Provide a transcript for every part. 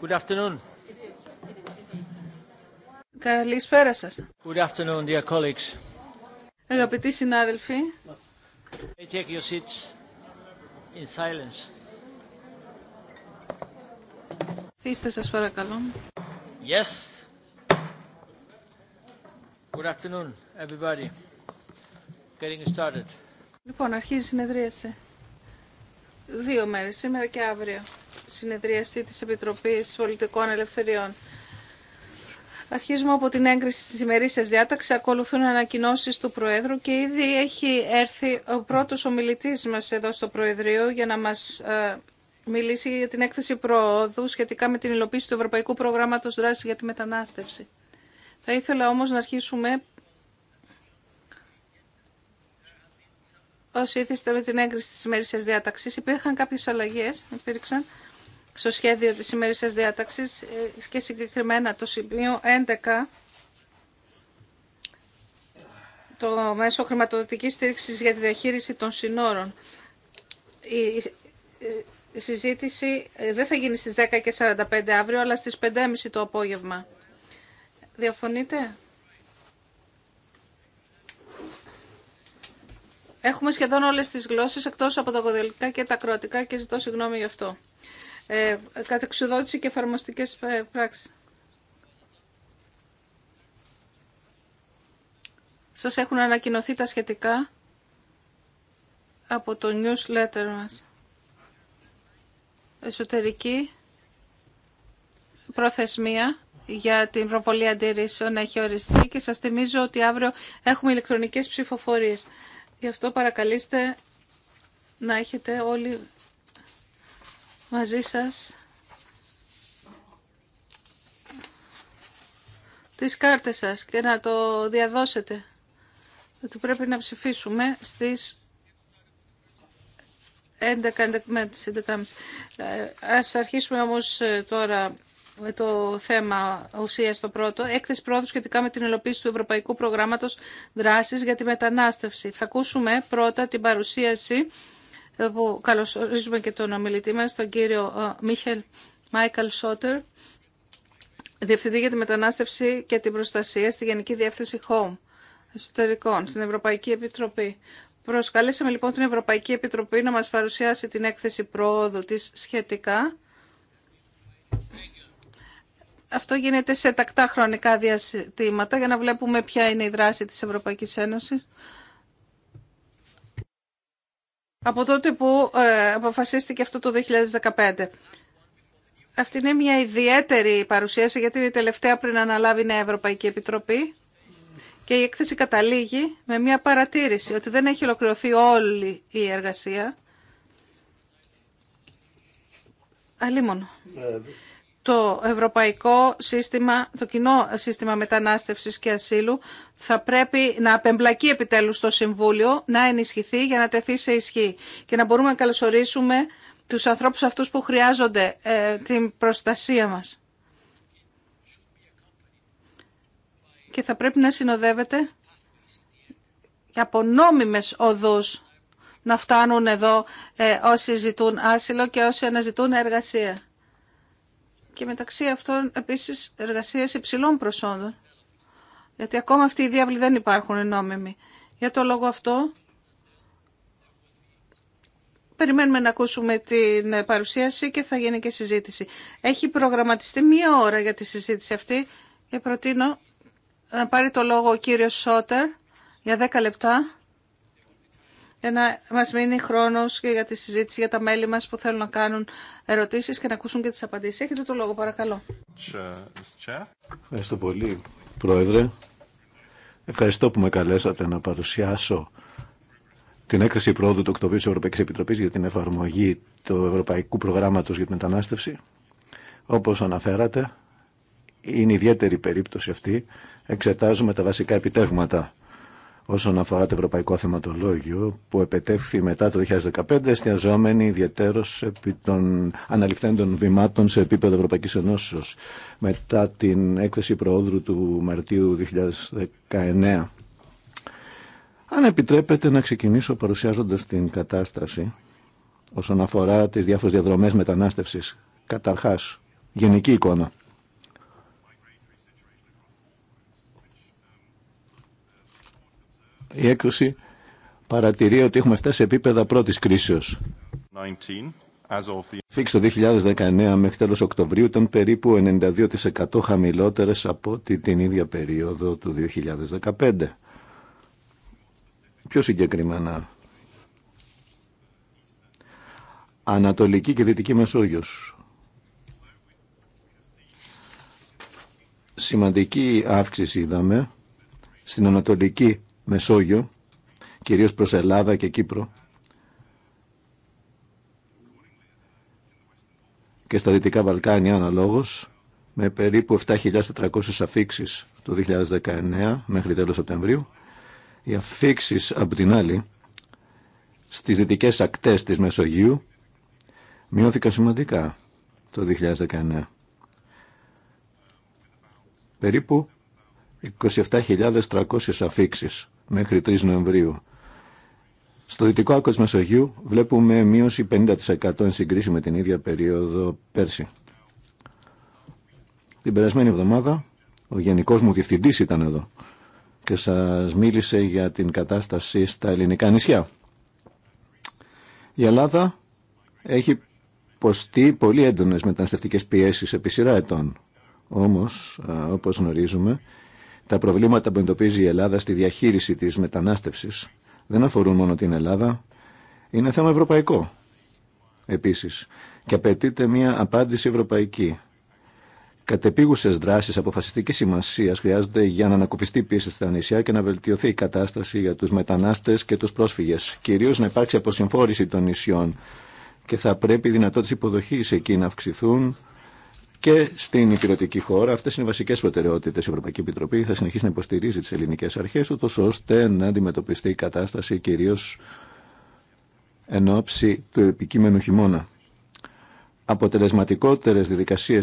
Good afternoon. Καλησπέρα σας. Good afternoon, dear colleagues. Αγαπητοί συνάδελφοι. Hey, take your seats in silence. Θύστε σας παρακαλώ. Yes. Good afternoon, everybody. Getting started. Λοιπόν, αρχίζει η συνεδρίαση. Δύο μέρες, σήμερα και αύριο συνεδρίαση της Επιτροπής Πολιτικών Ελευθεριών. Αρχίζουμε από την έγκριση της ημερήσιας διάταξη. ακολουθούν ανακοινώσεις του Προέδρου και ήδη έχει έρθει ο πρώτος ομιλητής μας εδώ στο Προεδρείο για να μας ε, μιλήσει για την έκθεση προόδου σχετικά με την υλοποίηση του Ευρωπαϊκού Προγράμματος Δράσης για τη Μετανάστευση. Θα ήθελα όμως να αρχίσουμε όσοι ήθεστε με την έγκριση της ημερήσιας διάταξης. Υπήρχαν κάποιες αλλαγές, υπήρξαν στο σχέδιο της σημερινής διάταξης ε, και συγκεκριμένα το σημείο 11 το μέσο χρηματοδοτικής στήριξης για τη διαχείριση των συνόρων. Η συζήτηση ε, δεν θα γίνει στις 45 αύριο, αλλά στις 5.30 το απόγευμα. Διαφωνείτε? Έχουμε σχεδόν όλες τις γλώσσες, εκτός από τα γοδελικά και τα κροατικά και ζητώ συγγνώμη γι' αυτό ε, και εφαρμοστικές ε, πράξεις. Σας έχουν ανακοινωθεί τα σχετικά από το newsletter μας. Εσωτερική προθεσμία για την προβολή αντιρρήσεων έχει οριστεί και σας θυμίζω ότι αύριο έχουμε ηλεκτρονικές ψηφοφορίες. Γι' αυτό παρακαλείστε να έχετε όλοι μαζί σας τις κάρτες σας και να το διαδώσετε ότι πρέπει να ψηφίσουμε στις 11, 11.30. Ε, ας αρχίσουμε όμως ε, τώρα με το θέμα ουσία το πρώτο. Έκθεση πρόοδου σχετικά με την υλοποίηση του Ευρωπαϊκού Προγράμματος Δράσης για τη Μετανάστευση. Θα ακούσουμε πρώτα την παρουσίαση που καλωσορίζουμε και τον ομιλητή μας, τον κύριο ε, Μίχελ Μάικαλ Σότερ, Διευθυντή για τη Μετανάστευση και την Προστασία στη Γενική Διεύθυνση Home Εσωτερικών στην Ευρωπαϊκή Επιτροπή. Προσκαλέσαμε λοιπόν την Ευρωπαϊκή Επιτροπή να μας παρουσιάσει την έκθεση πρόοδου της σχετικά. Αυτό γίνεται σε τακτά χρονικά διαστήματα για να βλέπουμε ποια είναι η δράση της Ευρωπαϊκής Ένωσης από τότε που ε, αποφασίστηκε αυτό το 2015. Αυτή είναι μια ιδιαίτερη παρουσίαση γιατί είναι η τελευταία πριν αναλάβει η Νέα Ευρωπαϊκή Επιτροπή και η έκθεση καταλήγει με μια παρατήρηση ότι δεν έχει ολοκληρωθεί όλη η εργασία. Αλίμονο. Ε, το ευρωπαϊκό σύστημα, το κοινό σύστημα μετανάστευσης και ασύλου θα πρέπει να απεμπλακεί επιτέλους στο Συμβούλιο, να ενισχυθεί για να τεθεί σε ισχύ και να μπορούμε να καλωσορίσουμε τους ανθρώπους αυτούς που χρειάζονται ε, την προστασία μας. Και θα πρέπει να συνοδεύεται από νόμιμες οδούς να φτάνουν εδώ ε, όσοι ζητούν άσυλο και όσοι αναζητούν εργασία και μεταξύ αυτών επίσης εργασίες υψηλών προσόντων. Γιατί ακόμα αυτοί οι διάβλοι δεν υπάρχουν νόμιμοι. Για το λόγο αυτό περιμένουμε να ακούσουμε την παρουσίαση και θα γίνει και συζήτηση. Έχει προγραμματιστεί μία ώρα για τη συζήτηση αυτή και προτείνω να πάρει το λόγο ο κύριος Σότερ για 10 λεπτά για να μας μείνει χρόνος και για τη συζήτηση για τα μέλη μας που θέλουν να κάνουν ερωτήσεις και να ακούσουν και τις απαντήσεις. Έχετε το λόγο παρακαλώ. Ευχαριστώ πολύ Πρόεδρε. Ευχαριστώ που με καλέσατε να παρουσιάσω την έκθεση πρόοδου του Οκτωβρίου της Ευρωπαϊκής Επιτροπής για την εφαρμογή του Ευρωπαϊκού Προγράμματος για την Μετανάστευση. Όπως αναφέρατε, είναι ιδιαίτερη περίπτωση αυτή. Εξετάζουμε τα βασικά επιτεύγματα όσον αφορά το ευρωπαϊκό θεματολόγιο που επετεύχθη μετά το 2015 εστιαζόμενοι ιδιαίτερως επί των αναλυφθέντων βημάτων σε επίπεδο Ευρωπαϊκής Ενώσεως μετά την έκθεση προόδρου του Μαρτίου 2019. Αν επιτρέπετε να ξεκινήσω παρουσιάζοντας την κατάσταση όσον αφορά τις διάφορες διαδρομές μετανάστευσης. Καταρχάς, γενική εικόνα. Η έκδοση παρατηρεί ότι έχουμε φτάσει σε επίπεδα πρώτης κρίσεως. 19. το 2019 μέχρι τέλος Οκτωβρίου ήταν περίπου 92% χαμηλότερες από ότι την ίδια περίοδο του 2015. Πιο συγκεκριμένα, Ανατολική και Δυτική Μεσόγειος. Σημαντική αύξηση είδαμε στην Ανατολική Μεσόγειο, κυρίως προς Ελλάδα και Κύπρο και στα Δυτικά Βαλκάνια αναλόγως με περίπου 7.400 αφήξεις το 2019 μέχρι τέλος Σεπτεμβρίου. Οι αφήξεις από την άλλη στις δυτικές ακτές της Μεσογείου μειώθηκαν σημαντικά το 2019. Περίπου 27.300 αφήξεις μέχρι 3 Νοεμβρίου. Στο δυτικό άκρο της Μεσογείου βλέπουμε μείωση 50% εν συγκρίση με την ίδια περίοδο πέρσι. Την περασμένη εβδομάδα ο γενικός μου διευθυντής ήταν εδώ και σας μίλησε για την κατάσταση στα ελληνικά νησιά. Η Ελλάδα έχει υποστεί πολύ έντονες μεταναστευτικέ πιέσει επί σειρά ετών. Όμως, όπως γνωρίζουμε, τα προβλήματα που εντοπίζει η Ελλάδα στη διαχείριση της μετανάστευσης δεν αφορούν μόνο την Ελλάδα, είναι θέμα ευρωπαϊκό επίσης και απαιτείται μια απάντηση ευρωπαϊκή. Κατεπίγουσες δράσεις αποφασιστικής σημασίας χρειάζονται για να ανακουφιστεί πίεση στα νησιά και να βελτιωθεί η κατάσταση για τους μετανάστες και τους πρόσφυγες. Κυρίως να υπάρξει αποσυμφόρηση των νησιών και θα πρέπει οι δυνατότητες υποδοχής εκεί να αυξηθούν και στην υπηρετική χώρα. Αυτές είναι οι βασικές προτεραιότητε. Η Ευρωπαϊκή Επιτροπή θα συνεχίσει να υποστηρίζει τις ελληνικές αρχές, ούτω ώστε να αντιμετωπιστεί η κατάσταση κυρίω εν ώψη του επικείμενου χειμώνα. Αποτελεσματικότερες διδικασίε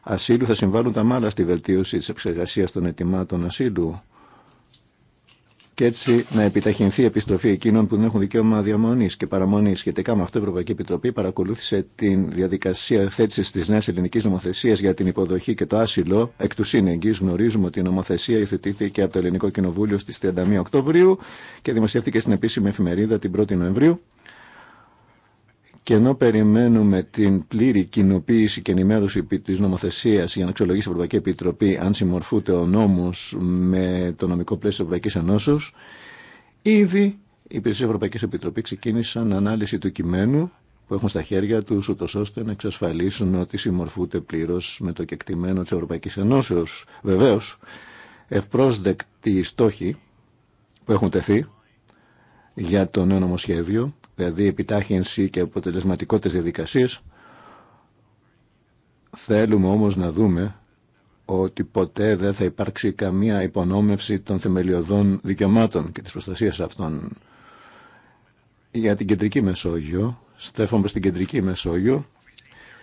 ασύλου θα συμβάλλουν τα μάλλα στη βελτίωση της εξεργασίας των ετοιμάτων ασύλου και έτσι να επιταχυνθεί η επιστροφή εκείνων που δεν έχουν δικαίωμα διαμονή και παραμονή. Σχετικά με αυτό, η Ευρωπαϊκή Επιτροπή παρακολούθησε τη διαδικασία θέτηση τη νέα ελληνική νομοθεσία για την υποδοχή και το άσυλο. Εκ του σύνεγγυ γνωρίζουμε ότι η νομοθεσία υιοθετήθηκε από το Ελληνικό Κοινοβούλιο στι 31 Οκτωβρίου και δημοσιεύτηκε στην επίσημη εφημερίδα την 1η Νοεμβρίου. Και ενώ περιμένουμε την πλήρη κοινοποίηση και ενημέρωση τη νομοθεσία για να αξιολογήσει η Ευρωπαϊκή Επιτροπή αν συμμορφούνται ο νόμο με το νομικό πλαίσιο τη Ευρωπαϊκή Ενώσεω, ήδη οι υπηρεσίε Ευρωπαϊκή Επιτροπή ξεκίνησαν ανάλυση του κειμένου που έχουν στα χέρια του, ούτω ώστε να εξασφαλίσουν ότι συμμορφούνται πλήρω με το κεκτημένο τη Ευρωπαϊκή Ενώσεω. Βεβαίω, ευπρόσδεκτοι στόχοι που έχουν τεθεί για το νέο νομοσχέδιο δηλαδή επιτάχυνση και αποτελεσματικότητες διαδικασίες. Θέλουμε όμως να δούμε ότι ποτέ δεν θα υπάρξει καμία υπονόμευση των θεμελιωδών δικαιωμάτων και της προστασίας αυτών. Για την Κεντρική Μεσόγειο, στρέφομαι στην Κεντρική Μεσόγειο,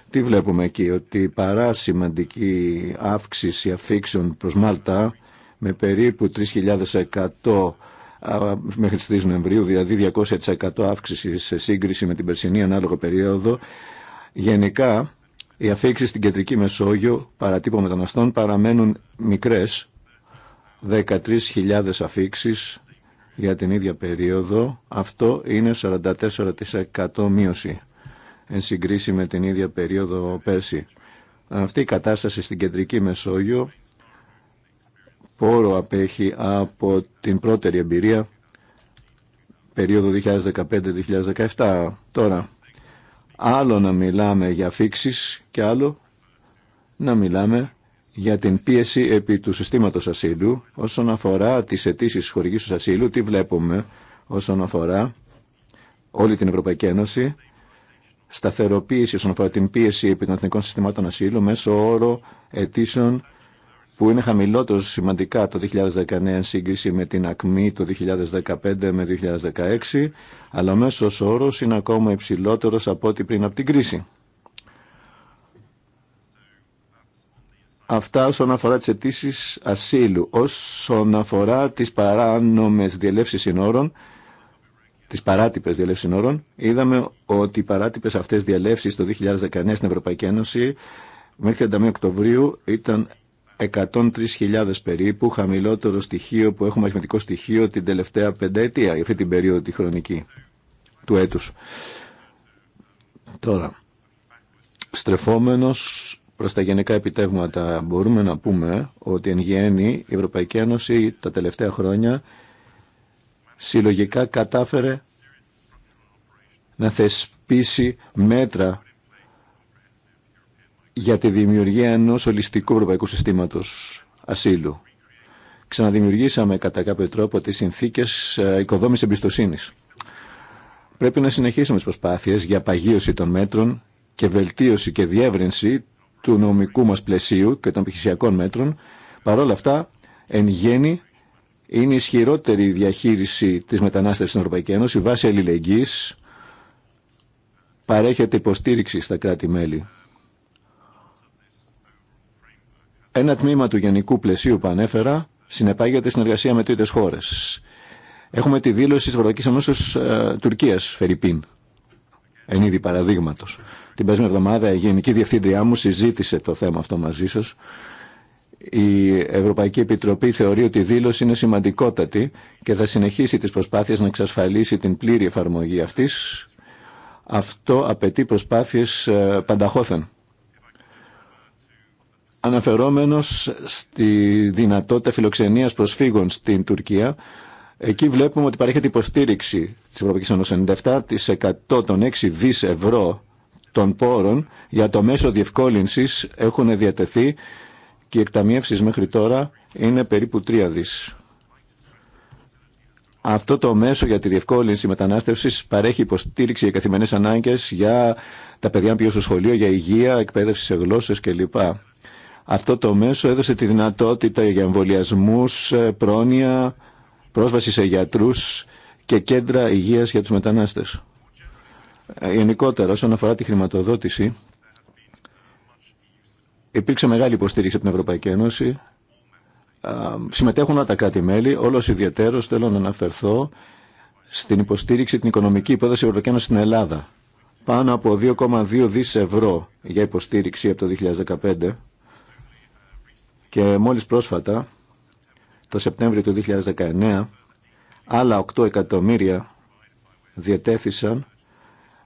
τι βλέπουμε εκεί, ότι παρά σημαντική αύξηση αφήξεων προς Μάλτα, με περίπου 3.100 μέχρι τις 3 Νοεμβρίου, δηλαδή 200% αύξηση σε σύγκριση με την περσινή ανάλογο περίοδο. Γενικά, οι αφήξει στην κεντρική Μεσόγειο παρατύπω μεταναστών παραμένουν μικρές, 13.000 αφήξει για την ίδια περίοδο. Αυτό είναι 44% μείωση εν συγκρίση με την ίδια περίοδο πέρσι. Αυτή η κατάσταση στην κεντρική Μεσόγειο πόρο απέχει από την πρώτερη εμπειρία περίοδο 2015-2017. Τώρα, άλλο να μιλάμε για φίξεις και άλλο να μιλάμε για την πίεση επί του συστήματος ασύλου όσον αφορά τις αιτήσει του ασύλου, τι βλέπουμε όσον αφορά όλη την Ευρωπαϊκή Ένωση, σταθεροποίηση όσον αφορά την πίεση επί των εθνικών συστημάτων ασύλου μέσω όρο αιτήσεων που είναι χαμηλότερο σημαντικά το 2019 σύγκριση με την ακμή το 2015 με 2016, αλλά ο μέσος όρος είναι ακόμα υψηλότερος από ό,τι πριν από την κρίση. Αυτά όσον αφορά τις αιτήσει ασύλου. Όσον αφορά τις παράνομες διελεύσεις συνόρων, τις παράτυπες διελεύσεις συνόρων, είδαμε ότι οι παράτυπες αυτές διελεύσεις το 2019 στην Ευρωπαϊκή Ένωση μέχρι 31 Οκτωβρίου ήταν 103.000 περίπου, χαμηλότερο στοιχείο που έχουμε αριθμητικό στοιχείο την τελευταία πεντέτια, αυτή την περίοδο τη χρονική του έτους. Τώρα, στρεφόμενος προς τα γενικά επιτεύγματα, μπορούμε να πούμε ότι εν γέννη η Ευρωπαϊκή Ένωση τα τελευταία χρόνια συλλογικά κατάφερε να θεσπίσει μέτρα για τη δημιουργία ενός ολιστικού ευρωπαϊκού συστήματος ασύλου. Ξαναδημιουργήσαμε κατά κάποιο τρόπο τις συνθήκες ε, οικοδόμησης εμπιστοσύνης. Πρέπει να συνεχίσουμε τις προσπάθειες για παγίωση των μέτρων και βελτίωση και διεύρυνση του νομικού μας πλαισίου και των επιχειρησιακών μέτρων. Παρ' όλα αυτά, εν γέννη, είναι ισχυρότερη η διαχείριση της μετανάστευσης στην Ευρωπαϊκή Ένωση βάσει αλληλεγγύη παρέχεται υποστήριξη στα κράτη-μέλη Ένα τμήμα του γενικού πλαισίου που ανέφερα συνεπάγεται συνεργασία με τρίτε χώρε. Έχουμε τη δήλωση τη Ευρωπαϊκή Ενώσεω ε, Τουρκία, Φερρυπίν, εν είδη παραδείγματο. Την περασμένη εβδομάδα η Γενική Διευθύντριά μου συζήτησε το θέμα αυτό μαζί σα. Η Ευρωπαϊκή Επιτροπή θεωρεί ότι η δήλωση είναι σημαντικότατη και θα συνεχίσει τι προσπάθειε να εξασφαλίσει την πλήρη εφαρμογή αυτή. Αυτό απαιτεί προσπάθειε ε, πανταχώθεν. Αναφερόμενος στη δυνατότητα φιλοξενίας προσφύγων στην Τουρκία, εκεί βλέπουμε ότι παρέχεται υποστήριξη της Ευρωπαϊκής Ένωσης 97% των 6 δις ευρώ των πόρων για το μέσο διευκόλυνσης έχουν διατεθεί και οι εκταμιεύσεις μέχρι τώρα είναι περίπου 3 δις. Αυτό το μέσο για τη διευκόλυνση μετανάστευση παρέχει υποστήριξη για καθημερινέ ανάγκε για τα παιδιά που στο σχολείο, για υγεία, εκπαίδευση σε γλώσσε κλπ. Αυτό το μέσο έδωσε τη δυνατότητα για εμβολιασμού, ε, πρόνοια, πρόσβαση σε γιατρού και κέντρα υγεία για του μετανάστε. Ε, γενικότερα, όσον αφορά τη χρηματοδότηση, υπήρξε μεγάλη υποστήριξη από την Ευρωπαϊκή Ένωση. Ε, συμμετέχουν όλα τα κράτη-μέλη. όλο ιδιαίτερο θέλω να αναφερθώ στην υποστήριξη την οικονομική υπόδοση Ευρωπαϊκή Ένωση στην Ελλάδα. Πάνω από 2,2 δις ευρώ για υποστήριξη από το 2015 και μόλις πρόσφατα, το Σεπτέμβριο του 2019, άλλα 8 εκατομμύρια διετέθησαν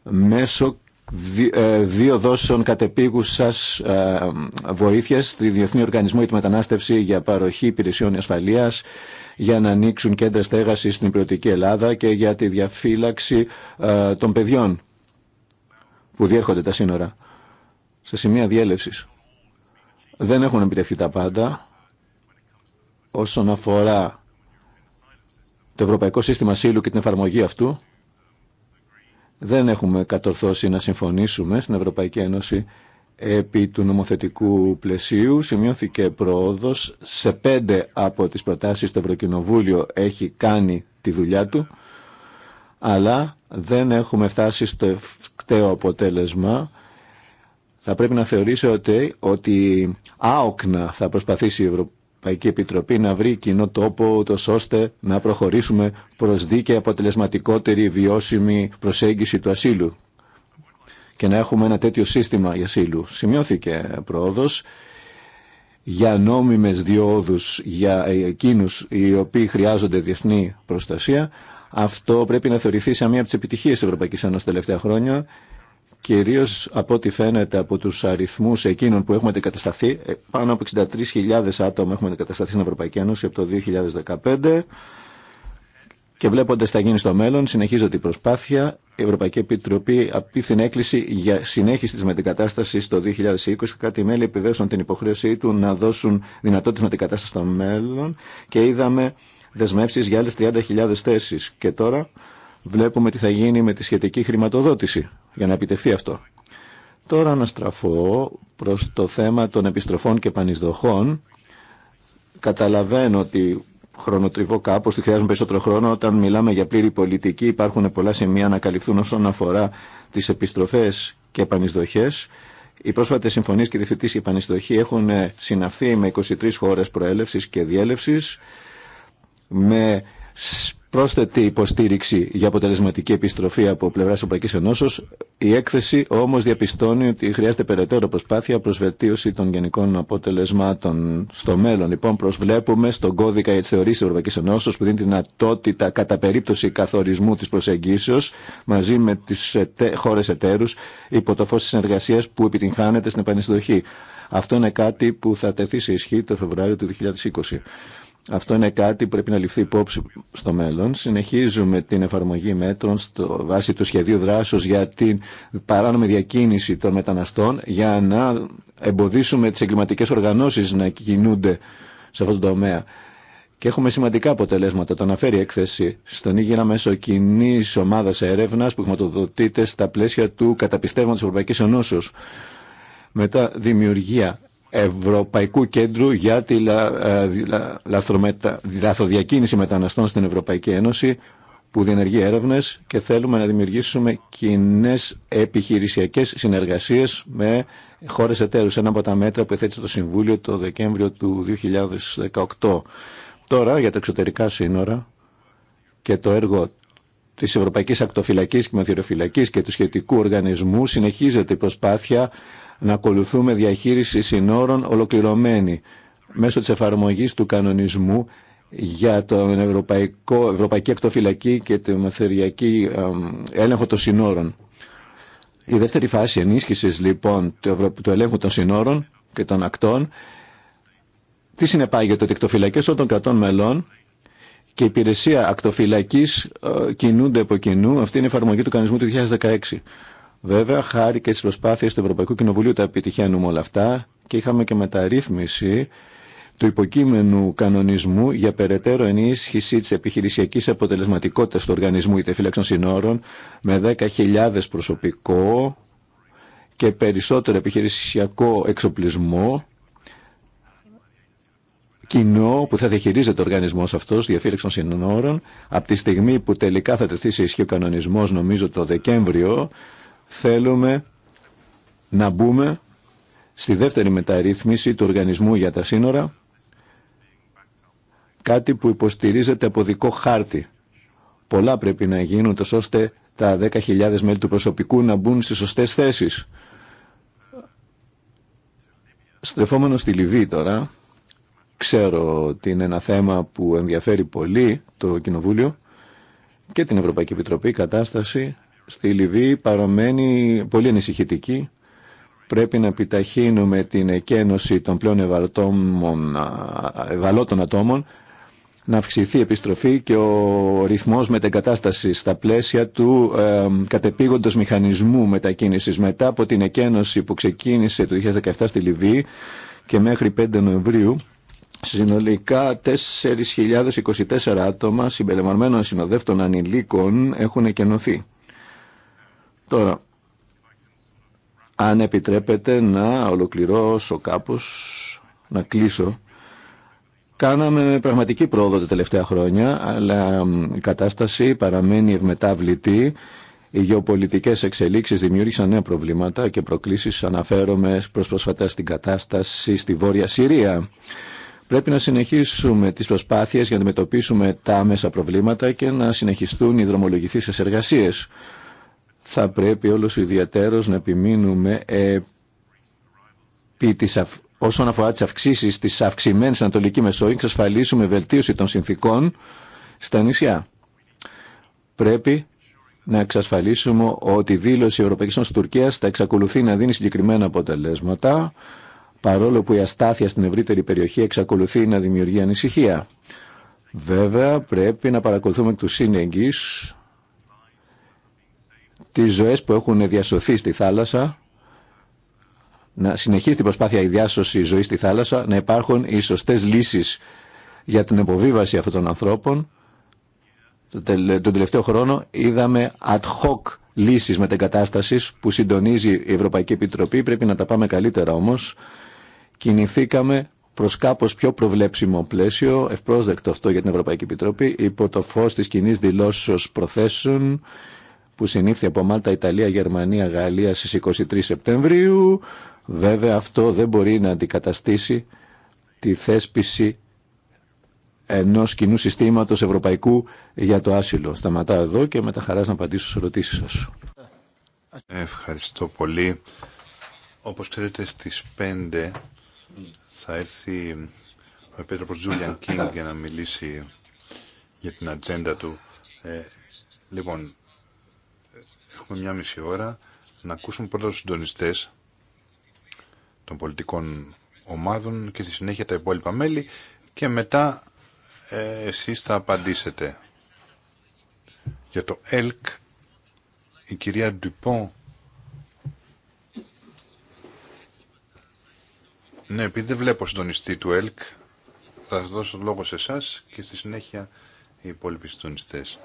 μέσω ε, δύο δόσεων κατεπίγουσας ε, βοήθειας στη Διεθνή Οργανισμό για τη Μετανάστευση για παροχή υπηρεσιών ασφαλείας για να ανοίξουν κέντρα στέγασης στην Υπηρετική Ελλάδα και για τη διαφύλαξη ε, των παιδιών που διέρχονται τα σύνορα σε σημεία διέλευσης δεν έχουν επιτευχθεί τα πάντα όσον αφορά το Ευρωπαϊκό Σύστημα σύλλου και την εφαρμογή αυτού. Δεν έχουμε κατορθώσει να συμφωνήσουμε στην Ευρωπαϊκή Ένωση επί του νομοθετικού πλαισίου. Σημειώθηκε πρόοδος. Σε πέντε από τις προτάσεις το Ευρωκοινοβούλιο έχει κάνει τη δουλειά του, αλλά δεν έχουμε φτάσει στο ευκταίο αποτέλεσμα θα πρέπει να θεωρήσετε ότι άοκνα θα προσπαθήσει η Ευρωπαϊκή Επιτροπή να βρει κοινό τόπο, ώστε να προχωρήσουμε προς δίκαια αποτελεσματικότερη βιώσιμη προσέγγιση του ασύλου και να έχουμε ένα τέτοιο σύστημα για ασύλου. Σημειώθηκε πρόοδος για νόμιμες διόδους για εκείνους οι οποίοι χρειάζονται διεθνή προστασία. Αυτό πρέπει να θεωρηθεί σαν μία από τις επιτυχίες της Ευρωπαϊκής Ένωσης τελευταία χρόνια κυρίως από ό,τι φαίνεται από τους αριθμούς εκείνων που έχουμε αντικατασταθεί, ε, πάνω από 63.000 άτομα έχουμε αντικατασταθεί στην Ευρωπαϊκή Ένωση από το 2015 και βλέποντας τα γίνει στο μέλλον, συνεχίζεται η προσπάθεια. Η Ευρωπαϊκή Επιτροπή απίθυνε έκκληση για συνέχιση της μετακατάστασης το 2020. Κάτι μέλη επιβέβαιωσαν την υποχρέωσή του να δώσουν δυνατότητα αντικατάσταση στο μέλλον και είδαμε δεσμεύσεις για άλλες 30.000 θέσεις. Και τώρα Βλέπουμε τι θα γίνει με τη σχετική χρηματοδότηση για να επιτευχθεί αυτό. Τώρα να στραφώ προς το θέμα των επιστροφών και πανισδοχών. Καταλαβαίνω ότι χρονοτριβώ κάπω, ότι χρειάζομαι περισσότερο χρόνο. Όταν μιλάμε για πλήρη πολιτική, υπάρχουν πολλά σημεία να καλυφθούν όσον αφορά τι επιστροφέ και πανισδοχέ. Οι πρόσφατε συμφωνίε και διευθυντή επανεισδοχή έχουν συναυθεί με 23 χώρε προέλευση και διέλευση, με πρόσθετη υποστήριξη για αποτελεσματική επιστροφή από πλευρά Ευρωπαϊκή Ενώσεω. Η έκθεση όμω διαπιστώνει ότι χρειάζεται περαιτέρω προσπάθεια προ βελτίωση των γενικών αποτελεσμάτων στο μέλλον. Λοιπόν, προσβλέπουμε στον κώδικα για τι θεωρήσει τη Ευρωπαϊκή Ενώσεω που δίνει τη δυνατότητα κατά περίπτωση καθορισμού τη προσεγγίσεω μαζί με τι χώρε εταίρου υπό το φω τη συνεργασία που επιτυγχάνεται στην επανεισδοχή. Αυτό είναι κάτι που θα τεθεί σε ισχύ το Φεβρουάριο του 2020. Αυτό είναι κάτι που πρέπει να ληφθεί υπόψη στο μέλλον. Συνεχίζουμε την εφαρμογή μέτρων στο βάση του σχεδίου δράσεω για την παράνομη διακίνηση των μεταναστών για να εμποδίσουμε τις εγκληματικέ οργανώσεις να κινούνται σε αυτό το τομέα. Και έχουμε σημαντικά αποτελέσματα. Το αναφέρει η έκθεση στον Ήγηνα μέσω κοινή ομάδα έρευνα που χρηματοδοτείται στα πλαίσια του καταπιστεύματο Ευρωπαϊκή Ενώσεω. Μετά, δημιουργία Ευρωπαϊκού Κέντρου για τη ε, λαθροδιακίνηση μεταναστών στην Ευρωπαϊκή Ένωση που διενεργεί έρευνε και θέλουμε να δημιουργήσουμε κοινέ επιχειρησιακές συνεργασίες με χώρες εταίρου. Ένα από τα μέτρα που εθέτησε το Συμβούλιο το Δεκέμβριο του 2018. Τώρα για τα εξωτερικά σύνορα και το έργο τη Ευρωπαϊκή Ακτοφυλακή και Μαθηροφυλακή και του σχετικού οργανισμού συνεχίζεται η προσπάθεια να ακολουθούμε διαχείριση συνόρων ολοκληρωμένη μέσω της εφαρμογής του κανονισμού για την Ευρωπαϊκή Ακτοφυλακή και την Μαθηριακή Έλεγχο των Συνόρων. Η δεύτερη φάση ενίσχυσης λοιπόν του, ελέγχου των συνόρων και των ακτών τι συνεπάγεται ότι ακτοφυλακές των κρατών μελών και η υπηρεσία ακτοφυλακής ε, κινούνται από κοινού. Αυτή είναι η εφαρμογή του κανονισμού του 2016. Βέβαια, χάρη και στι προσπάθειε του Ευρωπαϊκού Κοινοβουλίου τα επιτυχαίνουμε όλα αυτά και είχαμε και μεταρρύθμιση του υποκείμενου κανονισμού για περαιτέρω ενίσχυση τη επιχειρησιακή αποτελεσματικότητα του οργανισμού φύλαξων συνόρων με 10.000 προσωπικό και περισσότερο επιχειρησιακό εξοπλισμό κοινό που θα διαχειρίζεται ο οργανισμό αυτό φύλαξη των συνόρων από τη στιγμή που τελικά θα τεθεί σε ισχύ ο κανονισμό, νομίζω το Δεκέμβριο, θέλουμε να μπούμε στη δεύτερη μεταρρύθμιση του οργανισμού για τα σύνορα, κάτι που υποστηρίζεται από δικό χάρτη. Πολλά πρέπει να γίνουν, τόσο ώστε τα 10.000 μέλη του προσωπικού να μπουν στις σωστές θέσεις. Στρεφόμενο στη Λιβύη τώρα, ξέρω ότι είναι ένα θέμα που ενδιαφέρει πολύ το Κοινοβούλιο και την Ευρωπαϊκή Επιτροπή, η κατάσταση στη Λιβύη παραμένει πολύ ανησυχητική. Πρέπει να επιταχύνουμε την εκένωση των πλέον ευαλώτων ατόμων, να αυξηθεί η επιστροφή και ο ρυθμός μετεγκατάστασης στα πλαίσια του ε, κατεπήγοντος μηχανισμού μετακίνησης. Μετά από την εκένωση που ξεκίνησε το 2017 στη Λιβύη και μέχρι 5 Νοεμβρίου, Συνολικά 4.024 άτομα συμπεριλαμβανομένων συνοδεύτων ανηλίκων έχουν εκενωθεί. Τώρα, αν επιτρέπετε να ολοκληρώσω κάπως, να κλείσω, κάναμε πραγματική πρόοδο τα τελευταία χρόνια, αλλά η κατάσταση παραμένει ευμετάβλητη. Οι γεωπολιτικές εξελίξεις δημιούργησαν νέα προβλήματα και προκλήσεις αναφέρομαι προς προσφατά στην κατάσταση στη Βόρεια Συρία. Πρέπει να συνεχίσουμε τις προσπάθειες για να αντιμετωπίσουμε τα μέσα προβλήματα και να συνεχιστούν οι δρομολογηθήσεις εργασίες θα πρέπει όλος ιδιαίτερος να επιμείνουμε ε, όσον αφορά τις αυξήσεις της αυξημένης Ανατολική Μεσόγειο να εξασφαλίσουμε βελτίωση των συνθήκων στα νησιά. Πρέπει να εξασφαλίσουμε ότι η δήλωση Ευρωπαϊκής Ένωσης Τουρκίας θα εξακολουθεί να δίνει συγκεκριμένα αποτελέσματα παρόλο που η αστάθεια στην ευρύτερη περιοχή εξακολουθεί να δημιουργεί ανησυχία. Βέβαια, πρέπει να παρακολουθούμε του σύνεγγυ τις ζωές που έχουν διασωθεί στη θάλασσα, να συνεχίσει την προσπάθεια η διάσωση ζωής στη θάλασσα, να υπάρχουν οι σωστές λύσεις για την υποβίβαση αυτών των ανθρώπων. Τον τελευταίο χρόνο είδαμε ad hoc λύσεις μετεγκατάστασης που συντονίζει η Ευρωπαϊκή Επιτροπή. Πρέπει να τα πάμε καλύτερα όμως. Κινηθήκαμε προς κάπως πιο προβλέψιμο πλαίσιο, ευπρόσδεκτο αυτό για την Ευρωπαϊκή Επιτροπή, υπό το φως της κοινή δηλώσεως προθέσεων που συνήθει από Μάλτα, Ιταλία, Γερμανία, Γαλλία στις 23 Σεπτεμβρίου. Βέβαια αυτό δεν μπορεί να αντικαταστήσει τη θέσπιση ενός κοινού συστήματος ευρωπαϊκού για το άσυλο. Σταματάω εδώ και με τα χαράς να απαντήσω στις ερωτήσεις σας. Ευχαριστώ πολύ. Όπως ξέρετε στις 5 θα έρθει ο Επίτροπος Τζούλιαν Κίνγκ για να μιλήσει για την ατζέντα του. Ε, λοιπόν, μια μισή ώρα να ακούσουμε πρώτα τους συντονιστές των πολιτικών ομάδων και στη συνέχεια τα υπόλοιπα μέλη και μετά ε, εσείς θα απαντήσετε. Για το ΕΛΚ η κυρία Ντουπον Ναι, επειδή δεν βλέπω συντονιστή του ΕΛΚ θα σας δώσω λόγο σε εσά και στη συνέχεια οι υπόλοιποι συντονιστές.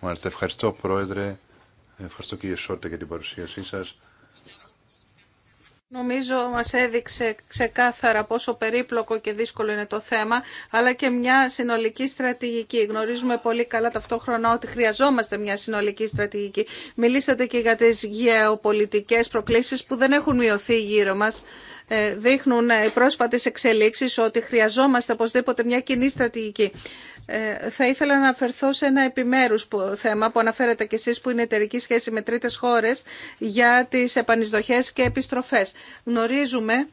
Μάλιστα, ευχαριστώ Πρόεδρε. Ευχαριστώ κύριε Σόρτα για την παρουσίασή σας. Νομίζω μας έδειξε ξεκάθαρα πόσο περίπλοκο και δύσκολο είναι το θέμα, αλλά και μια συνολική στρατηγική. Γνωρίζουμε πολύ καλά ταυτόχρονα ότι χρειαζόμαστε μια συνολική στρατηγική. Μιλήσατε και για τις γεωπολιτικές προκλήσεις που δεν έχουν μειωθεί γύρω μας. Ε, δείχνουν οι ε, πρόσπατες εξελίξεις ότι χρειαζόμαστε οπωσδήποτε μια κοινή στρατηγική. Ε, θα ήθελα να αναφερθώ σε ένα επιμέρους θέμα που αναφέρετε και εσείς που είναι εταιρική σχέση με τρίτες χώρες για τις επανεισδοχές και επιστροφές. Γνωρίζουμε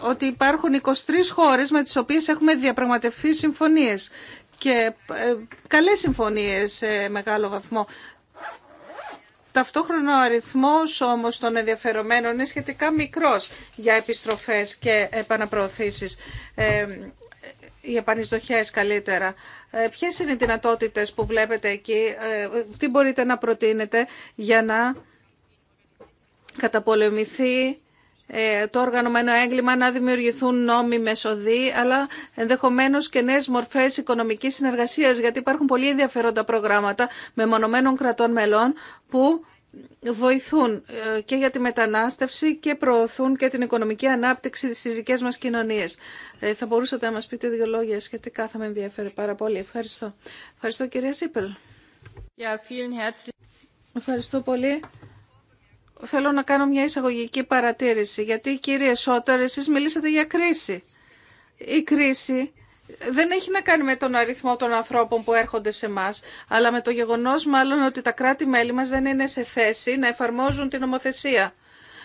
ότι υπάρχουν 23 χώρες με τις οποίες έχουμε διαπραγματευτεί συμφωνίες και ε, καλές συμφωνίες σε μεγάλο βαθμό. Ταυτόχρονα ο αριθμός όμως των ενδιαφερομένων είναι σχετικά μικρός για επιστροφές και επαναπροωθήσεις. Ε, οι επανεισδοχές καλύτερα. Ε, ποιες είναι οι δυνατότητες που βλέπετε εκεί, ε, τι μπορείτε να προτείνετε για να καταπολεμηθεί ε, το οργανωμένο έγκλημα, να δημιουργηθούν νόμοι μεσοδοί, αλλά ενδεχομένως και νέες μορφές οικονομικής συνεργασίας, γιατί υπάρχουν πολύ ενδιαφέροντα προγράμματα με μονομένων κρατών μελών που βοηθούν ε, και για τη μετανάστευση και προωθούν και την οικονομική ανάπτυξη στις δικές μας κοινωνίες. Ε, θα μπορούσατε να μας πείτε δύο λόγια σχετικά, θα με ενδιαφέρει πάρα πολύ. Ευχαριστώ. Ευχαριστώ κυρία Σίπελ. Ευχαριστώ πολύ. Θέλω να κάνω μια εισαγωγική παρατήρηση, γιατί κύριε Σότερ, εσείς μιλήσατε για κρίση. Η κρίση δεν έχει να κάνει με τον αριθμό των ανθρώπων που έρχονται σε εμά, αλλά με το γεγονός μάλλον ότι τα κράτη-μέλη μας δεν είναι σε θέση να εφαρμόζουν την νομοθεσία.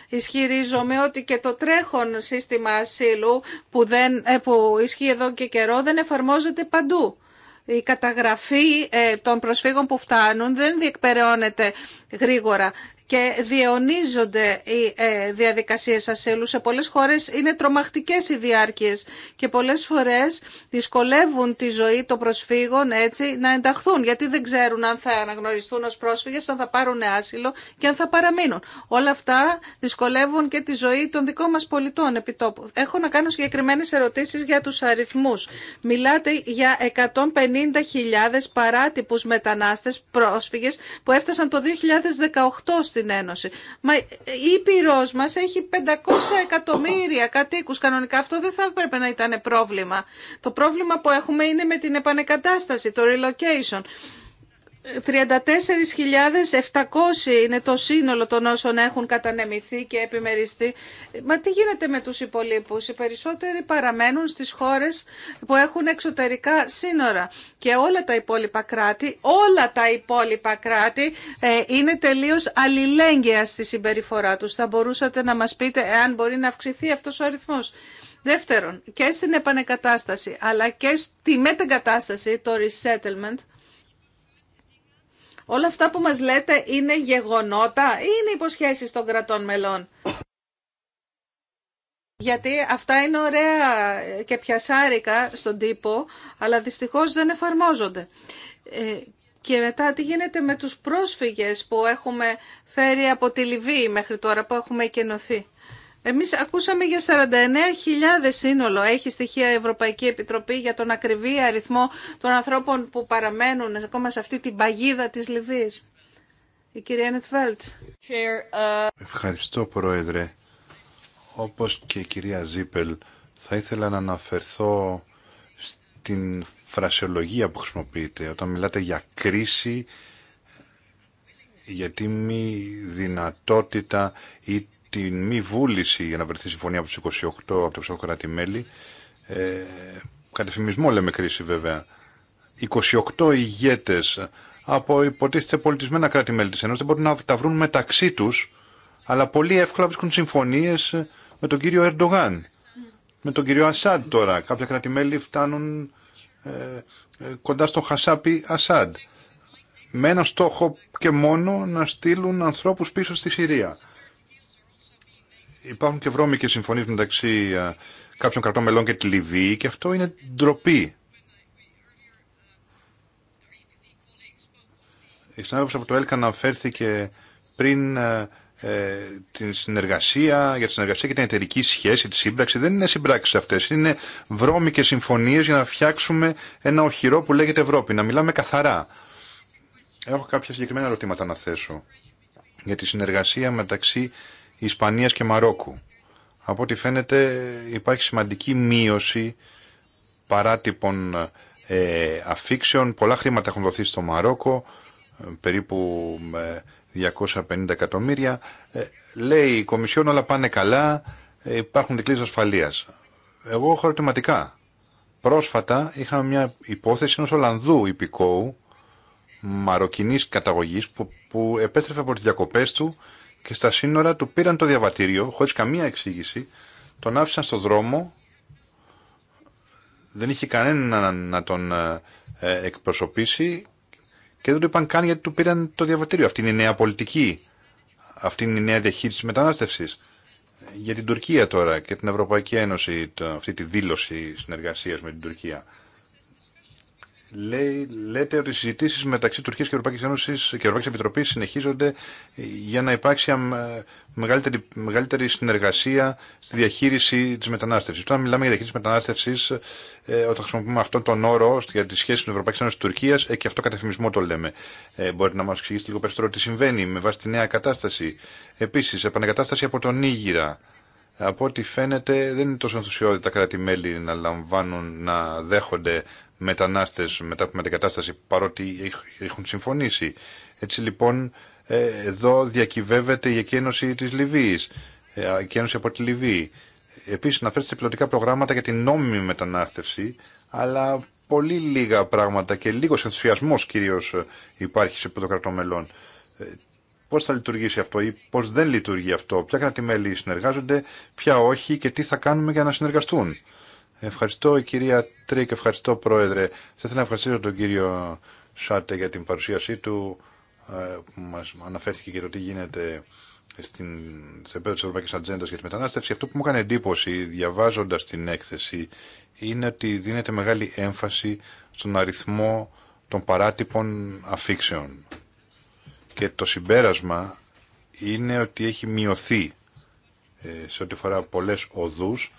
Ισχυρίζομαι ότι και το τρέχον σύστημα ασύλου που, δεν, ε, που ισχύει εδώ και καιρό δεν εφαρμόζεται παντού. Η καταγραφή ε, των προσφύγων που φτάνουν δεν διεκπεραιώνεται γρήγορα και διαιωνίζονται οι ε, διαδικασίες ασύλου. Σε πολλές χώρες είναι τρομακτικές οι διάρκειες και πολλές φορές δυσκολεύουν τη ζωή των προσφύγων έτσι να ενταχθούν γιατί δεν ξέρουν αν θα αναγνωριστούν ως πρόσφυγες, αν θα πάρουν άσυλο και αν θα παραμείνουν. Όλα αυτά δυσκολεύουν και τη ζωή των δικών μας πολιτών επιτόπου. Έχω να κάνω συγκεκριμένες ερωτήσεις για τους αριθμούς. Μιλάτε για 150.000 παράτυπους μετανάστες πρόσφυγες που έφτασαν το 2018 στην Ένωση. Μα η Ήπειρο μα έχει 500 εκατομμύρια κατοίκου Κανονικά αυτό δεν θα έπρεπε να ήταν πρόβλημα. Το πρόβλημα που έχουμε είναι με την επανεκατάσταση, το relocation. 34.700 είναι το σύνολο των όσων έχουν κατανεμηθεί και επιμεριστεί. Μα τι γίνεται με τους υπολείπους. Οι περισσότεροι παραμένουν στις χώρες που έχουν εξωτερικά σύνορα. Και όλα τα υπόλοιπα κράτη, όλα τα υπόλοιπα κράτη ε, είναι τελείως αλληλέγγυα στη συμπεριφορά τους. Θα μπορούσατε να μας πείτε εάν μπορεί να αυξηθεί αυτός ο αριθμός. Δεύτερον, και στην επανεκατάσταση, αλλά και στη μετεγκατάσταση, το resettlement, Όλα αυτά που μας λέτε είναι γεγονότα ή είναι υποσχέσεις των κρατών μελών. Γιατί αυτά είναι ωραία και πιασάρικα στον τύπο, αλλά δυστυχώς δεν εφαρμόζονται. Ε, και μετά τι γίνεται με τους πρόσφυγες που έχουμε φέρει από τη Λιβύη μέχρι τώρα που έχουμε εκενωθεί. Εμείς ακούσαμε για 49.000 σύνολο. Έχει στοιχεία η Ευρωπαϊκή Επιτροπή για τον ακριβή αριθμό των ανθρώπων που παραμένουν ακόμα σε αυτή την παγίδα της Λιβύης. Η κυρία Νετβέλτ. Uh, Ευχαριστώ Πρόεδρε. Όπως και η κυρία Ζίπελ, θα ήθελα να αναφερθώ στην φρασιολογία που χρησιμοποιείτε όταν μιλάτε για κρίση, για τη μη δυνατότητα ή την μη βούληση για να βρεθεί συμφωνία από του 28 από τα 28 κράτη-μέλη. Ε, κατεφημισμό λέμε κρίση βέβαια. 28 ηγέτε από υποτίθεται πολιτισμένα κράτη-μέλη τη Ένωση δεν μπορούν να τα βρουν μεταξύ του, αλλά πολύ εύκολα βρίσκουν συμφωνίε με τον κύριο Ερντογάν. Με τον κύριο Ασάντ τώρα. Κάποια κράτη-μέλη φτάνουν ε, ε, κοντά στο Χασάπι Ασάντ. Με ένα στόχο και μόνο να στείλουν ανθρώπους πίσω στη Συρία υπάρχουν και βρώμικες συμφωνίες μεταξύ κάποιων κρατών μελών και τη Λιβύη και αυτό είναι ντροπή. Η συνάδελφος από το ΕΛΚΑ αναφέρθηκε πριν ε, την συνεργασία, για τη συνεργασία και την εταιρική σχέση, τη σύμπραξη. Δεν είναι συμπράξεις αυτέ. Είναι βρώμικες συμφωνίε για να φτιάξουμε ένα οχυρό που λέγεται Ευρώπη. Να μιλάμε καθαρά. Έχω κάποια συγκεκριμένα ερωτήματα να θέσω για τη συνεργασία μεταξύ Ισπανίας και Μαρόκου. Από ό,τι φαίνεται υπάρχει σημαντική μείωση παράτυπων ε, αφήξεων. Πολλά χρήματα έχουν δοθεί στο Μαρόκο, ε, περίπου 250 ε, εκατομμύρια. Ε, λέει η Κομισιόν όλα πάνε καλά, ε, υπάρχουν δικλείδες ασφαλείας. Εγώ έχω ερωτηματικά. Πρόσφατα είχαμε μια υπόθεση ενός Ολλανδού υπηκόου, μαροκινής καταγωγής, που, που επέστρεφε από τις διακοπές του και στα σύνορα του πήραν το διαβατήριο χωρίς καμία εξήγηση, τον άφησαν στο δρόμο, δεν είχε κανένα να τον ε, ε, εκπροσωπήσει και δεν του είπαν καν γιατί του πήραν το διαβατήριο. Αυτή είναι η νέα πολιτική, αυτή είναι η νέα διαχείριση της μετανάστευσης. Για την Τουρκία τώρα και την Ευρωπαϊκή Ένωση, αυτή τη δήλωση συνεργασίας με την Τουρκία λέει, λέτε ότι οι συζητήσει μεταξύ Τουρκία και Ευρωπαϊκή Ένωση και Ευρωπαϊκή Επιτροπή συνεχίζονται για να υπάρξει ε, μεγαλύτερη, μεγαλύτερη συνεργασία στη διαχείριση τη μετανάστευση. Τώρα μιλάμε για διαχείριση τη μετανάστευση, ε, όταν χρησιμοποιούμε αυτόν τον όρο για τη σχέση τη Ευρωπαϊκή Ένωση Τουρκία, ε, και αυτό κατά φημισμό το λέμε. Ε, μπορείτε να μα εξηγήσετε λίγο περισσότερο τι συμβαίνει με βάση τη νέα κατάσταση. Επίση, επανεκατάσταση από τον Ήγυρα. Από ό,τι φαίνεται δεν είναι τόσο ενθουσιώδη τα κρατη να λαμβάνουν, να δέχονται μετανάστες μετά από κατάσταση παρότι έχουν συμφωνήσει. Έτσι λοιπόν ε, εδώ διακυβεύεται η εκένωση της Λιβύης, ε, εκένωση από τη Λιβύη. Επίσης αναφέρεται σε πιλωτικά προγράμματα για την νόμιμη μετανάστευση, αλλά πολύ λίγα πράγματα και λίγος ενθουσιασμός κυρίως ε, υπάρχει σε πρωτοκρατό μελών. Πώ θα λειτουργήσει αυτό ή πώ δεν λειτουργεί αυτό, ποια κράτη-μέλη συνεργάζονται, ποια όχι και τι θα κάνουμε για να συνεργαστούν. Ευχαριστώ κυρία Τρίκ, ευχαριστώ πρόεδρε. Θα ήθελα να ευχαριστήσω τον κύριο Σάτε για την παρουσίασή του. Ε, που μας αναφέρθηκε και το τι γίνεται στην, σε επίπεδο τη Ευρωπαϊκή Ατζέντα για τη μετανάστευση. Αυτό που μου έκανε εντύπωση διαβάζοντα την έκθεση είναι ότι δίνεται μεγάλη έμφαση στον αριθμό των παράτυπων αφήξεων. Και το συμπέρασμα είναι ότι έχει μειωθεί ε, σε ό,τι αφορά πολλές οδούς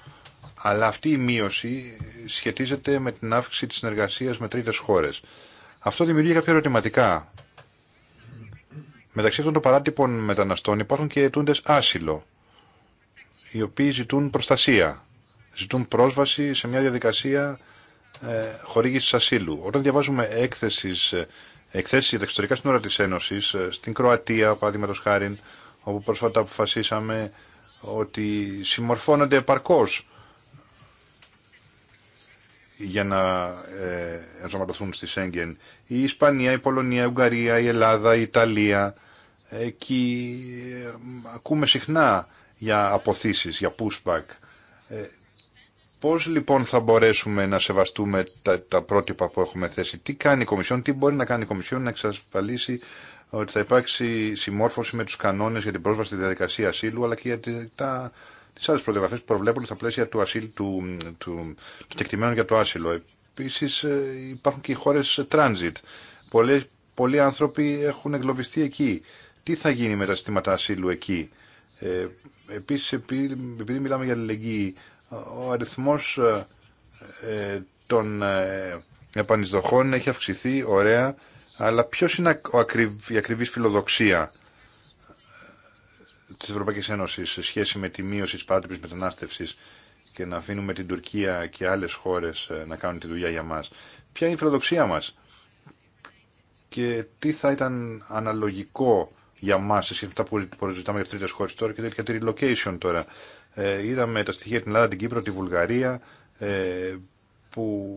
αλλά αυτή η μείωση σχετίζεται με την αύξηση της συνεργασίας με τρίτες χώρες. Αυτό δημιουργεί κάποια ερωτηματικά. Μεταξύ αυτών των παράτυπων μεταναστών υπάρχουν και αιτούντες άσυλο, οι οποίοι ζητούν προστασία, ζητούν πρόσβαση σε μια διαδικασία ε, χορήγησης ασύλου. Όταν διαβάζουμε έκθεσης, ε, εκθέσεις για τα εξωτερικά σύνορα της Ένωσης, ε, στην Κροατία, παραδείγματος χάρη, όπου πρόσφατα αποφασίσαμε ότι συμμορφώνονται επαρκώς για να ε, ενσωματωθούν στη Σέγγεν. Η Ισπανία, η Πολωνία, η Ουγγαρία, η Ελλάδα, η Ιταλία. Εκεί ε, ακούμε συχνά για αποθήσεις, για pushback. Ε, πώς λοιπόν θα μπορέσουμε να σεβαστούμε τα, τα πρότυπα που έχουμε θέσει. Τι κάνει η Κομισιόν, τι μπορεί να κάνει η Κομισιόν να εξασφαλίσει ότι θα υπάρξει συμμόρφωση με τους κανόνες για την πρόσβαση στη διαδικασία ασύλου αλλά και για τα τι άλλε προδιαγραφέ που στα πλαίσια του, ασύλ, του, του, του κεκτημένου για το άσυλο. Επίση ε, υπάρχουν και οι χώρε transit. Πολλοί, πολλοί άνθρωποι έχουν εγκλωβιστεί εκεί. Τι θα γίνει με τα συστήματα ασύλου εκεί. Ε, επίσης, επειδή μιλάμε για αλληλεγγύη, ο αριθμό ε, ε, των ε, επανεισδοχών έχει αυξηθεί, ωραία, αλλά ποιο είναι η ακριβή φιλοδοξία της Ευρωπαϊκής Ένωσης σε σχέση με τη μείωση της παράτυπης μετανάστευσης και να αφήνουμε την Τουρκία και άλλες χώρες ε, να κάνουν τη δουλειά για μας. Ποια είναι η φιλοδοξία μας και τι θα ήταν αναλογικό για μας σε σχέση με αυτά που ζητάμε για τρίτες χώρες τώρα και τέτοια τη relocation τώρα. Ε, είδαμε τα στοιχεία την Ελλάδα, την Κύπρο, τη Βουλγαρία ε, που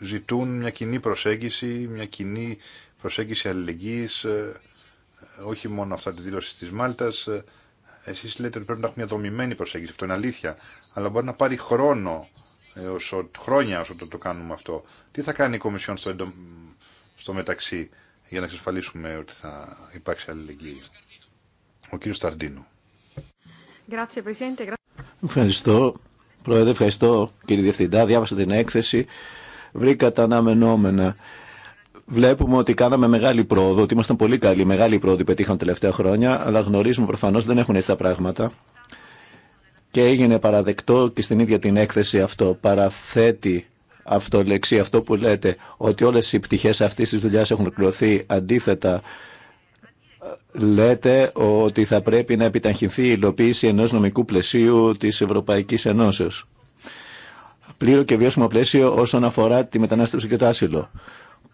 ζητούν μια κοινή προσέγγιση, μια κοινή προσέγγιση αλληλεγγύης όχι μόνο αυτά τη δήλωση τη Μάλτα. Ε, Εσεί λέτε ότι πρέπει να έχουμε μια δομημένη προσέγγιση. Αυτό είναι αλήθεια. Αλλά μπορεί να πάρει χρόνο, όσο ε, χρόνια όσο το, το κάνουμε αυτό. Τι θα κάνει η Κομισιόν στο, μεταξύ για να εξασφαλίσουμε ότι θα υπάρξει αλληλεγγύη. Ο κύριο Ταρντίνο. Ευχαριστώ. Πρόεδρε, ευχαριστώ κύριε Διευθυντά. Διάβασα την έκθεση. Βρήκα τα αναμενόμενα. Βλέπουμε ότι κάναμε μεγάλη πρόοδο, ότι ήμασταν πολύ καλοί, μεγάλη πρόοδο που πετύχαμε τα τελευταία χρόνια, αλλά γνωρίζουμε προφανώς δεν έχουν έτσι τα πράγματα. Και έγινε παραδεκτό και στην ίδια την έκθεση αυτό παραθέτει αυτό λεξί, αυτό που λέτε, ότι όλες οι πτυχές αυτής της δουλειάς έχουν κλωθεί. αντίθετα λέτε ότι θα πρέπει να επιταχυνθεί η υλοποίηση ενός νομικού πλαισίου της Ευρωπαϊκής Ενώσεως. Πλήρω και βιώσιμο πλαίσιο όσον αφορά τη μετανάστευση και το άσυλο.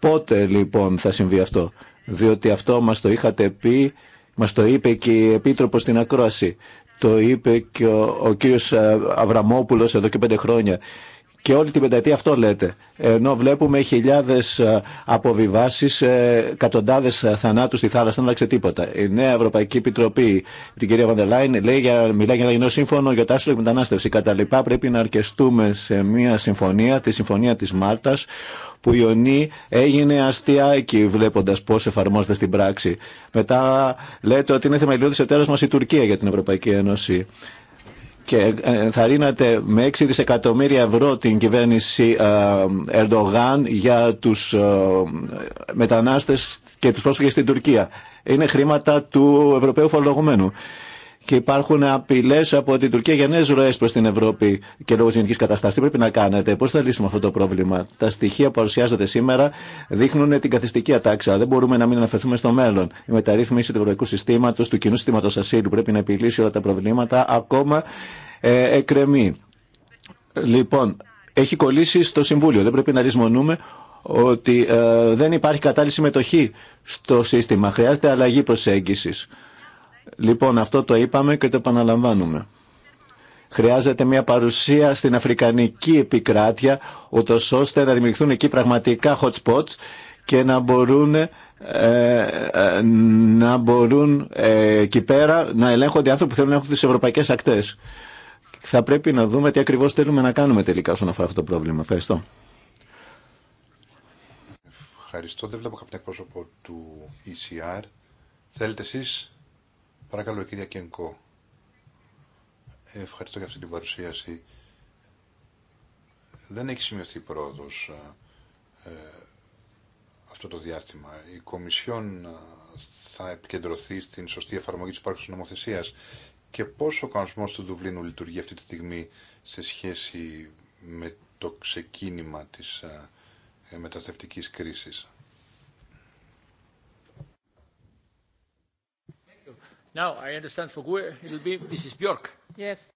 Πότε λοιπόν θα συμβεί αυτό. Διότι αυτό μας το είχατε πει, μας το είπε και η Επίτροπος στην Ακρόαση. Το είπε και ο, ο κύριος ε, Αβραμόπουλος εδώ και πέντε χρόνια. Και όλη την πενταετία αυτό λέτε. Ενώ βλέπουμε χιλιάδε αποβιβάσει, ε, εκατοντάδε ε, θανάτου στη θάλασσα, δεν άλλαξε τίποτα. Η νέα Ευρωπαϊκή Επιτροπή, την κυρία Βαντελάιν, μιλάει για ένα κοινό σύμφωνο για τα άσυλο και μετανάστευση. Κατά λοιπά, πρέπει να αρκεστούμε σε μια συμφωνία, τη συμφωνία τη Μάλτα, που η Ιωνή έγινε αστεία εκεί, βλέποντα πώ εφαρμόζεται στην πράξη. Μετά λέτε ότι είναι θεμελιώδη εταίρο μα η Τουρκία για την Ευρωπαϊκή Ένωση και ε, ε, θα με 6 δισεκατομμύρια ευρώ την κυβέρνηση ε, Ερντογάν για τους μετανάστες και τους πρόσφυγες στην Τουρκία. Είναι χρήματα του Ευρωπαίου φορολογουμένου και υπάρχουν απειλέ από την Τουρκία για νέε ροέ προ την Ευρώπη και λόγω γενική κατασταση. Τι πρέπει να κάνετε, πώ θα λύσουμε αυτό το πρόβλημα. Τα στοιχεία που παρουσιάζονται σήμερα δείχνουν την καθιστική ατάξα. Δεν μπορούμε να μην αναφερθούμε στο μέλλον. Η μεταρρύθμιση του ευρωπαϊκού συστήματο, του κοινού συστήματο ασύλου πρέπει να επιλύσει όλα τα προβλήματα, ακόμα ε, Λοιπόν, έχει κολλήσει στο Συμβούλιο. Δεν πρέπει να λησμονούμε ότι ε, δεν υπάρχει κατάλληλη συμμετοχή στο σύστημα. Χρειάζεται αλλαγή προσέγγισης. Λοιπόν, αυτό το είπαμε και το επαναλαμβάνουμε. Χρειάζεται μια παρουσία στην αφρικανική επικράτεια, ούτω ώστε να δημιουργηθούν εκεί πραγματικά hot spots και να μπορούν, ε, ε, να μπορούν ε, εκεί πέρα να ελέγχονται άνθρωποι που θέλουν να έχουν τις ευρωπαϊκές ακτές. Θα πρέπει να δούμε τι ακριβώς θέλουμε να κάνουμε τελικά όσον αφορά αυτό το πρόβλημα. Ευχαριστώ. Ευχαριστώ. Δεν βλέπω κάποιο εκπρόσωπο του ECR. Θέλετε εσείς Παρακαλώ, κυρία Κενκό. Ευχαριστώ για αυτή την παρουσίαση. Δεν έχει σημειωθεί πρόοδο ε, αυτό το διάστημα. Η Κομισιόν ε, θα επικεντρωθεί στην σωστή εφαρμογή τη υπάρχουσα νομοθεσία και πώς ο κανονισμός του Δουβλίνου λειτουργεί αυτή τη στιγμή σε σχέση με το ξεκίνημα της ε, μεταστευτικής κρίσης.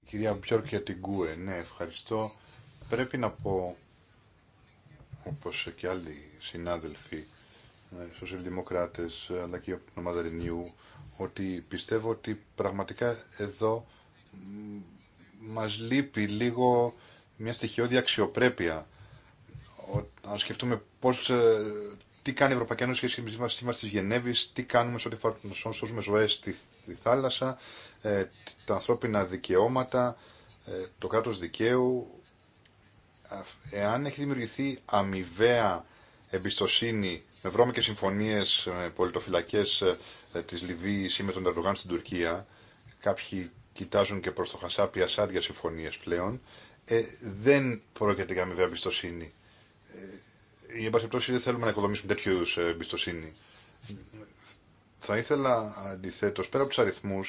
Κυρία Μπιόρκ για την ΚΟΕ, ναι, ευχαριστώ. Πρέπει να πω, όπως και άλλοι συνάδελφοι, ε, σοσιαλδημοκράτες, αλλά και από την ομάδα Renew, ότι πιστεύω ότι πραγματικά εδώ μας λείπει λίγο μια στοιχειώδη αξιοπρέπεια. Αν σκεφτούμε πώς, ε, τι κάνει η Ευρωπαϊκή Ένωση σχέση με τη σύμβαση τη Γενέβη, τι κάνουμε σε ό,τι αφορά ζωέ στη τη θάλασσα, ε, τα ανθρώπινα δικαιώματα, ε, το κράτος δικαίου. Εάν έχει δημιουργηθεί αμοιβαία εμπιστοσύνη με βρώμικες συμφωνίες ε, πολιτοφυλακές της Λιβύης ή με τον Ερντογάν στην Τουρκία, κάποιοι κοιτάζουν και προς το χασάπια σάδια συμφωνίες πλέον, δεν πρόκειται για αμοιβαία εμπιστοσύνη. Ε, εν δεν θέλουμε να οικοδομήσουμε τέτοιου εμπιστοσύνη. Θα ήθελα αντιθέτω, πέρα από του αριθμού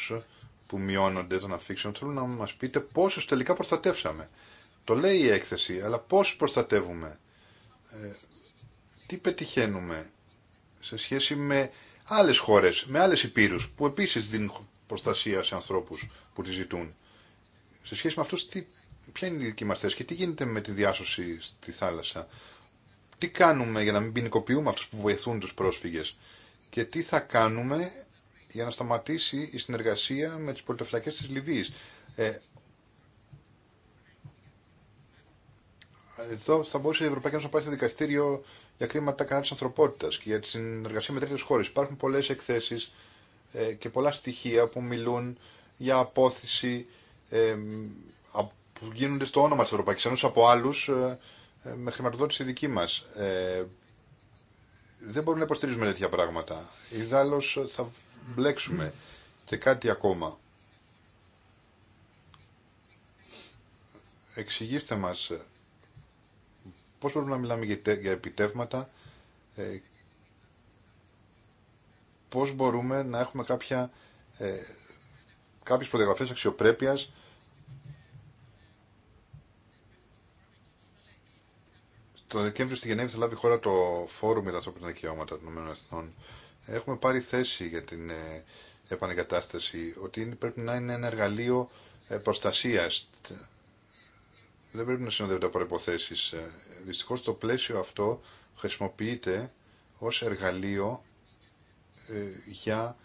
που μειώνονται των αφήξεων, θέλω να μα πείτε πόσου τελικά προστατεύσαμε. Το λέει η έκθεση, αλλά πόσου προστατεύουμε. Ε, τι πετυχαίνουμε σε σχέση με άλλε χώρε, με άλλε υπήρου, που επίση δίνουν προστασία σε ανθρώπου που τη ζητούν. Σε σχέση με αυτού, ποια είναι η δική μα θέση και τι γίνεται με τη διάσωση στη θάλασσα. Τι κάνουμε για να μην ποινικοποιούμε αυτού που βοηθούν του πρόσφυγε και τι θα κάνουμε για να σταματήσει η συνεργασία με τις πολιτοφυλακές της Λιβύης. Ε, εδώ θα μπορούσε η Ευρωπαϊκή Ένωση να πάει στο δικαστήριο για κρίματα κατά της ανθρωπότητας και για τη συνεργασία με τρίτες χώρες. Υπάρχουν πολλές εκθέσεις ε, και πολλά στοιχεία που μιλούν για απόθυση ε, που γίνονται στο όνομα της Ευρωπαϊκή Ένωση από άλλους, ε, με χρηματοδότηση δική μα δεν μπορούμε να υποστηρίζουμε τέτοια πράγματα. Ιδάλω θα μπλέξουμε και κάτι ακόμα. Εξηγήστε μας ε, πώς μπορούμε να μιλάμε για επιτεύγματα, ε, πώς μπορούμε να έχουμε κάποια, ε, κάποιες προδιαγραφές αξιοπρέπειας Το Δεκέμβριο στη Γενέβη θα λάβει χώρα το Φόρουμ για τα ανθρώπινα δικαιώματα των ΗΠΑ. Έχουμε πάρει θέση για την ε, επανεγκατάσταση ότι πρέπει να είναι ένα εργαλείο ε, προστασία. Δεν πρέπει να συνοδεύεται από προποθέσει. Ε. Δυστυχώ το πλαίσιο αυτό χρησιμοποιείται ω εργαλείο για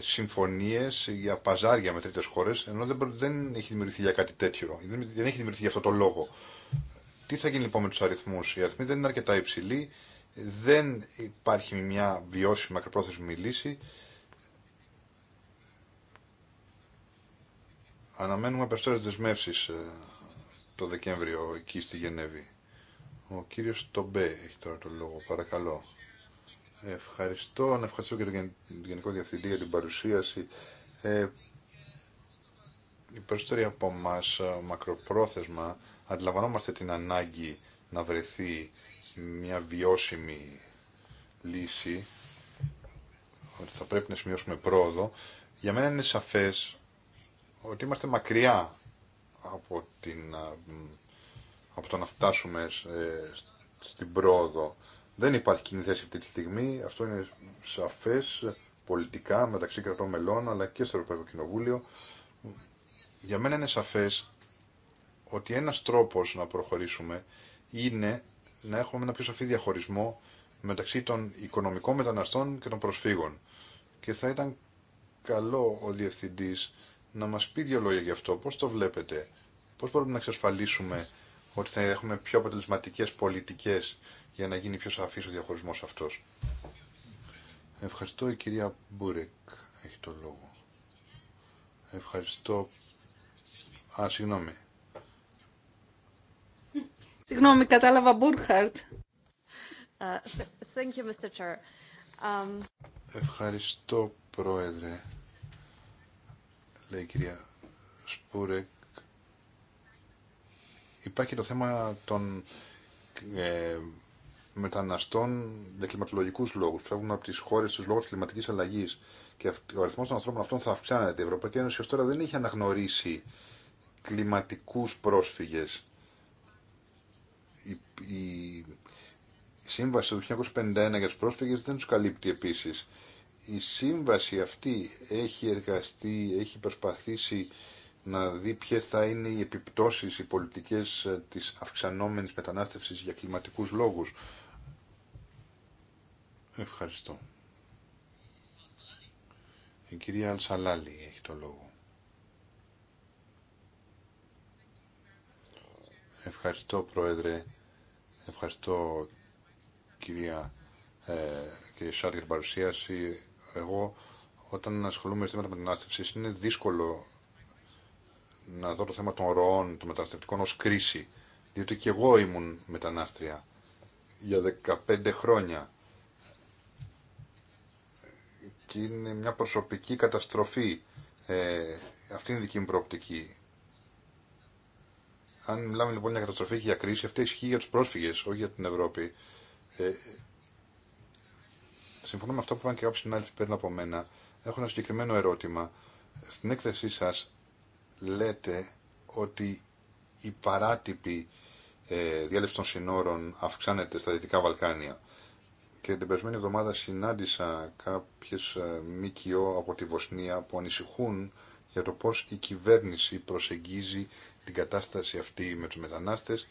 συμφωνίε για παζάρια με τρίτε χώρε, ενώ δεν, έχει δημιουργηθεί για κάτι τέτοιο. Δεν, δεν έχει δημιουργηθεί για αυτό το λόγο. Τι θα γίνει λοιπόν με τους αριθμούς. Οι αριθμοί δεν είναι αρκετά υψηλοί, δεν υπάρχει μια βιώσιμη μακροπρόθεσμη λύση. Αναμένουμε περισσότερε δεσμεύσει ε, το Δεκέμβριο εκεί στη Γενέβη. Ο κύριος Τομπέ έχει τώρα το λόγο, παρακαλώ. Ευχαριστώ, να ευχαριστώ και τον Γενικό Διευθυντή για την παρουσίαση. Ε, οι περισσότεροι από εμά ε, μακροπρόθεσμα Αντιλαμβανόμαστε την ανάγκη να βρεθεί μια βιώσιμη λύση, ότι θα πρέπει να σημειώσουμε πρόοδο. Για μένα είναι σαφές ότι είμαστε μακριά από, την, από το να φτάσουμε στην πρόοδο. Δεν υπάρχει κοινή θέση αυτή τη στιγμή. Αυτό είναι σαφές πολιτικά μεταξύ κρατών μελών αλλά και στο Ευρωπαϊκό Κοινοβούλιο. Για μένα είναι σαφές ότι ένας τρόπος να προχωρήσουμε είναι να έχουμε ένα πιο σαφή διαχωρισμό μεταξύ των οικονομικών μεταναστών και των προσφύγων. Και θα ήταν καλό ο Διευθυντής να μας πει δύο λόγια γι' αυτό. Πώς το βλέπετε, πώς μπορούμε να εξασφαλίσουμε ότι θα έχουμε πιο αποτελεσματικές πολιτικές για να γίνει πιο σαφής ο διαχωρισμός αυτός. Ευχαριστώ η κυρία Μπούρεκ έχει το λόγο. Ευχαριστώ. Α, συγγνώμη. Συγγνώμη, κατάλαβα Μπουρχαρτ. Ε, Ευχαριστώ, Πρόεδρε, λέει η κυρία Σπούρεκ. Υπάρχει το θέμα των ε, μεταναστών για κλιματολογικού λόγου. Φεύγουν από τι χώρε του λόγω τη κλιματική αλλαγή. Και ο αριθμό των ανθρώπων αυτών θα αυξάνεται. Η Ευρωπαϊκή Ένωση ω τώρα δεν έχει αναγνωρίσει κλιματικού πρόσφυγε η σύμβαση του 1951 για τους πρόσφυγες δεν τους καλύπτει επίσης. Η σύμβαση αυτή έχει εργαστεί, έχει προσπαθήσει να δει ποιε θα είναι οι επιπτώσεις, οι πολιτικές ε, της αυξανόμενης μετανάστευσης για κλιματικούς λόγους. Ευχαριστώ. Η κυρία Αλσαλάλη έχει το λόγο. Ευχαριστώ Πρόεδρε, ευχαριστώ κυρία ε, κύριε για την παρουσίαση. Εγώ όταν ασχολούμαι με θέματα μετανάστευση είναι δύσκολο να δω το θέμα των ροών των μεταναστευτικών ως κρίση. Διότι και εγώ ήμουν μετανάστρια για 15 χρόνια. Και είναι μια προσωπική καταστροφή. Ε, αυτή είναι η δική μου προοπτική. Αν μιλάμε λοιπόν για καταστροφή και για κρίση, αυτή ισχύει για του πρόσφυγε, όχι για την Ευρώπη. Ε, συμφωνώ με αυτό που είπαν και κάποιοι συνάδελφοι πριν από μένα. Έχω ένα συγκεκριμένο ερώτημα. Στην έκθεσή σας λέτε ότι η παράτυπη ε, των συνόρων αυξάνεται στα Δυτικά Βαλκάνια. Και την περσμένη εβδομάδα συνάντησα κάποιε ε, ΜΚΟ από τη Βοσνία που ανησυχούν για το πώ η κυβέρνηση προσεγγίζει την κατάσταση αυτή με τους μετανάστες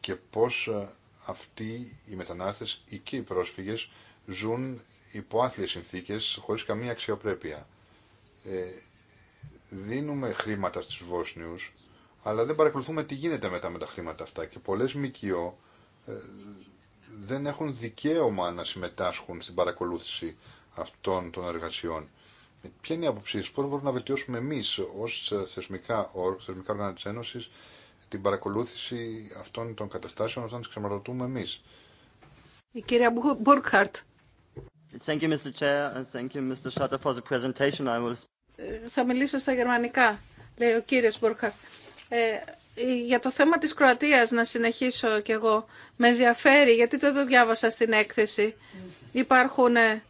και πώς ε, αυτοί οι μετανάστες ή και οι πρόσφυγες ζουν υπό άθλιες συνθήκες χωρίς καμία αξιοπρέπεια. Ε, δίνουμε χρήματα στους Βόσνιους αλλά δεν παρακολουθούμε τι γίνεται μετά με τα χρήματα αυτά και πολλές ΜΚΟ ε, δεν έχουν δικαίωμα να συμμετάσχουν στην παρακολούθηση αυτών των εργασιών. Ποια είναι η άποψή σα, πώ μπορούμε να βελτιώσουμε εμεί ω ε, θεσμικά, θεσμικά όργανα τη Ένωση την παρακολούθηση αυτών των καταστάσεων όταν τι ξεμαρτωτούμε εμεί. Η κυρία Μπουρκχαρτ. Θα μιλήσω στα γερμανικά, λέει ο κύριος Μπουρκχαρτ. Ε, για το θέμα της Κροατίας να συνεχίσω κι εγώ. Με ενδιαφέρει, γιατί δεν το διάβασα στην έκθεση. Υπάρχουν ε,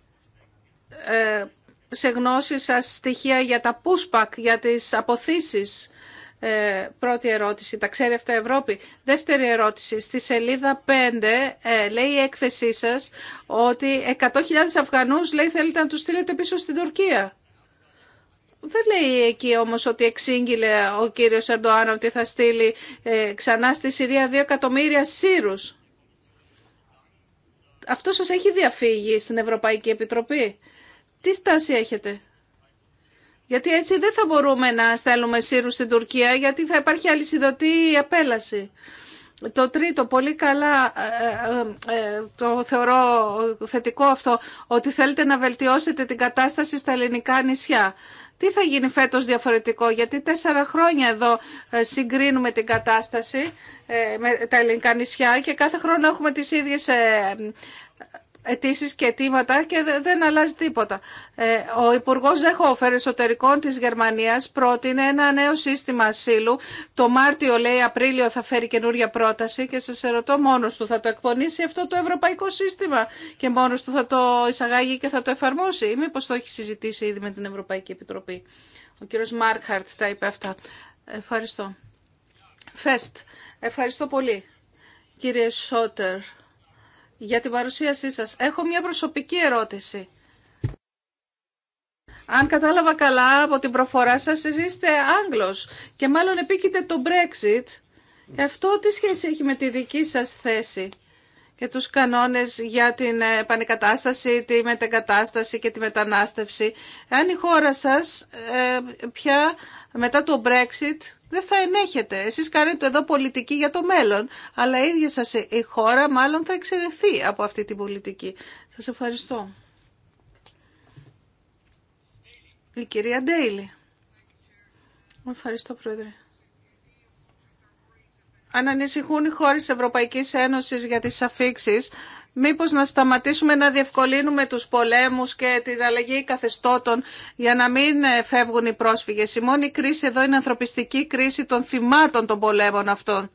ε σε γνώση σας στοιχεία για τα pushback, για τις αποθήσεις. Ε, πρώτη ερώτηση, τα ξέρει αυτά η Ευρώπη. Δεύτερη ερώτηση, στη σελίδα 5 ε, λέει η έκθεσή σας ότι 100.000 Αφγανούς λέει θέλετε να τους στείλετε πίσω στην Τουρκία. Δεν λέει εκεί όμως ότι εξήγηλε ο κύριος Ερντοάν ότι θα στείλει ε, ξανά στη Συρία 2 εκατομμύρια Σύρους. Αυτό σας έχει διαφύγει στην Ευρωπαϊκή Επιτροπή. Τι στάση έχετε. Γιατί έτσι δεν θα μπορούμε να στέλνουμε σύρους στην Τουρκία, γιατί θα υπάρχει αλυσιδωτή απέλαση. Το τρίτο, πολύ καλά, ε, ε, ε, το θεωρώ θετικό αυτό, ότι θέλετε να βελτιώσετε την κατάσταση στα ελληνικά νησιά. Τι θα γίνει φέτος διαφορετικό, γιατί τέσσερα χρόνια εδώ συγκρίνουμε την κατάσταση με τα ελληνικά νησιά και κάθε χρόνο έχουμε τις ίδιες αιτήσει και αιτήματα και δεν αλλάζει τίποτα. Ε, ο Υπουργό Ζεχόφερ Εσωτερικών τη Γερμανία πρότεινε ένα νέο σύστημα ασύλου. Το Μάρτιο, λέει, Απρίλιο θα φέρει καινούρια πρόταση και σα ερωτώ μόνο του θα το εκπονήσει αυτό το ευρωπαϊκό σύστημα και μόνο του θα το εισαγάγει και θα το εφαρμόσει ή μήπω το έχει συζητήσει ήδη με την Ευρωπαϊκή Επιτροπή. Ο κύριο Μάρκχαρτ τα είπε αυτά. Ευχαριστώ. Φεστ. Ευχαριστώ πολύ. Κύριε Σότερ για την παρουσίασή σας. Έχω μια προσωπική ερώτηση. Αν κατάλαβα καλά από την προφορά σας, εσείς είστε Άγγλος και μάλλον επίκειται το Brexit. Αυτό τι σχέση έχει με τη δική σας θέση και τους κανόνες για την επανεκατάσταση, τη μετεγκατάσταση και τη μετανάστευση. Αν η χώρα σας ε, πια μετά το Brexit δεν θα ενέχεται. Εσείς κάνετε εδώ πολιτική για το μέλλον, αλλά η ίδια σας η χώρα μάλλον θα εξαιρεθεί από αυτή την πολιτική. Σας ευχαριστώ. Η κυρία Ντέιλι. Ευχαριστώ, Πρόεδρε αν ανησυχούν οι χώρες της Ευρωπαϊκής Ένωσης για τις αφήξεις, μήπως να σταματήσουμε να διευκολύνουμε τους πολέμους και την αλλαγή καθεστώτων για να μην ε, φεύγουν οι πρόσφυγες. Η μόνη κρίση εδώ είναι η ανθρωπιστική κρίση των θυμάτων των πολέμων αυτών.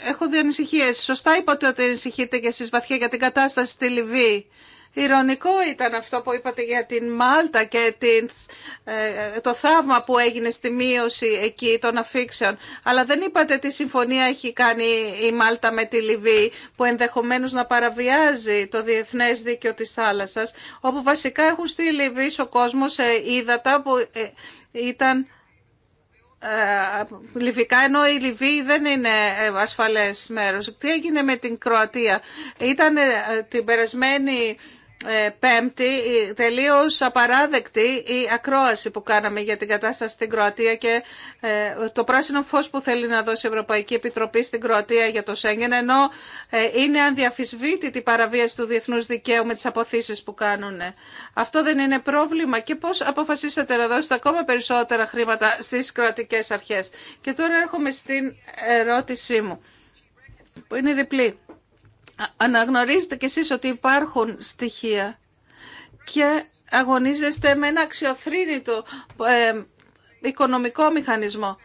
Έχω δύο ανησυχίε. Σωστά είπατε ότι ανησυχείτε και εσεί βαθιά για την κατάσταση στη Λιβύη. Ηρωνικό ήταν αυτό που είπατε για την Μάλτα και ε, το θαύμα που έγινε στη μείωση εκεί των αφήξεων. Αλλά δεν είπατε τι συμφωνία έχει κάνει η Μάλτα με τη Λιβύη που ενδεχομένως να παραβιάζει το διεθνές δίκαιο της θάλασσας όπου βασικά έχουν στη Λιβύη ο κόσμος σε ύδατα που ε, ήταν ε, λιβικά, ενώ η Λιβύη δεν είναι ασφαλές μέρος. Τι έγινε με την Κροατία. Ήταν την περασμένη ε, Πέμπτη, τελείως απαράδεκτη η ακρόαση που κάναμε για την κατάσταση στην Κροατία και ε, το πράσινο φως που θέλει να δώσει η Ευρωπαϊκή Επιτροπή στην Κροατία για το Σέγγεν, ενώ ε, είναι ανδιαφυσβήτητη η παραβίαση του διεθνούς δικαίου με τις αποθήσεις που κάνουν. Αυτό δεν είναι πρόβλημα και πώς αποφασίσατε να δώσετε ακόμα περισσότερα χρήματα στις κροατικές αρχές. Και τώρα έρχομαι στην ερώτησή μου, που είναι διπλή αναγνωρίζετε κι εσείς ότι υπάρχουν στοιχεία και αγωνίζεστε με ένα αξιοθρύνητο ε, οικονομικό μηχανισμό.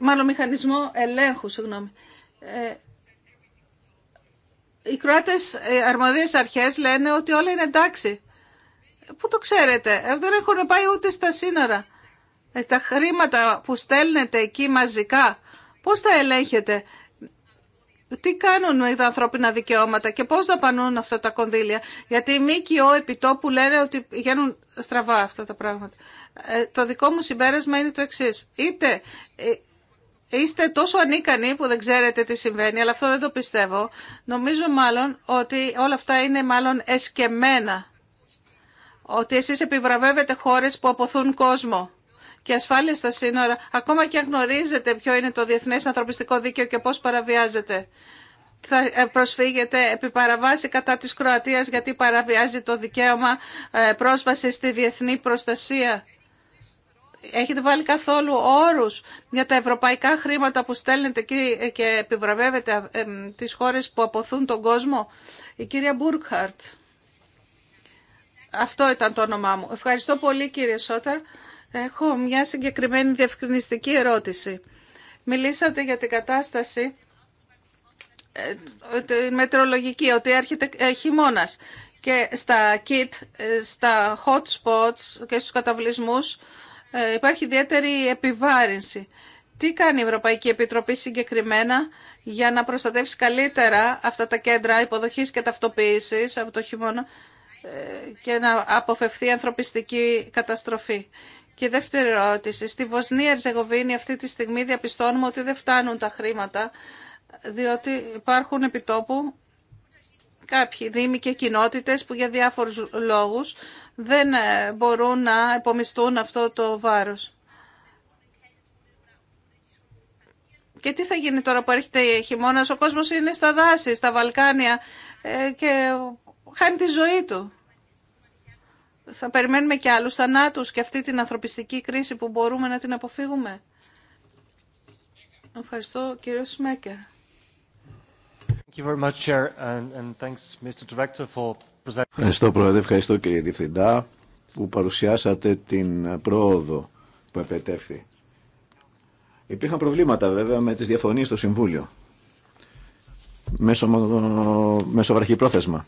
Μάλλον μηχανισμό ελέγχου, συγγνώμη. Ε, οι Κροάτες ε, αρμοδίες αρχές λένε ότι όλα είναι εντάξει. Πού το ξέρετε, δεν έχουν πάει ούτε στα σύνορα. Τα χρήματα που στέλνετε εκεί μαζικά, πώς τα ελέγχετε τι κάνουν με τα ανθρώπινα δικαιώματα και πώς δαπανούν αυτά τα κονδύλια. Γιατί οι ΜΚΟ επιτόπου λένε ότι γίνουν στραβά αυτά τα πράγματα. Ε, το δικό μου συμπέρασμα είναι το εξή. Είτε ε, είστε τόσο ανίκανοι που δεν ξέρετε τι συμβαίνει, αλλά αυτό δεν το πιστεύω. Νομίζω μάλλον ότι όλα αυτά είναι μάλλον εσκεμένα. Ότι εσείς επιβραβεύετε χώρες που αποθούν κόσμο και ασφάλεια στα σύνορα, ακόμα και αν γνωρίζετε ποιο είναι το διεθνές ανθρωπιστικό δίκαιο και πώς παραβιάζεται. Θα ε, προσφύγετε επί παραβάση κατά της Κροατίας γιατί παραβιάζει το δικαίωμα ε, πρόσβαση στη διεθνή προστασία. Έχετε βάλει καθόλου όρους για τα ευρωπαϊκά χρήματα που στέλνετε εκεί και επιβραβεύετε ε, τις χώρες που αποθούν τον κόσμο. Η κυρία Μπούρκχαρτ. Αυτό ήταν το όνομά μου. Ευχαριστώ πολύ κύριε Σότερ. Έχω μια συγκεκριμένη διευκρινιστική ερώτηση. Μιλήσατε για την κατάσταση ε, τη μετρολογική, ότι έρχεται ε, χειμώνα. και στα kit, ε, στα hot spots και στους καταβλισμούς υπάρχει ιδιαίτερη επιβάρυνση. Τι κάνει η Ευρωπαϊκή Επιτροπή συγκεκριμένα για να προστατεύσει καλύτερα αυτά τα κέντρα υποδοχής και ταυτοποίησης από το χειμώνα και να αποφευθεί ανθρωπιστική καταστροφή. Και δεύτερη ερώτηση. Στη Βοσνία Ερζεγοβίνη αυτή τη στιγμή διαπιστώνουμε ότι δεν φτάνουν τα χρήματα, διότι υπάρχουν επιτόπου κάποιοι δήμοι και κοινότητες που για διάφορους λόγους δεν ε, μπορούν να επομιστούν αυτό το βάρος. Και τι θα γίνει τώρα που έρχεται η χειμώνας, ο κόσμος είναι στα δάση, στα Βαλκάνια ε, και χάνει τη ζωή του θα περιμένουμε και άλλους θανάτους και αυτή την ανθρωπιστική κρίση που μπορούμε να την αποφύγουμε. Ευχαριστώ κύριο Σμέκερ. Ευχαριστώ Πρόεδρε, ευχαριστώ κύριε Διευθυντά που παρουσιάσατε την πρόοδο που επετεύθη. Υπήρχαν προβλήματα βέβαια με τις διαφωνίες στο Συμβούλιο μέσω, μέσω πρόθεσμα.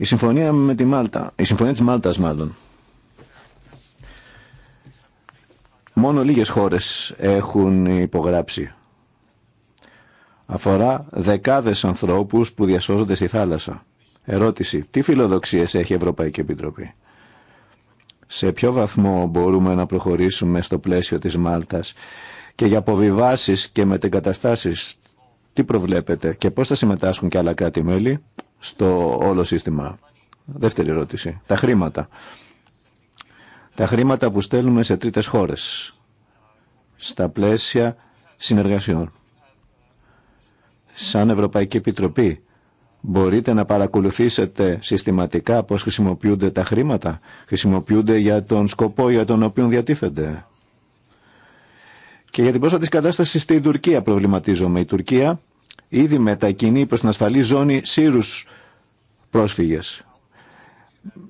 Η συμφωνία με τη Μάλτα, η συμφωνία της Μάλτας μάλλον. Μόνο λίγες χώρες έχουν υπογράψει. Αφορά δεκάδες ανθρώπους που διασώζονται στη θάλασσα. Ερώτηση. Τι φιλοδοξίες έχει η Ευρωπαϊκή Επιτροπή. Σε ποιο βαθμό μπορούμε να προχωρήσουμε στο πλαίσιο της Μάλτας και για αποβιβάσεις και μετεγκαταστάσεις τι προβλέπετε και πώς θα συμμετάσχουν και άλλα κράτη-μέλη στο όλο σύστημα. Δεύτερη ερώτηση. Τα χρήματα. Τα χρήματα που στέλνουμε σε τρίτες χώρες στα πλαίσια συνεργασιών. Σαν Ευρωπαϊκή Επιτροπή μπορείτε να παρακολουθήσετε συστηματικά πώς χρησιμοποιούνται τα χρήματα. Χρησιμοποιούνται για τον σκοπό για τον οποίο διατίθενται. Και για την πρόσφατη κατάσταση στην Τουρκία προβληματίζομαι. Η Τουρκία ήδη μετακινεί προς την ασφαλή ζώνη σύρους πρόσφυγες.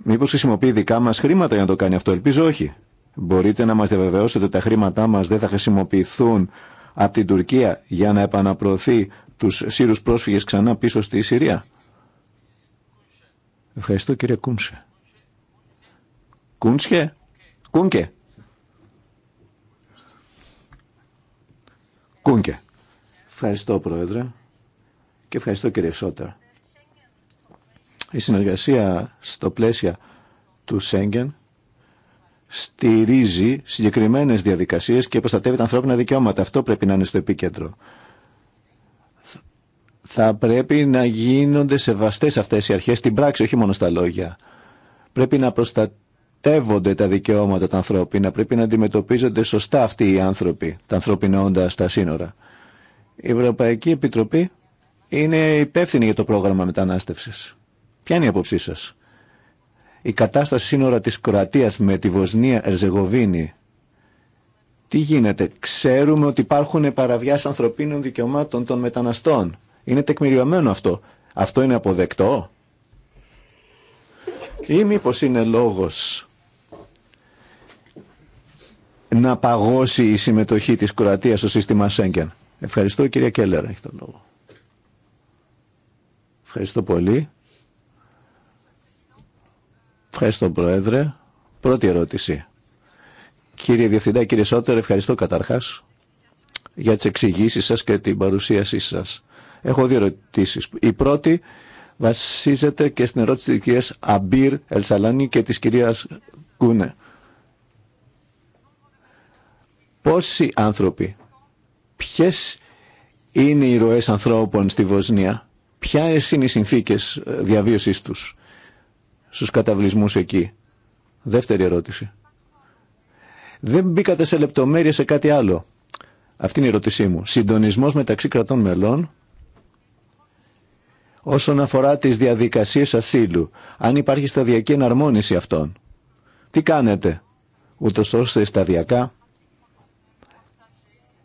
Μήπως χρησιμοποιεί δικά μας χρήματα για να το κάνει αυτό, ελπίζω όχι. Μπορείτε να μας διαβεβαιώσετε ότι τα χρήματά μας δεν θα χρησιμοποιηθούν από την Τουρκία για να επαναπροωθεί τους Σύρους πρόσφυγες ξανά πίσω στη Συρία. Ευχαριστώ κύριε Κούνσε. Κούνσε. Κούνκε. Κούνκε. Ευχαριστώ πρόεδρε. Και ευχαριστώ κύριε Σότερα. Η συνεργασία στο πλαίσιο του Σέγγεν στηρίζει συγκεκριμένες διαδικασίες και προστατεύει τα ανθρώπινα δικαιώματα. Αυτό πρέπει να είναι στο επίκεντρο. Θα πρέπει να γίνονται σεβαστές αυτές οι αρχές στην πράξη, όχι μόνο στα λόγια. Πρέπει να προστατεύονται τα δικαιώματα τα ανθρώπινα, πρέπει να αντιμετωπίζονται σωστά αυτοί οι άνθρωποι, τα ανθρώπινα όντα στα σύνορα. Η Ευρωπαϊκή Επιτροπή είναι υπεύθυνοι για το πρόγραμμα μετανάστευσης. Ποια είναι η απόψή σας. Η κατάσταση σύνορα της Κροατίας με τη Βοσνία Ερζεγοβίνη. Τι γίνεται. Ξέρουμε ότι υπάρχουν παραβιάσεις ανθρωπίνων δικαιωμάτων των μεταναστών. Είναι τεκμηριωμένο αυτό. Αυτό είναι αποδεκτό. Ή μήπω είναι λόγος να παγώσει η συμμετοχή της Κροατίας στο σύστημα Σέγγεν. Ευχαριστώ κυρία Κέλλερα έχει τον λόγο. Ευχαριστώ πολύ. Ευχαριστώ, Πρόεδρε. Πρώτη ερώτηση. Κύριε Διευθυντά, κύριε Σότερ, ευχαριστώ καταρχάς για τις εξηγήσεις σας και την παρουσίασή σας. Έχω δύο ερωτήσεις. Η πρώτη βασίζεται και στην ερώτηση της κυρίας Αμπίρ Ελσαλάνη και της κυρίας Κούνε. Πόσοι άνθρωποι, ποιες είναι οι ροές ανθρώπων στη Βοσνία Ποια είναι οι συνθήκε ε, διαβίωσής τους στου καταβλισμούς εκεί. Δεύτερη ερώτηση. Δεν μπήκατε σε λεπτομέρειες σε κάτι άλλο. Αυτή είναι η ερώτησή μου. Συντονισμό μεταξύ κρατών μελών όσον αφορά τις διαδικασίες ασύλου. Αν υπάρχει σταδιακή εναρμόνιση αυτών. Τι κάνετε ούτω ώστε σταδιακά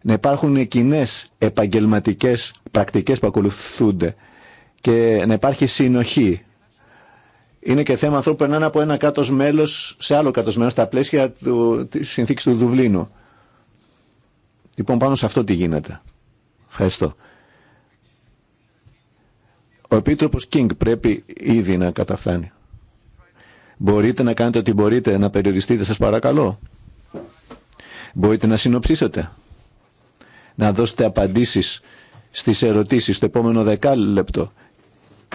να υπάρχουν κοινέ επαγγελματικέ πρακτικέ που ακολουθούνται και να υπάρχει συνοχή. Είναι και θέμα ανθρώπου να από ένα κάτω μέλο σε άλλο κάτω μέλο στα πλαίσια τη συνθήκη του Δουβλίνου. Λοιπόν, πάνω σε αυτό τι γίνεται. Ευχαριστώ. Ο Επίτροπος Κίνγκ πρέπει ήδη να καταφθάνει. Μπορείτε να κάνετε ό,τι μπορείτε, να περιοριστείτε σας παρακαλώ. Μπορείτε να συνοψίσετε. Να δώσετε απαντήσεις στις ερωτήσεις στο επόμενο δεκάλεπτο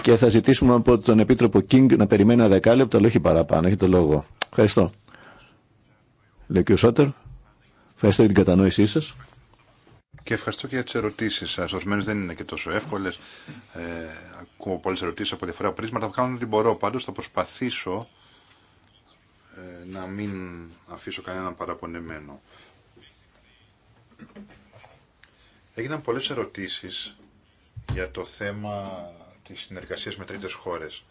και θα ζητήσουμε από τον Επίτροπο Κίνγκ να περιμένει ένα δεκάλεπτο, αλλά όχι παραπάνω. Έχει το λόγο. Ευχαριστώ. Λέει και ο Σότερ. Ευχαριστώ για την κατανόησή σα. Και ευχαριστώ και για τι ερωτήσει σα. Ορισμένε δεν είναι και τόσο εύκολε. Ε, ακούω πολλέ ερωτήσει από διαφορά πρίσματα. Θα κάνω ό,τι μπορώ. Πάντω θα προσπαθήσω ε, να μην αφήσω κανέναν παραπονεμένο. Έγιναν πολλές ερωτήσεις για το θέμα τη συνεργασίες με τρίτες χώρες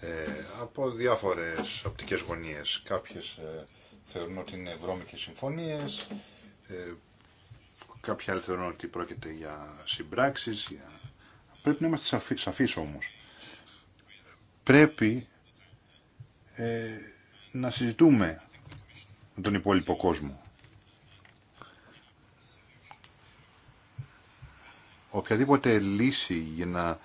ε, από διάφορες οπτικές γωνίες. Κάποιες ε, θεωρούν ότι είναι συμφωνίε, συμφωνίες, ε, κάποιοι άλλοι θεωρούν ότι πρόκειται για συμπράξει. Πρέπει να είμαστε σαφεί Πρέπει να συζητούμε με τον υπόλοιπο κόσμο. Οποιαδήποτε λύση για να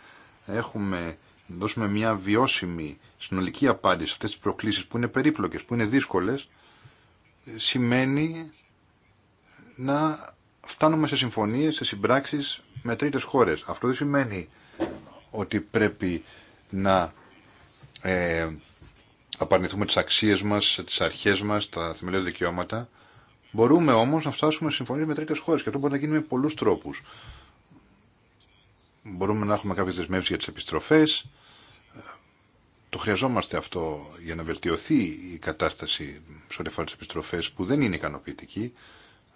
έχουμε να δώσουμε μια βιώσιμη συνολική απάντηση σε αυτές τις προκλήσεις που είναι περίπλοκες, που είναι δύσκολες, σημαίνει να φτάνουμε σε συμφωνίες, σε συμπράξεις με τρίτες χώρες. Αυτό δεν σημαίνει ότι πρέπει να ε, απαρνηθούμε τις αξίες μας, τις αρχές μας, τα θεμελιώδη δικαιώματα. Μπορούμε όμως να φτάσουμε σε συμφωνίες με τρίτες χώρες και αυτό μπορεί να γίνει με πολλούς τρόπους μπορούμε να έχουμε κάποιες δεσμεύσεις για τις επιστροφές. Το χρειαζόμαστε αυτό για να βελτιωθεί η κατάσταση σε ό,τι αφορά τις επιστροφές που δεν είναι ικανοποιητική,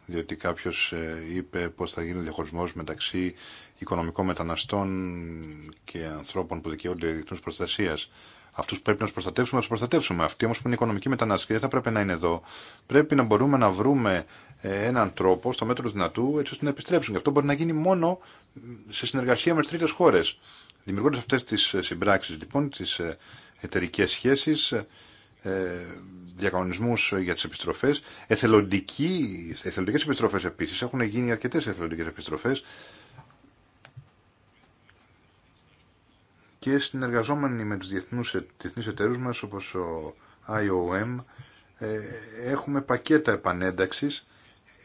διότι κάποιος ε, είπε πώς θα γίνει διαχωρισμός μεταξύ οικονομικών μεταναστών και ανθρώπων που δικαιούνται διεθνούς προστασίας. Αυτού που πρέπει να του προστατεύσουμε, να του προστατεύσουμε. Αυτοί όμω που είναι οικονομικοί μετανάστε και δεν θα πρέπει να είναι εδώ, πρέπει να μπορούμε να βρούμε ε, έναν τρόπο στο μέτρο του δυνατού έτσι ώστε να επιστρέψουν. Και αυτό μπορεί να γίνει μόνο σε συνεργασία με τι τρίτε χώρε. Δημιουργώντα αυτέ τι ε, συμπράξει λοιπόν, τι ε, εταιρικέ σχέσει, διακανονισμού για τι επιστροφέ, εθελοντικέ επιστροφέ επίση. Έχουν γίνει αρκετέ εθελοντικέ επιστροφέ και συνεργαζόμενοι με τους διεθνούς, διεθνείς εταίρους μας όπως ο IOM ε, έχουμε πακέτα επανένταξης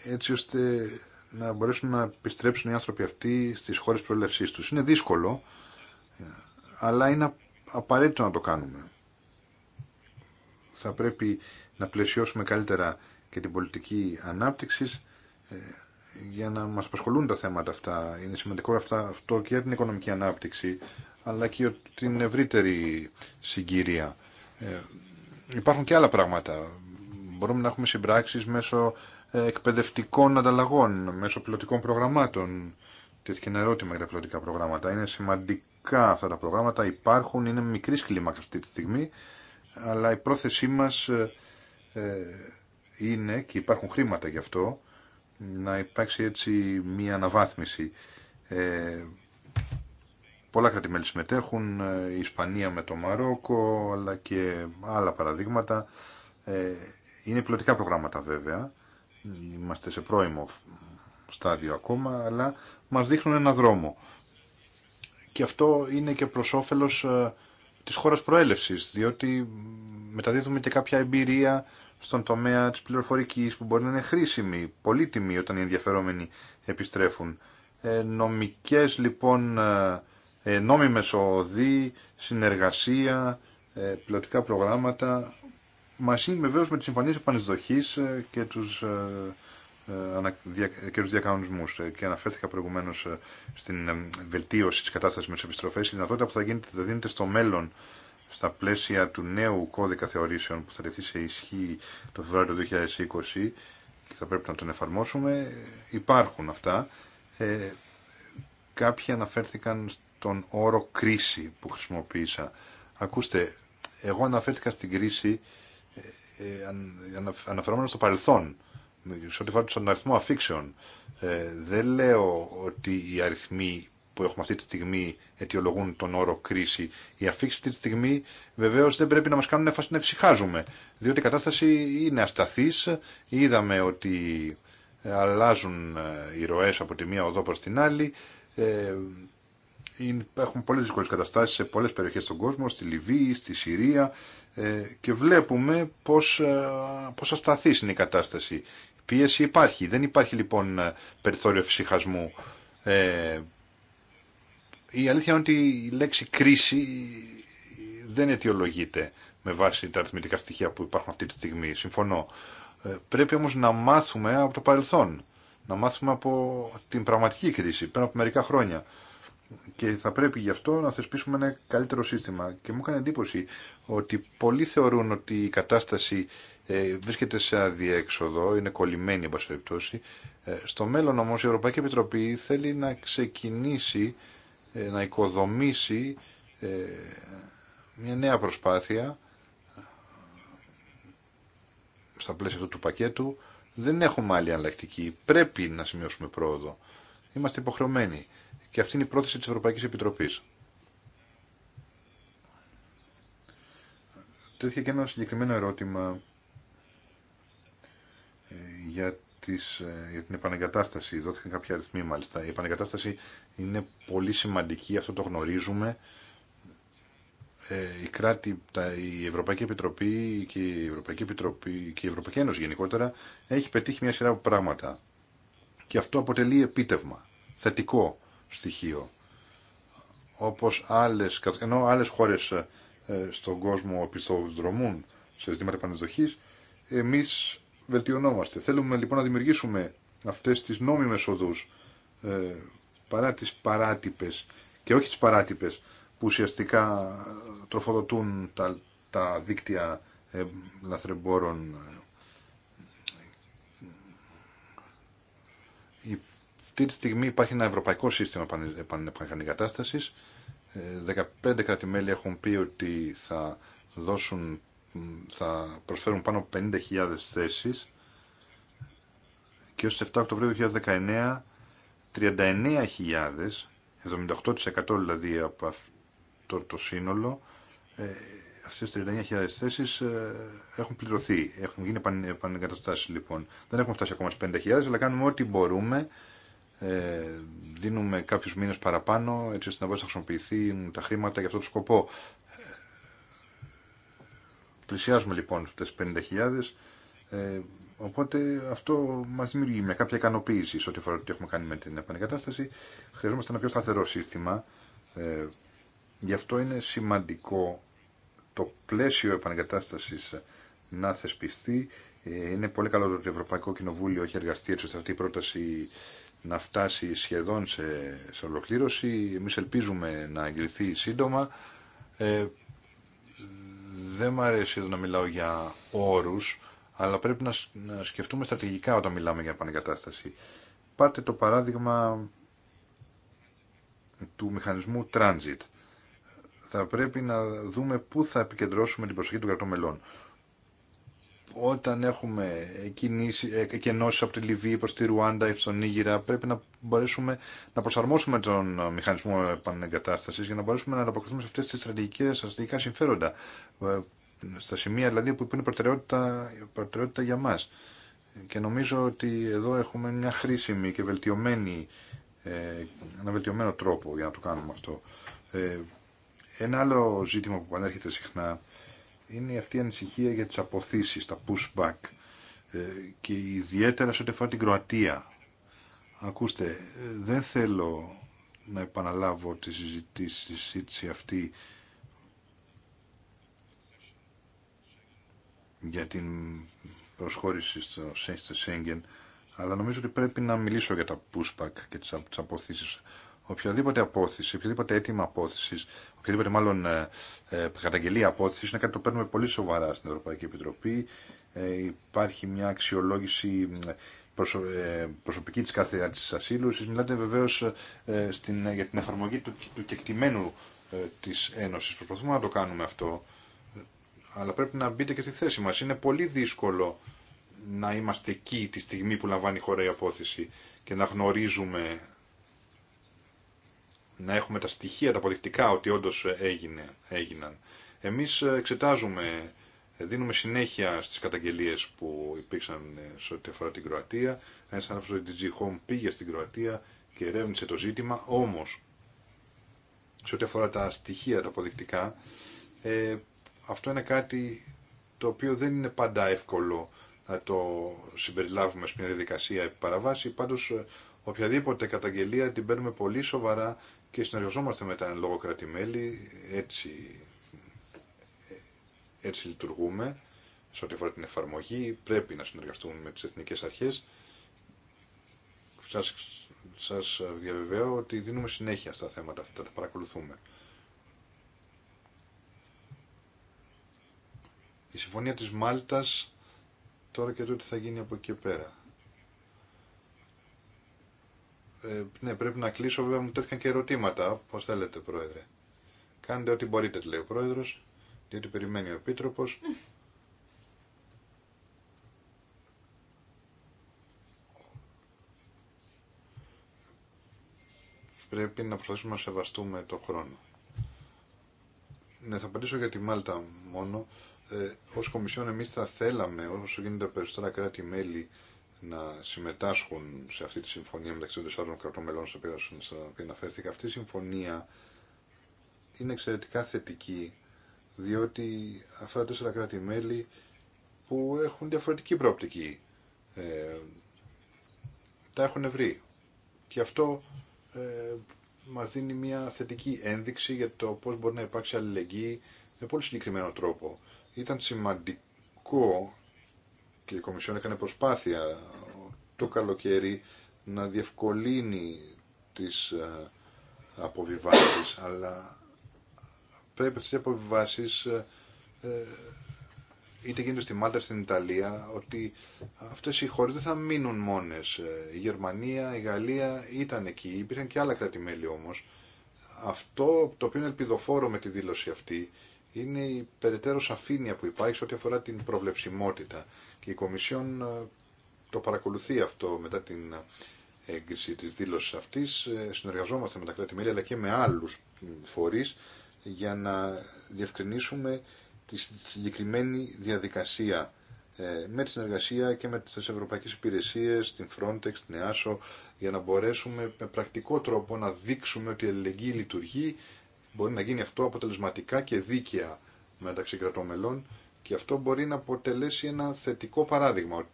έτσι ώστε να μπορέσουν να επιστρέψουν οι άνθρωποι αυτοί στις χώρες προέλευσής τους. Είναι δύσκολο, αλλά είναι απαραίτητο να το κάνουμε. Θα πρέπει να πλαισιώσουμε καλύτερα και την πολιτική ανάπτυξης ε, για να μας απασχολούν τα θέματα αυτά. Είναι σημαντικό αυτά, αυτό και για την οικονομική ανάπτυξη, αλλά και την ευρύτερη συγκυρία. Ε, υπάρχουν και άλλα πράγματα. Μπορούμε να έχουμε συμπράξεις μέσω ε, εκπαιδευτικών ανταλλαγών, μέσω πιλωτικών προγραμμάτων. Τέθηκε ένα ερώτημα για τα πιλωτικά προγράμματα. Είναι σημαντικά αυτά τα προγράμματα, υπάρχουν, είναι μικρής κλίμακα αυτή τη στιγμή, αλλά η πρόθεσή μας ε, είναι, και υπάρχουν χρήματα γι' αυτό, να υπάρξει έτσι μία αναβάθμιση. Ε, Πολλά κρατημέλη συμμετέχουν, ε, η Ισπανία με το Μαρόκο, αλλά και άλλα παραδείγματα. Ε, είναι πιλωτικά προγράμματα βέβαια, είμαστε σε πρώιμο στάδιο ακόμα, αλλά μας δείχνουν ένα δρόμο. Και αυτό είναι και προς όφελος ε, της χώρας προέλευσης, διότι μεταδίδουμε και κάποια εμπειρία στον τομέα της πληροφορικής που μπορεί να είναι χρήσιμη, πολύτιμη όταν οι ενδιαφερόμενοι επιστρέφουν. Ε, νομικές λοιπόν ε, νόμιμες οδοί, συνεργασία, ε, πιλωτικά προγράμματα. Μαζί βεβαίως με τις συμφωνίες επανεισδοχής ε, και τους, και του διακανονισμούς. Και αναφέρθηκα προηγουμένω στην βελτίωση τη κατάσταση με τι επιστροφές. Η δυνατότητα που θα, γίνεται, θα δίνεται στο μέλλον στα πλαίσια του νέου κώδικα θεωρήσεων που θα τεθεί σε ισχύ το Φεβρουάριο του 2020 και θα πρέπει να τον εφαρμόσουμε, υπάρχουν αυτά. Ε, κάποιοι αναφέρθηκαν τον όρο κρίση που χρησιμοποίησα. Ακούστε, εγώ αναφέρθηκα στην κρίση ε, ε αναφερόμενο στο παρελθόν, σε ό,τι φορά στον αριθμό αφήξεων. Ε, δεν λέω ότι οι αριθμοί που έχουμε αυτή τη στιγμή αιτιολογούν τον όρο κρίση. Οι αφήξει αυτή τη στιγμή βεβαίω δεν πρέπει να μα κάνουν να ευσυχάζουμε, διότι η κατάσταση είναι ασταθή. Είδαμε ότι αλλάζουν ε, οι ροέ από τη μία οδό προ την άλλη. Ε, έχουν πολλές δύσκολες καταστάσεις σε πολλές περιοχές στον κόσμο, στη Λιβύη, στη Συρία ε, και βλέπουμε πώς, ε, πώς ασταθής είναι η κατάσταση. Η πίεση υπάρχει, δεν υπάρχει λοιπόν ε, περιθώριο φυσικασμού. η αλήθεια είναι ότι η λέξη κρίση δεν αιτιολογείται με βάση τα αριθμητικά στοιχεία που υπάρχουν αυτή τη στιγμή. Συμφωνώ. πρέπει όμως να μάθουμε από το παρελθόν. Να μάθουμε από την πραγματική κρίση πριν από μερικά χρόνια και θα πρέπει γι' αυτό να θεσπίσουμε ένα καλύτερο σύστημα. Και μου έκανε εντύπωση ότι πολλοί θεωρούν ότι η κατάσταση ε, βρίσκεται σε αδιέξοδο, είναι κολλημένη, εν πάση ε, στο μέλλον όμω η Ευρωπαϊκή Επιτροπή θέλει να ξεκινήσει, ε, να οικοδομήσει μια νέα προσπάθεια στα πλαίσια αυτού του πακέτου. Δεν έχουμε άλλη αλλακτική. Πρέπει να σημειώσουμε πρόοδο. Είμαστε υποχρεωμένοι. Και αυτή είναι η πρόθεση της Ευρωπαϊκής Επιτροπής. Τέθηκε και ένα συγκεκριμένο ερώτημα ε, για, τις, ε, για την επανεγκατάσταση. Δόθηκαν κάποια αριθμοί μάλιστα. Η επανεγκατάσταση είναι πολύ σημαντική, αυτό το γνωρίζουμε. Ε, η, κράτη, τα, η Ευρωπαϊκή Επιτροπή και η Ευρωπαϊκή, Επιτροπή και η Ευρωπαϊκή Ένωση γενικότερα έχει πετύχει μια σειρά από πράγματα και αυτό αποτελεί επίτευγμα, θετικό στοιχείο. Όπως άλλες, ενώ άλλες χώρες ε, ε, στον κόσμο επιστοδρομούν σε ζητήματα πανεδοχής, εμείς βελτιωνόμαστε. Θέλουμε λοιπόν να δημιουργήσουμε αυτές τις νόμιμες οδούς, ε, παρά τις παράτυπες και όχι τις παράτυπες που ουσιαστικά τροφοδοτούν τα, τα δίκτυα λαθρεμπόρων αυτή τη στιγμή υπάρχει ένα ευρωπαϊκό σύστημα κατάσταση. 15 κρατημέλη έχουν πει ότι θα δώσουν, θα προσφέρουν πάνω από 50.000 θέσεις και ω 7 Οκτωβρίου 2019 39.000, 78% δηλαδή από αυτό το σύνολο, αυτέ τι 39.000 θέσει έχουν πληρωθεί, έχουν γίνει επανεγκαταστάσει λοιπόν. Δεν έχουμε φτάσει ακόμα στι 50.000, αλλά κάνουμε ό,τι μπορούμε ε, δίνουμε κάποιου μήνε παραπάνω έτσι ώστε να μπορέσουν να χρησιμοποιηθεί τα χρήματα για αυτό το σκοπό. Πλησιάζουμε λοιπόν τι 50.000 ε, οπότε αυτό μα δημιουργεί μια κάποια ικανοποίηση σε ό,τι αφορά τι έχουμε κάνει με την επανεκατάσταση. Χρειαζόμαστε ένα πιο σταθερό σύστημα. Ε, γι' αυτό είναι σημαντικό το πλαίσιο επανεκατάστασης να θεσπιστεί. Ε, είναι πολύ καλό ότι το Ευρωπαϊκό Κοινοβούλιο έχει εργαστεί έτσι ώστε αυτή η πρόταση να φτάσει σχεδόν σε, σε ολοκλήρωση. Εμείς ελπίζουμε να εγκριθεί σύντομα. Ε, δεν μου αρέσει εδώ να μιλάω για όρους, αλλά πρέπει να, να σκεφτούμε στρατηγικά όταν μιλάμε για επανεγκατάσταση. Πάρτε το παράδειγμα του μηχανισμού transit. Θα πρέπει να δούμε πού θα επικεντρώσουμε την προσοχή των κρατών μελών όταν έχουμε ε, κενώσεις από τη Λιβύη προς τη Ρουάντα ή στον Νίγηρα πρέπει να μπορέσουμε να προσαρμόσουμε τον ε, μηχανισμό επανεγκατάστασης για να μπορέσουμε να ανταποκριθούμε σε αυτές τις στρατηγικές στρατηγικά συμφέροντα ε, στα σημεία δηλαδή που είναι προτεραιότητα, προτεραιότητα για μας και νομίζω ότι εδώ έχουμε μια χρήσιμη και βελτιωμένη ένα βελτιωμένο τρόπο για να το κάνουμε αυτό ένα άλλο ζήτημα που ανέρχεται συχνά είναι αυτή η ανησυχία για τις αποθήσεις, τα pushback ε, και ιδιαίτερα σε ό,τι αφορά την Κροατία. Ακούστε, δεν θέλω να επαναλάβω τη συζήτηση αυτή για την προσχώρηση στο Σέγγεν, αλλά νομίζω ότι πρέπει να μιλήσω για τα pushback και τις αποθήσεις οποιαδήποτε απόθεση, οποιαδήποτε αίτημα απόθεση, οποιαδήποτε μάλλον ε, ε καταγγελία απόθεση, είναι κάτι το παίρνουμε πολύ σοβαρά στην Ευρωπαϊκή Επιτροπή. Ε, υπάρχει μια αξιολόγηση προσω, ε, προσωπική τη κάθε της ασύλου. μιλάτε βεβαίως για την εφαρμογή του, του κεκτημένου ε, της Ένωσης. Προσπαθούμε να το κάνουμε αυτό, αλλά πρέπει να μπείτε και στη θέση μα. Είναι πολύ δύσκολο να είμαστε εκεί τη στιγμή που λαμβάνει η χώρα η απόθεση και να γνωρίζουμε να έχουμε τα στοιχεία, τα αποδεικτικά ότι όντω έγινε, έγιναν. Εμείς εξετάζουμε, δίνουμε συνέχεια στις καταγγελίες που υπήρξαν σε ό,τι αφορά την Κροατία. Ένας άνθρωπος του DG Home πήγε στην Κροατία και ερεύνησε το ζήτημα, όμως σε ό,τι αφορά τα στοιχεία, τα αποδεικτικά, ε, αυτό είναι κάτι το οποίο δεν είναι πάντα εύκολο να το συμπεριλάβουμε σε μια διαδικασία επί παραβάση. Πάντως, οποιαδήποτε καταγγελία την παίρνουμε πολύ σοβαρά και συνεργαζόμαστε με τα εν λόγω κρατημέλη, έτσι, έτσι λειτουργούμε σε ό,τι αφορά την εφαρμογή, πρέπει να συνεργαστούμε με τις εθνικές αρχές. Σας, σας διαβεβαιώ ότι δίνουμε συνέχεια στα θέματα αυτά, τα παρακολουθούμε. Η συμφωνία της Μάλτας τώρα και το θα γίνει από εκεί πέρα. Ε, ναι, πρέπει να κλείσω. Βέβαια μου τέθηκαν και ερωτήματα. Πώ θέλετε, Πρόεδρε. Κάντε ό,τι μπορείτε, λέει ο Πρόεδρο, διότι περιμένει ο Επίτροπο. πρέπει να προσπαθήσουμε να σεβαστούμε το χρόνο. Ναι, θα απαντήσω για τη Μάλτα μόνο. Ε, ως Κομισιόν εμείς θα θέλαμε όσο γίνεται περισσότερα κράτη-μέλη να συμμετάσχουν σε αυτή τη συμφωνία μεταξύ των τεσσάρων κρατών μελών στην οποία αναφέρθηκα. Αυτή η συμφωνία είναι εξαιρετικά θετική διότι αυτά τα τέσσερα κράτη-μέλη που έχουν διαφορετική προοπτική ε, τα έχουν βρει. Και αυτό ε, μας δίνει μια θετική ένδειξη για το πώς μπορεί να υπάρξει αλληλεγγύη με πολύ συγκεκριμένο τρόπο. Ήταν σημαντικό και η Κομισιόν έκανε προσπάθεια το καλοκαίρι να διευκολύνει τις ε, αποβιβάσεις, αλλά πρέπει αυτές οι αποβιβάσεις ε, ε, είτε γίνεται στη Μάλτα, στην Ιταλία, ότι αυτές οι χώρες δεν θα μείνουν μόνες. Η Γερμανία, η Γαλλία ήταν εκεί, υπήρχαν και άλλα κράτη-μέλη όμως. Αυτό το οποίο είναι ελπιδοφόρο με τη δήλωση αυτή είναι η περαιτέρω σαφήνεια που υπάρχει σε ό,τι αφορά την προβλεψιμότητα. Και η Κομισιόν ε, το παρακολουθεί αυτό μετά την ε, έγκριση της δήλωσης αυτής. Ε, συνεργαζόμαστε με τα κράτη-μέλη αλλά και με άλλους φορείς για να διευκρινίσουμε τη συγκεκριμένη διαδικασία με τη συνεργασία και με τις ευρωπαϊκές υπηρεσίες, την Frontex, την EASO, για να μπορέσουμε με πρακτικό τρόπο να δείξουμε ότι η ελληνική λειτουργεί μπορεί να γίνει αυτό αποτελεσματικά και δίκαια μεταξύ κρατών μελών και αυτό μπορεί να αποτελέσει ένα θετικό παράδειγμα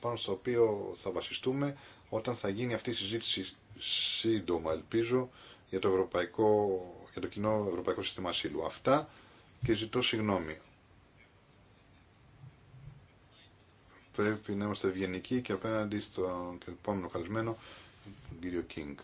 πάνω στο οποίο θα βασιστούμε όταν θα γίνει αυτή η συζήτηση σύντομα, ελπίζω, για το, ευρωπαϊκό, για το κοινό Ευρωπαϊκό Σύστημα Ασύλου. Αυτά και ζητώ συγγνώμη. Πρέπει να είμαστε ευγενικοί και απέναντι στον επόμενο καλυσμένο τον κύριο Κίνγκ.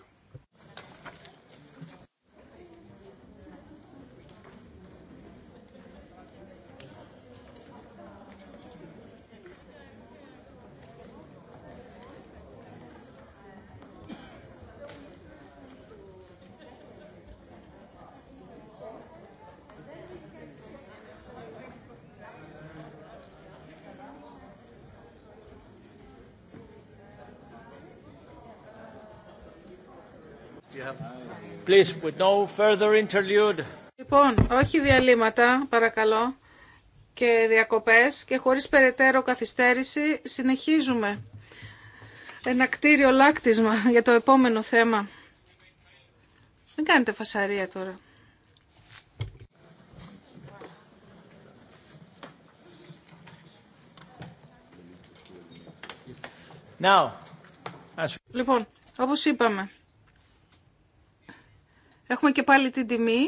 Λοιπόν, όχι διαλύματα, παρακαλώ, και διακοπές και χωρίς περαιτέρω καθυστέρηση συνεχίζουμε ένα κτίριο λάκτισμα για το επόμενο θέμα. Δεν κάνετε φασαρία τώρα. Λοιπόν, όπως είπαμε, Έχουμε και πάλι την τιμή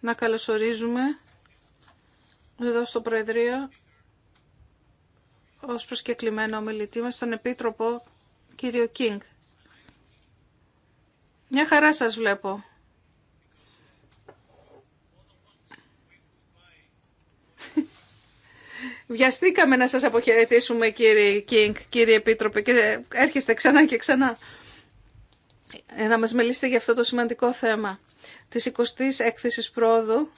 να καλωσορίζουμε εδώ στο Προεδρείο ως προσκεκλημένο ομιλητή μας τον Επίτροπο κύριο Κίνγκ. Μια χαρά σας βλέπω. Βιαστήκαμε να σας αποχαιρετήσουμε κύριε Κίνγκ, κύριε Επίτροπε και έρχεστε ξανά και ξανά. Ε, να μας μιλήσετε για αυτό το σημαντικό θέμα της 20ης έκθεσης πρόοδου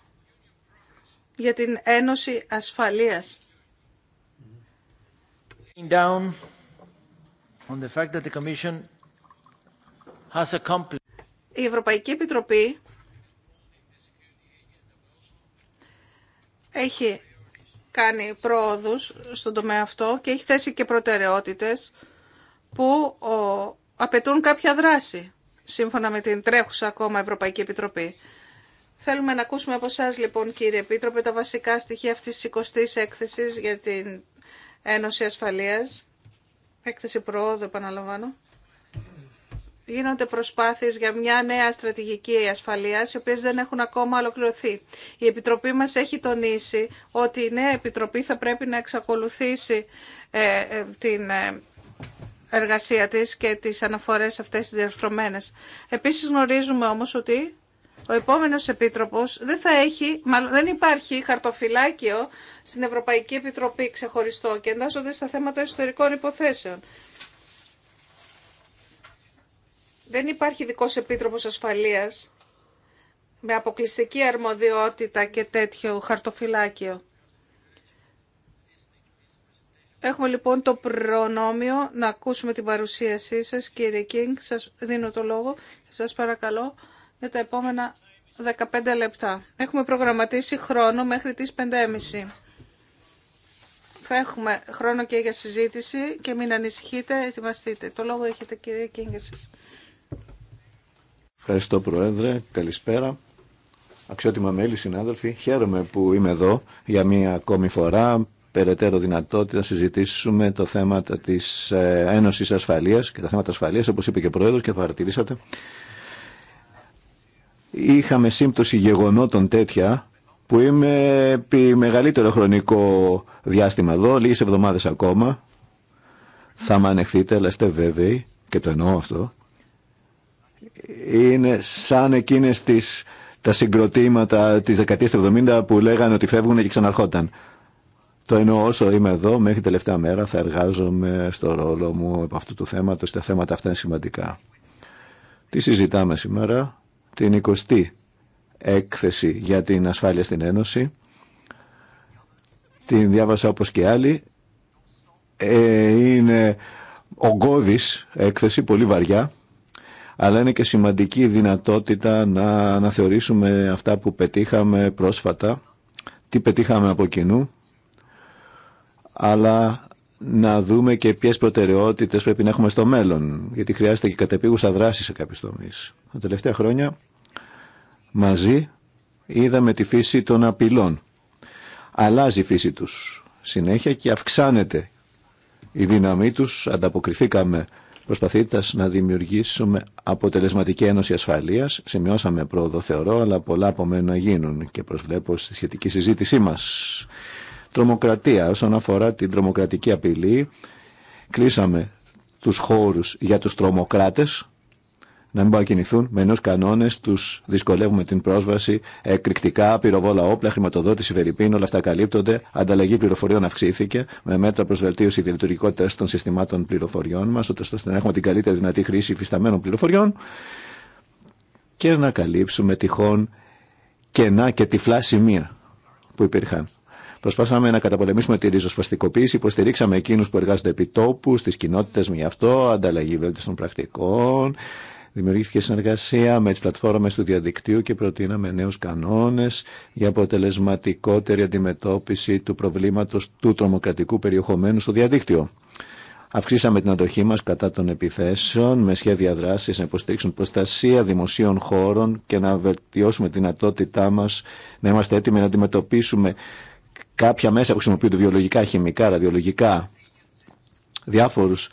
για την Ένωση Ασφαλείας. Η Ευρωπαϊκή Επιτροπή έχει κάνει πρόοδους στον τομέα αυτό και έχει θέσει και προτεραιότητες που απαιτούν κάποια δράση σύμφωνα με την τρέχουσα ακόμα Ευρωπαϊκή Επιτροπή. Θέλουμε να ακούσουμε από εσά λοιπόν κύριε Επίτροπε τα βασικά στοιχεία αυτής της 20 η έκθεσης για την Ένωση Ασφαλείας. Έκθεση προόδου επαναλαμβάνω. Γίνονται προσπάθειες για μια νέα στρατηγική ασφαλείας, οι οποίες δεν έχουν ακόμα ολοκληρωθεί. Η Επιτροπή μα έχει τονίσει ότι η νέα Επιτροπή θα πρέπει να εξακολουθήσει ε, ε, την ε, εργασία της και τις αναφορές αυτές τις διαρθρωμένες. Επίσης γνωρίζουμε όμως ότι ο επόμενος επίτροπος δεν θα έχει, μάλλον δεν υπάρχει χαρτοφυλάκιο στην Ευρωπαϊκή Επιτροπή ξεχωριστό και εντάσσονται στα θέματα εσωτερικών υποθέσεων. Δεν υπάρχει δικό επίτροπος ασφαλείας με αποκλειστική αρμοδιότητα και τέτοιο χαρτοφυλάκιο. Έχουμε λοιπόν το προνόμιο να ακούσουμε την παρουσίασή σας, κύριε Κίνγκ. Σας δίνω το λόγο. Σας παρακαλώ για τα επόμενα 15 λεπτά. Έχουμε προγραμματίσει χρόνο μέχρι τις 5.30. Θα έχουμε χρόνο και για συζήτηση και μην ανησυχείτε, ετοιμαστείτε. Το λόγο έχετε κύριε Κίνγκ εσείς. Ευχαριστώ Προέδρε, καλησπέρα. Αξιότιμα μέλη, συνάδελφοι, χαίρομαι που είμαι εδώ για μία ακόμη φορά περαιτέρω δυνατότητα να συζητήσουμε το θέμα της ε, Ένωσης Ασφαλείας και τα θέματα ασφαλείας, όπως είπε και ο Πρόεδρο και παρατηρήσατε. Είχαμε σύμπτωση γεγονότων τέτοια που είμαι επί μεγαλύτερο χρονικό διάστημα εδώ, λίγες εβδομάδες ακόμα. Θα με ανεχθείτε, αλλά είστε βέβαιοι, και το εννοώ αυτό. Είναι σαν εκείνες τις, τα συγκροτήματα της δεκαετίας του 70 που λέγανε ότι φεύγουν και ξαναρχόταν. Το εννοώ όσο είμαι εδώ, μέχρι τελευταία μέρα θα εργάζομαι στο ρόλο μου από αυτού του θέματος. Τα θέματα αυτά είναι σημαντικά. Τι συζητάμε σήμερα, την 20η έκθεση για την ασφάλεια στην Ένωση. Την διάβασα όπως και άλλοι. Ε, είναι ογκώδης έκθεση, πολύ βαριά, αλλά είναι και σημαντική δυνατότητα να αναθεωρήσουμε αυτά που πετύχαμε πρόσφατα, τι πετύχαμε από κοινού αλλά να δούμε και ποιε προτεραιότητε πρέπει να έχουμε στο μέλλον, γιατί χρειάζεται και κατεπίγουσα δράση σε κάποιου τομεί. Τα τελευταία χρόνια μαζί είδαμε τη φύση των απειλών. Αλλάζει η φύση τους συνέχεια και αυξάνεται η δύναμή του, Ανταποκριθήκαμε προσπαθήτας να δημιουργήσουμε αποτελεσματική ένωση ασφαλεία. Σημειώσαμε πρόοδο θεωρώ, αλλά πολλά απομένουν να γίνουν και προσβλέπω στη σχετική συζήτησή μα. Τρομοκρατία. Όσον αφορά την τρομοκρατική απειλή, κλείσαμε τους χώρους για τους τρομοκράτες, να μην παρακινηθούν με ενός κανόνε, του δυσκολεύουμε την πρόσβαση, εκρηκτικά, πυροβόλα όπλα, χρηματοδότηση Φερρυπίν, όλα αυτά καλύπτονται, ανταλλαγή πληροφοριών αυξήθηκε, με μέτρα προς βελτίωση διελειτουργικότητα των συστημάτων πληροφοριών μας, ώστε να έχουμε την καλύτερη δυνατή χρήση υφισταμένων πληροφοριών και να καλύψουμε τυχόν κενά και τυφλά σημεία που υπήρχαν. Προσπάσαμε να καταπολεμήσουμε τη ριζοσπαστικοποίηση, υποστηρίξαμε εκείνου που εργάζονται επί τόπου, στι κοινότητε με γι' αυτό, ανταλλαγή των πρακτικών. Δημιουργήθηκε συνεργασία με τι πλατφόρμε του διαδικτύου και προτείναμε νέου κανόνε για αποτελεσματικότερη αντιμετώπιση του προβλήματο του τρομοκρατικού περιεχομένου στο διαδίκτυο. Αυξήσαμε την αντοχή μα κατά των επιθέσεων με σχέδια δράση να υποστηρίξουν προστασία δημοσίων χώρων και να βελτιώσουμε τη δυνατότητά μα να είμαστε έτοιμοι να αντιμετωπίσουμε κάποια μέσα που χρησιμοποιούνται βιολογικά, χημικά, ραδιολογικά, διάφορους,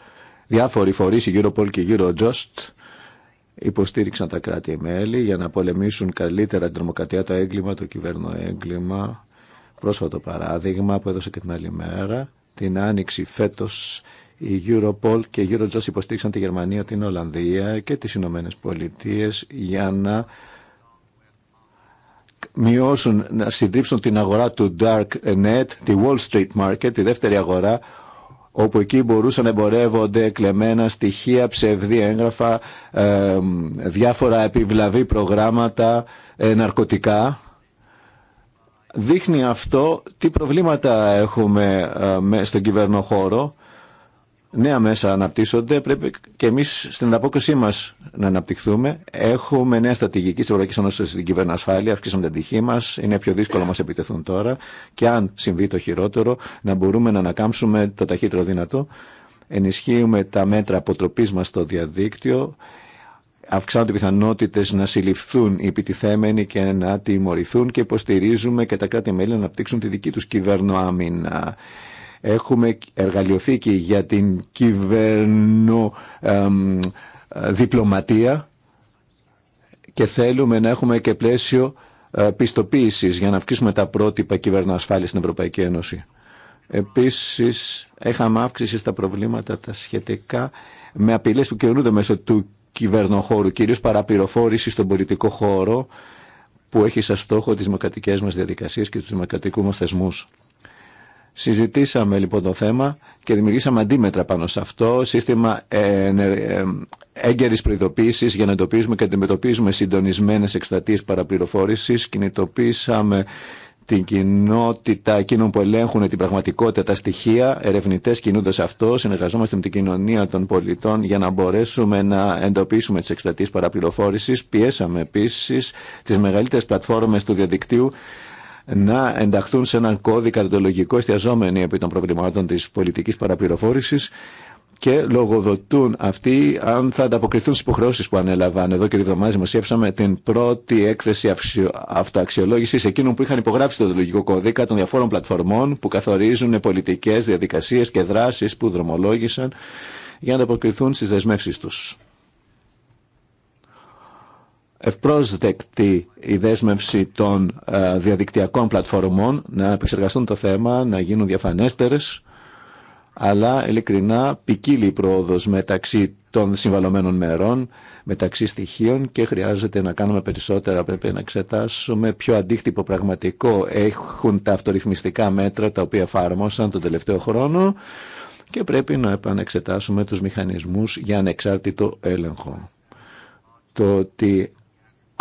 διάφοροι φορείς, η Europol και η Eurojust, υποστήριξαν τα κράτη-μέλη για να πολεμήσουν καλύτερα την τρομοκρατία, το έγκλημα, το κυβερνοέγκλημα Πρόσφατο παράδειγμα που έδωσε και την άλλη μέρα, την άνοιξη φέτος η Europol και η Eurojust υποστήριξαν τη Γερμανία, την Ολλανδία και τις Ηνωμένε Πολιτείε για να μειώσουν, να συντρίψουν την αγορά του Dark Net, τη Wall Street Market, τη δεύτερη αγορά, όπου εκεί μπορούσαν να εμπορεύονται κλεμμένα στοιχεία, ψευδή έγγραφα, διάφορα επιβλαβή προγράμματα, ε, ναρκωτικά. Δείχνει αυτό τι προβλήματα έχουμε ε, στον κυβερνοχώρο νέα μέσα αναπτύσσονται, πρέπει και εμεί στην ανταπόκρισή μα να αναπτυχθούμε. Έχουμε νέα στρατηγική τη Ευρωπαϊκή Ένωση στην ασφάλεια, αυξήσαμε την τυχή μα, είναι πιο δύσκολο να μα επιτεθούν τώρα και αν συμβεί το χειρότερο, να μπορούμε να ανακάμψουμε το ταχύτερο δυνατό. Ενισχύουμε τα μέτρα αποτροπή μα στο διαδίκτυο, αυξάνονται οι πιθανότητε να συλληφθούν οι επιτιθέμενοι και να τιμωρηθούν και υποστηρίζουμε και τα κράτη-μέλη να αναπτύξουν τη δική του άμυνα. Έχουμε εργαλειοθήκη για την κυβερνο και θέλουμε να έχουμε και πλαίσιο ε, πιστοποίησης για να αυξήσουμε τα πρότυπα κυβερνοασφάλεια στην Ευρωπαϊκή Ένωση. Επίσης, έχαμε αύξηση στα προβλήματα τα σχετικά με απειλές που κινούνται μέσω του κυβερνοχώρου, κυρίως παραπληροφόρηση στον πολιτικό χώρο που έχει σαν στόχο τις δημοκρατικές μας διαδικασίες και τους δημοκρατικούς μας θεσμούς. Συζητήσαμε λοιπόν το θέμα και δημιουργήσαμε αντίμετρα πάνω σε αυτό, σύστημα έγκαιρη προειδοποίηση για να εντοπίζουμε και αντιμετωπίζουμε συντονισμένε εκστατείε παραπληροφόρηση. Κινητοποίησαμε την κοινότητα εκείνων που ελέγχουν την πραγματικότητα, τα στοιχεία, ερευνητέ κινούνται σε αυτό. Συνεργαζόμαστε με την κοινωνία των πολιτών για να μπορέσουμε να εντοπίσουμε τι εκστατείε παραπληροφόρηση. Πιέσαμε επίση τι μεγαλύτερε πλατφόρμε του διαδικτύου να ενταχθούν σε έναν κώδικα δοντολογικό εστιαζόμενοι επί των προβλημάτων της πολιτικής παραπληροφόρησης και λογοδοτούν αυτοί αν θα ανταποκριθούν στις υποχρεώσεις που ανέλαβαν. Εδώ και τη βδομάδα δημοσίευσαμε την πρώτη έκθεση αυτοαξιολόγησης εκείνων που είχαν υπογράψει το δοντολογικό κώδικα των διαφόρων πλατφορμών που καθορίζουν πολιτικές διαδικασίες και δράσεις που δρομολόγησαν για να ανταποκριθούν στις δεσμεύσεις τους ευπρόσδεκτη η δέσμευση των ε, διαδικτυακών πλατφορμών να επεξεργαστούν το θέμα, να γίνουν διαφανέστερες, αλλά ειλικρινά ποικίλει η πρόοδος μεταξύ των συμβαλωμένων μερών, μεταξύ στοιχείων και χρειάζεται να κάνουμε περισσότερα. Πρέπει να εξετάσουμε ποιο αντίκτυπο πραγματικό έχουν τα αυτορυθμιστικά μέτρα τα οποία εφάρμοσαν τον τελευταίο χρόνο και πρέπει να επανεξετάσουμε τους μηχανισμούς για ανεξάρτητο έλεγχο. Το ότι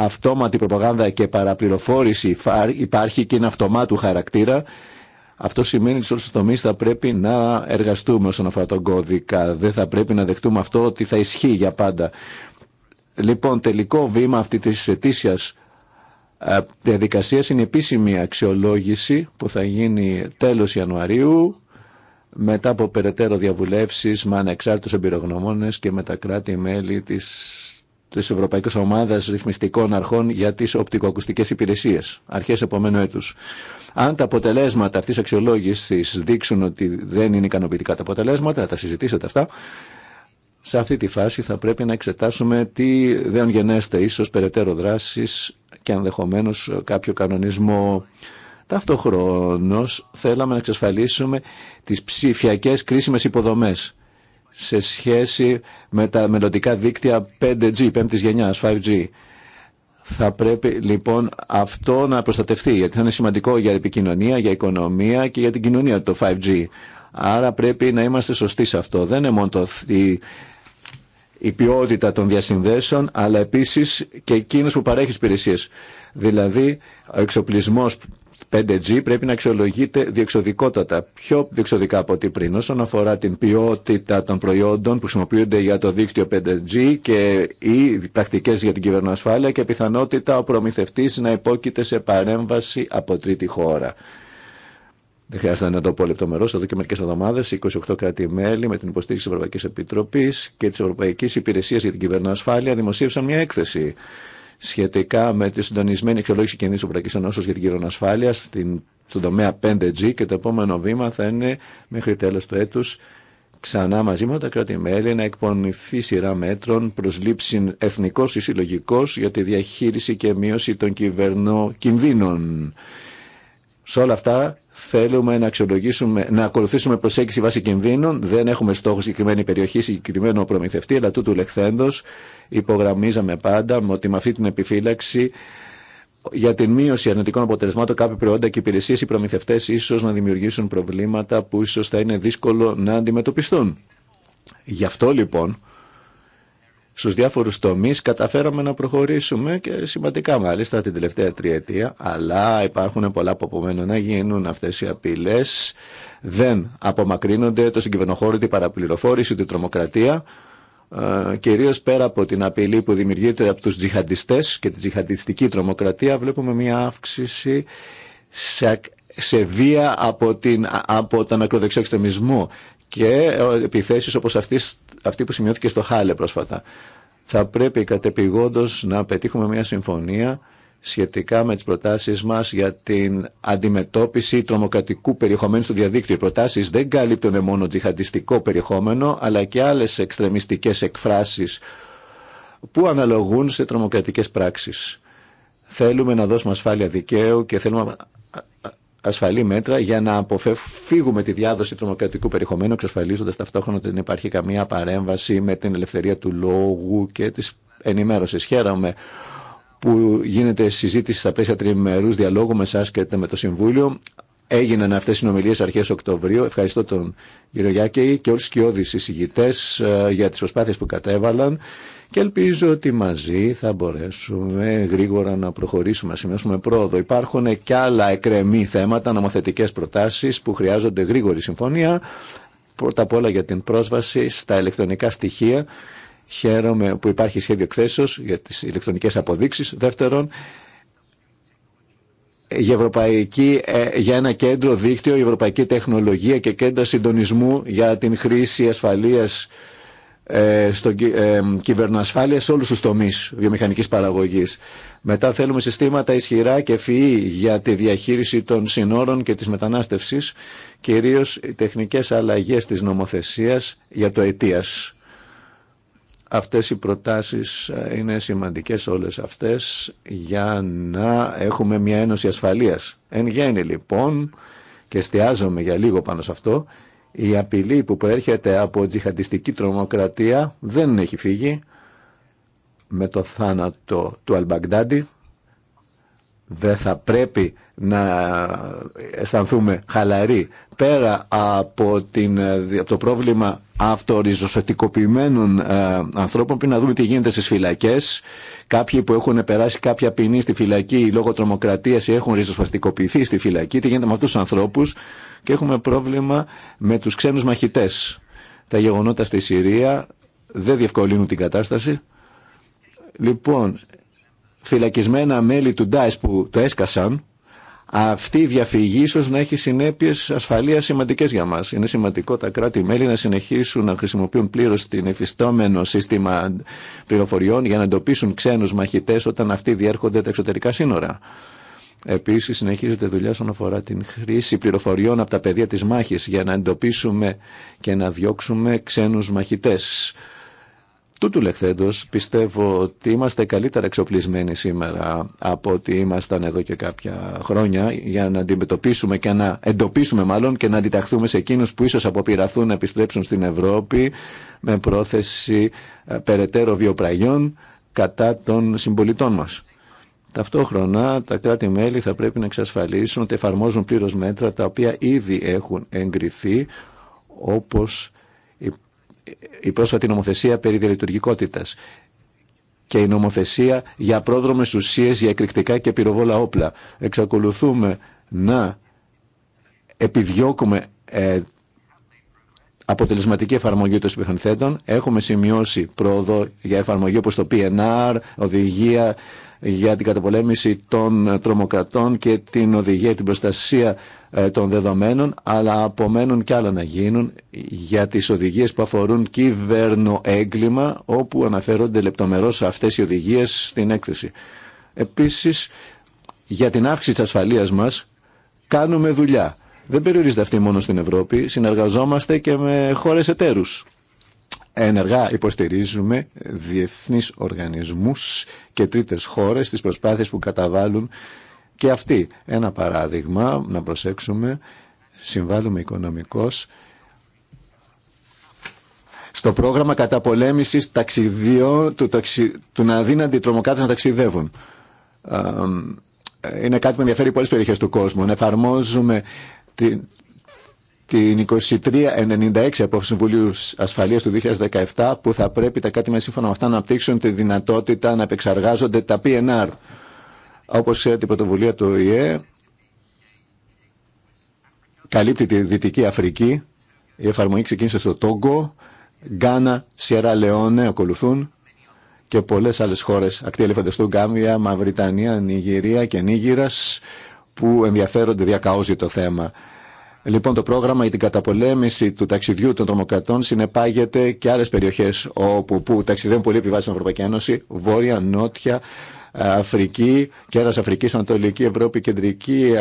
αυτόματη προπαγάνδα και παραπληροφόρηση υπάρχει και είναι αυτομάτου χαρακτήρα. Αυτό σημαίνει ότι σε όλου του τομεί θα πρέπει να εργαστούμε όσον αφορά τον κώδικα. Δεν θα πρέπει να δεχτούμε αυτό ότι θα ισχύει για πάντα. Λοιπόν, τελικό βήμα αυτή τη ετήσια ε, διαδικασία είναι η επίσημη αξιολόγηση που θα γίνει τέλο Ιανουαρίου μετά από περαιτέρω διαβουλεύσεις με ανεξάρτητους εμπειρογνωμόνες και με τα κράτη-μέλη της της Ευρωπαϊκής Ομάδας Ρυθμιστικών Αρχών για τις οπτικοακουστικές υπηρεσίες, αρχές επομένου έτους. Αν τα αποτελέσματα αυτής της αξιολόγησης δείξουν ότι δεν είναι ικανοποιητικά τα αποτελέσματα, τα συζητήσετε αυτά, σε αυτή τη φάση θα πρέπει να εξετάσουμε τι δεν γενέστε ίσως περαιτέρω δράσεις και ενδεχομένω κάποιο κανονισμό. Ταυτοχρόνως θέλαμε να εξασφαλίσουμε τις ψηφιακές κρίσιμες υποδομές σε σχέση με τα μελλοντικά δίκτυα 5G, πέμπτης γενιάς, 5G. Θα πρέπει λοιπόν αυτό να προστατευτεί, γιατί θα είναι σημαντικό για επικοινωνία, για οικονομία και για την κοινωνία το 5G. Άρα πρέπει να είμαστε σωστοί σε αυτό. Δεν είναι μόνο η, η ποιότητα των διασυνδέσεων, αλλά επίσης και εκείνος που παρέχει υπηρεσίε. Δηλαδή, ο εξοπλισμός 5G πρέπει να αξιολογείται διεξοδικότατα, πιο διεξοδικά από ό,τι πριν, όσον αφορά την ποιότητα των προϊόντων που χρησιμοποιούνται για το δίκτυο 5G και οι πρακτικέ για την κυβερνοασφάλεια και πιθανότητα ο προμηθευτή να υπόκειται σε παρέμβαση από τρίτη χώρα. Δεν χρειάζεται να το πω λεπτομερώ. Εδώ και μερικέ εβδομάδε, 28 κράτη-μέλη με την υποστήριξη τη Ευρωπαϊκή Επιτροπή και τη Ευρωπαϊκή Υπηρεσία για την Κυβερνοασφάλεια δημοσίευσαν μια έκθεση σχετικά με τη συντονισμένη εξολόγηση κινδύνου Ευρωπαϊκή Ενώσεω για την κυβερνοασφάλεια δωμέα στον τομέα 5G και το επόμενο βήμα θα είναι μέχρι τέλο του έτου ξανά μαζί με τα κράτη-μέλη να εκπονηθεί σειρά μέτρων προσλήψη εθνικό ή συλλογικό για τη διαχείριση και μείωση των κινδύνων. Σε όλα αυτά Θέλουμε να αξιολογήσουμε, να ακολουθήσουμε προσέγγιση βάση κινδύνων. Δεν έχουμε στόχο συγκεκριμένη περιοχή, συγκεκριμένο προμηθευτή, αλλά τούτου λεχθέντο υπογραμμίζαμε πάντα ότι με αυτή την επιφύλαξη για την μείωση αρνητικών αποτελεσμάτων κάποια προϊόντα και υπηρεσίε οι προμηθευτέ ίσω να δημιουργήσουν προβλήματα που ίσω θα είναι δύσκολο να αντιμετωπιστούν. Γι' αυτό λοιπόν στους διάφορους τομείς καταφέραμε να προχωρήσουμε και σημαντικά μάλιστα την τελευταία τριετία αλλά υπάρχουν πολλά που να γίνουν αυτές οι απειλές δεν απομακρύνονται το συγκυβερνοχώρο, την παραπληροφόρηση, την τρομοκρατία ε, κυρίως πέρα από την απειλή που δημιουργείται από τους τζιχαντιστές και τη τζιχαντιστική τρομοκρατία βλέπουμε μια αύξηση σε, βία από, την, από τον ακροδεξιό εξτρεμισμό και ε, επιθέσεις όπως αυτή, αυτή που σημειώθηκε στο Χάλε πρόσφατα. Θα πρέπει κατεπηγόντως να πετύχουμε μια συμφωνία σχετικά με τις προτάσεις μας για την αντιμετώπιση τρομοκρατικού περιεχομένου στο διαδίκτυο. Οι προτάσεις δεν καλύπτουν μόνο τζιχαντιστικό περιεχόμενο, αλλά και άλλες εξτρεμιστικές εκφράσεις που αναλογούν σε τρομοκρατικές πράξεις. Θέλουμε να δώσουμε ασφάλεια δικαίου και θέλουμε ασφαλή μέτρα για να αποφύγουμε τη διάδοση τρομοκρατικού περιεχομένου, εξασφαλίζοντα ταυτόχρονα ότι δεν υπάρχει καμία παρέμβαση με την ελευθερία του λόγου και τη ενημέρωση. Χαίρομαι που γίνεται συζήτηση στα πλαίσια τριμερού διαλόγου με εσά και με το Συμβούλιο. Έγιναν αυτές οι συνομιλίες αρχές Οκτωβρίου. Ευχαριστώ τον κύριο Γιάκη και όλους του κοιόδη συζητητέ για τι προσπάθειε που κατέβαλαν και ελπίζω ότι μαζί θα μπορέσουμε γρήγορα να προχωρήσουμε, να σημειώσουμε πρόοδο. Υπάρχουν και άλλα εκρεμή θέματα, νομοθετικέ προτάσει που χρειάζονται γρήγορη συμφωνία. Πρώτα απ' όλα για την πρόσβαση στα ηλεκτρονικά στοιχεία. Χαίρομαι που υπάρχει σχέδιο εκθέσεω για τι ηλεκτρονικέ αποδείξει. Δεύτερον, για, ευρωπαϊκή, ε, για ένα κέντρο δίκτυο, η ευρωπαϊκή τεχνολογία και κέντρα συντονισμού για την χρήση ασφαλείας ε, στον ε, κυβερνοασφάλεια σε όλους τους τομείς βιομηχανικής παραγωγής. Μετά θέλουμε συστήματα ισχυρά και ευφυή για τη διαχείριση των συνόρων και της μετανάστευσης, κυρίως οι τεχνικές αλλαγές της νομοθεσίας για το αιτίας. Αυτές οι προτάσεις ε, είναι σημαντικές όλες αυτές για να έχουμε μια ένωση ασφαλείας. Εν γέννη λοιπόν, και εστιάζομαι για λίγο πάνω σε αυτό, η απειλή που προέρχεται από τζιχαντιστική τρομοκρατία δεν έχει φύγει με το θάνατο του Αλμπαγκδάντι, δεν θα πρέπει να αισθανθούμε χαλαροί πέρα από, την, από το πρόβλημα αυτοριζοσωτικοποιημένων ε, ανθρώπων πριν να δούμε τι γίνεται στις φυλακές κάποιοι που έχουν περάσει κάποια ποινή στη φυλακή λόγω τρομοκρατίας ή έχουν ριζοσπαστικοποιηθεί στη φυλακή τι γίνεται με αυτούς τους ανθρώπους και έχουμε πρόβλημα με τους ξένους μαχητές τα γεγονότα στη Συρία δεν διευκολύνουν την κατάσταση Λοιπόν, φυλακισμένα μέλη του Ντάις που το έσκασαν, αυτή η διαφυγή ίσως να έχει συνέπειες ασφαλείας σημαντικές για μας. Είναι σημαντικό τα κράτη-μέλη να συνεχίσουν να χρησιμοποιούν πλήρως την εφιστόμενο σύστημα πληροφοριών για να εντοπίσουν ξένους μαχητές όταν αυτοί διέρχονται τα εξωτερικά σύνορα. Επίσης συνεχίζεται δουλειά όσον αφορά την χρήση πληροφοριών από τα πεδία της μάχης για να εντοπίσουμε και να διώξουμε ξένους μαχητές. Τούτου λεχθέντος πιστεύω ότι είμαστε καλύτερα εξοπλισμένοι σήμερα από ότι ήμασταν εδώ και κάποια χρόνια για να αντιμετωπίσουμε και να εντοπίσουμε μάλλον και να αντιταχθούμε σε εκείνους που ίσως αποπειραθούν να επιστρέψουν στην Ευρώπη με πρόθεση ε, περαιτέρω βιοπραγιών κατά των συμπολιτών μας. Ταυτόχρονα τα κράτη-μέλη θα πρέπει να εξασφαλίσουν ότι εφαρμόζουν πλήρως μέτρα τα οποία ήδη έχουν εγκριθεί όπως η πρόσφατη νομοθεσία περί διαλειτουργικότητα και η νομοθεσία για πρόδρομες ουσίες, για εκρηκτικά και πυροβόλα όπλα. Εξακολουθούμε να επιδιώκουμε ε, αποτελεσματική εφαρμογή των συμπεριφανθέντων. Έχουμε σημειώσει πρόοδο για εφαρμογή όπως το PNR, οδηγία για την καταπολέμηση των τρομοκρατών και την οδηγία, την προστασία ε, των δεδομένων, αλλά απομένουν κι άλλα να γίνουν για τις οδηγίες που αφορούν κυβέρνο έγκλημα, όπου αναφέρονται λεπτομερώς αυτές οι οδηγίες στην έκθεση. Επίσης, για την αύξηση της ασφαλείας μας, κάνουμε δουλειά. Δεν περιορίζεται αυτή μόνο στην Ευρώπη, συνεργαζόμαστε και με χώρες εταίρους ενεργά υποστηρίζουμε διεθνείς οργανισμούς και τρίτες χώρες στις προσπάθειες που καταβάλουν και αυτή Ένα παράδειγμα, να προσέξουμε, συμβάλλουμε οικονομικώς στο πρόγραμμα καταπολέμησης ταξιδίων του, ταξι, του να δίνει αντιτρομοκράτες να ταξιδεύουν. Ε, είναι κάτι που ενδιαφέρει πολλές περιοχές του κόσμου. Να εφαρμόζουμε την 2396 από το Συμβουλίου Ασφαλείας του 2017 που θα πρέπει τα κάτι με σύμφωνα με αυτά να απτύξουν τη δυνατότητα να επεξαργάζονται τα PNR. Όπως ξέρετε η πρωτοβουλία του ΟΗΕ καλύπτει τη Δυτική Αφρική. Η εφαρμογή ξεκίνησε στο Τόγκο, Γκάνα, Σιέρα Λεόνε ακολουθούν και πολλές άλλες χώρες. Ακτή Ελεφαντοστού, Γκάμβια, Μαυριτανία, Νιγηρία και Νίγηρας που ενδιαφέρονται διακαώζει το θέμα. Λοιπόν, το πρόγραμμα για την καταπολέμηση του ταξιδιού των τρομοκρατών συνεπάγεται και άλλε περιοχέ όπου που ταξιδεύουν πολύ επιβάσει στην Ευρωπαϊκή Ένωση, Βόρεια, Νότια, Αφρική, κέρα Αφρική, Ανατολική Ευρώπη, Κεντρική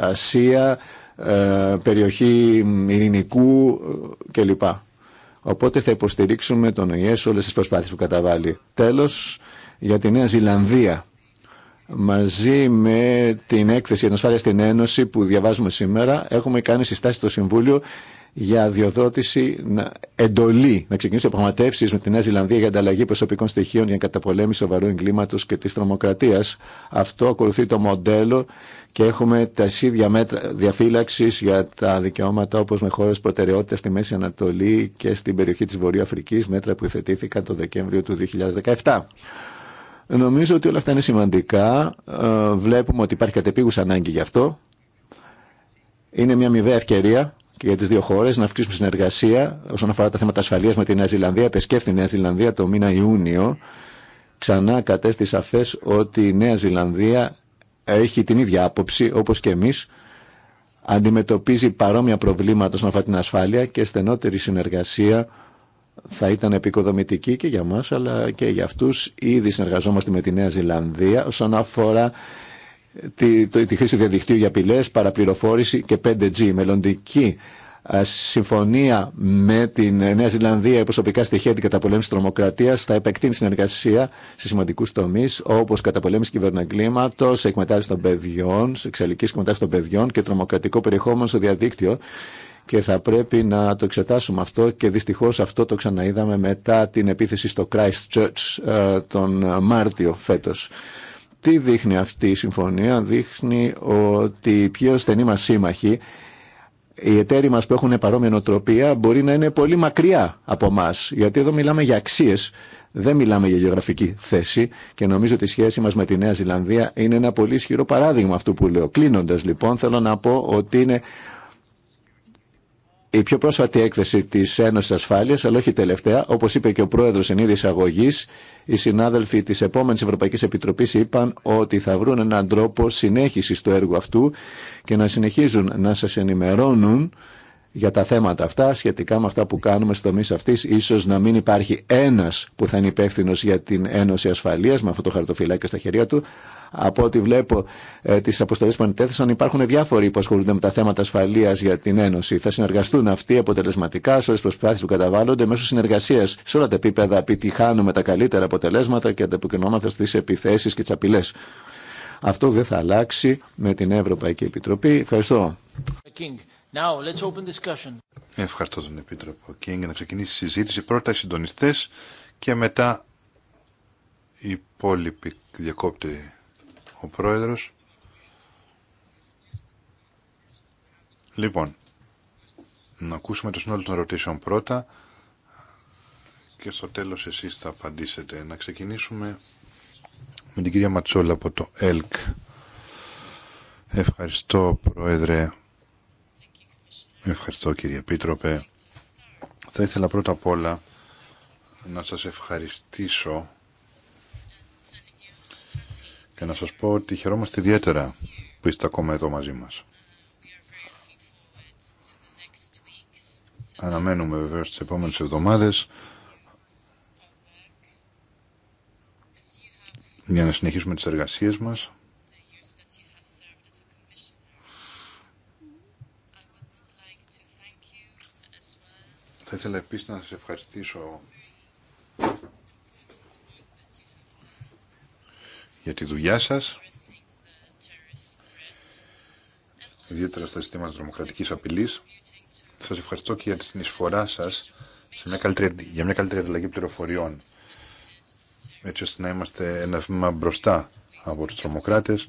Ασία, ε, περιοχή Ειρηνικού ε, κλπ. Οπότε θα υποστηρίξουμε τον ΟΗΕ σε όλε τι προσπάθειε που καταβάλει. Τέλο, για τη Νέα Ζηλανδία. Μαζί με την έκθεση για την ασφάλεια στην Ένωση που διαβάζουμε σήμερα, έχουμε κάνει συστάσει στο Συμβούλιο για διοδότηση εντολή να ξεκινήσει πραγματεύσει με τη Νέα Ζηλανδία για ανταλλαγή προσωπικών στοιχείων για καταπολέμηση σοβαρού εγκλήματο και τη τρομοκρατία. Αυτό ακολουθεί το μοντέλο και έχουμε τα ίδια μέτρα διαφύλαξη για τα δικαιώματα όπω με χώρε προτεραιότητα στη Μέση Ανατολή και στην περιοχή τη Βορειοαφρική, μέτρα που υθετήθηκαν το Δεκέμβριο του 2017. Νομίζω ότι όλα αυτά είναι σημαντικά. Ε, βλέπουμε ότι υπάρχει κατεπίγουσα ανάγκη γι' αυτό. Είναι μια μηδέα ευκαιρία και για τι δύο χώρε να αυξήσουμε συνεργασία όσον αφορά τα θέματα ασφαλεία με τη Νέα Ζηλανδία. Επεσκέφθη η Νέα Ζηλανδία το μήνα Ιούνιο. Ξανά κατέστη σαφέ ότι η Νέα Ζηλανδία έχει την ίδια άποψη όπω και εμεί. Αντιμετωπίζει παρόμοια προβλήματα όσον αφορά την ασφάλεια και στενότερη συνεργασία θα ήταν επικοδομητική και για μας αλλά και για αυτούς. Ήδη συνεργαζόμαστε με τη Νέα Ζηλανδία όσον αφορά τη, το, τη χρήση του διαδικτύου για απειλέ, παραπληροφόρηση και 5G. Μελλοντική συμφωνία με τη Νέα Ζηλανδία για προσωπικά στοιχεία την καταπολέμηση τρομοκρατίας θα επεκτείνει συνεργασία σε σημαντικούς τομείς όπως καταπολέμηση κυβερνοεγκλήματος, εκμετάλλευση των παιδιών, εξαλικής εκμετάλλευση των παιδιών και τρομοκρατικό περιεχόμενο στο διαδίκτυο και θα πρέπει να το εξετάσουμε αυτό και δυστυχώς αυτό το ξαναείδαμε μετά την επίθεση στο Christchurch ε, τον Μάρτιο φέτος. Τι δείχνει αυτή η συμφωνία, δείχνει ότι οι πιο στενοί μας σύμμαχοι, οι εταίροι μας που έχουν παρόμοια νοοτροπία μπορεί να είναι πολύ μακριά από εμά. γιατί εδώ μιλάμε για αξίες, δεν μιλάμε για γεωγραφική θέση και νομίζω ότι η σχέση μας με τη Νέα Ζηλανδία είναι ένα πολύ ισχυρό παράδειγμα αυτού που λέω. Κλείνοντας λοιπόν θέλω να πω ότι είναι η πιο πρόσφατη έκθεση τη Ένωση Ασφάλεια, αλλά όχι τελευταία, όπω είπε και ο πρόεδρο εν είδη εισαγωγή, οι συνάδελφοι τη επόμενη Ευρωπαϊκή Επιτροπή είπαν ότι θα βρουν έναν τρόπο συνέχιση του έργου αυτού και να συνεχίζουν να σα ενημερώνουν για τα θέματα αυτά, σχετικά με αυτά που κάνουμε στο τομείς αυτής, ίσως να μην υπάρχει ένα που θα είναι υπεύθυνο για την Ένωση Ασφαλεία με αυτό το χαρτοφυλάκιο στα χέρια του. Από ό,τι βλέπω ε, τις αποστολές που ανετέθησαν υπάρχουν διάφοροι που ασχολούνται με τα θέματα ασφαλεία για την Ένωση. Θα συνεργαστούν αυτοί αποτελεσματικά σε όλε τι προσπάθειε που καταβάλλονται μέσω συνεργασία, σε όλα τα επίπεδα επιτυχάνουμε τα καλύτερα αποτελέσματα και ανταποκρινόμαστε στι επιθέσει και τι απειλέ. Αυτό δεν θα αλλάξει με την Ευρωπαϊκή Επιτροπή. Ευχαριστώ. Now, let's open discussion. Ευχαριστώ τον Επίτροπο Κίνγκ για να ξεκινήσει η συζήτηση. Πρώτα οι συντονιστέ και μετά οι υπόλοιποι διακόπτη ο Πρόεδρος. Λοιπόν, να ακούσουμε το σύνολο των ερωτήσεων πρώτα και στο τέλος εσείς θα απαντήσετε. Να ξεκινήσουμε με την κυρία Ματσόλα από το ΕΛΚ. Ευχαριστώ Πρόεδρε. Ευχαριστώ κύριε πίτροπε. Θα ήθελα πρώτα απ' όλα να σας ευχαριστήσω και να σας πω ότι χαιρόμαστε ιδιαίτερα που είστε ακόμα εδώ μαζί μας. Αναμένουμε βεβαίως τις επόμενες εβδομάδες για να συνεχίσουμε τις εργασίες μας. Θα ήθελα επίσης να σας ευχαριστήσω για τη δουλειά σας, ιδιαίτερα στα ζητήματα δρομοκρατικής απειλής. Σας ευχαριστώ και για τη εισφορά σας σε μια καλύτερη, για μια καλύτερη αλλαγή πληροφοριών, έτσι ώστε να είμαστε ένα βήμα μπροστά από τους τρομοκράτες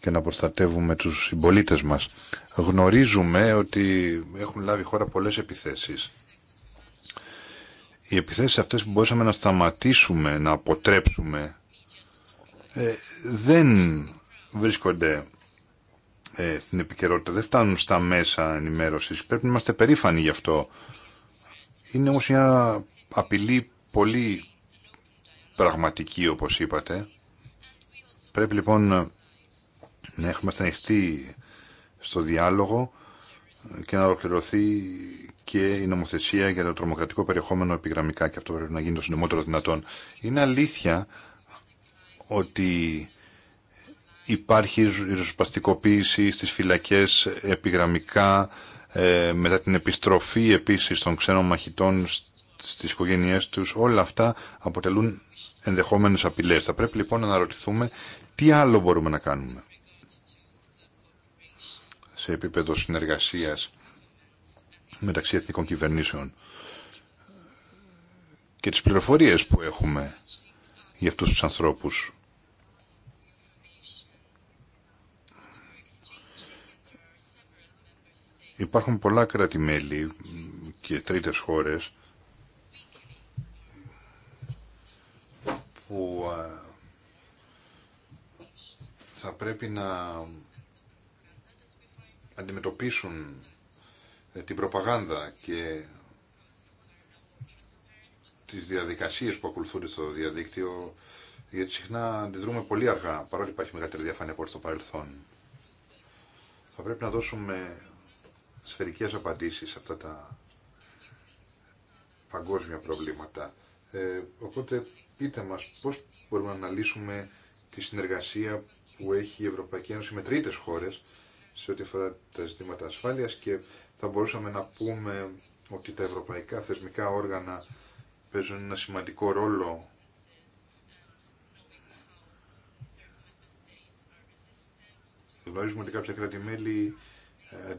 και να προστατεύουμε τους συμπολίτε μας. Γνωρίζουμε ότι έχουν λάβει χώρα πολλές επιθέσεις οι επιθέσεις αυτές που μπορούσαμε να σταματήσουμε, να αποτρέψουμε, ε, δεν βρίσκονται ε, στην επικαιρότητα, δεν φτάνουν στα μέσα ενημέρωσης. Πρέπει να είμαστε περήφανοι γι' αυτό. Είναι όμως μια απειλή πολύ πραγματική, όπως είπατε. Πρέπει λοιπόν να έχουμε ανοιχτοί στο διάλογο και να ολοκληρωθεί και η νομοθεσία για το τρομοκρατικό περιεχόμενο επιγραμμικά και αυτό πρέπει να γίνει το συντομότερο δυνατόν. Είναι αλήθεια ότι υπάρχει ριζοσπαστικοποίηση στις φυλακές επιγραμμικά ε, μετά την επιστροφή επίσης των ξένων μαχητών στις οικογένειές τους όλα αυτά αποτελούν ενδεχόμενες απειλές. Θα πρέπει λοιπόν να αναρωτηθούμε τι άλλο μπορούμε να κάνουμε σε επίπεδο συνεργασίας μεταξύ εθνικών κυβερνήσεων και τις πληροφορίες που έχουμε για αυτούς τους ανθρώπους. Υπάρχουν πολλά κράτη-μέλη και τρίτες χώρες που θα πρέπει να αντιμετωπίσουν ε, την προπαγάνδα και τις διαδικασίες που ακολουθούνται στο διαδίκτυο, γιατί συχνά αντιδρούμε πολύ αργά, παρόλο υπάρχει μεγαλύτερη διαφάνεια από στο παρελθόν. Θα πρέπει να δώσουμε σφαιρικές απαντήσεις σε αυτά τα παγκόσμια προβλήματα. Ε, οπότε πείτε μας πώς μπορούμε να αναλύσουμε τη συνεργασία που έχει η Ευρωπαϊκή Ένωση με τρίτες χώρες σε ό,τι αφορά τα ζητήματα ασφάλειας και θα μπορούσαμε να πούμε ότι τα ευρωπαϊκά θεσμικά όργανα παίζουν ένα σημαντικό ρόλο Γνωρίζουμε ότι κάποια κράτη-μέλη ε,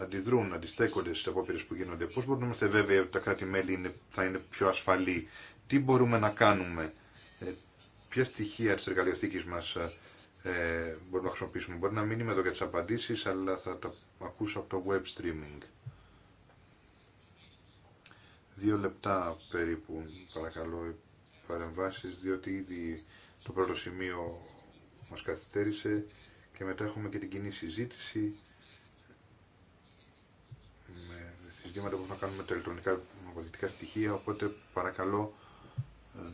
αντιδρούν, αντιστέκονται στι απόπειρε που γίνονται. Πώ μπορούμε να είμαστε βέβαιοι ότι τα κράτη-μέλη θα είναι πιο ασφαλή, τι μπορούμε να κάνουμε, ε, ποια στοιχεία τη εργαλειοθήκη μα ε, ε, μπορούμε να χρησιμοποιήσουμε. Μπορεί να μην είμαι εδώ για τις απαντήσεις, αλλά θα το ακούσω από το web streaming. Δύο λεπτά περίπου, παρακαλώ, οι παρεμβάσεις, διότι ήδη το πρώτο σημείο μας καθυστέρησε και μετά έχουμε και την κοινή συζήτηση με συζητήματα που θα κάνουμε με τα ηλεκτρονικά αποδεικτικά στοιχεία, οπότε παρακαλώ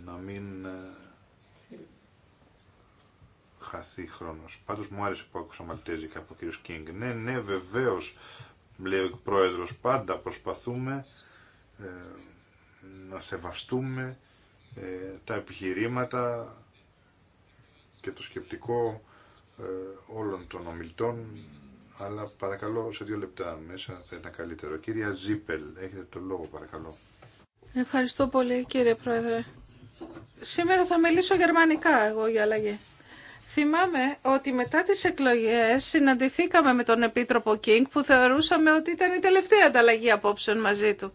να μην ε, χαθεί χρόνος. Πάντως μου άρεσε που άκουσα μαλτέζικα από κύριο Κίνγκ. Ναι, ναι, βεβαίως, λέει ο πρόεδρος, πάντα προσπαθούμε ε, να σεβαστούμε ε, τα επιχειρήματα και το σκεπτικό ε, όλων των ομιλητών, αλλά παρακαλώ σε δύο λεπτά μέσα θα ήταν καλύτερο. Κύρια Ζίπελ, έχετε το λόγο παρακαλώ. Ευχαριστώ πολύ κύριε Πρόεδρε. Σήμερα θα μιλήσω γερμανικά εγώ για αλλαγή. Θυμάμαι ότι μετά τις εκλογές συναντηθήκαμε με τον Επίτροπο Κίνγκ που θεωρούσαμε ότι ήταν η τελευταία ανταλλαγή απόψεων μαζί του.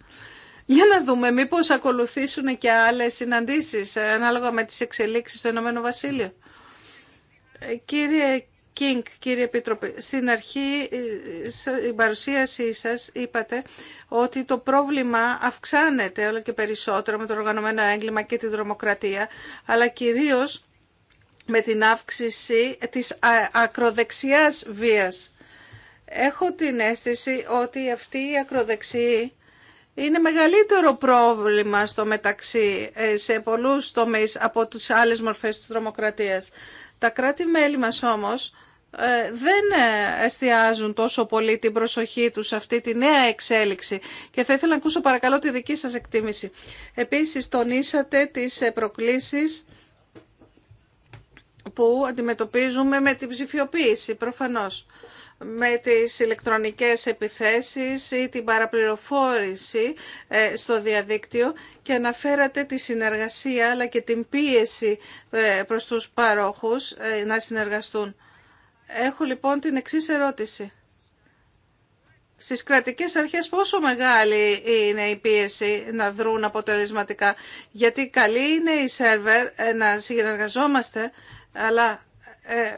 Για να δούμε μήπως ακολουθήσουν και άλλες συναντήσεις ε, ανάλογα με τις εξελίξεις στο Ηνωμένο Βασίλειο. Ε, κύριε Κίνγκ, κύριε Επίτροπε, στην αρχή ε, η παρουσίασή σας είπατε ότι το πρόβλημα αυξάνεται όλο και περισσότερο με το οργανωμένο έγκλημα και την δρομοκρατία, αλλά κυρίως με την αύξηση της ακροδεξιάς βίας. Έχω την αίσθηση ότι αυτή η ακροδεξία είναι μεγαλύτερο πρόβλημα στο μεταξύ ε, σε πολλούς τομείς από τις άλλες μορφές της τρομοκρατίας. Τα κράτη-μέλη μας όμως ε, δεν ε, εστιάζουν τόσο πολύ την προσοχή τους σε αυτή τη νέα εξέλιξη και θα ήθελα να ακούσω παρακαλώ τη δική σας εκτίμηση. Επίσης τονίσατε τις προκλήσεις που αντιμετωπίζουμε με την ψηφιοποίηση προφανώς, με τις ηλεκτρονικές επιθέσεις ή την παραπληροφόρηση ε, στο διαδίκτυο και αναφέρατε τη συνεργασία αλλά και την πίεση ε, προς τους παρόχους ε, να συνεργαστούν. Έχω λοιπόν την εξής ερώτηση. Στις κρατικές αρχές πόσο μεγάλη είναι η πίεση να δρούν αποτελεσματικά, γιατί καλή είναι η σερβερ να συνεργαζόμαστε, αλλά ε,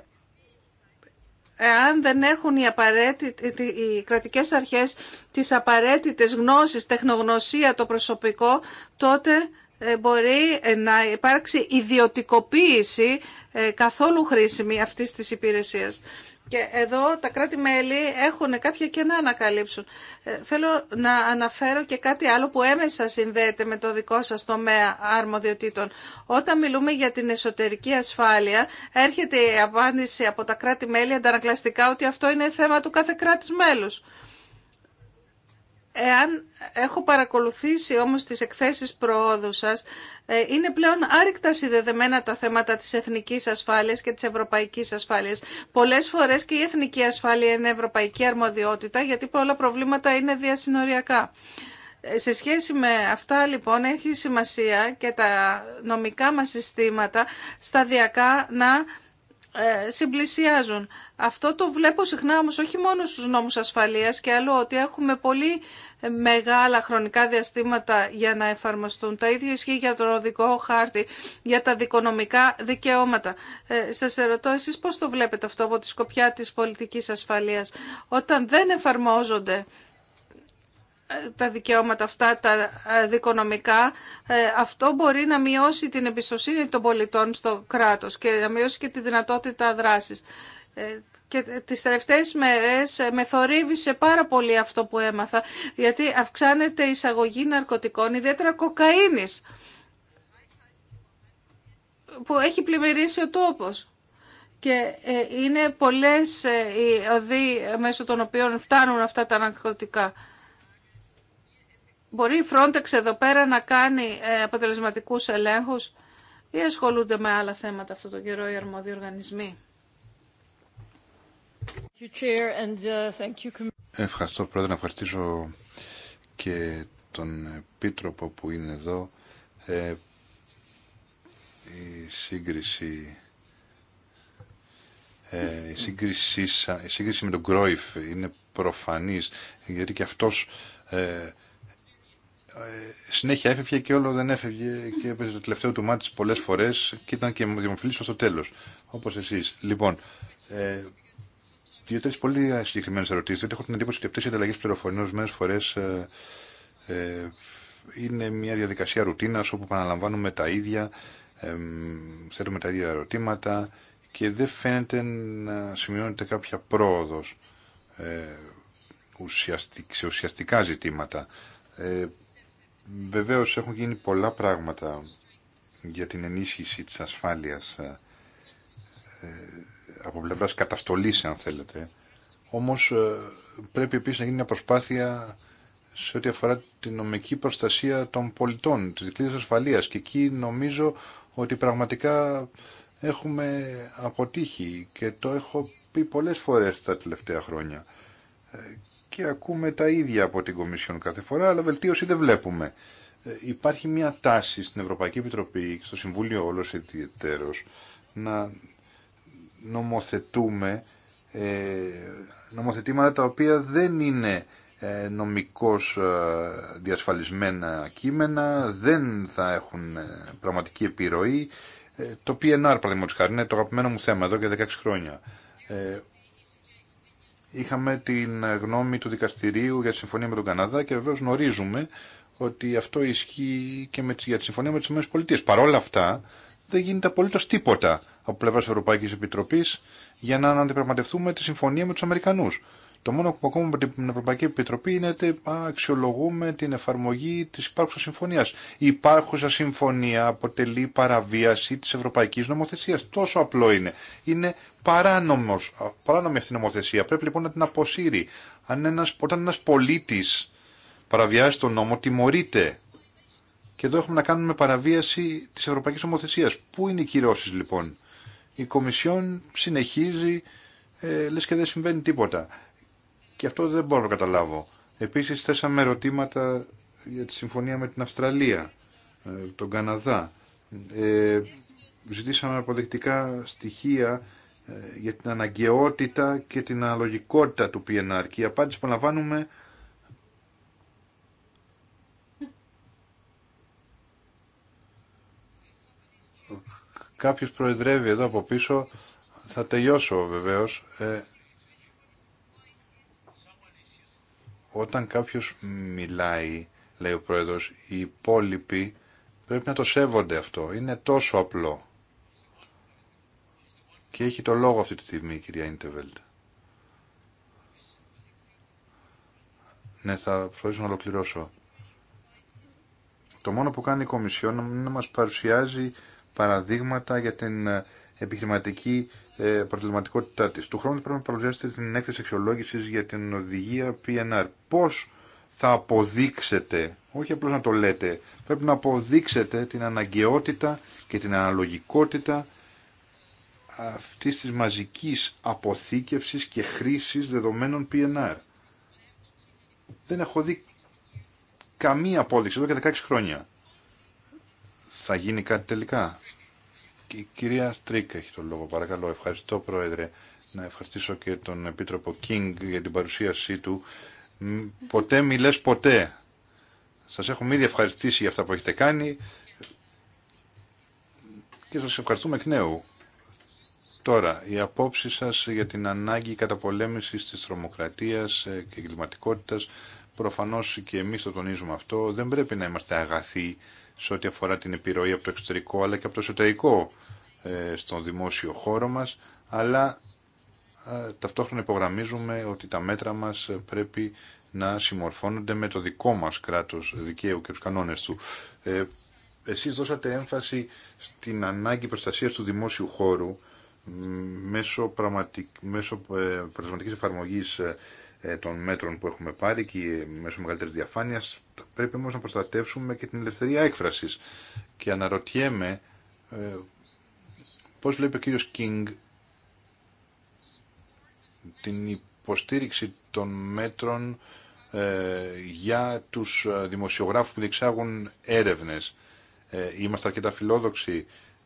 εάν δεν έχουν οι, κρατικέ οι κρατικές αρχές τις απαραίτητες γνώσεις, τεχνογνωσία, το προσωπικό, τότε ε, μπορεί ε, να υπάρξει ιδιωτικοποίηση ε, καθόλου χρήσιμη αυτής της υπηρεσίας. Και εδώ τα κράτη-μέλη έχουν κάποια κενά να καλύψουν. Ε, θέλω να αναφέρω και κάτι άλλο που έμεσα συνδέεται με το δικό σας τομέα αρμοδιοτήτων. Όταν μιλούμε για την εσωτερική ασφάλεια, έρχεται η απάντηση από τα κράτη-μέλη αντανακλαστικά ότι αυτό είναι θέμα του κάθε κράτης μέλους. Εάν έχω παρακολουθήσει όμως τις εκθέσεις προόδου σας, ε, είναι πλέον άρρηκτα συνδεδεμένα τα θέματα της εθνικής ασφάλειας και της ευρωπαϊκής ασφάλειας. Πολλές φορές και η εθνική ασφάλεια είναι ευρωπαϊκή αρμοδιότητα, γιατί πολλά προβλήματα είναι διασυνοριακά. Ε, σε σχέση με αυτά λοιπόν έχει σημασία και τα νομικά μας συστήματα σταδιακά να ε, συμπλησιάζουν. Αυτό το βλέπω συχνά όμως όχι μόνο στους νόμους ασφαλείας και άλλο ότι έχουμε πολύ μεγάλα χρονικά διαστήματα για να εφαρμοστούν. Τα ίδια ισχύει για τον οδικό χάρτη, για τα δικονομικά δικαιώματα. Ε, σας ερωτώ εσείς πώς το βλέπετε αυτό από τη σκοπιά της πολιτικής ασφαλείας. Όταν δεν εφαρμόζονται τα δικαιώματα αυτά, τα ε, δικονομικά, ε, αυτό μπορεί να μειώσει την εμπιστοσύνη των πολιτών στο κράτος και να μειώσει και τη δυνατότητα δράσης. Ε, και τις τελευταίες μέρες με θορύβησε πάρα πολύ αυτό που έμαθα, γιατί αυξάνεται η εισαγωγή ναρκωτικών, ιδιαίτερα κοκαίνης, που έχει πλημμυρίσει ο τόπος. Και είναι πολλές οι οδοί μέσω των οποίων φτάνουν αυτά τα ναρκωτικά. Μπορεί η Frontex εδώ πέρα να κάνει ε, αποτελεσματικούς ελέγχους ή ασχολούνται με άλλα θέματα αυτό το καιρό οι αρμόδιοι οργανισμοί. Uh, Ευχαριστώ πρώτα να ευχαριστήσω και τον επίτροπο που είναι εδώ. Ε, ε, η σύγκριση η, σύγκριση, με τον Κρόιφ είναι προφανής γιατί και αυτός ε, συνέχεια έφευγε και όλο δεν έφευγε και έπαιζε το τελευταίο του μάτι πολλέ φορέ και ήταν και δημοφιλή στο τέλο. Όπω εσεί. Λοιπόν, ε, δυο τρει πολύ συγκεκριμένε ερωτήσει γιατί έχω την εντύπωση ότι αυτέ οι ανταλλαγέ πληροφοριών ορισμένε φορέ ε, ε, είναι μια διαδικασία ρουτίνα όπου επαναλαμβάνουμε τα ίδια, ε, θέλουμε τα ίδια ερωτήματα και δεν φαίνεται να σημειώνεται κάποια πρόοδο ε, ουσιαστικ, σε ουσιαστικά ζητήματα. Ε, Βεβαίως έχουν γίνει πολλά πράγματα για την ενίσχυση της ασφάλειας ε, ε, από πλευράς καταστολής, αν θέλετε. Όμως ε, πρέπει επίσης να γίνει μια προσπάθεια σε ό,τι αφορά την νομική προστασία των πολιτών, της δικλείδας ασφαλείας. Και εκεί νομίζω ότι πραγματικά έχουμε αποτύχει και το έχω πει πολλές φορές τα τελευταία χρόνια και ακούμε τα ίδια από την Κομισιόν κάθε φορά, αλλά βελτίωση δεν βλέπουμε. Ε, υπάρχει μια τάση στην Ευρωπαϊκή Επιτροπή και στο Συμβούλιο όλος ιδιαιτέρως να νομοθετούμε ε, νομοθετήματα τα οποία δεν είναι ε, νομικώς διασφαλισμένα κείμενα, δεν θα έχουν πραγματική επιρροή. Το PNR, παραδείγματος χάρη, είναι το αγαπημένο μου θέμα εδώ και 16 χρόνια είχαμε την γνώμη του δικαστηρίου για τη συμφωνία με τον Καναδά και βεβαίω γνωρίζουμε ότι αυτό ισχύει και με, για τη συμφωνία με τις ΗΠΑ. Παρ' όλα αυτά δεν γίνεται απολύτω τίποτα από πλευρά Ευρωπαϊκή Επιτροπή για να αντιπραγματευτούμε τη συμφωνία με του Αμερικανού. Το μόνο που ακούμε από την Ευρωπαϊκή Επιτροπή είναι ότι αξιολογούμε την εφαρμογή τη υπάρχουσας συμφωνία. Η υπάρχουσα συμφωνία αποτελεί παραβίαση τη Ευρωπαϊκή Νομοθεσία. Τόσο απλό είναι. Είναι παράνομος, παράνομη αυτή η νομοθεσία. Πρέπει λοιπόν να την αποσύρει. Αν ένας, όταν ένα πολίτη παραβιάζει τον νόμο, τιμωρείται. Και εδώ έχουμε να κάνουμε παραβίαση τη Ευρωπαϊκή νομοθεσία. Πού είναι οι κυρώσει, λοιπόν. Η Κομισιόν συνεχίζει ε, λες και δεν συμβαίνει τίποτα και αυτό δεν μπορώ να καταλάβω. Επίσης θέσαμε ερωτήματα για τη συμφωνία με την Αυστραλία, ε, τον Καναδά. Ε, ζητήσαμε αποδεικτικά στοιχεία ε, για την αναγκαιότητα και την αναλογικότητα του PNR και η απάντηση που λαμβάνουμε κάποιος προεδρεύει εδώ από πίσω θα τελειώσω βεβαίως ε, Όταν κάποιος μιλάει, λέει ο πρόεδρος, οι υπόλοιποι πρέπει να το σέβονται αυτό. Είναι τόσο απλό. Και έχει το λόγο αυτή τη στιγμή η κυρία Ιντεβέλτ. Ναι, θα προσπαθήσω να ολοκληρώσω. Το μόνο που κάνει η Κομισιόν είναι να μας παρουσιάζει παραδείγματα για την επιχειρηματική ε, τη. Του χρόνου πρέπει να παρουσιάσετε την έκθεση αξιολόγηση για την οδηγία PNR. Πώ θα αποδείξετε, όχι απλώ να το λέτε, πρέπει να αποδείξετε την αναγκαιότητα και την αναλογικότητα αυτή τη μαζική αποθήκευση και χρήση δεδομένων PNR. Δεν έχω δει καμία απόδειξη εδώ και 16 χρόνια. Θα γίνει κάτι τελικά. Η κυρία Στρίκ έχει τον λόγο, παρακαλώ. Ευχαριστώ, Πρόεδρε. Να ευχαριστήσω και τον Επίτροπο Κίνγκ για την παρουσίασή του. Ποτέ μιλές ποτέ. Σας έχουμε ήδη ευχαριστήσει για αυτά που έχετε κάνει και σας ευχαριστούμε εκ νέου. Τώρα, η απόψη σας για την ανάγκη καταπολέμησης της τρομοκρατίας ε, και εγκληματικότητας, προφανώς και εμείς το τονίζουμε αυτό, δεν πρέπει να είμαστε αγαθοί σε ό,τι αφορά την επιρροή από το εξωτερικό αλλά και από το εσωτερικό ε, στον δημόσιο χώρο μας, αλλά ε, ταυτόχρονα υπογραμμίζουμε ότι τα μέτρα μας ε, πρέπει να συμμορφώνονται με το δικό μας κράτος δικαίου και τους κανόνες του. Ε, εσείς δώσατε έμφαση στην ανάγκη προστασίας του δημόσιου χώρου μέσω, πραγματικ... μέσω πραγματικής εφαρμογής ε, των μέτρων που έχουμε πάρει και μέσω μεγαλύτερη διαφάνεια. Πρέπει όμω να προστατεύσουμε και την ελευθερία έκφραση. Και αναρωτιέμαι ε, πώ βλέπει ο κύριο Κίνγκ την υποστήριξη των μέτρων ε, για τους δημοσιογράφους που διεξάγουν έρευνες. Ε, είμαστε αρκετά φιλόδοξοι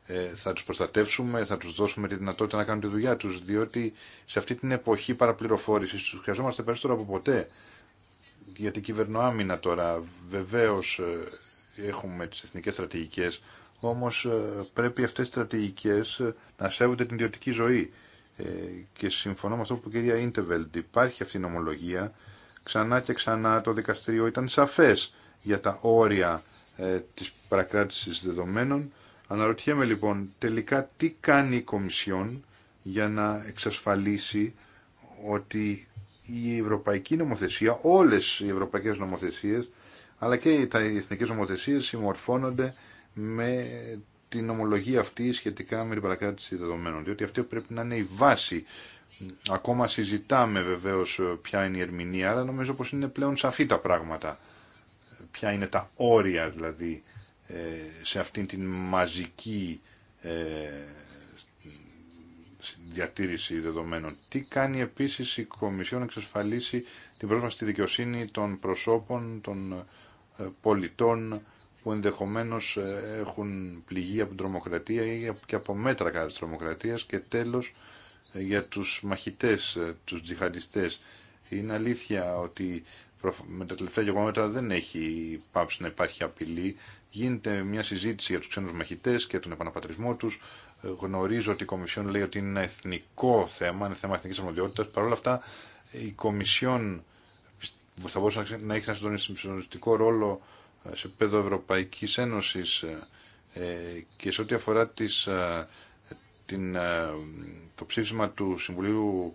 ε, θα τους προστατεύσουμε, θα τους δώσουμε τη δυνατότητα να κάνουν τη δουλειά τους, διότι σε αυτή την εποχή παραπληροφόρησης τους χρειαζόμαστε περισσότερο από ποτέ. Για την κυβερνοάμυνα τώρα, βεβαίως ε, έχουμε τις εθνικές στρατηγικές, όμως ε, πρέπει αυτές οι στρατηγικές να σέβονται την ιδιωτική ζωή. Και συμφωνώ με αυτό που κυρία Ιντεβελντ, υπάρχει αυτή η νομολογία, ξανά και ξανά το δικαστήριο ήταν σαφές για τα όρια της παρακράτησης δεδομένων, Αναρωτιέμαι λοιπόν τελικά τι κάνει η Κομισιόν για να εξασφαλίσει ότι η ευρωπαϊκή νομοθεσία, όλες οι ευρωπαϊκές νομοθεσίες, αλλά και οι εθνικές νομοθεσίες συμμορφώνονται με την ομολογία αυτή σχετικά με την παρακράτηση δεδομένων. Διότι αυτή πρέπει να είναι η βάση. Ακόμα συζητάμε βεβαίως ε, ποια είναι η ερμηνεία, αλλά νομίζω πως είναι πλέον σαφή τα πράγματα. Ποια είναι τα όρια δηλαδή ε, σε αυτήν την μαζική ε, διατήρηση δεδομένων. Τι κάνει επίσης η Κομισιόν να εξασφαλίσει την πρόσβαση στη δικαιοσύνη των προσώπων, των ε, πολιτών που ενδεχομένως έχουν πληγεί από την τρομοκρατία ή και από μέτρα κατά της τρομοκρατίας και τέλος για τους μαχητές, τους τζιχαντιστές. Είναι αλήθεια ότι με τα τελευταία γεγονότα δεν έχει πάψει να υπάρχει απειλή γίνεται μια συζήτηση για τους ξένους μαχητές και τον επαναπατρισμό τους. Ε, γνωρίζω ότι η Κομισιόν λέει ότι είναι ένα εθνικό θέμα, είναι θέμα εθνικής αρμοδιότητας. Παρ' όλα αυτά η Κομισιόν θα μπορούσε να έχει ένα συντονιστικό ρόλο ε, σε επίπεδο Ευρωπαϊκής Ένωσης ε, και σε ό,τι αφορά τις, την, το ψήφισμα του Συμβουλίου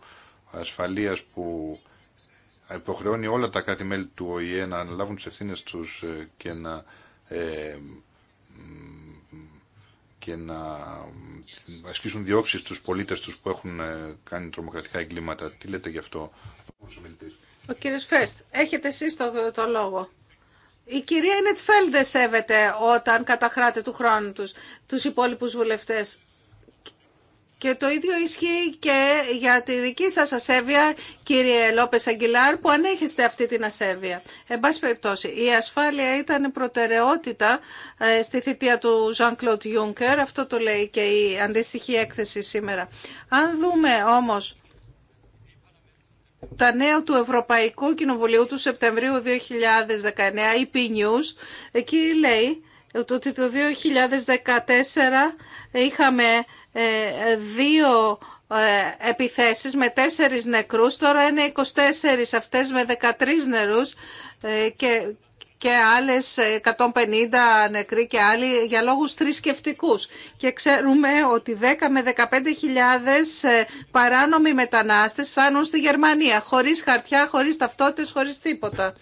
Ασφαλείας που υποχρεώνει όλα τα κράτη-μέλη του ΟΗΕ να αναλάβουν τις ευθύνες τους και να ε, και να ασκήσουν διώξει στους πολίτες τους που έχουν ε, κάνει τρομοκρατικά εγκλήματα. Τι λέτε γι' αυτό. Ο κύριος Φέστ, έχετε εσείς το, το λόγο. Η κυρία Ινετφέλ δεν σέβεται όταν καταχράτε του χρόνου τους, τους υπόλοιπους βουλευτές. Και το ίδιο ισχύει και για τη δική σας ασέβεια, κύριε Λόπες Αγγιλάρ, που ανέχεστε αυτή την ασέβεια. Εν πάση περιπτώσει, η ασφάλεια ήταν προτεραιότητα ε, στη θητεία του Jean-Claude Juncker, αυτό το λέει και η αντίστοιχη έκθεση σήμερα. Αν δούμε όμως τα νέα του Ευρωπαϊκού Κοινοβουλίου του Σεπτεμβρίου 2019, p News, εκεί λέει ότι το 2014 είχαμε ε, δύο ε, επιθέσεις με τέσσερις νεκρούς, τώρα είναι 24 αυτές με 13 νερούς ε, και, και άλλες 150 νεκροί και άλλοι για λόγους θρησκευτικού. Και ξέρουμε ότι 10 με 15 χιλιάδες παράνομοι μετανάστες φτάνουν στη Γερμανία, χωρίς χαρτιά, χωρίς ταυτότητες, χωρίς τίποτα.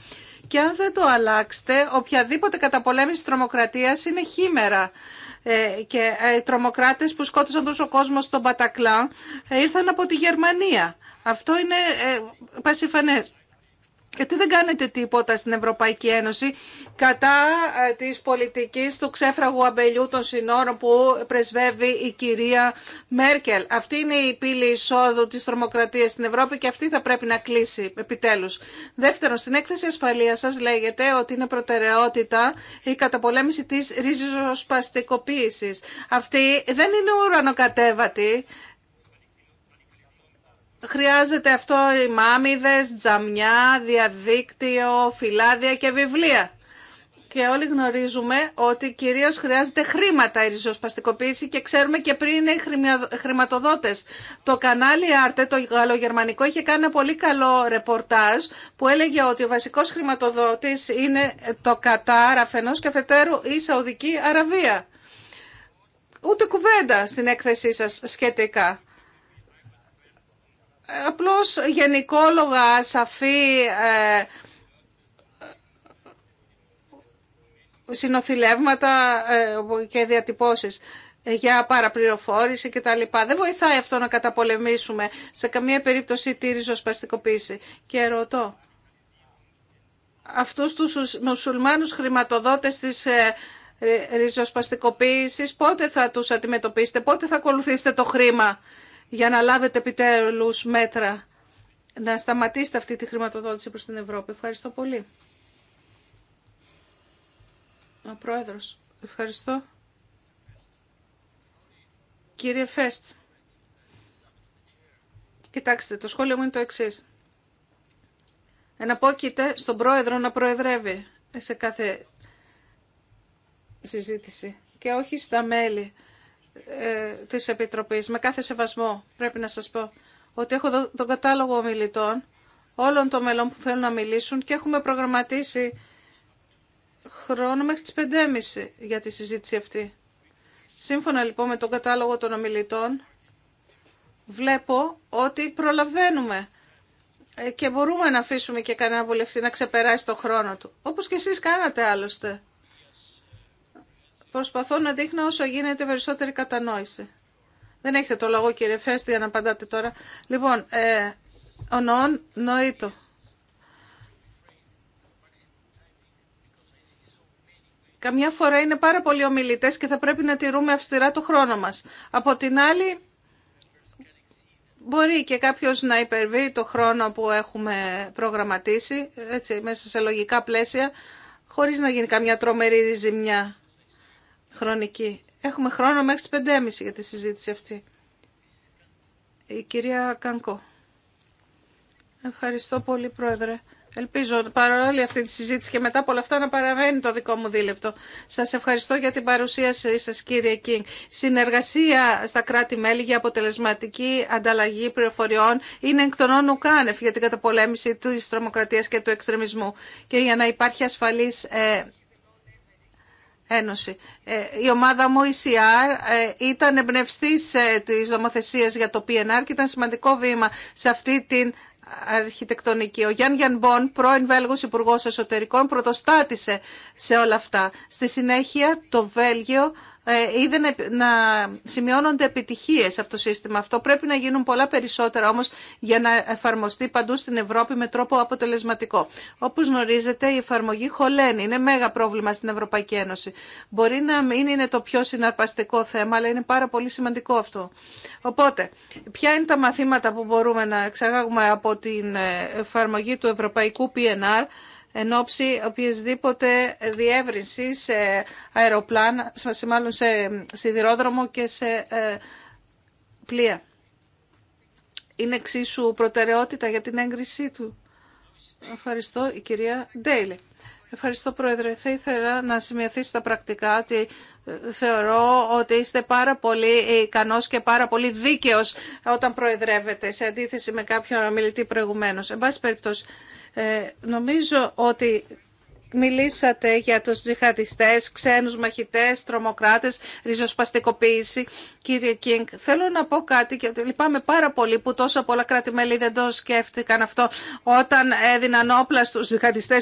Και αν δεν το αλλάξετε, οποιαδήποτε καταπολέμηση τρομοκρατίας είναι χήμερα. Ε, και ε, οι τρομοκράτες που σκότωσαν τόσο κόσμο στον Πατακλά ε, ήρθαν από τη Γερμανία. Αυτό είναι πασιφανές. Γιατί δεν κάνετε τίποτα στην Ευρωπαϊκή Ένωση κατά ε, της πολιτικής του ξέφραγου αμπελιού των συνόρων που πρεσβεύει η κυρία Μέρκελ. Αυτή είναι η πύλη εισόδου της τρομοκρατίας στην Ευρώπη και αυτή θα πρέπει να κλείσει επιτέλους. Δεύτερον, στην έκθεση ασφαλείας σας λέγεται ότι είναι προτεραιότητα η καταπολέμηση της ριζοσπαστικοποίησης. Αυτή δεν είναι ουρανοκατέβατη χρειάζεται αυτό οι μάμιδες, τζαμιά, διαδίκτυο, φυλάδια και βιβλία. Και όλοι γνωρίζουμε ότι κυρίως χρειάζεται χρήματα η ριζοσπαστικοποίηση και ξέρουμε και πριν είναι οι χρηματοδότες. Το κανάλι Άρτε, το γαλλογερμανικό, είχε κάνει ένα πολύ καλό ρεπορτάζ που έλεγε ότι ο βασικός χρηματοδότης είναι το Κατάρ αφενός και αφετέρου η Σαουδική Αραβία. Ούτε κουβέντα στην έκθεσή σας σχετικά απλώς γενικόλογα, σαφή ε, συνοθηλεύματα ε, και διατυπώσεις για παραπληροφόρηση και τα λοιπά. Δεν βοηθάει αυτό να καταπολεμήσουμε σε καμία περίπτωση τη ριζοσπαστικοποίηση. Και ρωτώ, αυτούς τους μουσουλμάνους χρηματοδότες της ε, ριζοσπαστικοποίησης, πότε θα τους αντιμετωπίσετε, πότε θα ακολουθήσετε το χρήμα για να λάβετε επιτέλους μέτρα να σταματήσετε αυτή τη χρηματοδότηση προς την Ευρώπη. Ευχαριστώ πολύ. Ο Πρόεδρος, ευχαριστώ. Κύριε Φέστ, κοιτάξτε, το σχόλιο μου είναι το εξής. Εναπόκειται στον Πρόεδρο να προεδρεύει σε κάθε συζήτηση και όχι στα μέλη ε, της Επιτροπής, με κάθε σεβασμό πρέπει να σας πω, ότι έχω τον κατάλογο ομιλητών όλων των μελών που θέλουν να μιλήσουν και έχουμε προγραμματίσει χρόνο μέχρι τις 5.30 για τη συζήτηση αυτή. Σύμφωνα λοιπόν με τον κατάλογο των ομιλητών, βλέπω ότι προλαβαίνουμε ε, και μπορούμε να αφήσουμε και κανένα βουλευτή να ξεπεράσει το χρόνο του, όπως και εσείς κάνατε άλλωστε. Προσπαθώ να δείχνω όσο γίνεται περισσότερη κατανόηση. Δεν έχετε το λόγο κύριε Φέστη για να απαντάτε τώρα. Λοιπόν, ε, ο νοόν νοήτο. Καμιά φορά είναι πάρα πολλοί ομιλητέ και θα πρέπει να τηρούμε αυστηρά το χρόνο μας. Από την άλλη, μπορεί και κάποιος να υπερβεί το χρόνο που έχουμε προγραμματίσει, έτσι, μέσα σε λογικά πλαίσια, χωρίς να γίνει καμιά τρομερή ζημιά χρονική. Έχουμε χρόνο μέχρι τις 5.30 για τη συζήτηση αυτή. Η κυρία Κανκό. Ευχαριστώ πολύ, Πρόεδρε. Ελπίζω παρόλη αυτή τη συζήτηση και μετά από όλα αυτά να παραμένει το δικό μου δίλεπτο. Σα ευχαριστώ για την παρουσία σα, κύριε Κίνγκ. Συνεργασία στα κράτη-μέλη για αποτελεσματική ανταλλαγή πληροφοριών είναι εκ των όνων κάνευ για την καταπολέμηση τη τρομοκρατία και του εξτρεμισμού και για να υπάρχει ασφαλή ε, Ένωση. Ε, η ομάδα μου, η CR, ε, ήταν εμπνευστή ε, της νομοθεσία για το PNR και ήταν σημαντικό βήμα σε αυτή την αρχιτεκτονική. Ο Γιάνν Γιάνν Μπον, πρώην Βέλγος Υπουργό Εσωτερικών, πρωτοστάτησε σε όλα αυτά. Στη συνέχεια, το Βέλγιο ε, είδε να σημειώνονται επιτυχίες από το σύστημα αυτό. Πρέπει να γίνουν πολλά περισσότερα όμως για να εφαρμοστεί παντού στην Ευρώπη με τρόπο αποτελεσματικό. Όπως γνωρίζετε η εφαρμογή χωλαίνει, είναι μέγα πρόβλημα στην Ευρωπαϊκή Ένωση. Μπορεί να μην είναι το πιο συναρπαστικό θέμα, αλλά είναι πάρα πολύ σημαντικό αυτό. Οπότε, ποια είναι τα μαθήματα που μπορούμε να εξαγάγουμε από την ε, εφαρμογή του Ευρωπαϊκού PNR εν ώψη οποιασδήποτε διεύρυνση σε αεροπλάνα, σε μάλλον σιδηρόδρομο και σε ε, πλοία. Είναι εξίσου προτεραιότητα για την έγκρισή του. Ευχαριστώ η κυρία Ντέιλι. Ευχαριστώ Πρόεδρε. Θα ήθελα να σημειωθεί στα πρακτικά ότι ε, θεωρώ ότι είστε πάρα πολύ ικανός και πάρα πολύ δίκαιος όταν προεδρεύετε σε αντίθεση με κάποιον ομιλητή προηγουμένως. Εν ε, νομίζω ότι μιλήσατε για τους τζιχαντιστές, ξένους μαχητές, τρομοκράτες, ριζοσπαστικοποίηση. Κύριε Κίνγκ, θέλω να πω κάτι και λυπάμαι πάρα πολύ που τοσα πολλα πολλά κράτη-μέλη δεν το σκέφτηκαν αυτό όταν έδιναν όπλα στους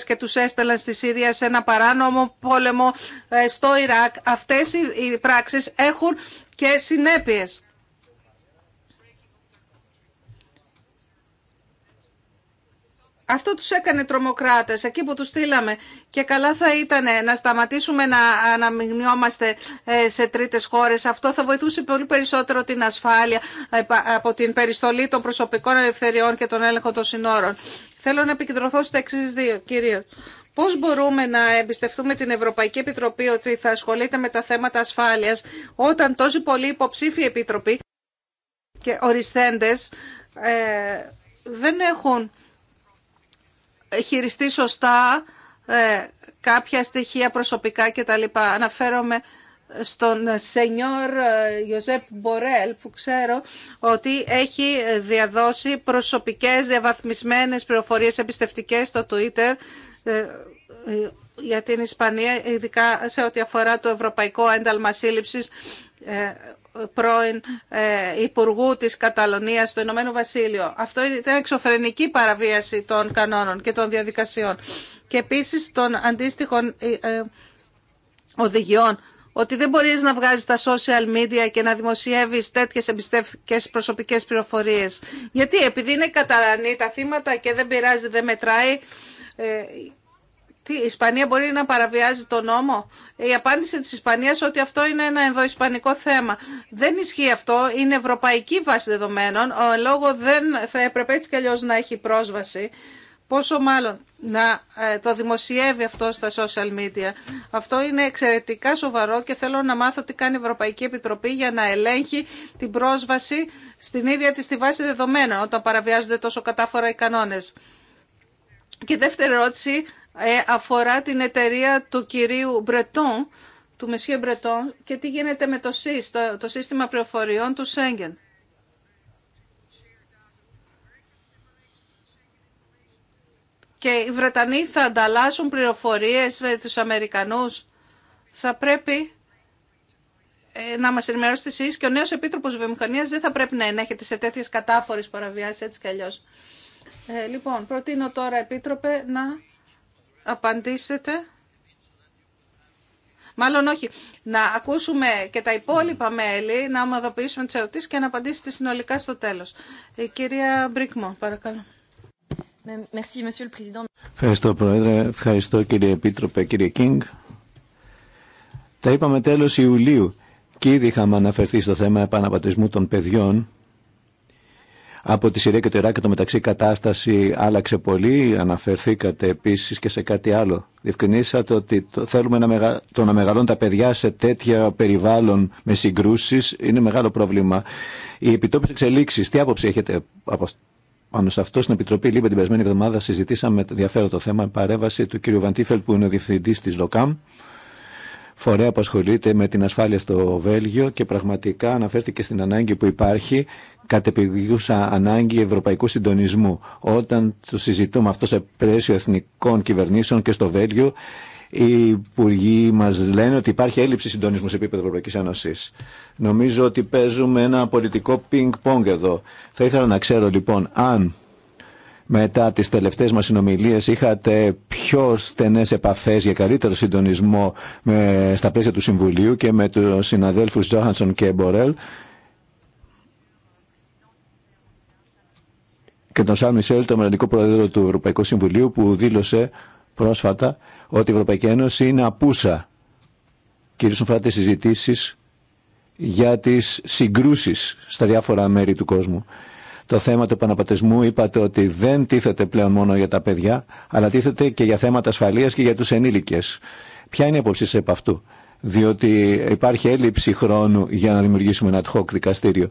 και τους έστελαν στη Συρία σε ένα παράνομο πόλεμο ε, στο Ιράκ. Αυτές οι πράξεις έχουν και συνέπειες. Αυτό τους έκανε τρομοκράτες, εκεί που τους στείλαμε. Και καλά θα ήταν να σταματήσουμε να αναμειγνιόμαστε ε, σε τρίτες χώρες. Αυτό θα βοηθούσε πολύ περισσότερο την ασφάλεια ε, από την περιστολή των προσωπικών ελευθεριών και τον έλεγχο των συνόρων. Θέλω να επικεντρωθώ στα εξή δύο, κυρίως. Πώς μπορούμε να εμπιστευτούμε την Ευρωπαϊκή Επιτροπή ότι θα ασχολείται με τα θέματα ασφάλειας όταν τόσοι πολλοί υποψήφοι επιτροποί και οριστέντες ε, δεν έχουν χειριστεί σωστά ε, κάποια στοιχεία προσωπικά κτλ. Αναφέρομαι στον Σενιόρ ε, Ιωζέπ Μπορέλ που ξέρω ότι έχει διαδώσει προσωπικές διαβαθμισμένες πληροφορίες εμπιστευτικές στο Twitter ε, για την Ισπανία, ειδικά σε ό,τι αφορά το Ευρωπαϊκό Ένταλμα Σύλληψης πρώην ε, Υπουργού της Καταλωνίας στο Ηνωμένο Βασίλειο. Αυτό ήταν εξωφρενική παραβίαση των κανόνων και των διαδικασιών. Και επίσης των αντίστοιχων ε, ε, οδηγιών ότι δεν μπορείς να βγάζεις τα social media και να δημοσιεύεις τέτοιες εμπιστευτικές προσωπικές πληροφορίες. Γιατί, επειδή είναι καταλανή τα θύματα και δεν πειράζει, δεν μετράει, τι, η Ισπανία μπορεί να παραβιάζει τον νόμο. Η απάντηση της Ισπανίας ότι αυτό είναι ένα ενδοϊσπανικό θέμα. Δεν ισχύει αυτό, είναι ευρωπαϊκή βάση δεδομένων. Ο λόγο δεν θα έπρεπε έτσι κι αλλιώς να έχει πρόσβαση. Πόσο μάλλον να ε, το δημοσιεύει αυτό στα social media. Αυτό είναι εξαιρετικά σοβαρό και θέλω να μάθω τι κάνει η Ευρωπαϊκή Επιτροπή για να ελέγχει την πρόσβαση στην ίδια της τη βάση δεδομένων όταν παραβιάζονται τόσο κατάφορα οι κανόνες. Και δεύτερη ερώτηση ε, αφορά την εταιρεία του κυρίου Μπρετών, του Μεσχέ Μπρετών, και τι γίνεται με το ΣΥΣ, το, σύστημα πληροφοριών του Σέγγεν. Και οι Βρετανοί θα ανταλλάσσουν πληροφορίες με τους Αμερικανούς. Θα πρέπει ε, να μας ενημερώσετε εσείς και ο νέος Επίτροπος Βιομηχανίας δεν θα πρέπει να ενέχεται σε τέτοιες κατάφορες παραβιάσεις έτσι κι αλλιώς. Ε, λοιπόν, προτείνω τώρα, Επίτροπε, να απαντήσετε. Μάλλον όχι. Να ακούσουμε και τα υπόλοιπα μέλη, να ομαδοποιήσουμε τις ερωτήσεις και να απαντήσετε συνολικά στο τέλος. Η κυρία Μπρίκμο, παρακαλώ. Ευχαριστώ Πρόεδρε, ευχαριστώ κύριε Επίτροπε, κύριε Κίνγκ. Τα είπαμε τέλος Ιουλίου και ήδη είχαμε αναφερθεί στο θέμα επαναπατρισμού των παιδιών από τη Συρία και το Ιράκ και το μεταξύ κατάσταση άλλαξε πολύ. Αναφερθήκατε επίση και σε κάτι άλλο. Διευκρινίσατε ότι το, θέλουμε να το να μεγαλώνουν τα παιδιά σε τέτοια περιβάλλον με συγκρούσει είναι μεγάλο πρόβλημα. Οι επιτόπιες εξελίξεις, τι άποψη έχετε από πάνω σε αυτό στην Επιτροπή Λίμπε την περασμένη εβδομάδα συζητήσαμε ενδιαφέρον το θέμα παρέβαση του κ. Βαντίφελ που είναι ο διευθυντή τη ΛΟΚΑΜ. Φορέα που ασχολείται με την ασφάλεια στο Βέλγιο και πραγματικά αναφέρθηκε στην ανάγκη που υπάρχει κατεπηγούσα ανάγκη ευρωπαϊκού συντονισμού. Όταν το συζητούμε αυτό σε πλαίσιο εθνικών κυβερνήσεων και στο Βέλγιο, οι υπουργοί μα λένε ότι υπάρχει έλλειψη συντονισμού σε επίπεδο Ευρωπαϊκή Ένωση. Νομίζω ότι παίζουμε ένα πολιτικό πινκ-πονγκ εδώ. Θα ήθελα να ξέρω λοιπόν αν μετά τι τελευταίε μα συνομιλίε είχατε πιο στενέ επαφέ για καλύτερο συντονισμό με, στα πλαίσια του Συμβουλίου και με του συναδέλφου Τζόχανσον και Μπορέλ και τον Σαν Μισελ, τον μελλοντικό πρόεδρο του Ευρωπαϊκού Συμβουλίου, που δήλωσε πρόσφατα ότι η Ευρωπαϊκή Ένωση είναι απούσα, κυρίως αφορά τις συζητήσεις για τις συγκρούσεις στα διάφορα μέρη του κόσμου. Το θέμα του επαναπατεσμού είπατε ότι δεν τίθεται πλέον μόνο για τα παιδιά, αλλά τίθεται και για θέματα ασφαλείας και για τους ενήλικες. Ποια είναι η απόψη σας επ' αυτού, διότι υπάρχει έλλειψη χρόνου για να δημιουργήσουμε ένα ad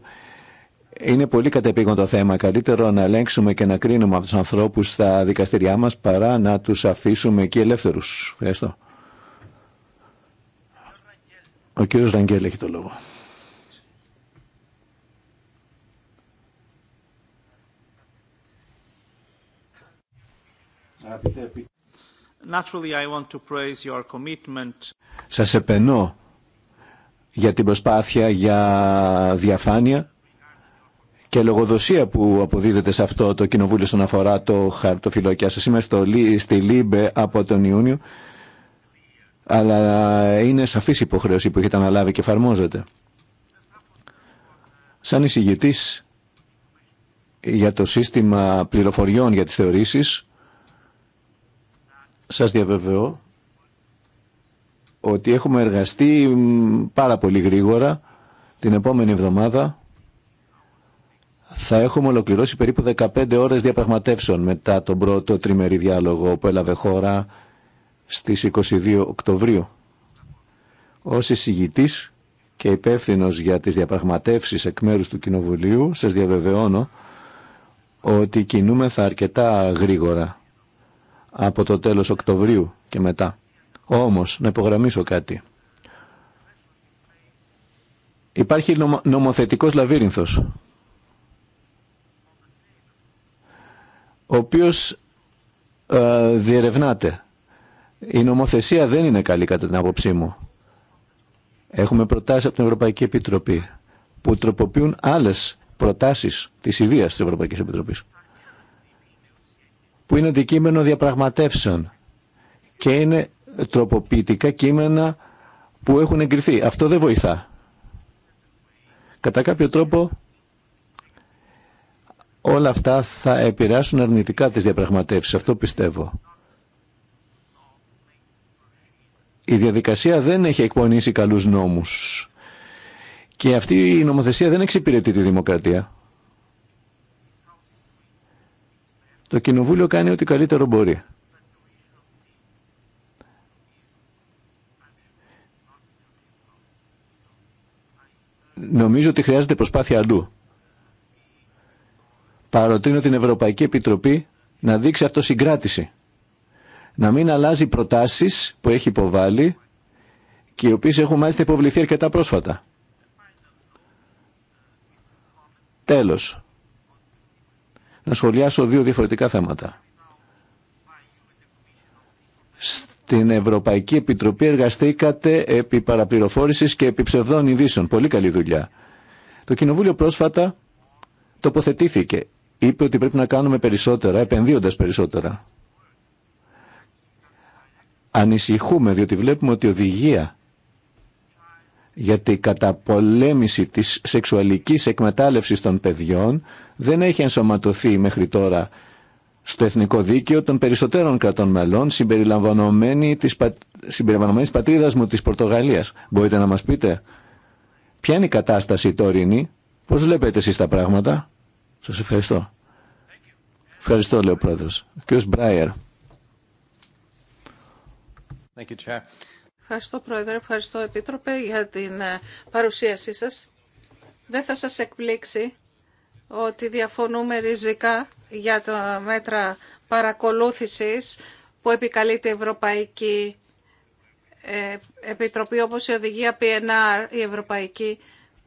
είναι πολύ κατεπήγον το θέμα. Καλύτερο να ελέγξουμε και να κρίνουμε αυτού τους ανθρώπους στα δικαστήριά μα παρά να τους αφήσουμε εκεί ελεύθερου. Ευχαριστώ. Ο κύριο Ραγγέλ έχει το λόγο. Naturally, I want to praise your commitment. Σας επενώ για την προσπάθεια για διαφάνεια και λογοδοσία που αποδίδεται σε αυτό το κοινοβούλιο στον αφορά το σας. Σήμερα στο, στη Λίμπε από τον Ιούνιο, αλλά είναι σαφής υποχρέωση που έχετε αναλάβει και εφαρμόζεται. Σαν εισηγητής για το σύστημα πληροφοριών για τις θεωρήσεις, σας διαβεβαιώ ότι έχουμε εργαστεί πάρα πολύ γρήγορα την επόμενη εβδομάδα θα έχουμε ολοκληρώσει περίπου 15 ώρες διαπραγματεύσεων μετά τον πρώτο τριμερή διάλογο που έλαβε χώρα στις 22 Οκτωβρίου. Ως εισηγητής και υπεύθυνο για τις διαπραγματεύσεις εκ μέρου του Κοινοβουλίου, σας διαβεβαιώνω ότι κινούμεθα αρκετά γρήγορα από το τέλος Οκτωβρίου και μετά. Όμως, να υπογραμμίσω κάτι. Υπάρχει νομοθετικός λαβύρινθος ο οποίος ε, διερευνάται. Η νομοθεσία δεν είναι καλή κατά την άποψή μου. Έχουμε προτάσεις από την Ευρωπαϊκή Επιτροπή που τροποποιούν άλλες προτάσεις της ιδίας της Ευρωπαϊκής Επιτροπής που είναι αντικείμενο διαπραγματεύσεων και είναι τροποποιητικά κείμενα που έχουν εγκριθεί. Αυτό δεν βοηθά. Κατά κάποιο τρόπο όλα αυτά θα επηρεάσουν αρνητικά τις διαπραγματεύσεις. Αυτό πιστεύω. Η διαδικασία δεν έχει εκπονήσει καλούς νόμους. Και αυτή η νομοθεσία δεν εξυπηρετεί τη δημοκρατία. Το Κοινοβούλιο κάνει ό,τι καλύτερο μπορεί. Νομίζω ότι χρειάζεται προσπάθεια αλλού παροτρύνω την Ευρωπαϊκή Επιτροπή να δείξει αυτοσυγκράτηση. Να μην αλλάζει προτάσεις που έχει υποβάλει και οι οποίες έχουν μάλιστα υποβληθεί αρκετά πρόσφατα. Τέλος. Να σχολιάσω δύο διαφορετικά θέματα. Στην Ευρωπαϊκή Επιτροπή εργαστήκατε επί παραπληροφόρησης και επί ψευδών ειδήσεων. Πολύ καλή δουλειά. Το Κοινοβούλιο πρόσφατα τοποθετήθηκε είπε ότι πρέπει να κάνουμε περισσότερα, επενδύοντας περισσότερα. Ανησυχούμε διότι βλέπουμε ότι η οδηγία για την καταπολέμηση της σεξουαλικής εκμετάλλευσης των παιδιών δεν έχει ενσωματωθεί μέχρι τώρα στο εθνικό δίκαιο των περισσότερων κρατών μελών συμπεριλαμβανομένη της, συμπεριλαμβανομένης πατρίδας μου της Πορτογαλίας. Μπορείτε να μας πείτε ποια είναι η κατάσταση τωρινή, πώς βλέπετε εσείς τα πράγματα. Σα ευχαριστώ. Ευχαριστώ, λέει ο πρόεδρο. Μπράιερ. Ευχαριστώ, Πρόεδρε. Ευχαριστώ, Επίτροπε, για την ε, παρουσίασή σας. Δεν θα σας εκπλήξει ότι διαφωνούμε ριζικά για τα μέτρα παρακολούθησης που επικαλείται η Ευρωπαϊκή ε, Επιτροπή, όπως η Οδηγία PNR η Ευρωπαϊκή,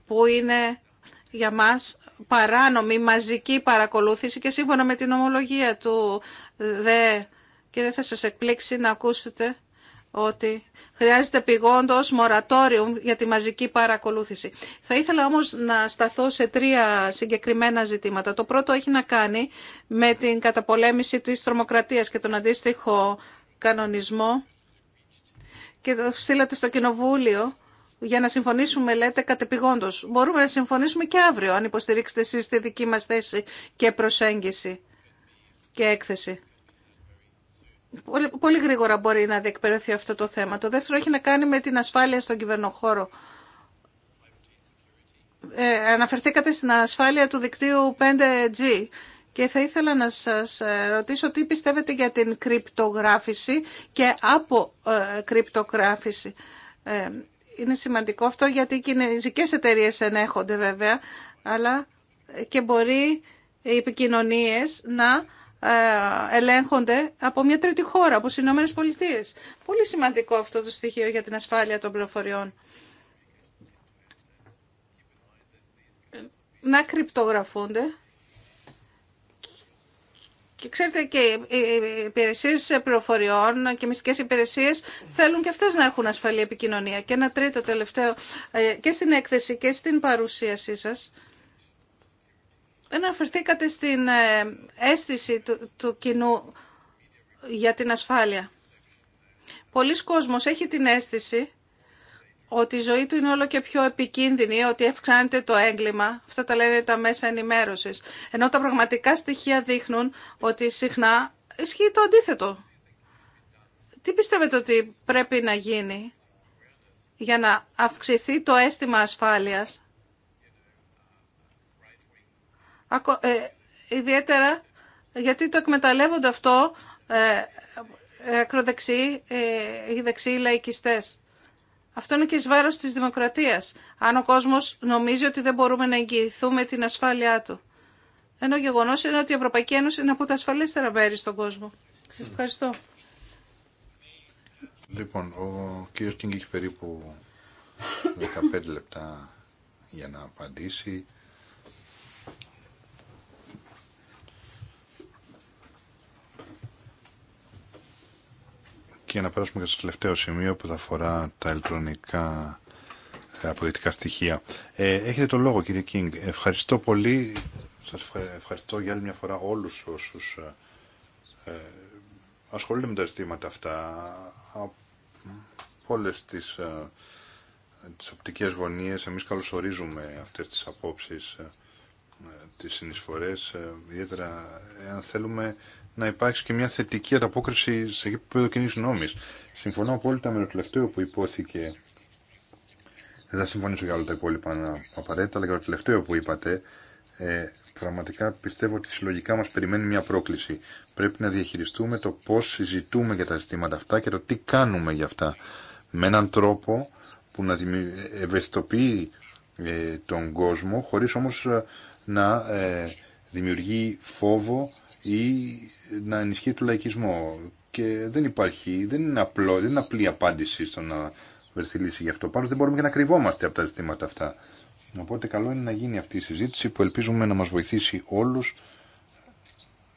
που είναι για μας παράνομη μαζική παρακολούθηση και σύμφωνα με την ομολογία του ε, ΔΕ και δεν θα σας εκπλήξει να ακούσετε ότι χρειάζεται πηγόντως μορατόριο για τη μαζική παρακολούθηση. Θα ήθελα όμως να σταθώ σε τρία συγκεκριμένα ζητήματα. Το πρώτο έχει να κάνει με την καταπολέμηση της τρομοκρατίας και τον αντίστοιχο κανονισμό και το στείλατε στο Κοινοβούλιο για να συμφωνήσουμε, λέτε, κατεπηγόντω. Μπορούμε να συμφωνήσουμε και αύριο, αν υποστηρίξετε εσεί τη δική μας θέση και προσέγγιση και έκθεση. Πολύ, πολύ γρήγορα μπορεί να διεκπαιρεωθεί αυτό το θέμα. Το δεύτερο έχει να κάνει με την ασφάλεια στον κυβερνοχώρο. Ε, αναφερθήκατε στην ασφάλεια του δικτύου 5G και θα ήθελα να σας ε, ρωτήσω τι πιστεύετε για την κρυπτογράφηση και από ε, κρυπτογράφηση. Ε, είναι σημαντικό αυτό γιατί οι κινέζικε εταιρείε ενέχονται βέβαια, αλλά και μπορεί οι επικοινωνίε να ε, ελέγχονται από μια τρίτη χώρα, από τι Πολιτείες. Πολύ σημαντικό αυτό το στοιχείο για την ασφάλεια των πληροφοριών. Να κρυπτογραφούνται και ξέρετε και οι υπηρεσίε πληροφοριών και μυστικέ υπηρεσίε θέλουν και αυτέ να έχουν ασφαλή επικοινωνία. Και ένα τρίτο τελευταίο ε, και στην έκθεση και στην παρουσίασή σα. Αναφερθήκατε στην ε, αίσθηση του, κοινού για την ασφάλεια. Πολλοί κόσμος έχει την αίσθηση ότι η ζωή του είναι όλο και πιο επικίνδυνη, ότι αυξάνεται το έγκλημα, αυτά τα λένε τα μέσα ενημέρωσης, ενώ τα πραγματικά στοιχεία δείχνουν ότι συχνά ισχύει το αντίθετο. Τι πιστεύετε ότι πρέπει να γίνει για να αυξηθεί το αίσθημα ασφάλειας, ε, ιδιαίτερα γιατί το εκμεταλλεύονται αυτό ε, ε, ακροδεξιοί, οι δεξιοί λαϊκιστές. Αυτό είναι και ει βάρο της δημοκρατίας, αν ο κόσμος νομίζει ότι δεν μπορούμε να εγγυηθούμε την ασφάλειά του. Ενώ γεγονό είναι ότι η Ευρωπαϊκή Ένωση είναι από τα ασφαλέστερα μέρη στον κόσμο. Σας ευχαριστώ. Λοιπόν, ο κύριος Κίνγκ έχει περίπου 15 λεπτά για να απαντήσει. και να περάσουμε και στο τελευταίο σημείο που θα αφορά τα ηλεκτρονικά ε, αποδεικτικά στοιχεία. Ε, έχετε το λόγο κύριε Κίνγκ. Ευχαριστώ πολύ. Σας ευχαριστώ για άλλη μια φορά όλους όσους ε, ε ασχολούνται με τα αισθήματα αυτά από όλες τις, ε, τις οπτικές γωνίες. Εμείς καλωσορίζουμε αυτές τις απόψεις, ε, τις συνεισφορές, ιδιαίτερα εάν θέλουμε να υπάρξει και μια θετική ανταπόκριση σε επίπεδο κοινή γνώμη. Συμφωνώ απόλυτα με το τελευταίο που υπόθηκε. Δεν θα συμφωνήσω για όλα τα υπόλοιπα απαραίτητα, αλλά για το τελευταίο που είπατε, ε, πραγματικά πιστεύω ότι συλλογικά μα περιμένει μια πρόκληση. Πρέπει να διαχειριστούμε το πώ συζητούμε για τα ζητήματα αυτά και το τι κάνουμε για αυτά. Με έναν τρόπο που να ευαισθητοποιεί ε, τον κόσμο, χωρί όμω ε, να ε, δημιουργεί φόβο ή να ενισχύει το λαϊκισμό. Και δεν υπάρχει, δεν είναι, απλό, δεν είναι απλή απάντηση στο να βρεθεί λύση γι' αυτό. Πάντω δεν μπορούμε και να κρυβόμαστε από τα ζητήματα αυτά. Οπότε καλό είναι να γίνει αυτή η συζήτηση που ελπίζουμε να μας βοηθήσει όλους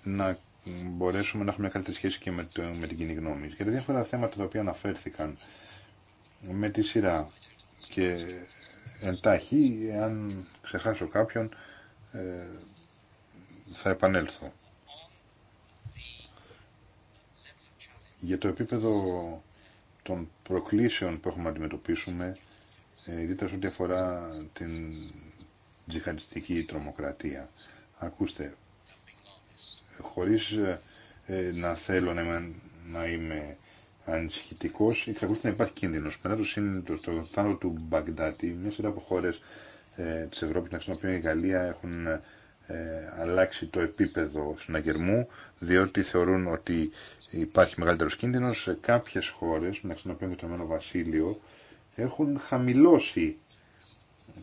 να μπορέσουμε να έχουμε μια καλύτερη σχέση και με, με την κοινή γνώμη. Για τα διάφορα θέματα τα οποία αναφέρθηκαν με τη σειρά και εντάχει, αν ξεχάσω κάποιον, ε, θα επανέλθω. Για το επίπεδο των προκλήσεων που έχουμε να αντιμετωπίσουμε, ε, ιδιαίτερα σε ό,τι αφορά την τζιχαντιστική τρομοκρατία. Ακούστε, χωρίς ε, ε, να θέλω να είμαι, να είμαι ανησυχητικός, εξακολουθεί να υπάρχει κίνδυνος. Μετά το το θάνατο του Μπαγκδάτη, μια σειρά από χώρες ε, της Ευρώπης, μεταξύ των η Γαλλία έχουν ε, αλλάξει το επίπεδο συναγερμού, διότι θεωρούν ότι υπάρχει μεγαλύτερος κίνδυνο. Σε κάποιε χώρε, μεταξύ των οποίων και το Ενωμένο Βασίλειο, έχουν χαμηλώσει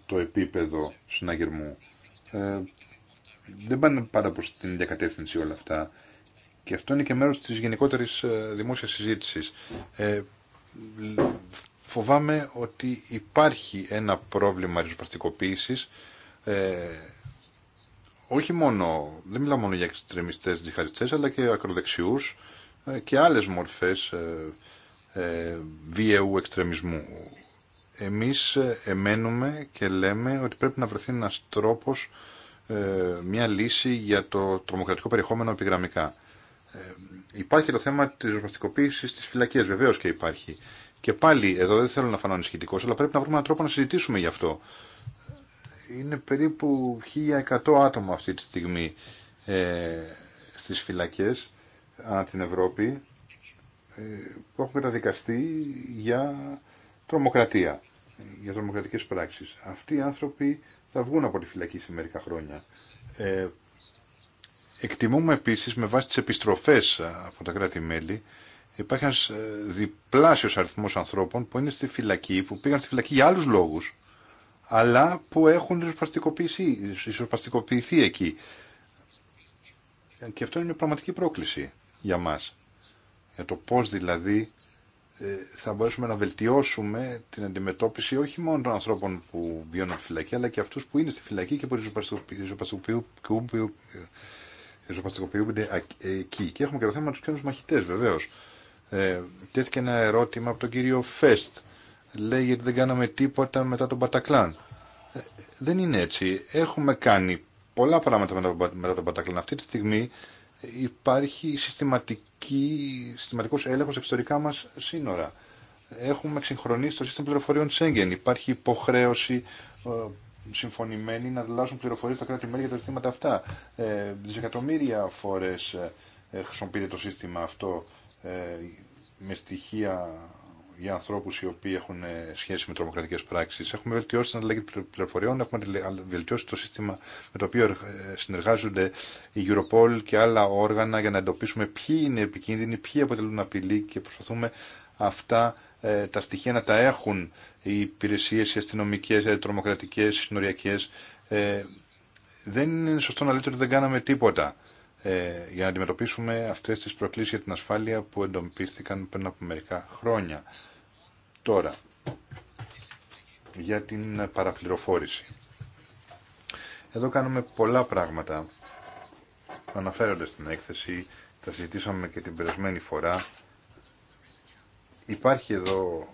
το επίπεδο συναγερμού. Ε, δεν πάνε πάντα προ την ίδια όλα αυτά. Και αυτό είναι και μέρο τη γενικότερη ε, δημόσια συζήτηση. Ε, φοβάμαι ότι υπάρχει ένα πρόβλημα ριζοσπαστικοποίηση. Ε, όχι μόνο, δεν μιλάω μόνο για εξτρεμιστές τζιχαριστές, αλλά και ακροδεξιούς ε, και άλλες μορφές ε, ε βίαιου εξτρεμισμού. Εμείς ε, εμένουμε και λέμε ότι πρέπει να βρεθεί ένας τρόπος, μια λύση για το τρομοκρατικό περιεχόμενο επιγραμμικά. Υπάρχει το θέμα της ρομαστικοποίηση της φυλακίας, βεβαίως και υπάρχει. Και πάλι, εδώ δεν θέλω να φανώ ανησυχητικός, αλλά πρέπει να βρούμε έναν τρόπο να συζητήσουμε γι' αυτό είναι περίπου 1.100 άτομα αυτή τη στιγμή ε, στις φυλακές ανά την Ευρώπη ε, που έχουν καταδικαστεί για τρομοκρατία, για τρομοκρατικές πράξεις. Αυτοί οι άνθρωποι θα βγουν από τη φυλακή σε μερικά χρόνια. Ε, εκτιμούμε επίσης με βάση τις επιστροφές από τα κράτη-μέλη υπάρχει ένας ε, διπλάσιος αριθμός ανθρώπων που είναι στη φυλακή, που πήγαν στη φυλακή για άλλους λόγους αλλά που έχουν ριζοσπαστικοποιηθεί, εκεί. Και αυτό είναι μια πραγματική πρόκληση για μας. Για το πώς δηλαδή ε, θα μπορέσουμε να βελτιώσουμε την αντιμετώπιση όχι μόνο των ανθρώπων που βιώνουν τη φυλακή, αλλά και αυτούς που είναι στη φυλακή και που ριζοπαστικοποιούνται εκεί. Και έχουμε και το θέμα του ξένους μαχητές βεβαίως. Ε, τέθηκε ένα ερώτημα από τον κύριο Φέστ λέγει ότι δεν κάναμε τίποτα μετά τον Πατακλάν. Ε, δεν είναι έτσι. Έχουμε κάνει πολλά πράγματα μετά τον Πατακλάν. Αυτή τη στιγμή υπάρχει συστηματική, συστηματικός έλεγχος εξωτερικά μας σύνορα. Έχουμε εξυγχρονίσει το σύστημα πληροφοριών Σέγγεν. Υπάρχει υποχρέωση ε, συμφωνημένη να αλλάζουν πληροφορίε στα κράτη-μέλη για τα αισθήματα αυτά. Ε, δισεκατομμύρια φορέ ε, χρησιμοποιείται το σύστημα αυτό με στοιχεία για ανθρώπου οι οποίοι έχουν ε, σχέση με τρομοκρατικέ πράξει. Έχουμε βελτιώσει την αλλαγή πληροφοριών, έχουμε βελτιώσει το σύστημα με το οποίο ε, συνεργάζονται η Europol και άλλα όργανα για να εντοπίσουμε ποιοι είναι επικίνδυνοι, ποιοι αποτελούν απειλή και προσπαθούμε αυτά ε, τα στοιχεία να τα έχουν οι υπηρεσίε, οι αστυνομικέ, οι τρομοκρατικέ, οι συνοριακέ. δεν είναι σωστό να λέτε ότι δεν κάναμε τίποτα για να αντιμετωπίσουμε αυτές τις προκλήσεις για την ασφάλεια που εντοπίστηκαν πριν από μερικά χρόνια. Τώρα, για την παραπληροφόρηση. Εδώ κάνουμε πολλά πράγματα. Αναφέρονται στην έκθεση, τα συζητήσαμε και την περασμένη φορά. Υπάρχει εδώ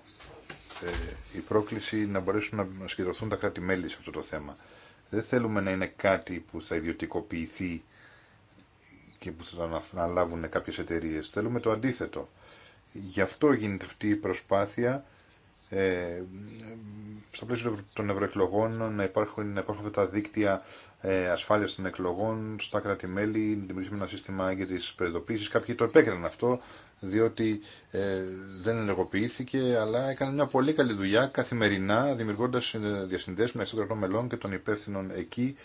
ε, η πρόκληση να μπορέσουν να συγκεντρωθούν τα κράτη-μέλη σε αυτό το θέμα. Δεν θέλουμε να είναι κάτι που θα ιδιωτικοποιηθεί και που θα το αναλάβουν κάποιες εταιρείες. Θέλουμε το αντίθετο. Γι' αυτό γίνεται αυτή η προσπάθεια ε, στα πλαίσια των ευρωεκλογών να υπάρχουν, να υπάρχουν τα δίκτυα ε, ασφάλειας των εκλογών στα κράτη-μέλη, να δημιουργήσουμε ένα σύστημα για τις προειδοποίησει. Κάποιοι το επέκριναν αυτό, διότι ε, δεν ενεργοποιήθηκε, αλλά έκανε μια πολύ καλή δουλειά καθημερινά, δημιουργώντας ε, διασυνδέσεις με των κρατών μελών και των υπεύθυνων εκεί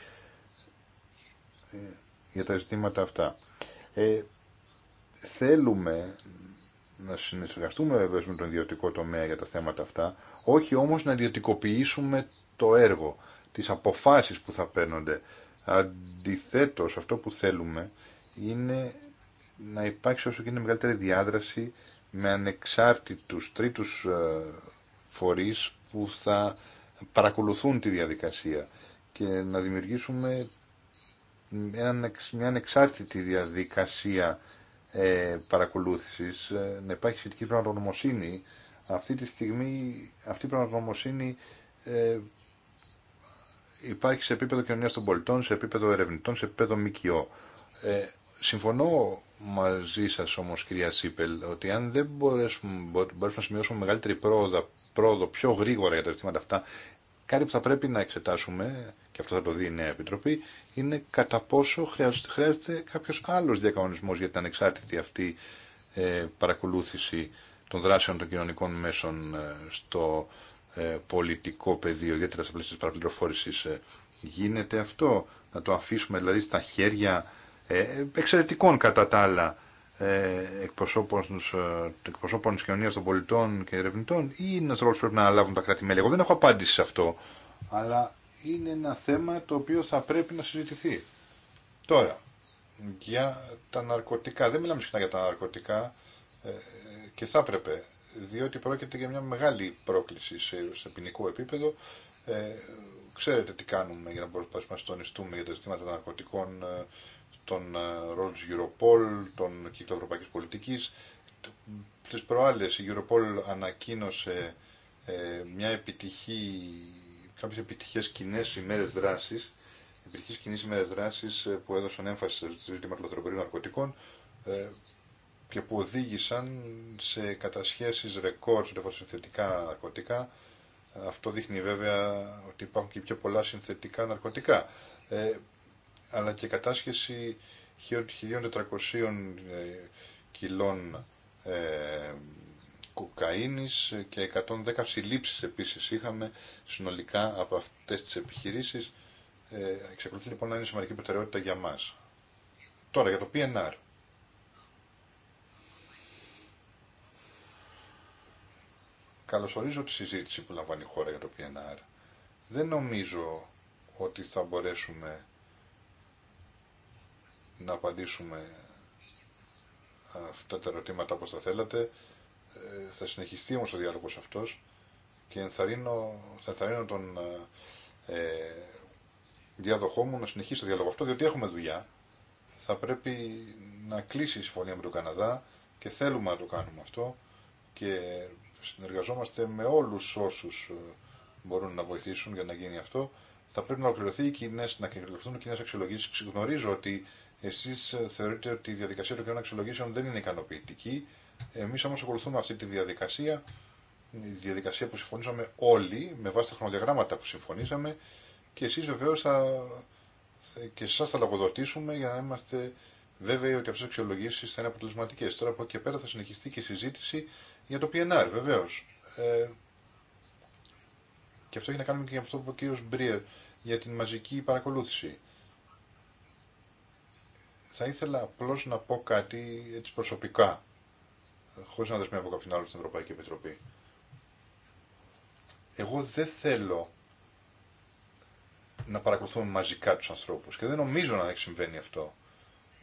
ε, για τα ζητήματα αυτά. Ε, θέλουμε να συνεργαστούμε βεβαίως με τον ιδιωτικό τομέα για τα θέματα αυτά, όχι όμως να ιδιωτικοποιήσουμε το έργο, τις αποφάσεις που θα παίρνονται. Αντιθέτως, αυτό που θέλουμε είναι να υπάρξει όσο γίνεται μεγαλύτερη διάδραση με ανεξάρτητους τρίτους ε, φορείς που θα παρακολουθούν τη διαδικασία και να δημιουργήσουμε μια ανεξάρτητη διαδικασία ε, παρακολούθησης, ε, να υπάρχει σχετική πραγματογνωμοσύνη. Αυτή τη στιγμή αυτή η πραγματογνωμοσύνη ε, υπάρχει σε επίπεδο κοινωνία των πολιτών, σε επίπεδο ερευνητών, σε επίπεδο ΜΚΟ. Ε, συμφωνώ μαζί σας όμως κυρία Σίπελ ότι αν δεν μπορέσουμε, μπορέσουμε να σημειώσουμε μεγαλύτερη πρόοδο, πρόοδο πιο γρήγορα για τα ζητήματα αυτά Κάτι που θα πρέπει να εξετάσουμε, και αυτό θα το δει η Νέα Επιτροπή, είναι κατά πόσο χρειάζεται κάποιο άλλος διακανονισμό για την ανεξάρτητη αυτή ε, παρακολούθηση των δράσεων των κοινωνικών μέσων ε, στο ε, πολιτικό πεδίο, ιδιαίτερα στα πλαίσια της ε. Γίνεται αυτό, να το αφήσουμε δηλαδή στα χέρια ε, εξαιρετικών κατά τα άλλα ε, εκπροσώπων ε, τη κοινωνία των πολιτών και ερευνητών ή είναι ένα ρόλο που πρέπει να αναλάβουν τα κράτη-μέλη. Εγώ δεν έχω απάντηση σε αυτό, αλλά είναι ένα θέμα το οποίο θα πρέπει να συζητηθεί. Τώρα, για τα ναρκωτικά. Δεν μιλάμε συχνά για τα ναρκωτικά ε, και θα έπρεπε, διότι πρόκειται για μια μεγάλη πρόκληση σε, σε ποινικό επίπεδο. Ε, ξέρετε τι κάνουμε για να μπορούμε να συντονιστούμε για τα ζητήματα των ναρκωτικών. Ε, τον ε, ρόλο της Europol, τον κύκλο ευρωπαϊκής πολιτικής. Τι προάλλες η Europol ανακοίνωσε ε, μια επιτυχή, κάποιες επιτυχές κοινέ ημέρες δράσης, επιτυχές κοινέ ημέρες δράσης ε, που έδωσαν έμφαση στο ζήτημα του ναρκωτικών και που οδήγησαν σε κατασχέσεις ρεκόρ σε συνθετικά ναρκωτικά. Αυτό δείχνει βέβαια ότι υπάρχουν και πιο πολλά συνθετικά ναρκωτικά αλλά και κατάσχεση 1.400 ε, κιλών ε, κοκαίνης και 110 συλλήψεις επίσης είχαμε συνολικά από αυτές τις επιχειρήσεις. Ε, εξακολουθεί λοιπόν να είναι σημαντική προτεραιότητα για μας. Τώρα για το PNR. Καλωσορίζω τη συζήτηση που λαμβάνει η χώρα για το PNR. Δεν νομίζω ότι θα μπορέσουμε να απαντήσουμε αυτά τα ερωτήματα όπως θα θέλατε. Ε, θα συνεχιστεί όμως ο διάλογος αυτός και ενθαρρύνω, θα ενθαρρύνω τον ε, ε, διάδοχό μου να συνεχίσει το διάλογο αυτό, διότι έχουμε δουλειά. Θα πρέπει να κλείσει η συμφωνία με τον Καναδά και θέλουμε να το κάνουμε αυτό και συνεργαζόμαστε με όλους όσους ε, μπορούν να βοηθήσουν για να γίνει αυτό. Θα πρέπει να ολοκληρωθεί κοινές, να ολοκληρωθούν οι κοινέ αξιολογήσει. ότι Εσεί ε, θεωρείτε ότι η διαδικασία των κοινών αξιολογήσεων δεν είναι ικανοποιητική. Εμεί όμω ακολουθούμε αυτή τη διαδικασία, η διαδικασία που συμφωνήσαμε όλοι, με βάση τα χρονοδιαγράμματα που συμφωνήσαμε και εσεί βεβαίω θα, και εσά θα λογοδοτήσουμε για να είμαστε βέβαιοι ότι αυτέ οι αξιολογήσει θα είναι αποτελεσματικέ. Τώρα από εκεί και πέρα θα συνεχιστεί και η συζήτηση για το PNR βεβαίω. Ε, και αυτό έχει να κάνουμε και με αυτό που είπε ο κ. Μπρίερ για την μαζική παρακολούθηση. Θα ήθελα απλώ να πω κάτι έτσι προσωπικά, χωρί να δεσμεύω κάποιον άλλο στην Ευρωπαϊκή Επιτροπή. Εγώ δεν θέλω να παρακολουθούμε μαζικά του ανθρώπου και δεν νομίζω να συμβαίνει αυτό.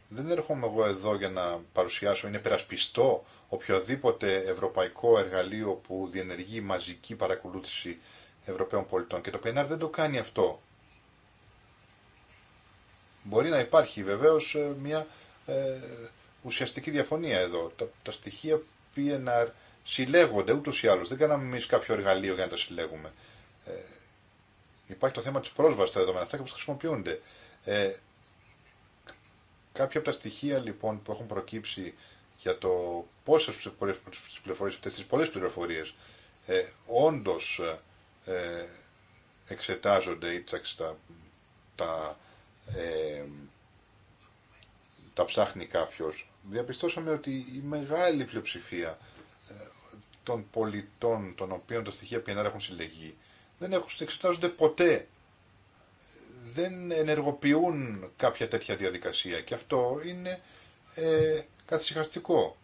Δεν έρχομαι εγώ εδώ για να παρουσιάσω, είναι περασπιστό οποιοδήποτε ευρωπαϊκό εργαλείο που διενεργεί μαζική παρακολούθηση Ευρωπαίων πολιτών. Και το PNR δεν το κάνει αυτό. Μπορεί να υπάρχει βεβαίως ε, μια ε, ουσιαστική διαφωνία εδώ. Τα, τα στοιχεία PNR συλλέγονται ούτω ή άλλω. Δεν κάναμε εμεί κάποιο εργαλείο για να τα συλλέγουμε. Ε, υπάρχει το θέμα της πρόσβασης στα δεδομένα αυτά και πώς χρησιμοποιούνται. Ε, κάποια από τα στοιχεία λοιπόν που έχουν προκύψει για το πόσε πληροφορίες, αυτές τις πολλές πληροφορίες ε, όντω ε, εξετάζονται ή τα, τα τα ψάχνει κάποιος, διαπιστώσαμε ότι η μεγάλη πλειοψηφία ε, των πολιτών των οποίων τα στοιχεία πιενάρα έχουν συλλεγεί δεν έχουν, εξετάζονται ποτέ. Δεν ενεργοποιούν κάποια τέτοια διαδικασία και αυτό είναι ε, καθυσυχαστικό.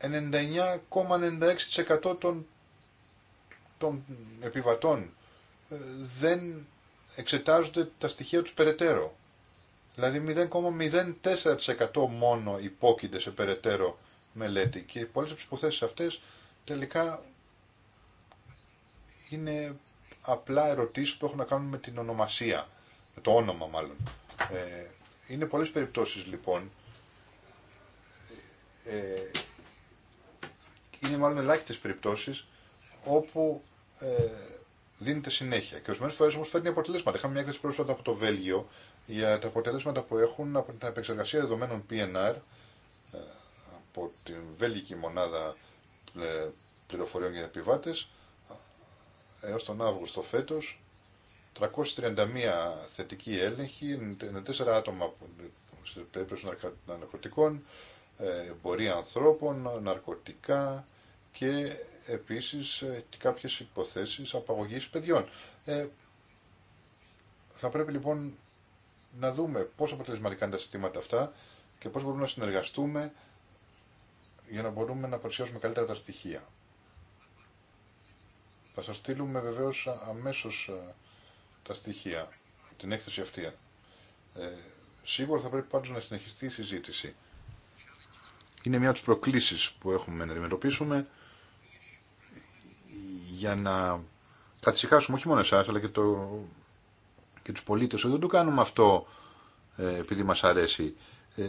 99,96% των, των επιβατών ε, δεν εξετάζονται τα στοιχεία τους περαιτέρω. Δηλαδή 0,04% μόνο υπόκεινται σε περαιτέρω μελέτη και πολλές από τις υποθέσεις αυτές τελικά είναι απλά ερωτήσεις που έχουν να κάνουν με την ονομασία, με το όνομα μάλλον. Ε, είναι πολλές περιπτώσεις λοιπόν, ε, είναι μάλλον ελάχιστες περιπτώσεις όπου ε, δίνεται συνέχεια. Και ορισμένε φορέ όμω φέρνει αποτελέσματα. Είχαμε μια έκθεση πρόσφατα από το Βέλγιο για τα αποτελέσματα που έχουν από την επεξεργασία δεδομένων PNR ε, από την βέλγικη μονάδα ε, πληροφοριών για επιβάτε ε, έω τον Αύγουστο φέτο. 331 θετικοί έλεγχοι, 4 άτομα σε περίπτωση ναρκωτικών, εμπορία ανθρώπων, ναρκωτικά και επίσης ε, και κάποιες υποθέσεις απαγωγής παιδιών. Ε, θα πρέπει λοιπόν να δούμε πώς αποτελεσματικά είναι τα συστήματα αυτά και πώς μπορούμε να συνεργαστούμε για να μπορούμε να παρουσιάσουμε καλύτερα τα στοιχεία. Θα σας στείλουμε βεβαίως αμέσως ε, τα στοιχεία, την έκθεση αυτή. Ε, σίγουρα θα πρέπει πάντως να συνεχιστεί η συζήτηση. Είναι μια από τις προκλήσεις που έχουμε να αντιμετωπίσουμε για να καθησυχάσουμε όχι μόνο εσά, αλλά και, το, και τους πολίτες. Δεν το κάνουμε αυτό ε, επειδή μας αρέσει. Ε,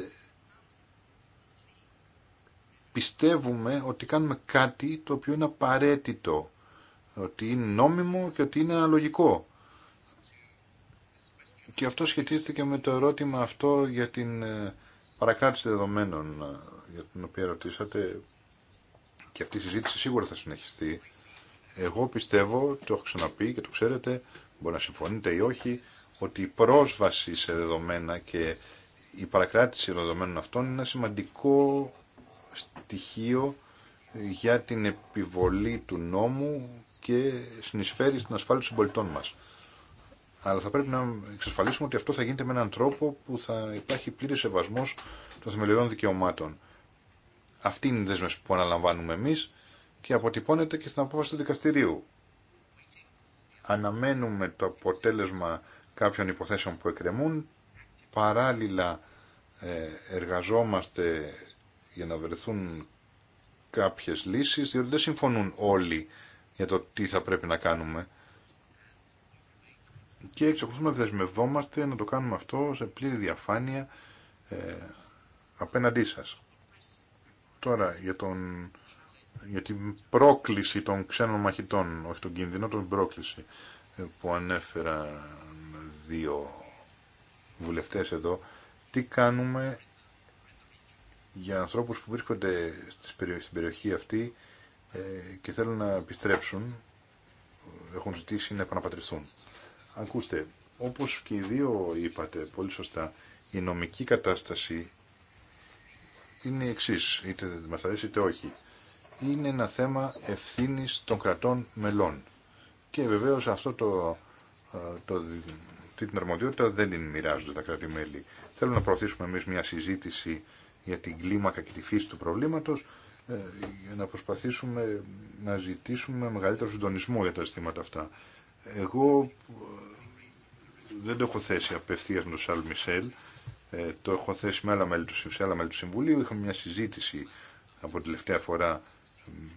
πιστεύουμε ότι κάνουμε κάτι το οποίο είναι απαραίτητο, ότι είναι νόμιμο και ότι είναι αναλογικό. Και αυτό σχετίζεται και με το ερώτημα αυτό για την ε, παρακράτηση δεδομένων για την οποία ρωτήσατε και αυτή η συζήτηση σίγουρα θα συνεχιστεί εγώ πιστεύω, το έχω ξαναπεί και το ξέρετε, μπορεί να συμφωνείτε ή όχι, ότι η πρόσβαση σε δεδομένα και η παρακράτηση των δεδομένων αυτών είναι ένα σημαντικό στοιχείο για την επιβολή του νόμου και συνεισφέρει στην ασφάλεια των πολιτών μας. Αλλά θα πρέπει να εξασφαλίσουμε ότι αυτό θα γίνεται με έναν τρόπο που θα υπάρχει πλήρης σεβασμός των θεμελιωδών δικαιωμάτων. Αυτή είναι η δέσμευση που αναλαμβάνουμε εμείς και αποτυπώνεται και στην απόφαση του δικαστηρίου. Αναμένουμε το αποτέλεσμα κάποιων υποθέσεων που εκκρεμούν. Παράλληλα ε, εργαζόμαστε για να βρεθούν κάποιες λύσεις, διότι δεν συμφωνούν όλοι για το τι θα πρέπει να κάνουμε. Και εξακολουθούμε να δεσμευόμαστε να το κάνουμε αυτό σε πλήρη διαφάνεια ε, απέναντί σας. Τώρα για τον για την πρόκληση των ξένων μαχητών, όχι τον κίνδυνο, τον πρόκληση ε, που ανέφεραν δύο βουλευτές εδώ, τι κάνουμε για ανθρώπους που βρίσκονται στην περιοχή αυτή ε, και θέλουν να επιστρέψουν, έχουν ζητήσει να επαναπατριθούν Ακούστε, όπως και οι δύο είπατε πολύ σωστά, η νομική κατάσταση είναι η εξή, είτε μας αρέσει είτε όχι είναι ένα θέμα ευθύνης των κρατών μελών. Και βεβαίως αυτό το, ε, το, την αρμοδιότητα δεν την μοιράζονται τα κράτη-μέλη. Θέλω να προωθήσουμε εμείς μια συζήτηση για την κλίμακα και τη φύση του προβλήματος ε, για να προσπαθήσουμε να ζητήσουμε μεγαλύτερο συντονισμό για τα ζητήματα αυτά. Εγώ ε, δεν το έχω θέσει απευθεία με τον Σαλ Μισελ, το έχω θέσει με άλλα του, σε άλλα μέλη του Συμβουλίου. Είχαμε μια συζήτηση από την τελευταία φορά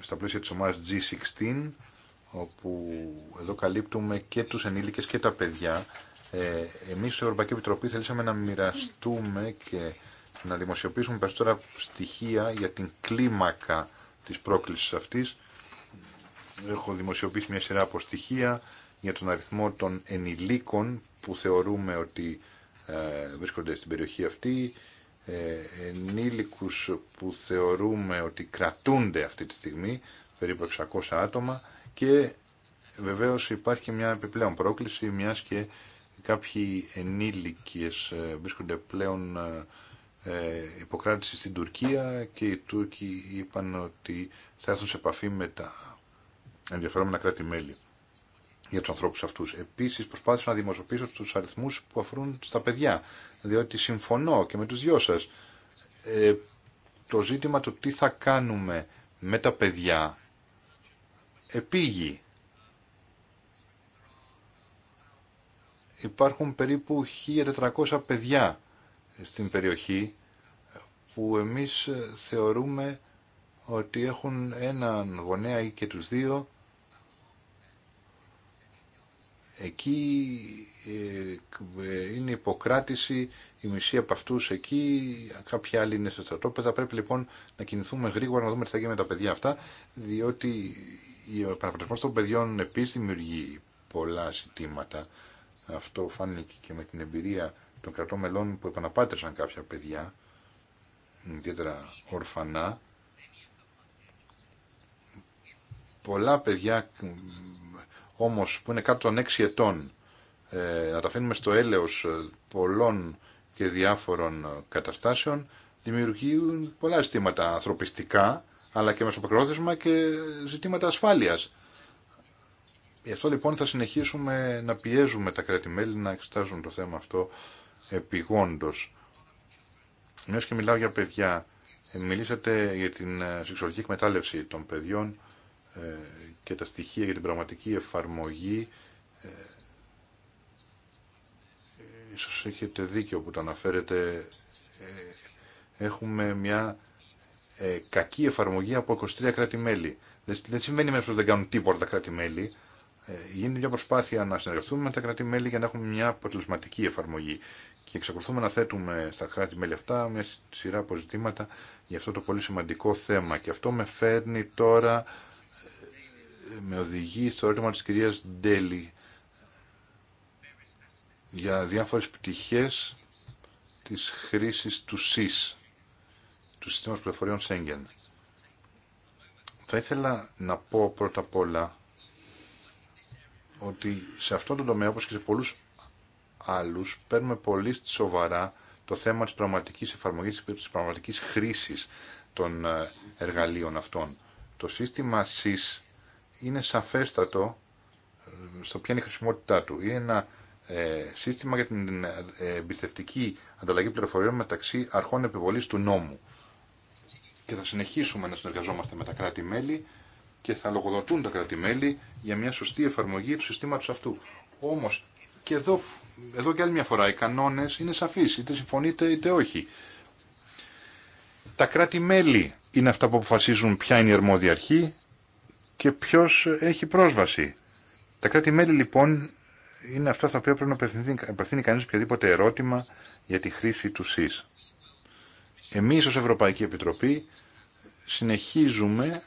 στα πλαίσια της ομάδας G16 όπου εδώ καλύπτουμε και τους ενήλικες και τα παιδιά. Ε, εμείς στην Ευρωπαϊκή Επιτροπή θέλησαμε να μοιραστούμε και να δημοσιοποιήσουμε περισσότερα στοιχεία για την κλίμακα της πρόκλησης αυτής. Έχω δημοσιοποιήσει μια σειρά από στοιχεία για τον αριθμό των ενηλίκων που θεωρούμε ότι ε, βρίσκονται στην περιοχή αυτή, ε, ενήλικους που θεωρούμε ότι κρατούνται αυτή τη στιγμή, περίπου 600 άτομα και βεβαίως υπάρχει μια επιπλέον πρόκληση μιας και κάποιοι ενήλικες ε, βρίσκονται πλέον ε, υποκράτηση στην Τουρκία και οι Τούρκοι είπαν ότι θα έρθουν σε επαφή με τα ενδιαφερόμενα κράτη-μέλη για τους ανθρώπους αυτούς. Επίσης προσπάθησα να δημοσιοποιήσω τους αριθμούς που αφορούν στα παιδιά, διότι συμφωνώ και με τους δυο σα ε, το ζήτημα του τι θα κάνουμε με τα παιδιά επίγει. Υπάρχουν περίπου 1.400 παιδιά στην περιοχή που εμείς θεωρούμε ότι έχουν έναν γονέα ή και τους δύο Εκεί ε, ε, είναι υποκράτηση, η μισή από αυτού εκεί, κάποιοι άλλοι είναι σε στρατόπεδα. Πρέπει λοιπόν να κινηθούμε γρήγορα να δούμε τι θα γίνει με τα παιδιά αυτά, διότι ο επαναπατρισμό των παιδιών επίση δημιουργεί πολλά ζητήματα. Αυτό φάνηκε και με την εμπειρία των κρατών μελών που επαναπάτρισαν κάποια παιδιά, ιδιαίτερα ορφανά. Πολλά παιδιά όμως που είναι κάτω των 6 ετών ε, να τα αφήνουμε στο έλεος ε, πολλών και διάφορων ε, καταστάσεων δημιουργούν πολλά ζητήματα ανθρωπιστικά αλλά και προκρόθεσμα και ζητήματα ασφάλειας. Γι' αυτό λοιπόν θα συνεχίσουμε να πιέζουμε τα κράτη-μέλη να εξετάζουν το θέμα αυτό επιγόντως. Μιας και μιλάω για παιδιά, ε, μιλήσατε για την σεξουαλική εκμετάλλευση των παιδιών ε, και τα στοιχεία για την πραγματική εφαρμογή ε, ίσως έχετε δίκιο που το αναφέρετε ε, έχουμε μια ε, κακή εφαρμογή από 23 κράτη-μέλη. Δεν, δεν σημαίνει μέσα ότι δεν κάνουν τίποτα τα κράτη-μέλη. Ε, γίνεται μια προσπάθεια να συνεργαστούμε με τα κράτη-μέλη για να έχουμε μια αποτελεσματική εφαρμογή. Και εξακολουθούμε να θέτουμε στα κράτη-μέλη αυτά μια σειρά αποζητήματα για αυτό το πολύ σημαντικό θέμα. Και αυτό με φέρνει τώρα με οδηγεί στο ερώτημα της κυρίας Ντέλη για διάφορες πτυχές της χρήσης του ΣΥΣ, του Συστήματος Πληροφοριών Σέγγεν. Θα ήθελα να πω πρώτα απ' όλα ότι σε αυτόν τον τομέα, όπως και σε πολλούς άλλους, παίρνουμε πολύ σοβαρά το θέμα της πραγματικής εφαρμογής, της πραγματικής χρήσης των ε, εργαλείων αυτών. Το σύστημα ΣΥΣ είναι σαφέστατο στο ποια είναι η χρησιμότητά του. Είναι ένα ε, σύστημα για την ε, εμπιστευτική ανταλλαγή πληροφοριών μεταξύ αρχών επιβολής του νόμου. Και θα συνεχίσουμε να συνεργαζόμαστε με τα κράτη-μέλη και θα λογοδοτούν τα κράτη-μέλη για μια σωστή εφαρμογή του συστήματος αυτού. Όμως και εδώ, εδώ και άλλη μια φορά οι κανόνες είναι σαφείς, είτε συμφωνείτε είτε όχι. Τα κράτη-μέλη είναι αυτά που αποφασίζουν ποια είναι η αρμόδια αρχή, και ποιο έχει πρόσβαση. Τα κράτη-μέλη λοιπόν είναι αυτά στα οποία πρέπει να απευθύνει κανείς οποιαδήποτε ερώτημα για τη χρήση του ΣΥΣ. Εμείς ως Ευρωπαϊκή Επιτροπή συνεχίζουμε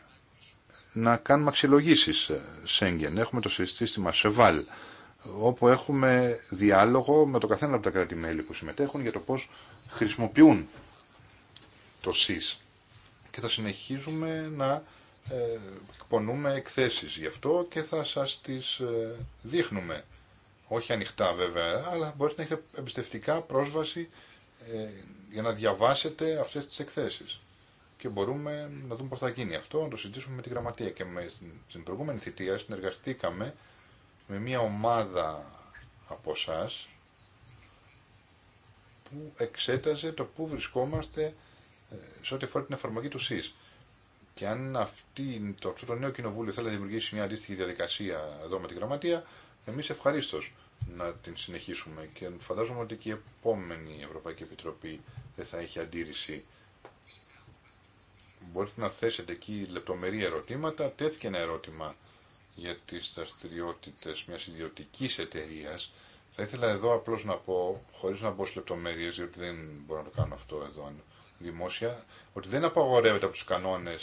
να κάνουμε αξιολογήσεις ε, Σέγγεν. Έχουμε το σύστημα ΣΕΒΑΛ, όπου έχουμε διάλογο με το καθένα από τα κράτη-μέλη που συμμετέχουν για το πώ χρησιμοποιούν το ΣΥΣ. Και θα συνεχίζουμε να ε, εκπονούμε εκθέσεις γι' αυτό και θα σας τις ε, δείχνουμε. Όχι ανοιχτά βέβαια, αλλά μπορείτε να έχετε εμπιστευτικά πρόσβαση ε, για να διαβάσετε αυτές τις εκθέσεις. Και μπορούμε να δούμε πώς θα γίνει αυτό, να το συζητήσουμε με τη γραμματεία. Και με, στην προηγούμενη θητεία συνεργαστήκαμε με μια ομάδα από εσά που εξέταζε το πού βρισκόμαστε σε ό,τι αφορά την εφαρμογή του ΣΥΣ. Και αν το, αυτό το νέο κοινοβούλιο θέλει να δημιουργήσει μια αντίστοιχη διαδικασία εδώ με την γραμματεία, εμεί ευχαρίστω να την συνεχίσουμε. Και φαντάζομαι ότι και η επόμενη Ευρωπαϊκή Επιτροπή δεν θα έχει αντίρρηση. Μπορείτε να θέσετε εκεί λεπτομερή ερωτήματα. Τέθηκε ένα ερώτημα για τι δραστηριότητε μια ιδιωτική εταιρεία. Θα ήθελα εδώ απλώ να πω, χωρί να μπω σε λεπτομέρειε, διότι δεν μπορώ να το κάνω αυτό εδώ δημόσια, ότι δεν απαγορεύεται από του κανόνε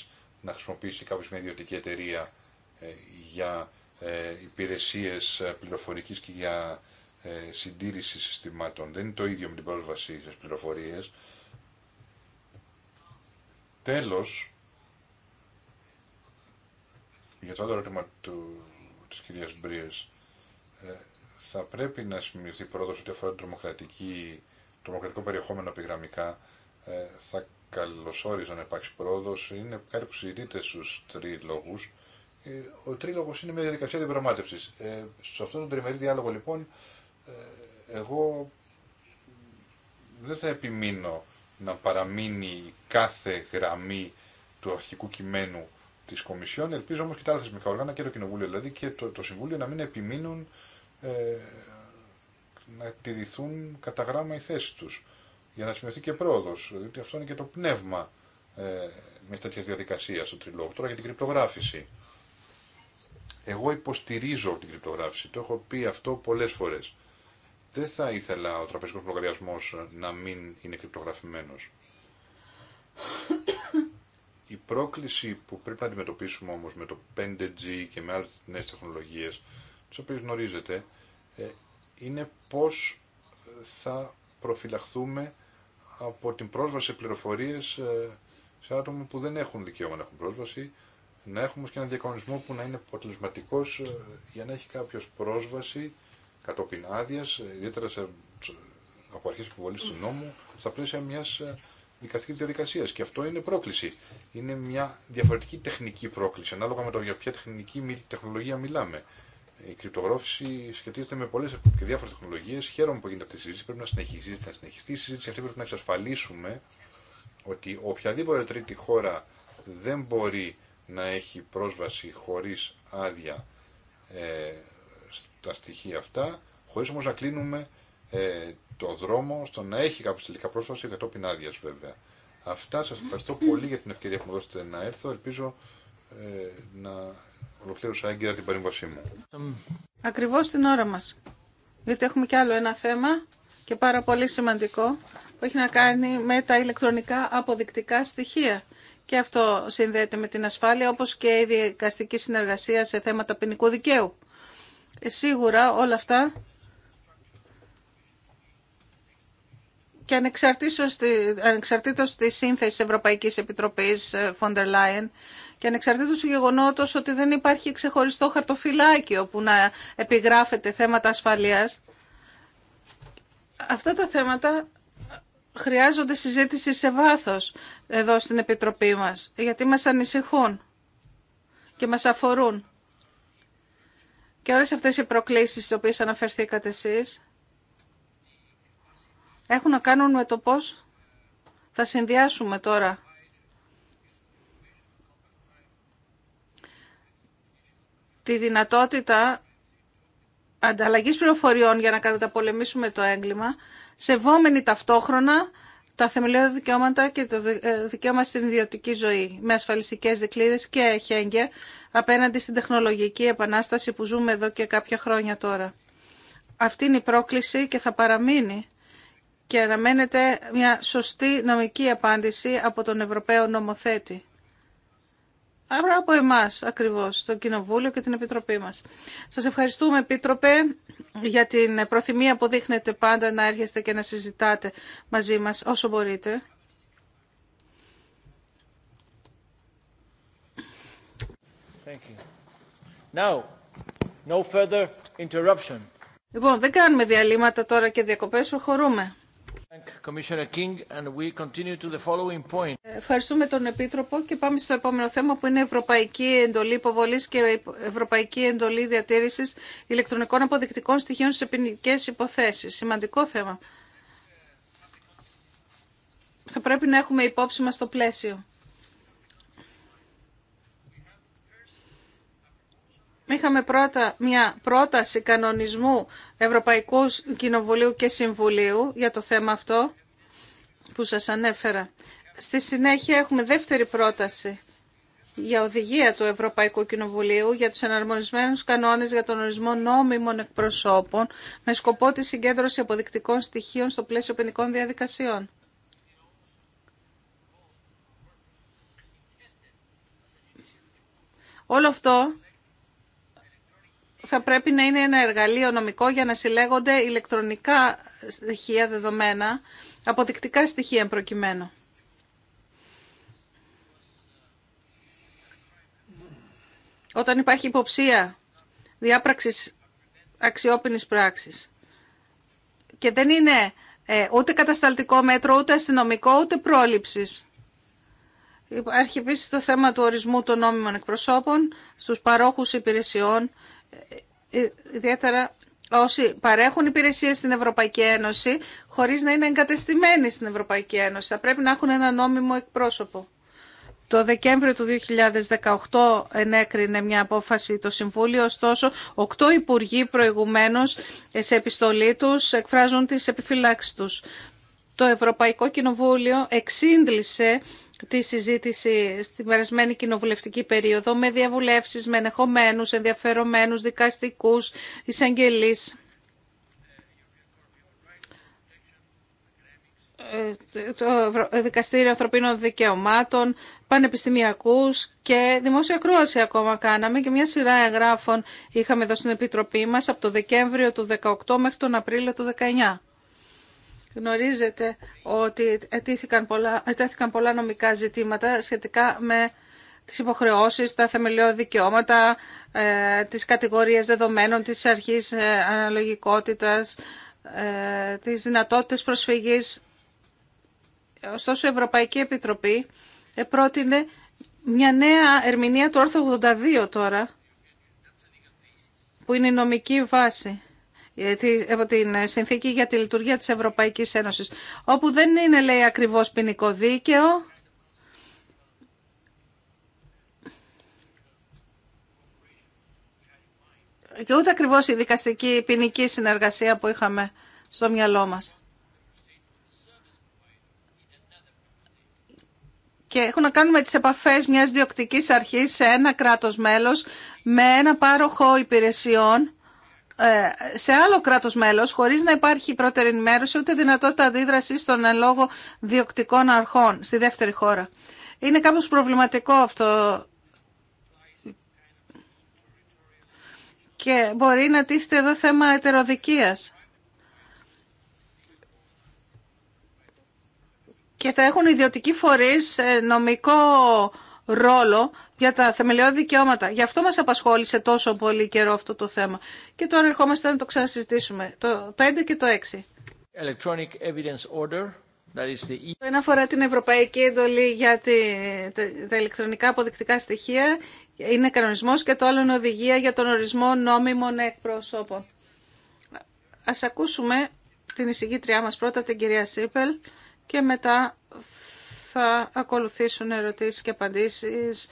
να χρησιμοποιήσει κάποιος μια ιδιωτική εταιρεία ε, για ε, υπηρεσίες ε, πληροφορικής και για συντήρηση συστημάτων. Δεν είναι το ίδιο με την πρόσβαση στι πληροφορίες. Τέλος, για το άλλο ερώτημα του, της κυρίας Μπρίες, θα πρέπει να σημειωθεί πρόοδος ότι αφορά το τρομοκρατικό περιεχόμενο επιγραμμικά. θα να υπάρξει πρόοδο είναι κάτι που συζητείται στους τρίλογου. Ε, ο τρίλογο είναι μια διαδικασία διαπραγμάτευση. Ε, σε αυτόν τον τριμερή διάλογο λοιπόν, ε, εγώ δεν θα επιμείνω να παραμείνει κάθε γραμμή του αρχικού κειμένου τη Κομισιόν. Ελπίζω όμω και τα άλλα θεσμικά οργάνα και το Κοινοβούλιο δηλαδή και το, το Συμβούλιο να μην επιμείνουν ε, να τηρηθούν κατά γράμμα οι θέσει του για να σημειωθεί και πρόοδο. Διότι αυτό είναι και το πνεύμα ε, μια τέτοια διαδικασία του τριλόγου. Τώρα για την κρυπτογράφηση. Εγώ υποστηρίζω την κρυπτογράφηση. Το έχω πει αυτό πολλέ φορέ. Δεν θα ήθελα ο τραπεζικό λογαριασμό να μην είναι κρυπτογραφημένο. Η πρόκληση που πρέπει να αντιμετωπίσουμε όμως με το 5G και με άλλες νέες τεχνολογίες, τις οποίες γνωρίζετε, ε, είναι πώς θα προφυλαχθούμε από την πρόσβαση σε πληροφορίες ε, σε άτομα που δεν έχουν δικαίωμα να έχουν πρόσβαση, να έχουμε και έναν διακονονισμό που να είναι αποτελεσματικό ε, για να έχει κάποιο πρόσβαση κατόπιν άδεια, ιδιαίτερα σε, από αρχέ υποβολή του νόμου, στα πλαίσια μια ε, δικαστική διαδικασία. Και αυτό είναι πρόκληση. Είναι μια διαφορετική τεχνική πρόκληση, ανάλογα με το για ποια τεχνική τεχνολογία μιλάμε. Η κρυπτογράφηση σχετίζεται με πολλέ και διάφορε τεχνολογίε. Χαίρομαι που γίνεται αυτή η συζήτηση. Πρέπει να συνεχιστεί, Θα συνεχιστεί η συζήτηση αυτή. Πρέπει να εξασφαλίσουμε ότι οποιαδήποτε τρίτη χώρα δεν μπορεί να έχει πρόσβαση χωρί άδεια ε, στα στοιχεία αυτά, χωρί όμω να κλείνουμε ε, το δρόμο στο να έχει κάποιο τελικά πρόσβαση κατόπιν άδεια βέβαια. Αυτά Σα ευχαριστώ πολύ για την ευκαιρία που μου δώσετε να έρθω. Ελπίζω ε, να ολοκλήρωσα έγκυρα την μου. Ακριβώς την ώρα μας. Γιατί έχουμε κι άλλο ένα θέμα και πάρα πολύ σημαντικό που έχει να κάνει με τα ηλεκτρονικά αποδεικτικά στοιχεία. Και αυτό συνδέεται με την ασφάλεια όπως και η δικαστική συνεργασία σε θέματα ποινικού δικαίου. Ε, σίγουρα όλα αυτά και ανεξαρτήτως της σύνθεσης Ευρωπαϊκής Επιτροπής Φοντερ Λάιεν και ανεξαρτήτως του γεγονότος ότι δεν υπάρχει ξεχωριστό χαρτοφυλάκιο που να επιγράφεται θέματα ασφαλείας, αυτά τα θέματα χρειάζονται συζήτηση σε βάθος εδώ στην Επιτροπή μας, γιατί μας ανησυχούν και μας αφορούν. Και όλες αυτές οι προκλήσεις στις οποίες αναφερθήκατε εσείς έχουν να κάνουν με το πώς θα συνδυάσουμε τώρα τη δυνατότητα ανταλλαγής πληροφοριών για να καταπολεμήσουμε το έγκλημα, σεβόμενοι ταυτόχρονα τα θεμελιώδη δικαιώματα και το ε, δικαίωμα στην ιδιωτική ζωή με ασφαλιστικές δικλείδες και χέγγια απέναντι στην τεχνολογική επανάσταση που ζούμε εδώ και κάποια χρόνια τώρα. Αυτή είναι η πρόκληση και θα παραμείνει και αναμένεται μια σωστή νομική απάντηση από τον Ευρωπαίο νομοθέτη αλλά από εμάς ακριβώς, το Κοινοβούλιο και την Επιτροπή μας. Σας ευχαριστούμε Επίτροπε για την προθυμία που δείχνετε πάντα να έρχεστε και να συζητάτε μαζί μας όσο μπορείτε. Now, no Λοιπόν, δεν κάνουμε διαλύματα τώρα και διακοπές, προχωρούμε. Ευχαριστούμε τον Επίτροπο και πάμε στο επόμενο θέμα που είναι Ευρωπαϊκή Εντολή Υποβολή και Ευρωπαϊκή Εντολή Διατήρηση Ηλεκτρονικών Αποδεικτικών Στοιχείων σε ποινικέ υποθέσει. Σημαντικό θέμα. Θα πρέπει να έχουμε υπόψη μα το πλαίσιο. Είχαμε πρώτα μια πρόταση κανονισμού Ευρωπαϊκού Κοινοβουλίου και Συμβουλίου για το θέμα αυτό που σας ανέφερα. Στη συνέχεια έχουμε δεύτερη πρόταση για οδηγία του Ευρωπαϊκού Κοινοβουλίου για τους εναρμονισμένους κανόνες για τον ορισμό νόμιμων εκπροσώπων με σκοπό τη συγκέντρωση αποδεικτικών στοιχείων στο πλαίσιο ποινικών διαδικασιών. Όλο αυτό θα πρέπει να είναι ένα εργαλείο νομικό για να συλλέγονται ηλεκτρονικά στοιχεία δεδομένα, αποδεικτικά στοιχεία προκειμένου. Όταν υπάρχει υποψία διάπραξης αξιόπινης πράξης και δεν είναι ε, ούτε κατασταλτικό μέτρο, ούτε αστυνομικό, ούτε πρόληψης. Υπάρχει επίση το θέμα του ορισμού των νόμιμων εκπροσώπων στους παρόχους υπηρεσιών ε, ε, ιδιαίτερα όσοι παρέχουν υπηρεσίες στην Ευρωπαϊκή Ένωση χωρίς να είναι εγκατεστημένοι στην Ευρωπαϊκή Ένωση. Θα πρέπει να έχουν ένα νόμιμο εκπρόσωπο. Το Δεκέμβριο του 2018 ενέκρινε μια απόφαση το Συμβούλιο, ωστόσο οκτώ υπουργοί προηγουμένως σε επιστολή τους εκφράζουν τις επιφυλάξεις τους. Το Ευρωπαϊκό Κοινοβούλιο εξύντλησε τη συζήτηση στην περασμένη κοινοβουλευτική περίοδο με διαβουλεύσεις με ενεχομένου, ενδιαφερομένους, δικαστικούς, εισαγγελεί. Ε, το Δικαστήριο Ανθρωπίνων Δικαιωμάτων, πανεπιστημιακούς και δημόσια κρούαση ακόμα κάναμε και μια σειρά εγγράφων είχαμε εδώ στην Επιτροπή μας από το Δεκέμβριο του 18 μέχρι τον Απρίλιο του 19. Γνωρίζετε ότι ετέθηκαν πολλά, πολλά νομικά ζητήματα σχετικά με τις υποχρεώσεις, τα θεμελιώδη δικαιώματα, ε, τις κατηγορίες δεδομένων, της αρχής ε, αναλογικότητας, ε, τις δυνατότητες προσφυγής. Ωστόσο, η Ευρωπαϊκή Επιτροπή ε, πρότεινε μια νέα ερμηνεία του άρθρου 82 τώρα, που είναι η νομική βάση. Ε, από την ε, Συνθήκη για τη Λειτουργία της Ευρωπαϊκής Ένωσης, όπου δεν είναι, λέει, ακριβώς ποινικό δίκαιο. Και ούτε ακριβώς η δικαστική ποινική συνεργασία που είχαμε στο μυαλό μας. και έχουν να κάνουν με τις επαφές μιας διοκτικής αρχής σε ένα κράτος μέλος με ένα πάροχο υπηρεσιών ε, σε άλλο κράτος μέλος χωρίς να υπάρχει πρώτερη ενημέρωση ούτε δυνατότητα αντίδρασης των εν λόγω διοκτικών αρχών στη δεύτερη χώρα. Είναι κάπως προβληματικό αυτό και μπορεί να τίθεται εδώ θέμα ετεροδικίας. Και θα έχουν ιδιωτικοί φορείς ε, νομικό ρόλο για τα θεμελιώδη δικαιώματα. Γι' αυτό μας απασχόλησε τόσο πολύ καιρό αυτό το θέμα. Και τώρα ερχόμαστε να το ξανασυζητήσουμε. Το 5 και το 6. E. Το ένα αφορά την Ευρωπαϊκή Εντολή για τη, τα, τα ηλεκτρονικά αποδεικτικά στοιχεία. Είναι κανονισμός και το άλλο είναι οδηγία για τον ορισμό νόμιμων εκπροσώπων. Ας ακούσουμε την εισηγήτριά μας πρώτα, την κυρία Σίπελ, και μετά θα ακολουθήσουν ερωτήσεις και απαντήσεις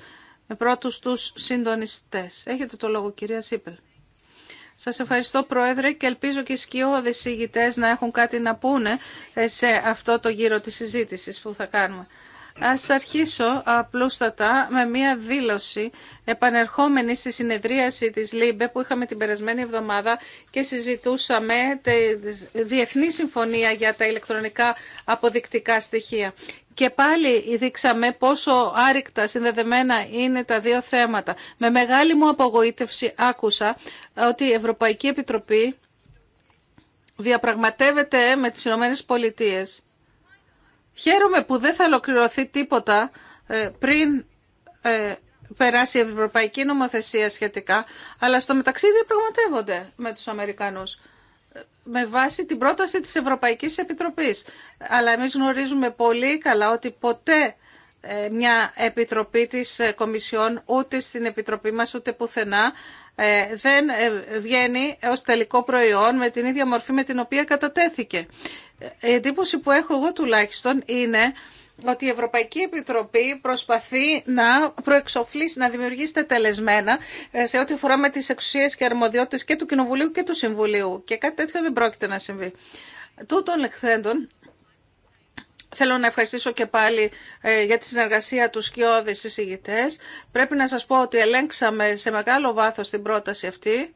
με πρώτους τους συντονιστές. Έχετε το λόγο κυρία Σίπελ. Σας ευχαριστώ Πρόεδρε και ελπίζω και οι σκιώδες να έχουν κάτι να πούνε ε, σε αυτό το γύρο της συζήτησης που θα κάνουμε. Ας αρχίσω απλούστατα με μία δήλωση επανερχόμενη στη συνεδρίαση της ΛΥΜΠΕ που είχαμε την περασμένη εβδομάδα και συζητούσαμε τη Διεθνή Συμφωνία για τα ηλεκτρονικά αποδεικτικά στοιχεία. Και πάλι δείξαμε πόσο άρρηκτα συνδεδεμένα είναι τα δύο θέματα. Με μεγάλη μου απογοήτευση άκουσα ότι η Ευρωπαϊκή Επιτροπή διαπραγματεύεται με τις Ηνωμένες Πολιτείες Χαίρομαι που δεν θα ολοκληρωθεί τίποτα ε, πριν ε, περάσει η ευρωπαϊκή νομοθεσία σχετικά, αλλά στο μεταξύ διαπραγματεύονται με τους Αμερικανούς ε, με βάση την πρόταση της Ευρωπαϊκής Επιτροπής. Αλλά εμείς γνωρίζουμε πολύ καλά ότι ποτέ μια επιτροπή της Κομισιόν, ούτε στην επιτροπή μας, ούτε πουθενά, δεν βγαίνει ως τελικό προϊόν με την ίδια μορφή με την οποία κατατέθηκε η εντύπωση που έχω εγώ τουλάχιστον είναι ότι η Ευρωπαϊκή Επιτροπή προσπαθεί να προεξοφλήσει, να δημιουργήσει τα τελεσμένα ε, σε ό,τι αφορά με τις εξουσίες και αρμοδιότητες και του Κοινοβουλίου και του Συμβουλίου. Και κάτι τέτοιο δεν πρόκειται να συμβεί. Τούτων λεχθέντων, Θέλω να ευχαριστήσω και πάλι ε, για τη συνεργασία του σκιώδη ηγητές. Πρέπει να σας πω ότι ελέγξαμε σε μεγάλο βάθος την πρόταση αυτή,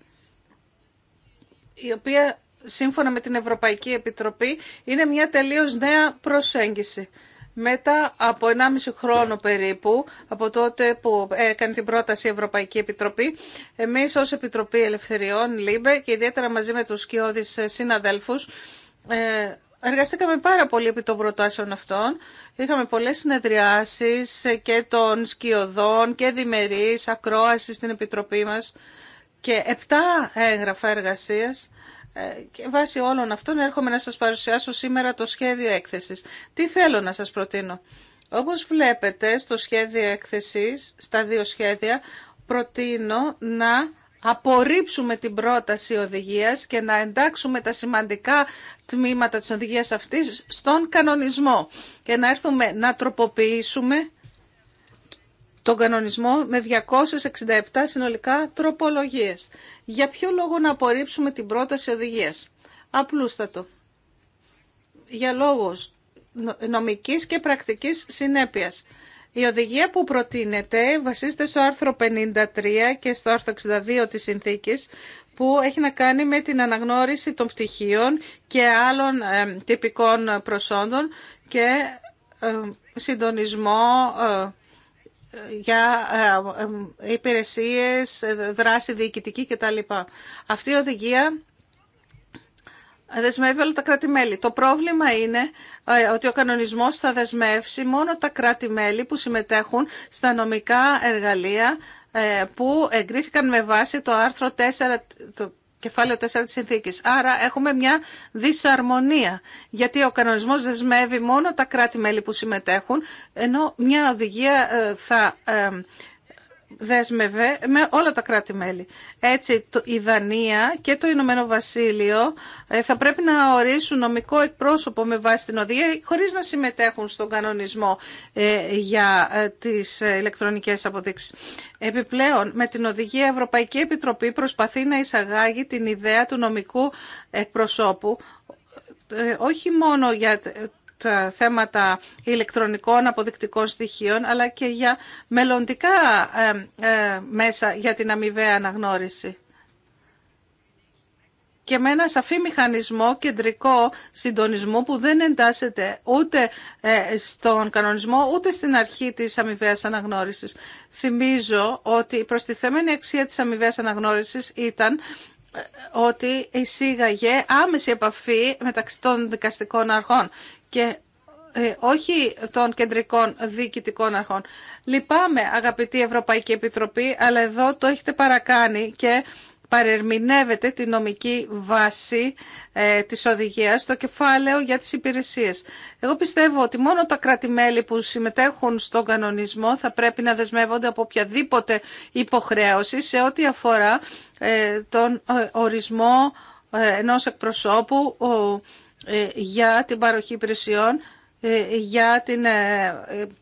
η οποία σύμφωνα με την Ευρωπαϊκή Επιτροπή, είναι μια τελείως νέα προσέγγιση. Μετά από 1,5 χρόνο περίπου, από τότε που έκανε την πρόταση η Ευρωπαϊκή Επιτροπή, εμείς ως Επιτροπή Ελευθεριών, ΛΥΜΠΕ και ιδιαίτερα μαζί με τους σκιώδεις συναδέλφους, ε, Εργαστήκαμε πάρα πολύ επί των προτάσεων αυτών. Είχαμε πολλές συνεδριάσεις και των σκιωδών και διμερείς, ακρόαση στην Επιτροπή μας και επτά έγγραφα εργασίας ε, βάσει όλων αυτών έρχομαι να σας παρουσιάσω σήμερα το σχέδιο έκθεσης. Τι θέλω να σας προτείνω. Όπως βλέπετε στο σχέδιο έκθεσης, στα δύο σχέδια, προτείνω να απορρίψουμε την πρόταση οδηγίας και να εντάξουμε τα σημαντικά τμήματα της οδηγίας αυτής στον κανονισμό και να έρθουμε να τροποποιήσουμε τον κανονισμό με 267 συνολικά τροπολογίες. Για ποιο λόγο να απορρίψουμε την πρόταση οδηγίας. Απλούστατο. Για λόγους νομικής και πρακτικής συνέπειας. Η οδηγία που προτείνεται βασίζεται στο άρθρο 53 και στο άρθρο 62 της συνθήκης που έχει να κάνει με την αναγνώριση των πτυχίων και άλλων ε, τυπικών προσόντων και συντονισμό ε, για ε, υπηρεσίες, δράση διοικητική κτλ. Αυτή η οδηγία δεσμεύει όλα τα κράτη-μέλη. Το πρόβλημα είναι ε, ότι ο κανονισμός θα δεσμεύσει μόνο τα κράτη-μέλη που συμμετέχουν στα νομικά εργαλεία ε, που εγκρίθηκαν με βάση το άρθρο 4 κεφάλαιο 4 της συνθήκης. Άρα έχουμε μια δυσαρμονία, γιατί ο κανονισμός δεσμεύει μόνο τα κράτη-μέλη που συμμετέχουν, ενώ μια οδηγία ε, θα ε, δέσμευε με όλα τα κράτη-μέλη. Έτσι, η Δανία και το Ηνωμένο Βασίλειο ε, θα πρέπει να ορίσουν νομικό εκπρόσωπο με βάση την οδηγία χωρίς να συμμετέχουν στον κανονισμό ε, για ε, τις ηλεκτρονικές αποδείξεις. Επιπλέον, με την οδηγία Ευρωπαϊκή Επιτροπή προσπαθεί να εισαγάγει την ιδέα του νομικού εκπροσώπου όχι μόνο για τα θέματα ηλεκτρονικών αποδεικτικών στοιχείων, αλλά και για μελλοντικά ε, ε, μέσα για την αμοιβαία αναγνώριση. Και με ένα σαφή μηχανισμό κεντρικό συντονισμού που δεν εντάσσεται ούτε ε, στον κανονισμό ούτε στην αρχή της αμοιβαία αναγνώρισης. Θυμίζω ότι η προστιθέμενη αξία της αμοιβαία αναγνώρισης ήταν ότι εισήγαγε άμεση επαφή μεταξύ των δικαστικών αρχών και ε, όχι των κεντρικών διοικητικών αρχών. Λυπάμαι, αγαπητή Ευρωπαϊκή Επιτροπή, αλλά εδώ το έχετε παρακάνει και παρερμηνεύετε τη νομική βάση ε, της οδηγίας στο κεφάλαιο για τις υπηρεσίες. Εγώ πιστεύω ότι μόνο τα κρατη που συμμετέχουν στον κανονισμό θα πρέπει να δεσμεύονται από οποιαδήποτε υποχρέωση σε ό,τι αφορά ε, τον ορισμό ε, ενός εκπροσώπου ο, ε, για την παροχή υπηρεσιών, ε, για την ε,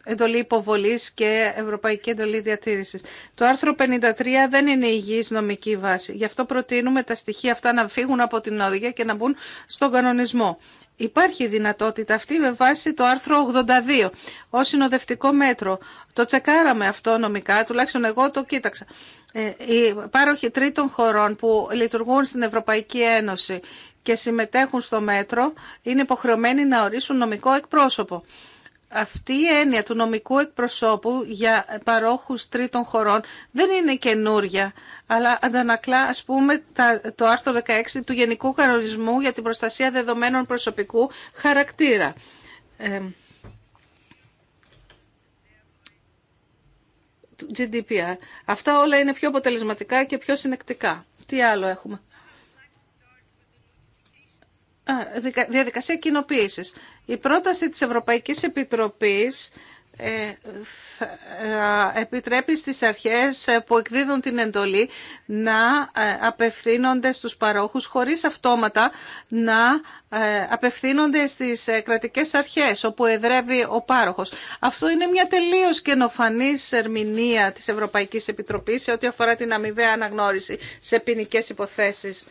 εντολή υποβολής και Ευρωπαϊκή Εντολή Διατήρησης. Το άρθρο 53 δεν είναι υγιής νομική βάση. Γι' αυτό προτείνουμε τα στοιχεία αυτά να φύγουν από την οδηγία και να μπουν στον κανονισμό. Υπάρχει δυνατότητα αυτή με βάση το άρθρο 82 ως συνοδευτικό μέτρο. Το τσεκάραμε αυτό νομικά, τουλάχιστον εγώ το κοίταξα. Ε, οι πάροχοι τρίτων χωρών που λειτουργούν στην Ευρωπαϊκή Ένωση και συμμετέχουν στο μέτρο είναι υποχρεωμένοι να ορίσουν νομικό εκπρόσωπο. Αυτή η έννοια του νομικού εκπροσώπου για παρόχους τρίτων χωρών δεν είναι καινούρια, αλλά αντανακλά ας πούμε το άρθρο 16 του Γενικού Κανονισμού για την Προστασία Δεδομένων Προσωπικού Χαρακτήρα. Ε, GDPR. Ε. Αυτά όλα είναι πιο αποτελεσματικά και πιο συνεκτικά. Τι άλλο έχουμε. Α, διαδικασία κοινοποίηση. Η πρόταση της Ευρωπαϊκής Επιτροπής ε, ε, επιτρέπει στις αρχές ε, που εκδίδουν την εντολή να απευθύνονται στους παρόχους χωρίς αυτόματα να απευθύνονται στις κρατικές αρχές όπου εδρεύει ο πάροχος. Αυτό είναι μια τελείως καινοφανή ερμηνεία της Ευρωπαϊκής Επιτροπής σε ό,τι αφορά την αμοιβαία αναγνώριση σε ποινικέ υποθέσεις.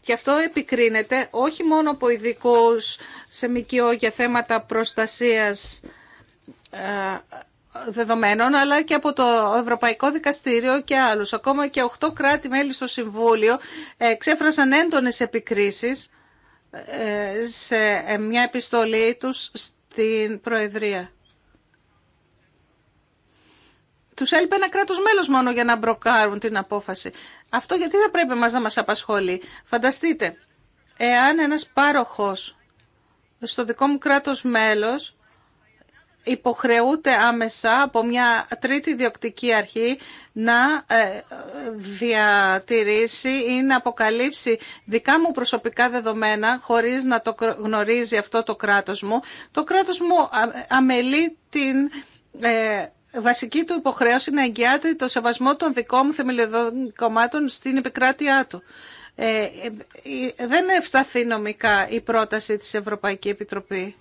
Και αυτό επικρίνεται όχι μόνο από ειδικού σε ΜΚΟ για θέματα προστασίας ε, δεδομένων, αλλά και από το Ευρωπαϊκό Δικαστήριο και άλλους. Ακόμα και 8 κράτη-μέλη στο Συμβούλιο ξέφρασαν έντονες επικρίσεις ε, σε μια επιστολή τους στην Προεδρία. Τους έλειπε ένα κράτος μέλος μόνο για να μπροκάρουν την απόφαση. Αυτό γιατί δεν πρέπει μας να μας απασχολεί. Φανταστείτε, εάν ένας πάροχος στο δικό μου κράτος μέλος υποχρεούται άμεσα από μια τρίτη διοκτική αρχή να ε, διατηρήσει ή να αποκαλύψει δικά μου προσωπικά δεδομένα χωρίς να το γνωρίζει αυτό το κράτος μου. Το κράτος μου αμελεί την ε, βασική του υποχρέωση να εγγυάται το σεβασμό των δικών μου θεμελιωδών κομμάτων στην επικράτειά του. Ε, δεν ευσταθεί νομικά η πρόταση της Ευρωπαϊκή Επιτροπή.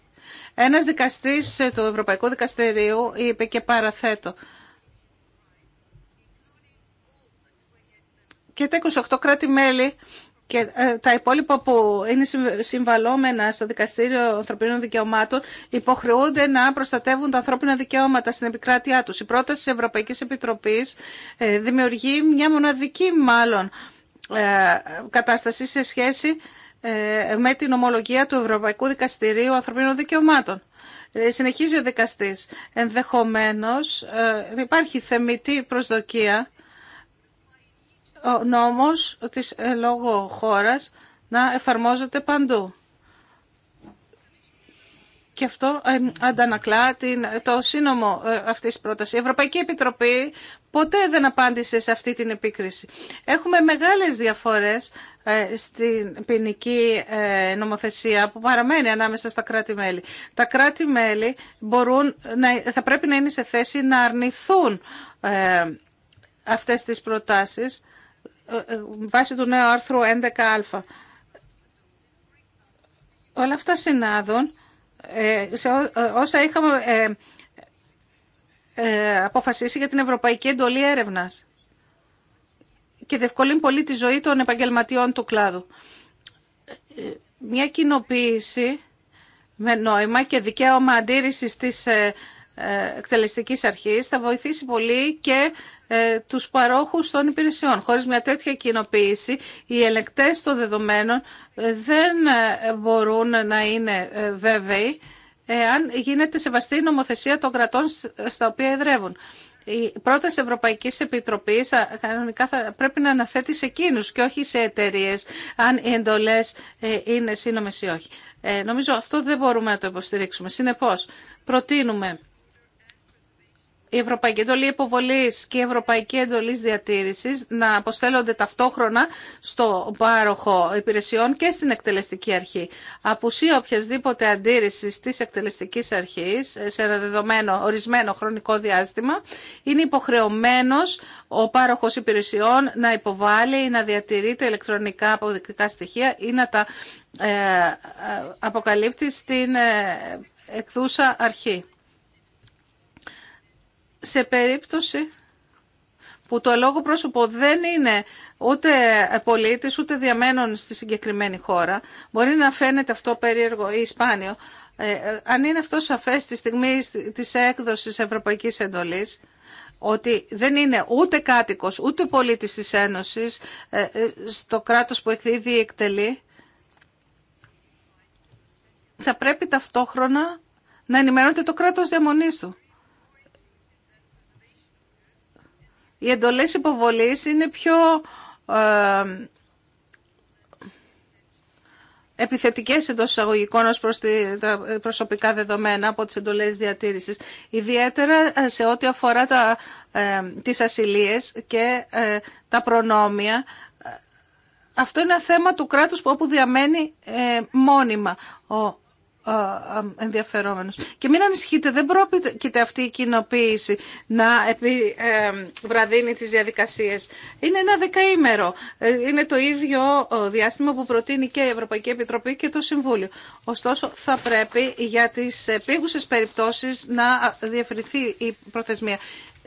Ένα δικαστή ε, του Ευρωπαϊκού Δικαστηρίου είπε και παραθέτω και τα 28 κράτη-μέλη και ε, τα υπόλοιπα που είναι συμβαλόμενα στο Δικαστήριο Ανθρωπίνων Δικαιωμάτων υποχρεούνται να προστατεύουν τα ανθρώπινα δικαιώματα στην επικράτειά τους. Η πρόταση της Ευρωπαϊκής Επιτροπής ε, δημιουργεί μια μοναδική μάλλον κατάσταση σε σχέση ε, με την ομολογία του Ευρωπαϊκού Δικαστηρίου Ανθρωπίνων Δικαιωμάτων. Ε, συνεχίζει ο δικαστής. Ενδεχομένως ε, υπάρχει θεμητή προσδοκία ο νόμος της λόγω χώρας να εφαρμόζεται παντού. Και αυτό αντανακλά το σύνομο αυτής της πρότασης. Η Ευρωπαϊκή Επιτροπή ποτέ δεν απάντησε σε αυτή την επίκριση. Έχουμε μεγάλες διαφορές ε, στην ποινική ε, νομοθεσία που παραμένει ανάμεσα στα κράτη-μέλη. Τα κράτη-μέλη θα πρέπει να είναι σε θέση να αρνηθούν ε, αυτές τις προτάσεις βάσει του νέου άρθρου 11α. Όλα αυτά συνάδουν σε όσα είχαμε ε, αποφασίσει για την Ευρωπαϊκή Εντολή Έρευνας και δευκολύνει πολύ τη ζωή των επαγγελματιών του κλάδου. Ε, μια κοινοποίηση με νόημα και δικαίωμα αντίρρησης της ε, εκτελεστικής αρχής θα βοηθήσει πολύ και τους παρόχους των υπηρεσιών. Χωρίς μια τέτοια κοινοποίηση, οι ελεκτές των δεδομένων δεν μπορούν να είναι βέβαιοι αν γίνεται σεβαστή η νομοθεσία των κρατών στα οποία εδρεύουν. Η πρώτη Ευρωπαϊκή Επιτροπή κανονικά θα πρέπει να αναθέτει σε εκείνου και όχι σε εταιρείε, αν οι εντολέ ε, είναι σύνομε ή όχι. Ε, νομίζω αυτό δεν μπορούμε να το υποστηρίξουμε. Συνεπώ, προτείνουμε η Ευρωπαϊκή Εντολή Υποβολή και η Ευρωπαϊκή Εντολή Διατήρησης να αποστέλλονται ταυτόχρονα στο πάροχο υπηρεσιών και στην εκτελεστική αρχή. Απουσία οποιασδήποτε αντίρρηση τη εκτελεστικής αρχής σε ένα δεδομένο ορισμένο χρονικό διάστημα είναι υποχρεωμένος ο πάροχος υπηρεσιών να υποβάλει ή να διατηρείται ηλεκτρονικά αποδεικτικά στοιχεία ή να τα ε, ε, αποκαλύπτει στην ε, εκδούσα αρχή σε περίπτωση που το λόγο πρόσωπο δεν είναι ούτε πολίτης ούτε διαμένων στη συγκεκριμένη χώρα, μπορεί να φαίνεται αυτό περίεργο ή σπάνιο, ε, ε, αν είναι αυτό σαφές τη στιγμή της έκδοσης Ευρωπαϊκής Εντολής, ότι δεν είναι ούτε κάτοικος ούτε πολίτης της Ένωσης ε, στο κράτος που εκδίδει εκτελεί, θα πρέπει ταυτόχρονα να ενημερώνεται το κράτος διαμονής του. οι εντολές υποβολής είναι πιο ε, επιθετικές εντός εισαγωγικών ως προς τα προσωπικά δεδομένα από τις εντολές διατήρησης. Ιδιαίτερα ε, σε ό,τι αφορά τα, ε, τις ασυλίες και ε, τα προνόμια, ε, αυτό είναι ένα θέμα του κράτους που όπου διαμένει μόνιμα ο ενδιαφερόμενους. Και μην ανησυχείτε, δεν πρόκειται αυτή η κοινοποίηση να επί, ε, βραδύνει τις διαδικασίες. Είναι ένα δεκαήμερο. Ε, είναι το ίδιο διάστημα που προτείνει και η Ευρωπαϊκή Επιτροπή και το Συμβούλιο. Ωστόσο, θα πρέπει για τις επίγουσε περιπτώσεις να διευρυνθεί η προθεσμία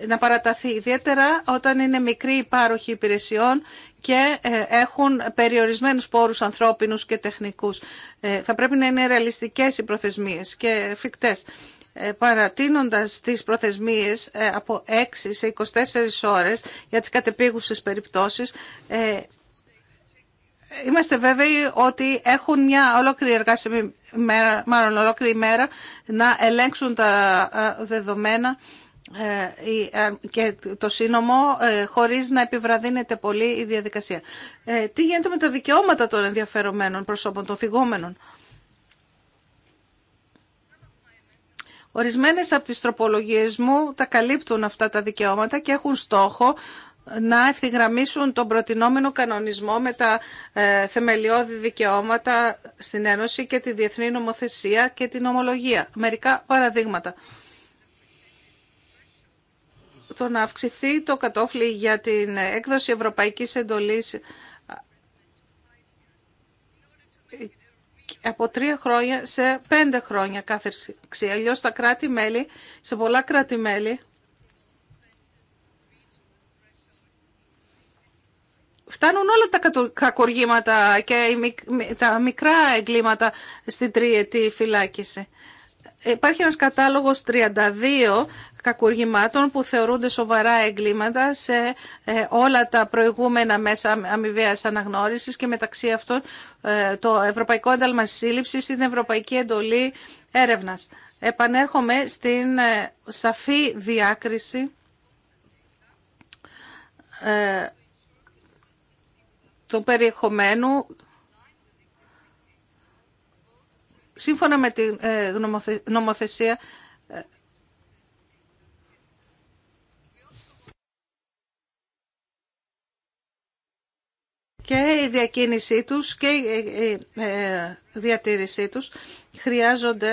να παραταθεί, ιδιαίτερα όταν είναι μικρή η υπηρεσιών και ε, έχουν περιορισμένους πόρους ανθρώπινους και τεχνικούς. Ε, θα πρέπει να είναι ρεαλιστικές οι προθεσμίες και φυκτές. Ε, παρατείνοντας τις προθεσμίες από 6 σε 24 ώρες για τις κατεπήγουσες περιπτώσεις, είμαστε βέβαιοι ότι έχουν μια ολόκληρη εργάσιμη μέρα, μάλλον ολόκληρη μέρα, να ελέγξουν τα δεδομένα ε, ε, και το σύνομο ε, χωρίς να επιβραδύνεται πολύ η διαδικασία. Τι γίνεται με τα δικαιώματα των ενδιαφερομένων προσώπων, των θυγόμενων. Ορισμένες από τις τροπολογίες μου τα καλύπτουν αυτά τα δικαιώματα και έχουν στόχο να ευθυγραμμίσουν τον προτινόμενο κανονισμό με τα θεμελιώδη δικαιώματα στην Ένωση και τη διεθνή νομοθεσία και την ομολογία. Μερικά παραδείγματα το να αυξηθεί το κατόφλι για την έκδοση ευρωπαϊκής εντολής από τρία χρόνια σε πέντε χρόνια κάθερξη. Αλλιώ τα κράτη-μέλη, σε πολλά κράτη-μέλη, φτάνουν όλα τα κακοργήματα και τα μικρά εγκλήματα στην τριετή φυλάκιση. Υπάρχει ένας κατάλογος 32 κακουργημάτων που θεωρούνται σοβαρά εγκλήματα σε ε, όλα τα προηγούμενα μέσα αμοιβαία αναγνώρισης και μεταξύ αυτών ε, το Ευρωπαϊκό Ένταλμα Σύλληψης την Ευρωπαϊκή Εντολή Έρευνας. Επανέρχομαι στην ε, σαφή διάκριση του περιεχομένου Σύμφωνα με την ε, νομοθεσία, ε, και η διακίνησή τους και η ε, διατήρησή τους χρειάζονται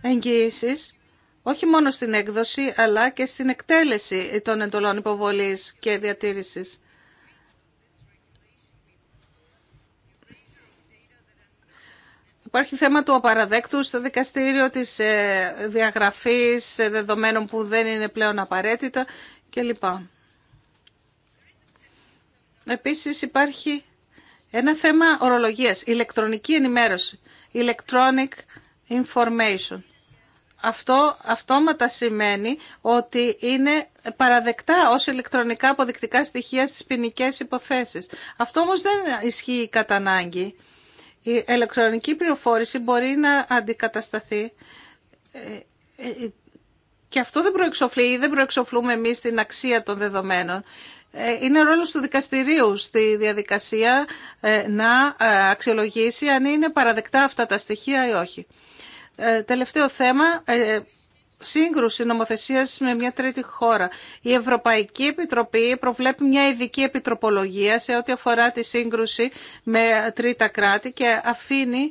εγγυήσεις όχι μόνο στην έκδοση αλλά και στην εκτέλεση των εντολών υποβολής και διατήρησης. Υπάρχει θέμα του απαραδέκτου στο δικαστήριο της ε, διαγραφής δεδομένων που δεν είναι πλέον απαραίτητα κλπ. Επίσης υπάρχει ένα θέμα ορολογίας, ηλεκτρονική ενημέρωση, electronic information. Αυτό αυτόματα σημαίνει ότι είναι παραδεκτά ως ηλεκτρονικά αποδεικτικά στοιχεία στις ποινικέ υποθέσεις. Αυτό όμως δεν ισχύει κατά ανάγκη. Η ηλεκτρονική πληροφόρηση μπορεί να αντικατασταθεί ε, ε, και αυτό δεν προεξοφλεί ή δεν προεξοφλούμε εμείς την αξία των δεδομένων. Ε, είναι ρόλος του δικαστηρίου στη διαδικασία να αξιολογήσει αν είναι παραδεκτά αυτά τα στοιχεία ή όχι. Τελευταίο θέμα, σύγκρουση νομοθεσίας με μια τρίτη χώρα. Η Ευρωπαϊκή Επιτροπή προβλέπει μια ειδική επιτροπολογία σε ό,τι αφορά τη σύγκρουση με τρίτα κράτη και αφήνει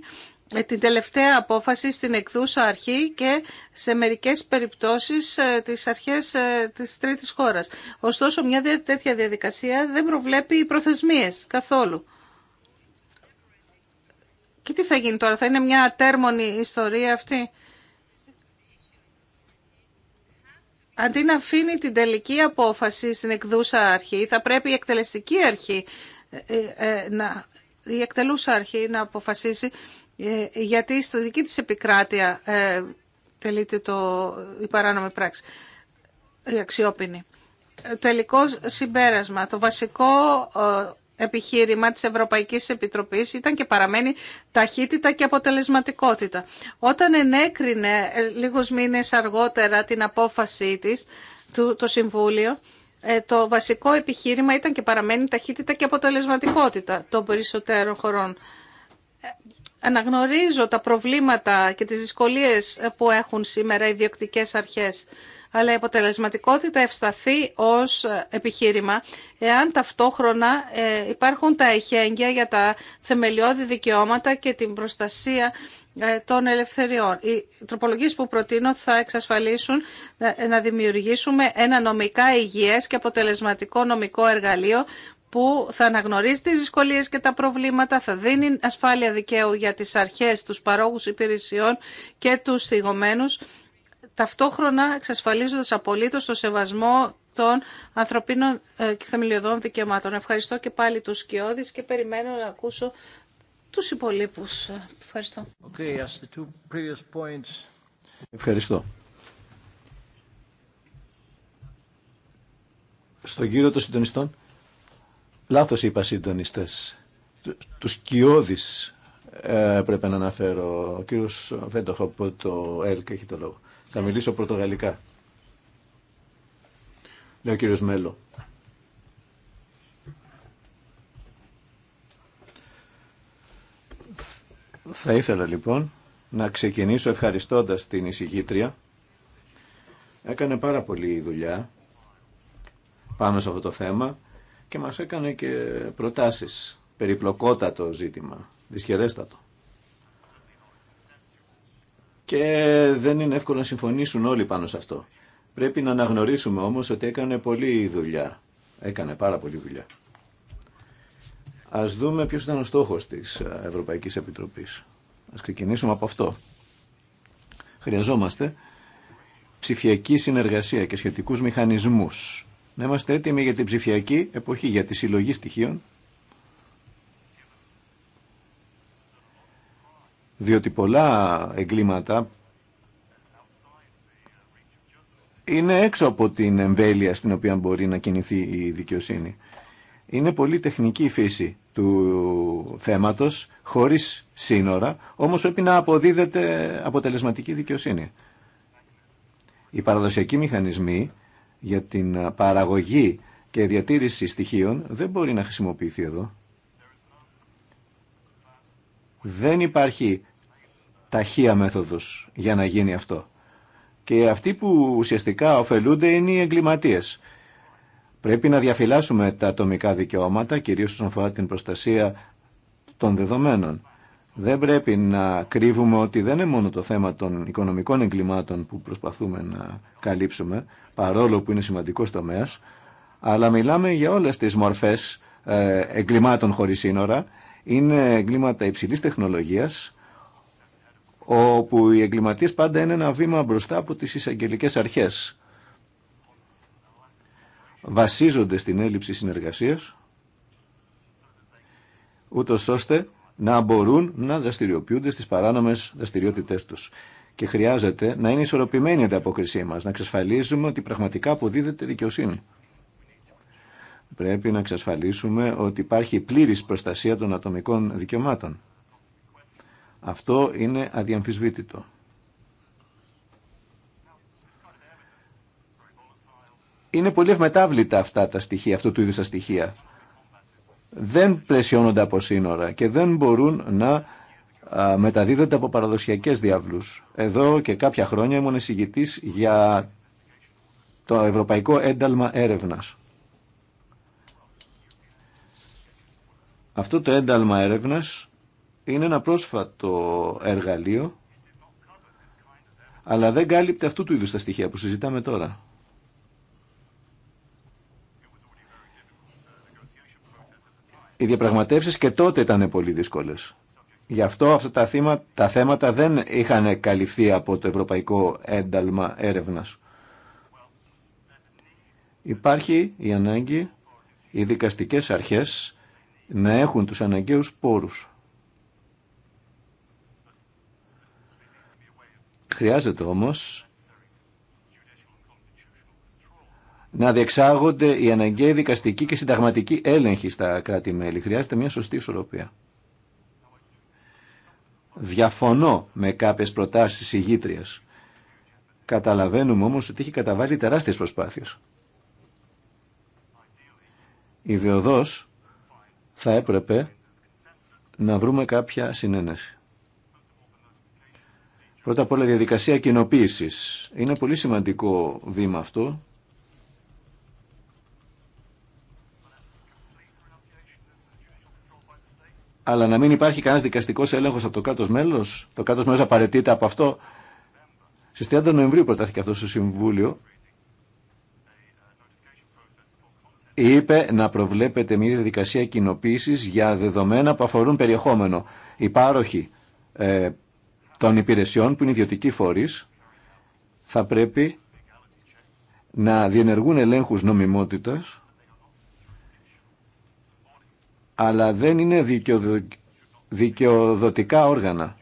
ε, την τελευταία απόφαση στην εκδούσα αρχή και σε μερικές περιπτώσεις ε, τις αρχές ε, της τρίτης χώρας. Ωστόσο, μια τέτοια διαδικασία δεν προβλέπει προθεσμίες καθόλου. Και τι θα γίνει τώρα, θα είναι μια τέρμονη ιστορία αυτή. Αντί να αφήνει την τελική απόφαση στην εκδούσα αρχή, θα πρέπει η εκτελεστική αρχή, ε, ε, να, η εκτελούσα αρχή να αποφασίσει, ε, γιατί στο δική της επικράτεια τελείται το, η παράνομη πράξη, η αξιόπινη. Τελικό συμπέρασμα. Το βασικό επιχείρημα της Ευρωπαϊκής Επιτροπής ήταν και παραμένει ταχύτητα και αποτελεσματικότητα. Όταν ενέκρινε ε, λίγους μήνες αργότερα την απόφασή της, το Συμβούλιο, ε, το βασικό επιχείρημα ήταν και παραμένει ταχύτητα και αποτελεσματικότητα των περισσότερων χωρών. Ε, αναγνωρίζω τα προβλήματα και τις δυσκολίες που έχουν σήμερα οι διοκτικές αρχές αλλά η αποτελεσματικότητα ευσταθεί ως επιχείρημα εάν ταυτόχρονα ε, υπάρχουν τα εχέγγυα για τα θεμελιώδη δικαιώματα και την προστασία ε, των ελευθεριών. Οι τροπολογίες που προτείνω θα εξασφαλίσουν ε, να δημιουργήσουμε ένα νομικά υγιές και αποτελεσματικό νομικό εργαλείο που θα αναγνωρίζει τις δυσκολίες και τα προβλήματα, θα δίνει ασφάλεια δικαίου για τις αρχές, τους παρόγους υπηρεσιών και τους θυγωμένους ταυτόχρονα εξασφαλίζοντας απολύτως το σεβασμό των ανθρωπίνων ε, και θεμελιωδών δικαιωμάτων. Ευχαριστώ και πάλι τους κιόδης και περιμένω να ακούσω τους υπολείπους. Ευχαριστώ. Okay, as the two previous points... Ευχαριστώ. Στο γύρο των συντονιστών, λάθος είπα συντονιστές. Τους κιόδης ε, πρέπει να αναφέρω. Ο κύριος Βέντοχο από το ΕΛΚ έχει το λόγο. Θα μιλήσω πρωτογαλλικά. Λέω ο κύριος Μέλο. Θα ήθελα λοιπόν να ξεκινήσω ευχαριστώντας την εισηγήτρια. Έκανε πάρα πολύ δουλειά πάνω σε αυτό το θέμα και μας έκανε και προτάσεις. Περιπλοκότατο ζήτημα, δυσχερέστατο και δεν είναι εύκολο να συμφωνήσουν όλοι πάνω σε αυτό. Πρέπει να αναγνωρίσουμε όμως ότι έκανε πολύ δουλειά. Έκανε πάρα πολύ δουλειά. Ας δούμε ποιος ήταν ο στόχος της ε, Ευρωπαϊκής Επιτροπής. Ας ξεκινήσουμε από αυτό. Χρειαζόμαστε ψηφιακή συνεργασία και σχετικούς μηχανισμούς. Να είμαστε έτοιμοι για την ψηφιακή εποχή, για τη συλλογή στοιχείων διότι πολλά εγκλήματα είναι έξω από την εμβέλεια στην οποία μπορεί να κινηθεί η δικαιοσύνη. Είναι πολύ τεχνική η φύση του θέματος, χωρίς σύνορα, όμως πρέπει να αποδίδεται αποτελεσματική δικαιοσύνη. Οι παραδοσιακοί μηχανισμοί για την παραγωγή και διατήρηση στοιχείων δεν μπορεί να χρησιμοποιηθεί εδώ. Δεν υπάρχει ταχεία μέθοδος για να γίνει αυτό. Και αυτοί που ουσιαστικά ωφελούνται είναι οι εγκληματίες. Πρέπει να διαφυλάσσουμε τα ατομικά δικαιώματα, κυρίως όσον αφορά την προστασία των δεδομένων. Δεν πρέπει να κρύβουμε ότι δεν είναι μόνο το θέμα των οικονομικών εγκλημάτων που προσπαθούμε να καλύψουμε, παρόλο που είναι σημαντικό τομέα, αλλά μιλάμε για όλες τις μορφές ε, εγκλημάτων χωρίς σύνορα είναι εγκλήματα υψηλής τεχνολογίας, όπου οι εγκληματίες πάντα είναι ένα βήμα μπροστά από τις εισαγγελικές αρχές. Βασίζονται στην έλλειψη συνεργασίας, ούτως ώστε να μπορούν να δραστηριοποιούνται στις παράνομες δραστηριότητές τους. Και χρειάζεται να είναι ισορροπημένη η ανταπόκρισή μας, να εξασφαλίζουμε ότι πραγματικά αποδίδεται δικαιοσύνη. Πρέπει να εξασφαλίσουμε ότι υπάρχει πλήρης προστασία των ατομικών δικαιωμάτων. Αυτό είναι αδιαμφισβήτητο. Είναι πολύ ευμετάβλητα αυτά τα στοιχεία, αυτού του είδους τα στοιχεία. Δεν πλαισιώνονται από σύνορα και δεν μπορούν να μεταδίδονται από παραδοσιακές διάβλους. Εδώ και κάποια χρόνια ήμουν εισηγητής για το Ευρωπαϊκό Ένταλμα Έρευνας. Αυτό το ένταλμα έρευνας είναι ένα πρόσφατο εργαλείο, αλλά δεν κάλυπτε αυτού του είδους τα στοιχεία που συζητάμε τώρα. Οι διαπραγματεύσεις και τότε ήταν πολύ δύσκολες. Γι' αυτό αυτά τα, θύμα, τα θέματα δεν είχαν καλυφθεί από το Ευρωπαϊκό Ένταλμα Έρευνας. Υπάρχει η ανάγκη οι δικαστικές αρχές να έχουν τους αναγκαίους πόρους. Χρειάζεται όμως να διεξάγονται οι αναγκαίοι δικαστικοί και συνταγματικοί έλεγχοι στα κράτη-μέλη. Χρειάζεται μια σωστή ισορροπία. Διαφωνώ με κάποιες προτάσεις ηγήτριας. Καταλαβαίνουμε όμως ότι έχει καταβάλει τεράστιες προσπάθειες. Ιδεοδός θα έπρεπε να βρούμε κάποια συνένεση. Πρώτα απ' όλα διαδικασία κοινοποίηση. Είναι πολύ σημαντικό βήμα αυτό. Αλλά να μην υπάρχει κανένα δικαστικό έλεγχο από το κάτω μέλο. Το κάτω μέλο απαραίτητα από αυτό. Στι 30 Νοεμβρίου προτάθηκε αυτό στο Συμβούλιο είπε να προβλέπεται μια διαδικασία κοινοποίηση για δεδομένα που αφορούν περιεχόμενο. Οι πάροχοι ε, των υπηρεσιών που είναι ιδιωτικοί φορεί, θα πρέπει να διενεργούν ελέγχους νομιμότητας αλλά δεν είναι δικαιοδοτικά όργανα.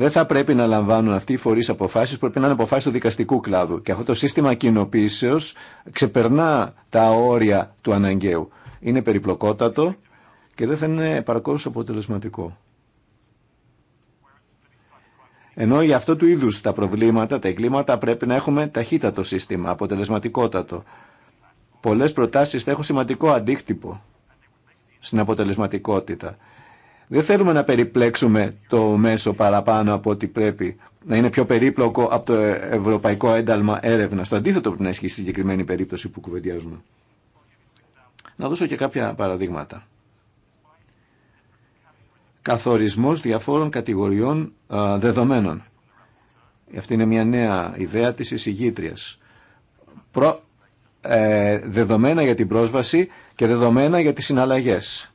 δεν θα πρέπει να λαμβάνουν αυτοί οι φορεί αποφάσει, πρέπει να είναι αποφάσει του δικαστικού κλάδου. Και αυτό το σύστημα κοινοποίησεω ξεπερνά τα όρια του αναγκαίου. Είναι περιπλοκότατο και δεν θα είναι παρακόρως αποτελεσματικό. Ενώ για αυτό του είδου τα προβλήματα, τα εγκλήματα πρέπει να έχουμε ταχύτατο σύστημα, αποτελεσματικότατο. Πολλέ προτάσει θα έχουν σημαντικό αντίκτυπο στην αποτελεσματικότητα δεν θέλουμε να περιπλέξουμε το μέσο παραπάνω από ό,τι πρέπει, να είναι πιο περίπλοκο από το ευρωπαϊκό ένταλμα έρευνα. Το αντίθετο πρέπει να ισχύει στη συγκεκριμένη περίπτωση που κουβεντιάζουμε. Να δώσω και κάποια παραδείγματα. Καθορισμός διαφόρων κατηγοριών δεδομένων. Αυτή είναι μια νέα ιδέα της εισηγήτριας. Προ, ε, δεδομένα για την πρόσβαση και δεδομένα για τις συναλλαγές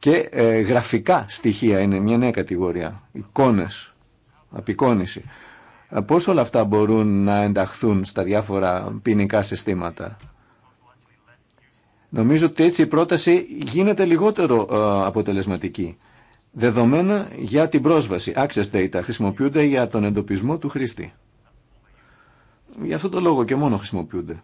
και ε, γραφικά στοιχεία είναι μια νέα κατηγορία, εικόνες, απεικόνηση. Ε, πώς όλα αυτά μπορούν να ενταχθούν στα διάφορα ποινικά συστήματα. Νομίζω ότι έτσι η πρόταση γίνεται λιγότερο ε, αποτελεσματική. Δεδομένα για την πρόσβαση, access data, χρησιμοποιούνται για τον εντοπισμό του χρήστη. Γι' αυτό το λόγο και μόνο χρησιμοποιούνται.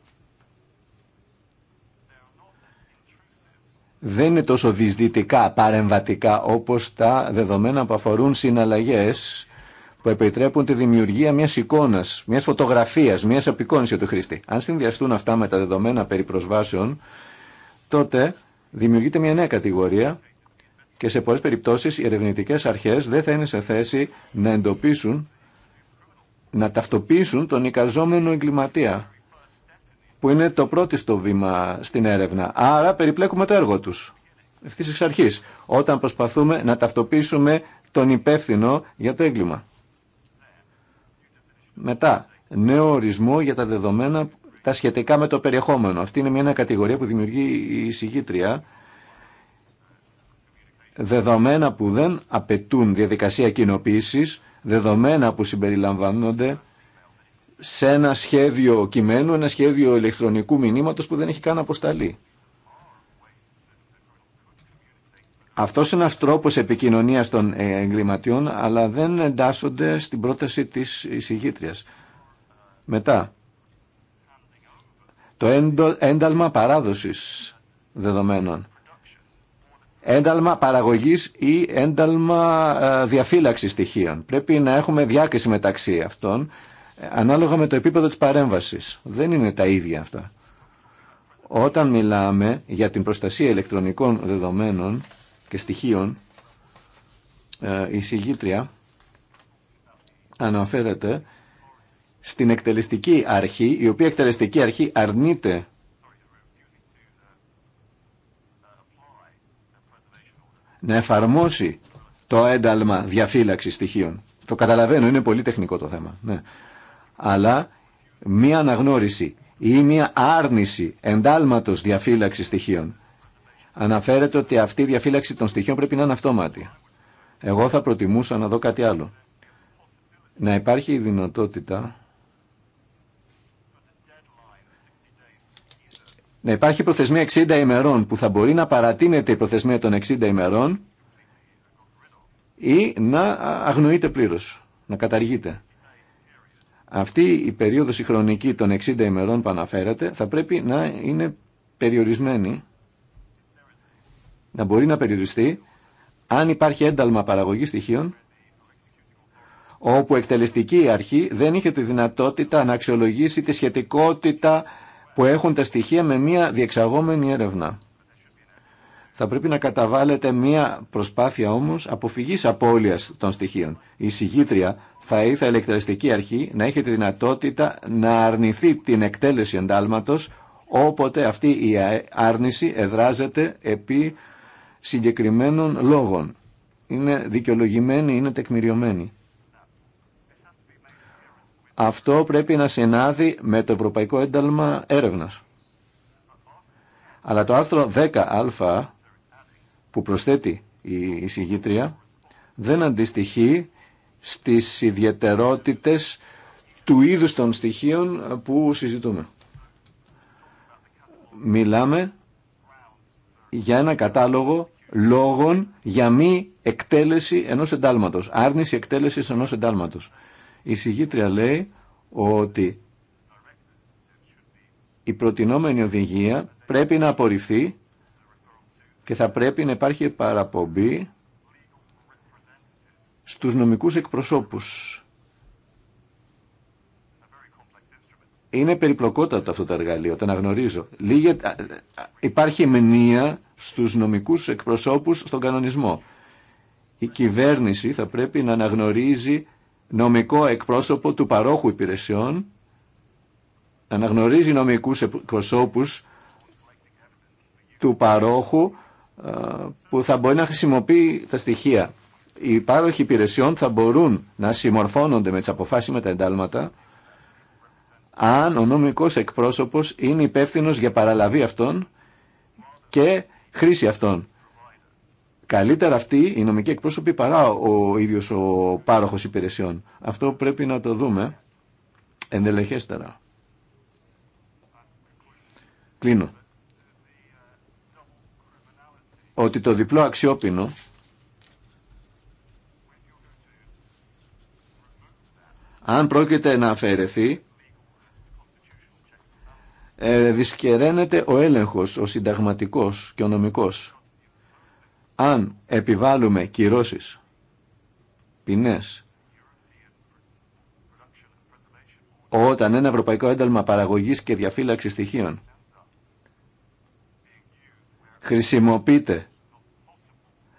δεν είναι τόσο δυσδυτικά, παρεμβατικά όπως τα δεδομένα που αφορούν συναλλαγές που επιτρέπουν τη δημιουργία μιας εικόνας, μιας φωτογραφίας, μιας απεικόνησης του χρήστη. Αν συνδυαστούν αυτά με τα δεδομένα περί προσβάσεων, τότε δημιουργείται μια νέα κατηγορία και σε πολλές περιπτώσεις οι ερευνητικές αρχές δεν θα είναι σε θέση να εντοπίσουν, να ταυτοποιήσουν τον εικαζόμενο εγκληματία που είναι το πρώτο στο βήμα στην έρευνα. Άρα περιπλέκουμε το έργο τους. Ευθύς εξ αρχής, όταν προσπαθούμε να ταυτοποιήσουμε τον υπεύθυνο για το έγκλημα. Μετά, νέο ορισμό για τα δεδομένα τα σχετικά με το περιεχόμενο. Αυτή είναι μια κατηγορία που δημιουργεί η εισηγήτρια. Δεδομένα που δεν απαιτούν διαδικασία κοινοποίηση, δεδομένα που συμπεριλαμβάνονται σε ένα σχέδιο κειμένου, ένα σχέδιο ηλεκτρονικού μηνύματος που δεν έχει καν αποσταλεί. Αυτό είναι ένα τρόπο επικοινωνία των ε, εγκληματιών, αλλά δεν εντάσσονται στην πρόταση της εισηγήτρια. Μετά, το ένταλμα παράδοση δεδομένων. Ένταλμα παραγωγής ή ένταλμα ε, διαφύλαξης στοιχείων. Πρέπει να έχουμε διάκριση μεταξύ αυτών ανάλογα με το επίπεδο της παρέμβασης. Δεν είναι τα ίδια αυτά. Όταν μιλάμε για την προστασία ηλεκτρονικών δεδομένων και στοιχείων, ε, η συγγήτρια αναφέρεται στην εκτελεστική αρχή, η οποία εκτελεστική αρχή αρνείται να εφαρμόσει το ένταλμα διαφύλαξη στοιχείων. Το καταλαβαίνω, είναι πολύ τεχνικό το θέμα. Ναι αλλά μία αναγνώριση ή μία άρνηση εντάλματος διαφύλαξη στοιχείων. Αναφέρεται ότι αυτή η διαφύλαξη των στοιχείων πρέπει να είναι αυτόματη. Εγώ θα προτιμούσα να δω κάτι άλλο. Να υπάρχει η δυνατότητα να υπάρχει προθεσμία 60 ημερών που θα μπορεί να παρατείνεται η προθεσμία των 60 ημερών ή να αγνοείται πλήρως, να καταργείται. Αυτή η περίοδος η χρονική των 60 ημερών που αναφέρατε θα πρέπει να είναι περιορισμένη, να μπορεί να περιοριστεί αν υπάρχει ένταλμα παραγωγής στοιχείων όπου εκτελεστική αρχή δεν είχε τη δυνατότητα να αξιολογήσει τη σχετικότητα που έχουν τα στοιχεία με μια διεξαγόμενη έρευνα. Θα πρέπει να καταβάλλεται μία προσπάθεια όμως αποφυγής απώλειας των στοιχείων. Η συγγήτρια θα ήθελε η εκτελεστική αρχή να έχει τη δυνατότητα να αρνηθεί την εκτέλεση εντάλματος όποτε αυτή η άρνηση εδράζεται επί συγκεκριμένων λόγων. Είναι δικαιολογημένη, είναι τεκμηριωμένη. Αυτό πρέπει να συνάδει με το Ευρωπαϊκό Ένταλμα Έρευνας. Αλλά το άρθρο 10α που προσθέτει η εισηγήτρια δεν αντιστοιχεί στις ιδιαιτερότητες του είδους των στοιχείων που συζητούμε. Μιλάμε για ένα κατάλογο λόγων για μη εκτέλεση ενός εντάλματος, άρνηση εκτέλεσης ενός εντάλματος. Η συγγήτρια λέει ότι η προτινόμενη οδηγία πρέπει να απορριφθεί και θα πρέπει να υπάρχει παραπομπή στους νομικούς εκπροσώπους. Είναι περιπλοκότατο αυτό το εργαλείο, το αναγνωρίζω. υπάρχει μενία στους νομικούς εκπροσώπους στον κανονισμό. Η κυβέρνηση θα πρέπει να αναγνωρίζει νομικό εκπρόσωπο του παρόχου υπηρεσιών, να αναγνωρίζει νομικούς εκπροσώπους του παρόχου που θα μπορεί να χρησιμοποιεί τα στοιχεία. Οι πάροχοι υπηρεσιών θα μπορούν να συμμορφώνονται με τις αποφάσει με τα εντάλματα αν ο νομικός εκπρόσωπος είναι υπεύθυνο για παραλαβή αυτών και χρήση αυτών. Καλύτερα αυτοί οι νομικοί εκπρόσωποι παρά ο ίδιος ο πάροχος υπηρεσιών. Αυτό πρέπει να το δούμε ενδελεχέστερα. Κλείνω ότι το διπλό αξιόπινο αν πρόκειται να αφαιρεθεί ε, δυσκεραίνεται ο έλεγχος, ο συνταγματικός και ο νομικός. Αν επιβάλλουμε κυρώσεις, ποινές, όταν ένα ευρωπαϊκό ένταλμα παραγωγής και διαφύλαξης στοιχείων χρησιμοποιείται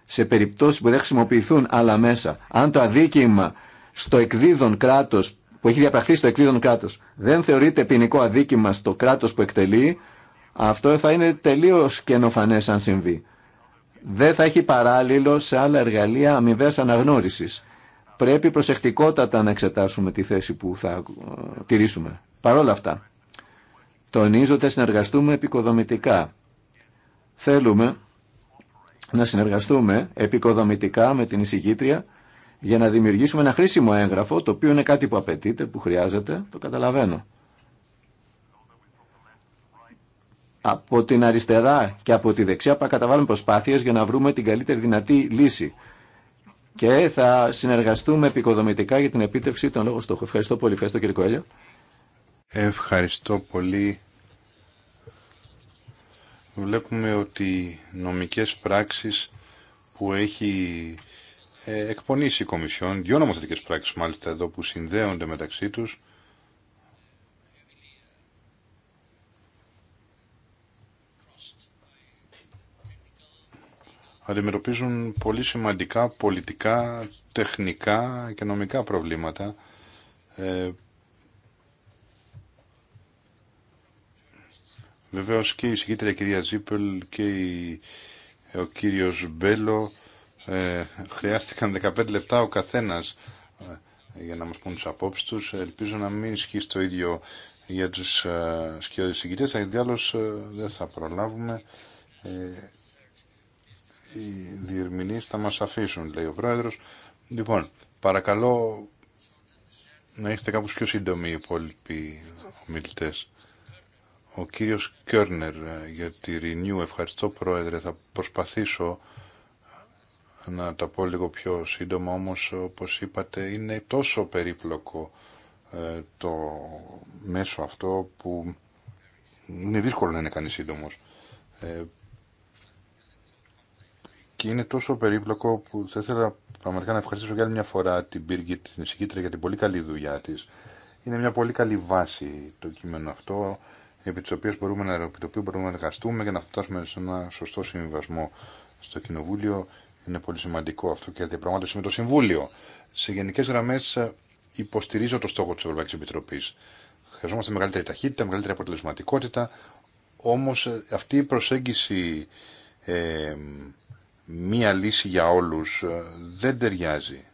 σε περιπτώσεις που δεν χρησιμοποιηθούν άλλα μέσα. Αν το αδίκημα στο εκδίδον κράτος, που έχει διαπραχθεί στο εκδίδον κράτος, δεν θεωρείται ποινικό αδίκημα στο κράτος που εκτελεί, αυτό θα είναι τελείως καινοφανές αν συμβεί. Δεν θα έχει παράλληλο σε άλλα εργαλεία αμοιβές αναγνώριση. Πρέπει προσεκτικότατα να εξετάσουμε τη θέση που θα ε, τηρήσουμε. Παρ' όλα αυτά, τονίζω ότι συνεργαστούμε επικοδομητικά Θέλουμε να συνεργαστούμε επικοδομητικά με την εισηγήτρια για να δημιουργήσουμε ένα χρήσιμο έγγραφο, το οποίο είναι κάτι που απαιτείται, που χρειάζεται, το καταλαβαίνω. Από την αριστερά και από τη δεξιά θα καταβάλουμε προσπάθειες για να βρούμε την καλύτερη δυνατή λύση και θα συνεργαστούμε επικοδομητικά για την επίτευξη των λόγων στόχων. Ευχαριστώ πολύ. Ευχαριστώ κύριε Κοέλιο. Ευχαριστώ πολύ βλέπουμε ότι νομικές πράξεις που έχει ε, εκπονήσει η Κομισιόν, δυο νομοθετικές πράξεις μάλιστα εδώ που συνδέονται μεταξύ τους, αντιμετωπίζουν πολύ σημαντικά πολιτικά, τεχνικά και νομικά προβλήματα ε, Βεβαίω και η συγκίτρια κυρία Ζίπελ και ο κύριος Μπέλο ε, χρειάστηκαν 15 λεπτά ο καθένας ε, για να μας πούν τις απόψεις τους. Ελπίζω να μην ισχύει το ίδιο για τους ε, σκιώδες γιατί ε, δεν θα προλάβουμε. οι διερμηνείς θα μας αφήσουν, λέει ο πρόεδρος. Λοιπόν, παρακαλώ να είστε κάπως πιο σύντομοι οι υπόλοιποι ομιλητές. Ο κύριος Κέρνερ ε, για τη Renew. Ευχαριστώ πρόεδρε. Θα προσπαθήσω να τα πω λίγο πιο σύντομα όμως όπως είπατε είναι τόσο περίπλοκο ε, το μέσο αυτό που είναι δύσκολο να είναι κανείς σύντομος. Ε, και είναι τόσο περίπλοκο που θα ήθελα πραγματικά να ευχαριστήσω για άλλη μια φορά την Birgit, την εισηγήτρια για την πολύ καλή δουλειά της. Είναι μια πολύ καλή βάση το κείμενο αυτό επί της οποίας μπορούμε να, μπορούμε να εργαστούμε για να φτάσουμε σε ένα σωστό συμβιβασμό στο Κοινοβούλιο. Είναι πολύ σημαντικό αυτό και διαπραγμάτευση με το Συμβούλιο. Σε γενικέ γραμμέ ε, υποστηρίζω το στόχο τη Ευρωπαϊκή Επιτροπή. Χρειαζόμαστε μεγαλύτερη ταχύτητα, μεγαλύτερη αποτελεσματικότητα. Όμω ε, αυτή η προσέγγιση ε, μία λύση για όλου ε, δεν ταιριάζει.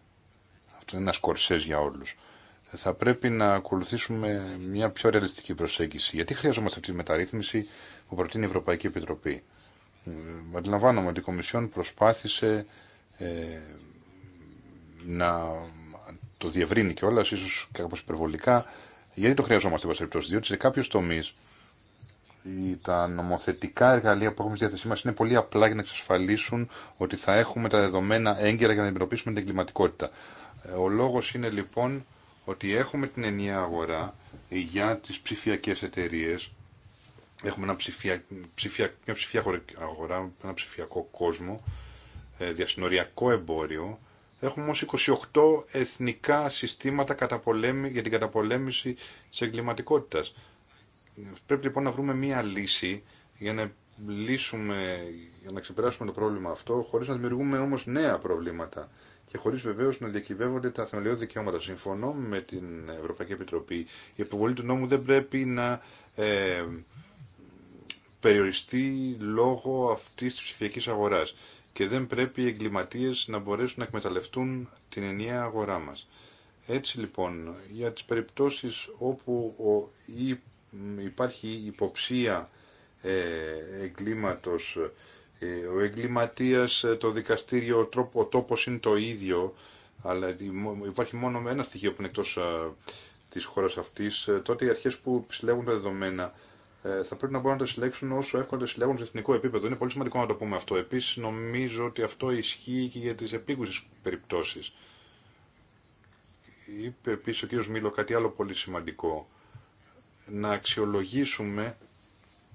Αυτό είναι ένα κορσέ για όλου θα πρέπει να ακολουθήσουμε μια πιο ρεαλιστική προσέγγιση. Γιατί χρειαζόμαστε αυτή τη μεταρρύθμιση που προτείνει η Ευρωπαϊκή Επιτροπή. Αντιλαμβάνομαι ότι η Κομισιόν προσπάθησε ε, να το διευρύνει κιόλα, ίσω κάπω υπερβολικά. Γιατί το χρειαζόμαστε, εν διότι σε κάποιου τομεί τα νομοθετικά εργαλεία που έχουμε στη διάθεσή μα είναι πολύ απλά για να εξασφαλίσουν ότι θα έχουμε τα δεδομένα έγκαιρα για να αντιμετωπίσουμε την εγκληματικότητα. Ε, ο λόγο είναι λοιπόν ότι έχουμε την ενιαία αγορά για τις ψηφιακές εταιρείες, έχουμε ένα ψηφια, ψηφια, μια ψηφιακή αγορά, ένα ψηφιακό κόσμο, ε, διασυνοριακό εμπόριο, έχουμε όμως 28 εθνικά συστήματα για την καταπολέμηση της εγκληματικότητας. Πρέπει λοιπόν να βρούμε μια λύση για να λύσουμε, για να ξεπεράσουμε το πρόβλημα αυτό, χωρίς να δημιουργούμε όμως νέα προβλήματα και χωρί βεβαίω να διακυβεύονται τα θεμελιώδη δικαιώματα. Συμφωνώ με την Ευρωπαϊκή Επιτροπή. Η υποβολή του νόμου δεν πρέπει να ε, περιοριστεί λόγω αυτή τη ψηφιακή αγορά και δεν πρέπει οι εγκληματίε να μπορέσουν να εκμεταλλευτούν την ενιαία αγορά μα. Έτσι λοιπόν, για τις περιπτώσεις όπου ο, υπάρχει υποψία ε, εγκλήματος ε, ο εγκληματίας, ε, το δικαστήριο, ο, τρόπο, τόπος είναι το ίδιο, αλλά υπάρχει μόνο ένα στοιχείο που είναι εκτός της χώρας αυτής, ε, τότε οι αρχές που συλλέγουν τα δεδομένα θα πρέπει να μπορούν να τα συλλέξουν όσο εύκολα τα συλλέγουν σε εθνικό επίπεδο. Είναι πολύ σημαντικό να το πούμε αυτό. Επίσης νομίζω ότι αυτό ισχύει και για τις επίγουσες περιπτώσεις. Είπε επίση ο κ. Μήλο κάτι άλλο πολύ σημαντικό. Να αξιολογήσουμε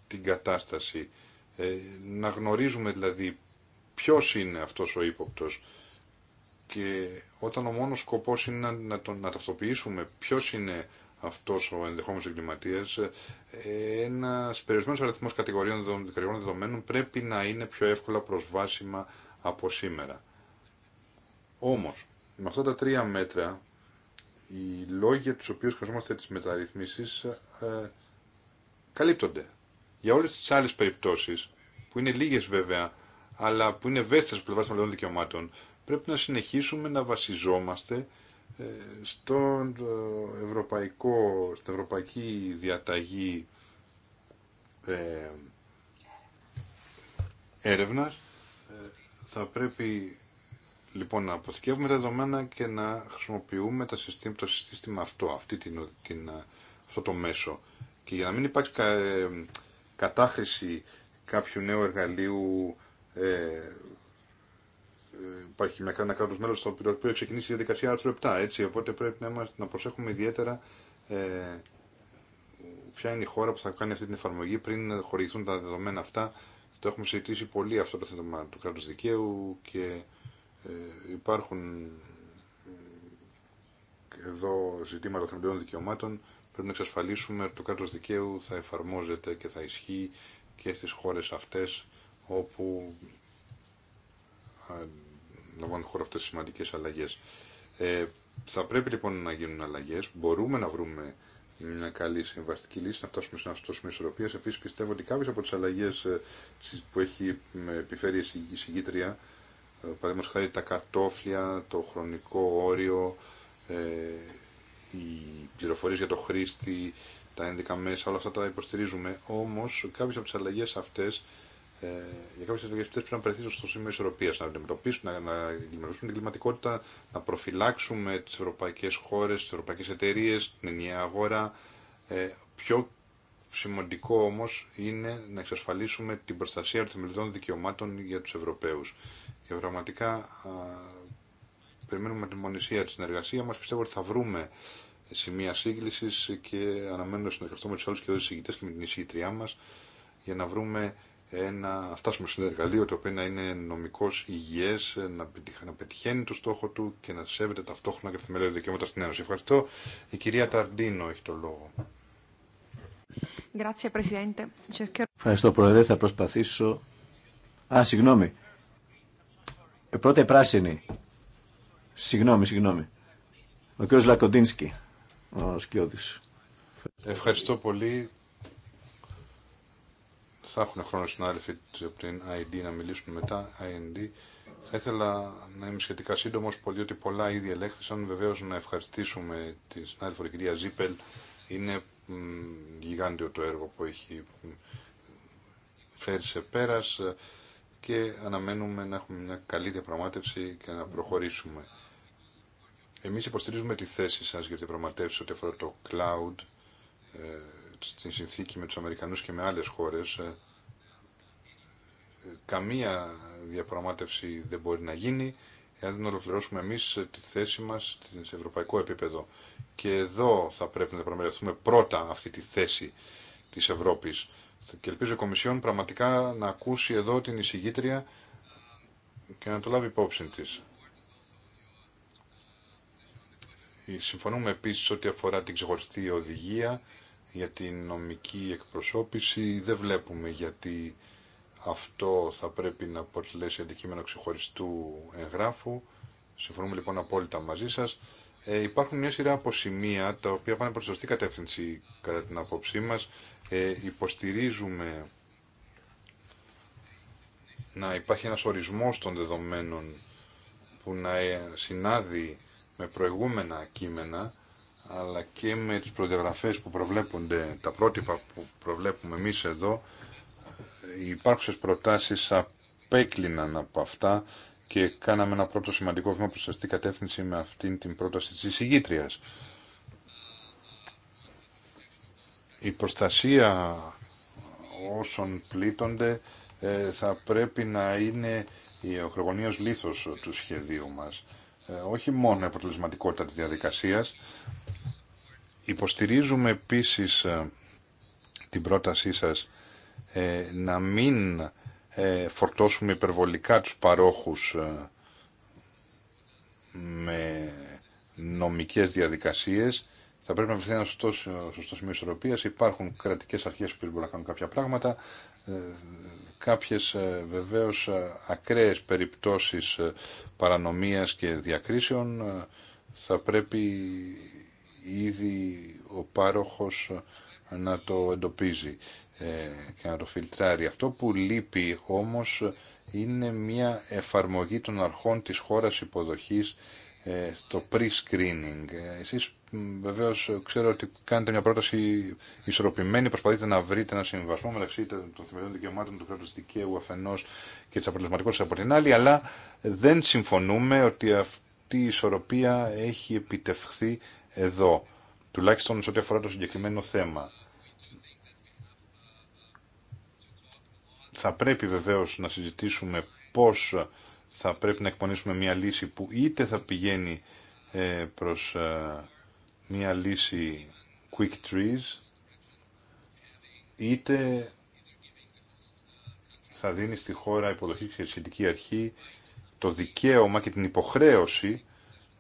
την κατάσταση ε, να γνωρίζουμε δηλαδή ποιος είναι αυτός ο ύποπτος και όταν ο μόνος σκοπός είναι να, τον, να ταυτοποιήσουμε ποιος είναι αυτός ο ενδεχόμενος εγκληματίας, ε, ένας περιορισμένος αριθμός κατηγοριών δεδομένων πρέπει να είναι πιο εύκολα προσβάσιμα από σήμερα. Όμως, με αυτά τα τρία μέτρα, οι λόγοι για τους οποίους χρησιμοποιούμε τις μεταρρυθμίσεις ε, καλύπτονται. Για όλες τις άλλες περιπτώσεις, που είναι λίγες βέβαια, αλλά που είναι ευαίσθητες από πλευρά των δικαιωμάτων, πρέπει να συνεχίσουμε να βασιζόμαστε ε, στον ε, ευρωπαϊκό, στην ευρωπαϊκή διαταγή ε, έρευνας. Ε, θα πρέπει λοιπόν να αποθηκεύουμε τα δεδομένα και να χρησιμοποιούμε τα συστήμα, το σύστημα αυτό, αυτή την, την, αυτό το μέσο. Και για να μην υπάρξει κατάχρηση κάποιου νέου εργαλείου ε, ε υπάρχει ένα κράτο μέλο στο οποίο έχει ξεκινήσει η διαδικασία άρθρο 7. Έτσι, οπότε πρέπει να, να προσέχουμε ιδιαίτερα ε, ποια είναι η χώρα που θα κάνει αυτή την εφαρμογή πριν χορηγηθούν τα δεδομένα αυτά. Το έχουμε συζητήσει πολύ αυτό το θέμα του κράτου δικαίου και ε, υπάρχουν εδώ ζητήματα θεμελιών δικαιωμάτων Πρέπει να εξασφαλίσουμε ότι το κράτο δικαίου θα εφαρμόζεται και θα ισχύει και στις χώρες αυτές όπου ε, λαμβάνουν χώρα αυτές τις σημαντικές αλλαγές. Ε, θα πρέπει λοιπόν να γίνουν αλλαγές, μπορούμε να βρούμε μια καλή συμβαστική λύση, να φτάσουμε σε ένα σημείο ισορροπίας. Επίσης πιστεύω ότι κάποιες από τις αλλαγές ε, που έχει επιφέρει η συγκήτρια, ε, παραδείγματος χάρη τα κατόφλια, το χρονικό όριο, οι πληροφορίες για το χρήστη, τα ένδικα μέσα, όλα αυτά τα υποστηρίζουμε. Όμως κάποιες από τις αλλαγές αυτές, ε, για κάποιες αλλαγές αυτές πρέπει να βρεθεί στο σημείο ισορροπίας, να αντιμετωπίσουν, να, να την κλιματικότητα, να προφυλάξουμε τις ευρωπαϊκές χώρες, τις ευρωπαϊκές εταιρείε, την ενιαία αγορά. Ε, πιο σημαντικό όμως είναι να εξασφαλίσουμε την προστασία των δικαιωμάτων για τους Ευρωπαίους. Και πραγματικά περιμένουμε με την μονησία τη συνεργασία μα. Πιστεύω ότι θα βρούμε σημεία σύγκληση και αναμένω να συνεργαστώ με του άλλου και του και με την εισηγητριά μα για να βρούμε ένα, φτάσουμε σε ένα εργαλείο το οποίο να είναι νομικό υγιέ, να, να πετυχαίνει το στόχο του και να σέβεται ταυτόχρονα και τη θεμελιώδη δικαιώματα στην Ένωση. Ευχαριστώ. Η κυρία Ταρντίνο έχει το λόγο. Ευχαριστώ, Πρόεδρε. Θα προσπαθήσω. Α, συγγνώμη. Ε, Πρώτα η πράσινη. Συγγνώμη, συγγνώμη. Ο κ. Λακοντίνσκι, ο Σκιώδης. Ευχαριστώ πολύ. Θα έχουν χρόνο συνάδελφοι από την ID να μιλήσουν μετά. IND. Θα ήθελα να είμαι σχετικά σύντομο, πολύ ότι πολλά ήδη ελέγχθησαν. Βεβαίω να ευχαριστήσουμε την συνάδελφο την κυρία Ζίπελ. Είναι γιγάντιο το έργο που έχει φέρει σε πέρα και αναμένουμε να έχουμε μια καλή διαπραγμάτευση και να προχωρήσουμε. Εμείς υποστηρίζουμε τη θέση σας για τις διαπραγματεύσεις ό,τι αφορά το cloud ε, στην συνθήκη με τους Αμερικανούς και με άλλες χώρες. Ε, καμία διαπραγμάτευση δεν μπορεί να γίνει εάν δεν ολοκληρώσουμε εμείς τη θέση μας σε ευρωπαϊκό επίπεδο. Και εδώ θα πρέπει να διαπραγματευτούμε πρώτα αυτή τη θέση της Ευρώπης. Και ελπίζω η Κομισιόν πραγματικά να ακούσει εδώ την εισηγήτρια και να το λάβει υπόψη της. Ε, συμφωνούμε επίσης ότι αφορά την ξεχωριστή οδηγία για την νομική εκπροσώπηση. Δεν βλέπουμε γιατί αυτό θα πρέπει να αποτελέσει αντικείμενο ξεχωριστού εγγράφου. Συμφωνούμε λοιπόν απόλυτα μαζί σας. Ε, υπάρχουν μια σειρά από σημεία τα οποία πάνε προς σωστή κατεύθυνση κατά την απόψή μας. Ε, υποστηρίζουμε να υπάρχει ένας ορισμός των δεδομένων που να συνάδει με προηγούμενα κείμενα αλλά και με τις προδιαγραφές που προβλέπονται, τα πρότυπα που προβλέπουμε εμείς εδώ, οι υπάρχουσες προτάσεις απέκλειναν από αυτά και κάναμε ένα πρώτο σημαντικό βήμα προς αυτή κατεύθυνση με αυτήν την πρόταση της εισηγήτριας. Η προστασία όσων πλήττονται ε, θα πρέπει να είναι η οχρογωνίας λίθος του σχεδίου μας. Ε, όχι μόνο η αποτελεσματικότητα της διαδικασίας. Υποστηρίζουμε επίσης ε, την πρότασή σας ε, να μην φορτώσουμε υπερβολικά τους παρόχους με νομικές διαδικασίες. Θα πρέπει να βρεθεί ένα σωστό, σωστό σημείο ισορροπίας. Υπάρχουν κρατικές αρχές που μπορούν να κάνουν κάποια πράγματα κάποιες ε, βεβαίως ε, ακραίες περιπτώσεις ε, παρανομίας και διακρίσεων θα πρέπει ήδη ο πάροχος να το εντοπίζει και να το φιλτράρει. Αυτό που λείπει όμως είναι μια εφαρμογή των αρχών της χώρας υποδοχής στο pre-screening. Βεβαίω ξέρω ότι κάνετε μια πρόταση ισορροπημένη, προσπαθείτε να βρείτε ένα συμβασμό μεταξύ των θεμελιών δικαιωμάτων του κράτου δικαίου αφενό και τη αποτελεσματικότητα από την άλλη, αλλά δεν συμφωνούμε ότι αυτή η ισορροπία έχει επιτευχθεί εδώ, τουλάχιστον σε ό,τι αφορά το συγκεκριμένο θέμα. Θα πρέπει βεβαίω να συζητήσουμε πώ θα πρέπει να εκπονήσουμε μια λύση που είτε θα πηγαίνει ε, προς ε, μια λύση quick trees είτε θα δίνει στη χώρα υποδοχή και σχετική αρχή το δικαίωμα και την υποχρέωση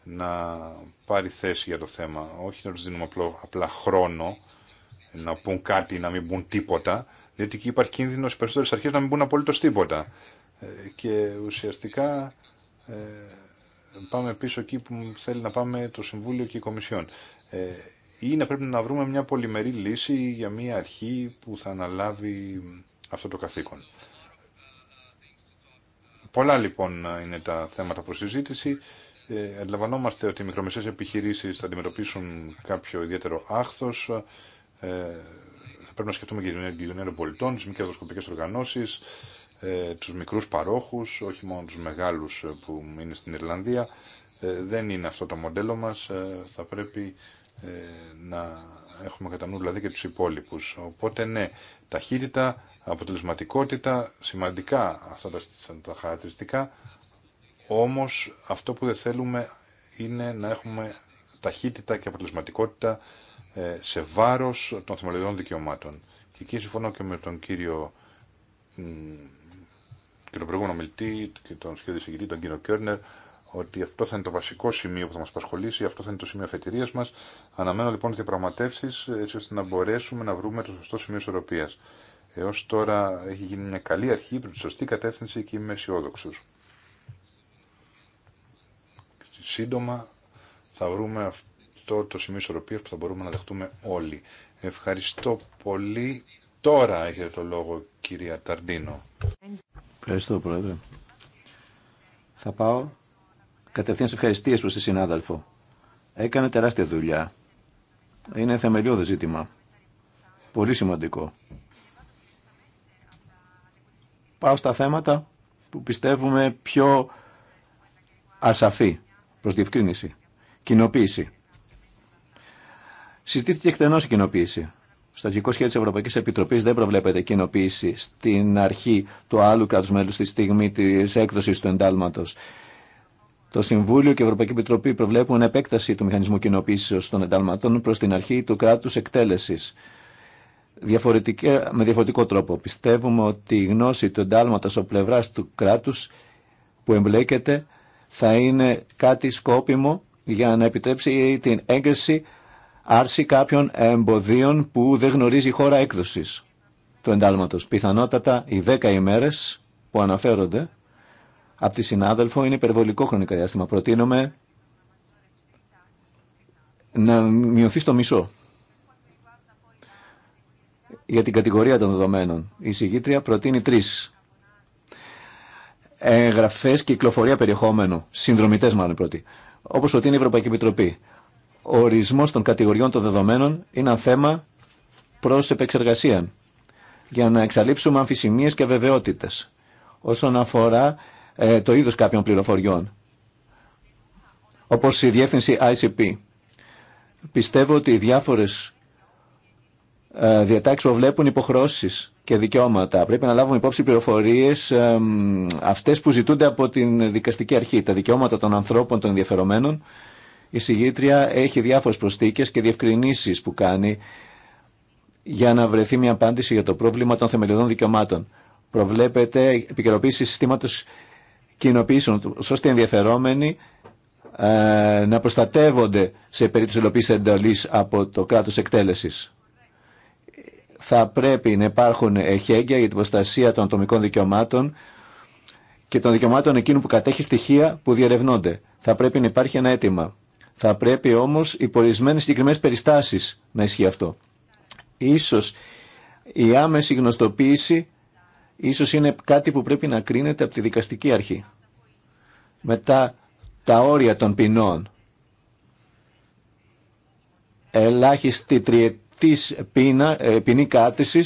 να πάρει θέση για το θέμα. Όχι να τους δίνουμε απλά χρόνο να πούν κάτι, να μην πούν τίποτα, διότι εκεί υπάρχει κίνδυνος οι περισσότερες αρχές να μην πούν απολύτως τίποτα. Ε, και ουσιαστικά ε, πάμε πίσω εκεί που θέλει να πάμε το Συμβούλιο και η Κομισιόν. Ε, ή να πρέπει να βρούμε μια πολυμερή λύση για μια αρχή που θα αναλάβει αυτό το καθήκον. Πολλά λοιπόν είναι τα θέματα προς συζήτηση. Ε, ότι οι μικρομεσαίες επιχειρήσεις θα αντιμετωπίσουν κάποιο ιδιαίτερο άχθος. Ε, θα πρέπει να σκεφτούμε και την κοινωνία των πολιτών, τις μικρές οργανώσεις, ε, τους μικρούς παρόχους, όχι μόνο τους μεγάλους που είναι στην Ιρλανδία. Ε, δεν είναι αυτό το μοντέλο μας. Ε, θα πρέπει ε, να έχουμε κατά νου δηλαδή και τους υπόλοιπους. Οπότε ναι, ταχύτητα, αποτελεσματικότητα, σημαντικά αυτά τα χαρακτηριστικά, όμως αυτό που δεν θέλουμε είναι να έχουμε ταχύτητα και αποτελεσματικότητα ε, σε βάρος των θεμελιωδών δικαιωμάτων. Και εκεί συμφωνώ και με τον κύριο και τον προηγούμενο μιλτή και τον σχέδιο τον κύριο Κέρνερ, ότι αυτό θα είναι το βασικό σημείο που θα μα απασχολήσει, αυτό θα είναι το σημείο αφετηρία μας. Αναμένω λοιπόν τι διαπραγματεύσει έτσι ώστε να μπορέσουμε να βρούμε το σωστό σημείο ισορροπία. Έως τώρα έχει γίνει μια καλή αρχή, προ τη σωστή κατεύθυνση και είμαι αισιόδοξο. Σύντομα θα βρούμε αυτό το σημείο ισορροπία που θα μπορούμε να δεχτούμε όλοι. Ευχαριστώ πολύ. Τώρα έχετε το λόγο κυρία Ταρντίνο. Ευχαριστώ πρόεδρε. Θα πάω Κατευθείαν σε ευχαριστίες προς τη συνάδελφο. Έκανε τεράστια δουλειά. Είναι θεμελιώδες ζήτημα. Πολύ σημαντικό. Πάω στα θέματα που πιστεύουμε πιο ασαφή προς διευκρίνηση. Κοινοποίηση. Συστήθηκε εκτενώς η κοινοποίηση. Στο αρχικό σχέδιο τη Ευρωπαϊκή Επιτροπή δεν προβλέπεται κοινοποίηση στην αρχή του άλλου κράτου μέλους, στη στιγμή της έκδοση του εντάλματος. Το Συμβούλιο και η Ευρωπαϊκή Επιτροπή προβλέπουν επέκταση του μηχανισμού κοινοποίηση των εντάλματων προ την αρχή του κράτου εκτέλεση. Με διαφορετικό τρόπο. Πιστεύουμε ότι η γνώση του εντάλματο από πλευρά του κράτου που εμπλέκεται θα είναι κάτι σκόπιμο για να επιτρέψει την έγκριση άρση κάποιων εμποδίων που δεν γνωρίζει η χώρα έκδοσης του εντάλματος. Πιθανότατα οι δέκα ημέρες που αναφέρονται από τη συνάδελφο είναι υπερβολικό χρονικό διάστημα. Προτείνουμε να μειωθεί στο μισό για την κατηγορία των δεδομένων. Η συγγήτρια προτείνει τρεις εγγραφές κυκλοφορία περιεχόμενου, συνδρομητές μάλλον πρώτοι, Όπω προτείνει η Ευρωπαϊκή Επιτροπή. Ο ορισμός των κατηγοριών των δεδομένων είναι ένα θέμα προ επεξεργασία για να εξαλείψουμε αμφισημίες και βεβαιότητες όσον αφορά ε, το είδος κάποιων πληροφοριών, όπως η διεύθυνση ICP. Πιστεύω ότι οι διάφορες ε, διατάξεις προβλέπουν υποχρώσεις και δικαιώματα. Πρέπει να λάβουμε υπόψη πληροφορίες ε, αυτές που ζητούνται από την δικαστική αρχή, τα δικαιώματα των ανθρώπων των ενδιαφερομένων. Η συγγήτρια έχει διάφορες προστίκες και διευκρινήσεις που κάνει για να βρεθεί μια απάντηση για το πρόβλημα των θεμελιωδών δικαιωμάτων. Προβλέπεται επικαιροποίηση συστήματο κοινοποιήσουν σωστοί ενδιαφερόμενοι ε, να προστατεύονται σε περίπτωση ελοπής εντολή από το κράτος εκτέλεσης. Θα πρέπει να υπάρχουν εχέγγυα για την προστασία των ατομικών δικαιωμάτων και των δικαιωμάτων εκείνου που κατέχει στοιχεία που διερευνώνται. Θα πρέπει να υπάρχει ένα αίτημα. Θα πρέπει όμως οι πορισμένες συγκεκριμένε περιστάσεις να ισχύει αυτό. Ίσως η άμεση γνωστοποίηση Ίσως είναι κάτι που πρέπει να κρίνεται από τη δικαστική αρχή. Μετά τα όρια των ποινών. Ελάχιστη τριετής ε, ποινή κράτηση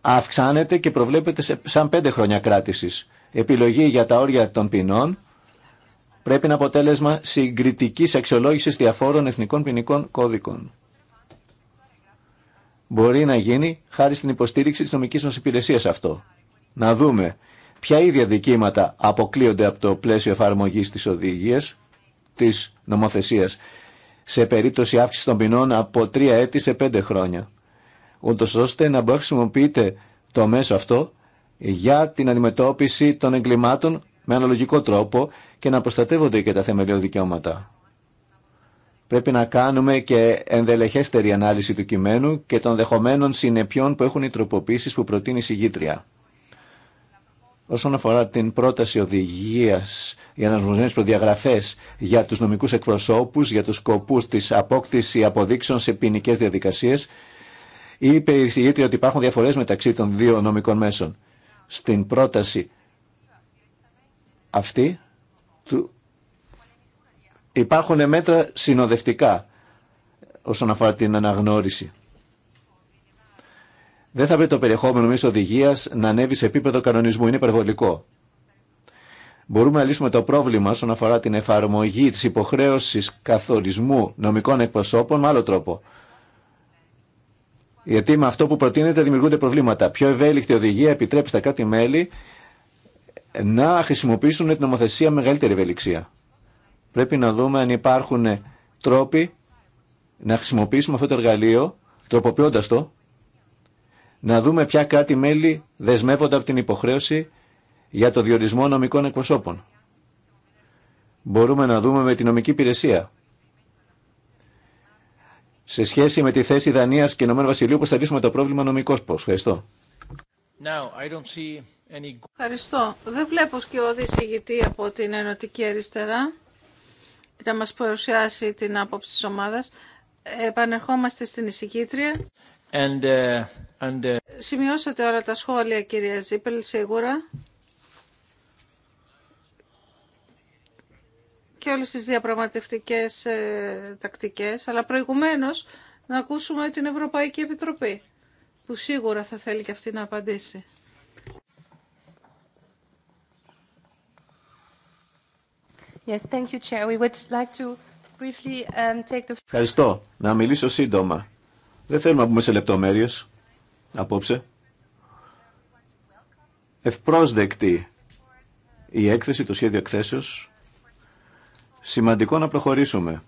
αυξάνεται και προβλέπεται σαν πέντε χρόνια κράτησης. Επιλογή για τα όρια των ποινών πρέπει να αποτέλεσμα συγκριτικής αξιολόγησης διαφόρων εθνικών ποινικών κώδικων. Μπορεί να γίνει χάρη στην υποστήριξη της νομικής μας υπηρεσίας αυτό. Να δούμε ποια ίδια δικήματα αποκλείονται από το πλαίσιο εφαρμογής της οδηγίας, της νομοθεσίας, σε περίπτωση αύξηση των ποινών από τρία έτη σε πέντε χρόνια, ούτως ώστε να μπορεί να χρησιμοποιείται το μέσο αυτό για την αντιμετώπιση των εγκλημάτων με αναλογικό τρόπο και να προστατεύονται και τα θεμελιώδη δικαιώματα. Πρέπει να κάνουμε και ενδελεχέστερη ανάλυση του κειμένου και των δεχομένων συνεπιών που έχουν οι τροποποίησεις που προτείνει η συγγήτρια. Όσον αφορά την πρόταση οδηγία για να αναγνωρισμένε προδιαγραφέ για του νομικού εκπροσώπου, για του σκοπού τη απόκτηση αποδείξεων σε ποινικέ διαδικασίε, είπε η συγγήτρια ότι υπάρχουν διαφορέ μεταξύ των δύο νομικών μέσων. Στην πρόταση αυτή Υπάρχουν μέτρα συνοδευτικά όσον αφορά την αναγνώριση. Δεν θα πρέπει το περιεχόμενο μιας οδηγία να ανέβει σε επίπεδο κανονισμού. Είναι υπερβολικό. Μπορούμε να λύσουμε το πρόβλημα όσον αφορά την εφαρμογή τη υποχρέωση καθορισμού νομικών εκπροσώπων με άλλο τρόπο. Γιατί με αυτό που προτείνεται δημιουργούνται προβλήματα. Πιο ευέλικτη οδηγία επιτρέπει στα κάτι μέλη να χρησιμοποιήσουν την νομοθεσία μεγαλύτερη ευελιξία. Πρέπει να δούμε αν υπάρχουν τρόποι να χρησιμοποιήσουμε αυτό το εργαλείο, τροποποιώντας το, να δούμε ποια κράτη-μέλη δεσμεύονται από την υποχρέωση για το διορισμό νομικών εκπροσώπων. Μπορούμε να δούμε με την νομική υπηρεσία. Σε σχέση με τη θέση Δανίας και Ηνωμένου Βασιλείου, πώς θα λύσουμε το πρόβλημα νομικός πώς. Ευχαριστώ. Ευχαριστώ. Δεν βλέπω σκιώδη ηγητή από την Ενωτική Αριστερά να μας παρουσιάσει την άποψη της ομάδας. Επανερχόμαστε στην εισηγήτρια. And, uh, uh, Σημειώσατε όλα τα σχόλια, κυρία Ζίπελ, σίγουρα. Και όλες τις διαπραγματευτικές ε, τακτικές. Αλλά προηγουμένως να ακούσουμε την Ευρωπαϊκή Επιτροπή, που σίγουρα θα θέλει και αυτή να απαντήσει. Ευχαριστώ. Να μιλήσω σύντομα. Δεν θέλουμε να πούμε σε λεπτομέρειες απόψε. Ευπρόσδεκτη η έκθεση, το σχέδιο εκθέσεως. Σημαντικό να προχωρήσουμε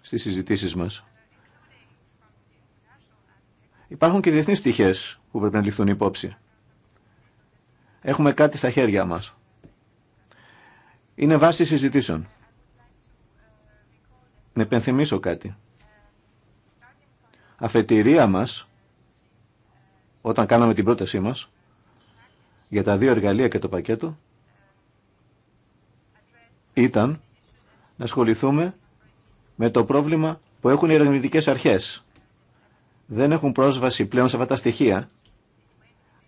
στις συζητήσεις μας. Υπάρχουν και διεθνείς πτυχές που πρέπει να ληφθούν υπόψη. Έχουμε κάτι στα χέρια μας είναι βάση συζητήσεων. Να επενθυμίσω κάτι. Αφετηρία μας, όταν κάναμε την πρότασή μας, για τα δύο εργαλεία και το πακέτο, ήταν να ασχοληθούμε με το πρόβλημα που έχουν οι ερευνητικέ αρχές. Δεν έχουν πρόσβαση πλέον σε αυτά τα στοιχεία.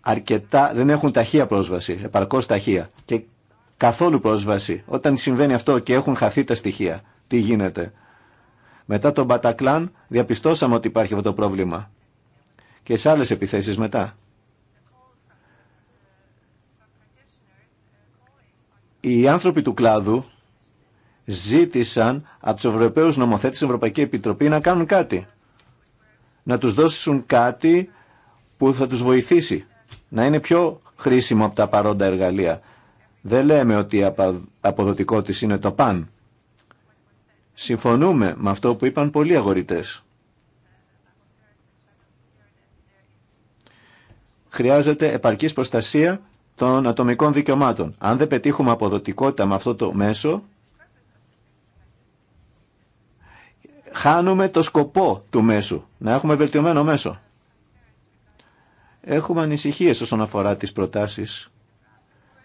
Αρκετά, δεν έχουν ταχεία πρόσβαση, επαρκώς ταχεία. Και καθόλου πρόσβαση. Όταν συμβαίνει αυτό και έχουν χαθεί τα στοιχεία, τι γίνεται. Μετά τον Μπατακλάν διαπιστώσαμε ότι υπάρχει αυτό το πρόβλημα. Και σε άλλες επιθέσεις μετά. Οι άνθρωποι του κλάδου ζήτησαν από τους Ευρωπαίους νομοθέτες της Ευρωπαϊκή Επιτροπή να κάνουν κάτι. Να τους δώσουν κάτι που θα τους βοηθήσει. Να είναι πιο χρήσιμο από τα παρόντα εργαλεία. Δεν λέμε ότι η αποδοτικότητα είναι το παν. Συμφωνούμε με αυτό που είπαν πολλοί αγορητές. Χρειάζεται επαρκής προστασία των ατομικών δικαιωμάτων. Αν δεν πετύχουμε αποδοτικότητα με αυτό το μέσο, χάνουμε το σκοπό του μέσου, να έχουμε βελτιωμένο μέσο. Έχουμε ανησυχίες όσον αφορά τις προτάσεις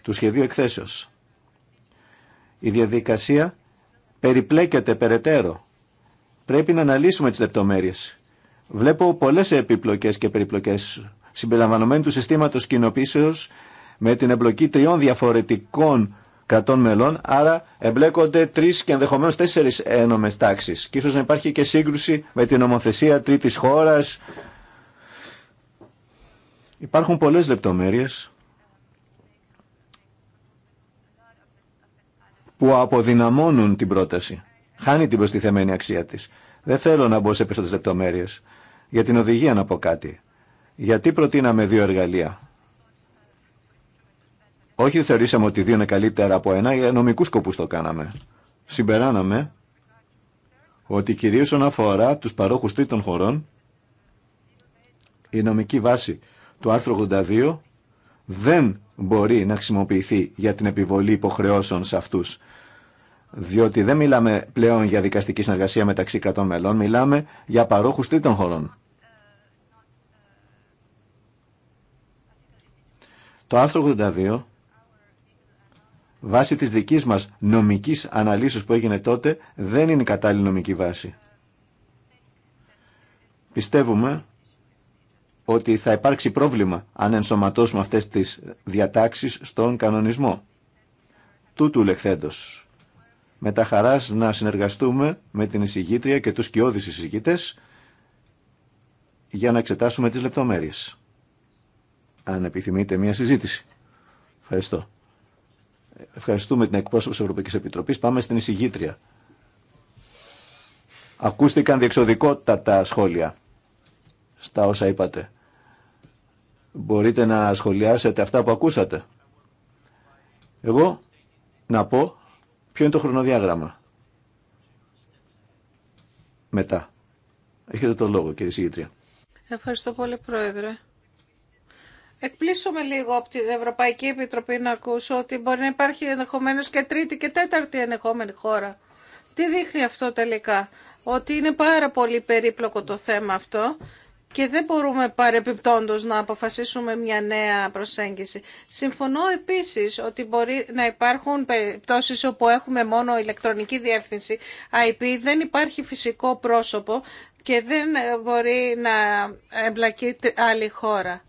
του σχεδίου εκθέσεως. Η διαδικασία περιπλέκεται περαιτέρω. Πρέπει να αναλύσουμε τις λεπτομέρειες. Βλέπω πολλές επιπλοκές και περιπλοκές συμπεριλαμβανομένου του συστήματος κοινοποίησεως με την εμπλοκή τριών διαφορετικών κρατών μελών, άρα εμπλέκονται τρει και ενδεχομένω τέσσερι ένομε τάξει. Και ίσω να υπάρχει και σύγκρουση με την νομοθεσία τρίτη χώρα. Υπάρχουν πολλέ λεπτομέρειε που αποδυναμώνουν την πρόταση. Χάνει την προστιθεμένη αξία τη. Δεν θέλω να μπω σε περισσότερε λεπτομέρειε Για την οδηγία να πω κάτι. Γιατί προτείναμε δύο εργαλεία. Όχι θεωρήσαμε ότι δύο είναι καλύτερα από ένα, για νομικού σκοπού το κάναμε. Συμπεράναμε ότι κυρίως όσον αφορά τους παρόχους τρίτων χωρών, η νομική βάση του άρθρου 82 δεν μπορεί να χρησιμοποιηθεί για την επιβολή υποχρεώσεων σε αυτούς διότι δεν μιλάμε πλέον για δικαστική συνεργασία μεταξύ κρατών μελών, μιλάμε για παρόχους τρίτων χωρών. Το άρθρο 82, βάσει της δικής μας νομικής αναλύσεως που έγινε τότε, δεν είναι η κατάλληλη νομική βάση. Πιστεύουμε ότι θα υπάρξει πρόβλημα αν ενσωματώσουμε αυτές τις διατάξεις στον κανονισμό. Τούτου λεχθέντος με τα χαράς να συνεργαστούμε με την εισηγήτρια και τους κοιόδης εισηγητές για να εξετάσουμε τις λεπτομέρειες. Αν επιθυμείτε μια συζήτηση. Ευχαριστώ. Ευχαριστούμε την εκπρόσωπο της Ευρωπαϊκής Επιτροπής. Πάμε στην εισηγήτρια. Ακούστηκαν τα σχόλια στα όσα είπατε. Μπορείτε να σχολιάσετε αυτά που ακούσατε. Εγώ να πω Ποιο είναι το χρονοδιάγραμμα. Μετά. Έχετε το λόγο κύριε Συγήτρια. Ευχαριστώ πολύ Πρόεδρε. με λίγο από την Ευρωπαϊκή Επιτροπή να ακούσω ότι μπορεί να υπάρχει ενδεχομένω και τρίτη και τέταρτη ενδεχόμενη χώρα. Τι δείχνει αυτό τελικά, ότι είναι πάρα πολύ περίπλοκο το θέμα αυτό και δεν μπορούμε παρεπιπτόντως να αποφασίσουμε μια νέα προσέγγιση. Συμφωνώ επίσης ότι μπορεί να υπάρχουν περιπτώσεις όπου έχουμε μόνο ηλεκτρονική διεύθυνση IP, δεν υπάρχει φυσικό πρόσωπο και δεν μπορεί να εμπλακεί άλλη χώρα.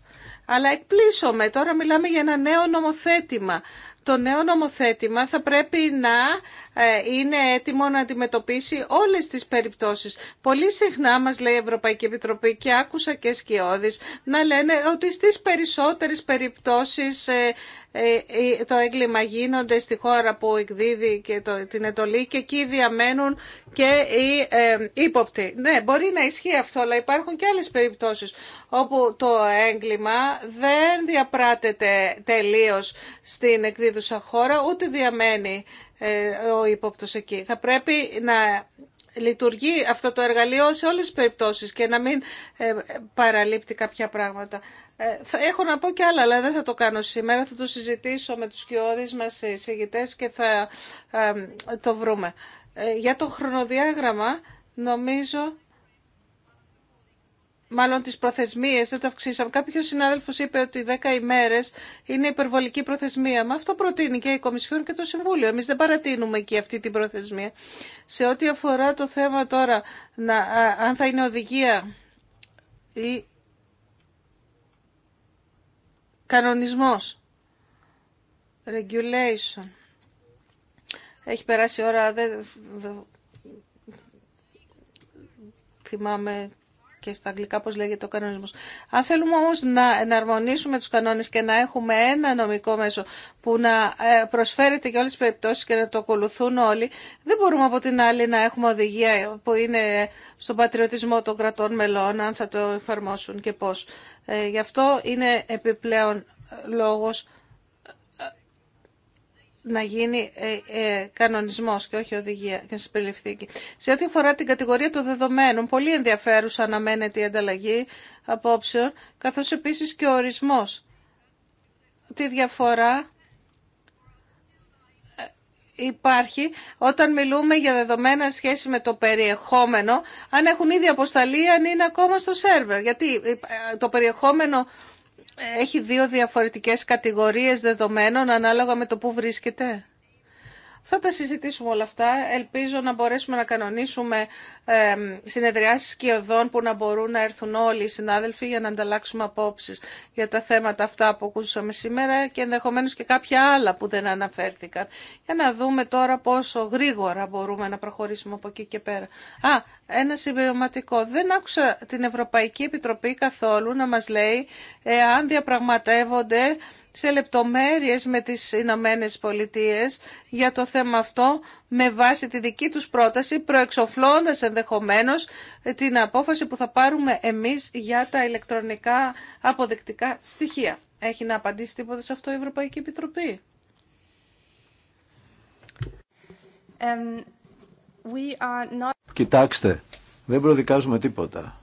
Αλλά εκπλήσωμε, τώρα μιλάμε για ένα νέο νομοθέτημα. Το νέο νομοθέτημα θα πρέπει να ε, είναι έτοιμο να αντιμετωπίσει όλες τις περιπτώσεις. Πολύ συχνά μας λέει η Ευρωπαϊκή Επιτροπή και άκουσα και σκιώδης να λένε ότι στις περισσότερες περιπτώσεις ε, ε, το έγκλημα γίνονται στη χώρα που εκδίδει και την εντολή και εκεί διαμένουν και οι ε, ύποπτοι. Ναι, μπορεί να ισχύει αυτό, αλλά υπάρχουν και άλλες περιπτώσεις όπου το έγκλημα δεν διαπράτεται τελείως στην εκδίδουσα χώρα, ούτε διαμένει ε, ο υπόπτος εκεί. Θα πρέπει να λειτουργεί αυτό το εργαλείο σε όλες τις περιπτώσεις και να μην ε, παραλείπτει κάποια πράγματα. Ε, θα, έχω να πω και άλλα, αλλά δεν θα το κάνω σήμερα. Θα το συζητήσω με τους κοιόδης μας συγητές και θα το βρούμε. για το χρονοδιάγραμμα νομίζω μάλλον τις προθεσμίες δεν τα αυξήσαμε. Κάποιος συνάδελφος είπε ότι 10 ημέρες είναι υπερβολική προθεσμία. Μα αυτό προτείνει και η Κομισιόν και το Συμβούλιο. Εμείς δεν παρατείνουμε εκεί αυτή την προθεσμία. Σε ό,τι αφορά το θέμα τώρα, αν θα είναι οδηγία ή κανονισμός, regulation, έχει περάσει η κανονισμος regulation εχει περασει ωρα δεν θυμάμαι και στα αγγλικά πώς λέγεται ο κανονισμός. Αν θέλουμε όμως να εναρμονίσουμε τους κανόνες και να έχουμε ένα νομικό μέσο που να ε, προσφέρεται για όλες τις περιπτώσεις και να το ακολουθούν όλοι, δεν μπορούμε από την άλλη να έχουμε οδηγία που είναι στον πατριωτισμό των κρατών μελών, αν θα το εφαρμόσουν και πώς. Ε, γι' αυτό είναι επιπλέον λόγος να γίνει ε, ε, κανονισμός και όχι οδηγία και να συμπεριληφθεί εκεί. Σε ό,τι αφορά την κατηγορία των δεδομένων, πολύ ενδιαφέρουσα αναμένεται η ανταλλαγή απόψεων, καθώς επίσης και ο ορισμός. Τη διαφορά ε, υπάρχει όταν μιλούμε για δεδομένα σχέση με το περιεχόμενο, αν έχουν ήδη αποσταλεί, αν είναι ακόμα στο σερβερ. Γιατί το περιεχόμενο έχει δύο διαφορετικές κατηγορίες δεδομένων ανάλογα με το που βρίσκεται. Θα τα συζητήσουμε όλα αυτά. Ελπίζω να μπορέσουμε να κανονίσουμε ε, συνεδριάσεις οδών που να μπορούν να έρθουν όλοι οι συνάδελφοι για να ανταλλάξουμε απόψεις για τα θέματα αυτά που ακούσαμε σήμερα και ενδεχομένως και κάποια άλλα που δεν αναφέρθηκαν. Για να δούμε τώρα πόσο γρήγορα μπορούμε να προχωρήσουμε από εκεί και πέρα. Α, ένα συμπληρωματικό. Δεν άκουσα την Ευρωπαϊκή Επιτροπή καθόλου να μας λέει αν διαπραγματεύονται σε λεπτομέρειες με τις Ηνωμένε Πολιτείε για το θέμα αυτό με βάση τη δική τους πρόταση προεξοφλώντας ενδεχομένως την απόφαση που θα πάρουμε εμείς για τα ηλεκτρονικά αποδεκτικά στοιχεία. Έχει να απαντήσει τίποτα σε αυτό η Ευρωπαϊκή Επιτροπή. Κοιτάξτε, δεν προδικάζουμε τίποτα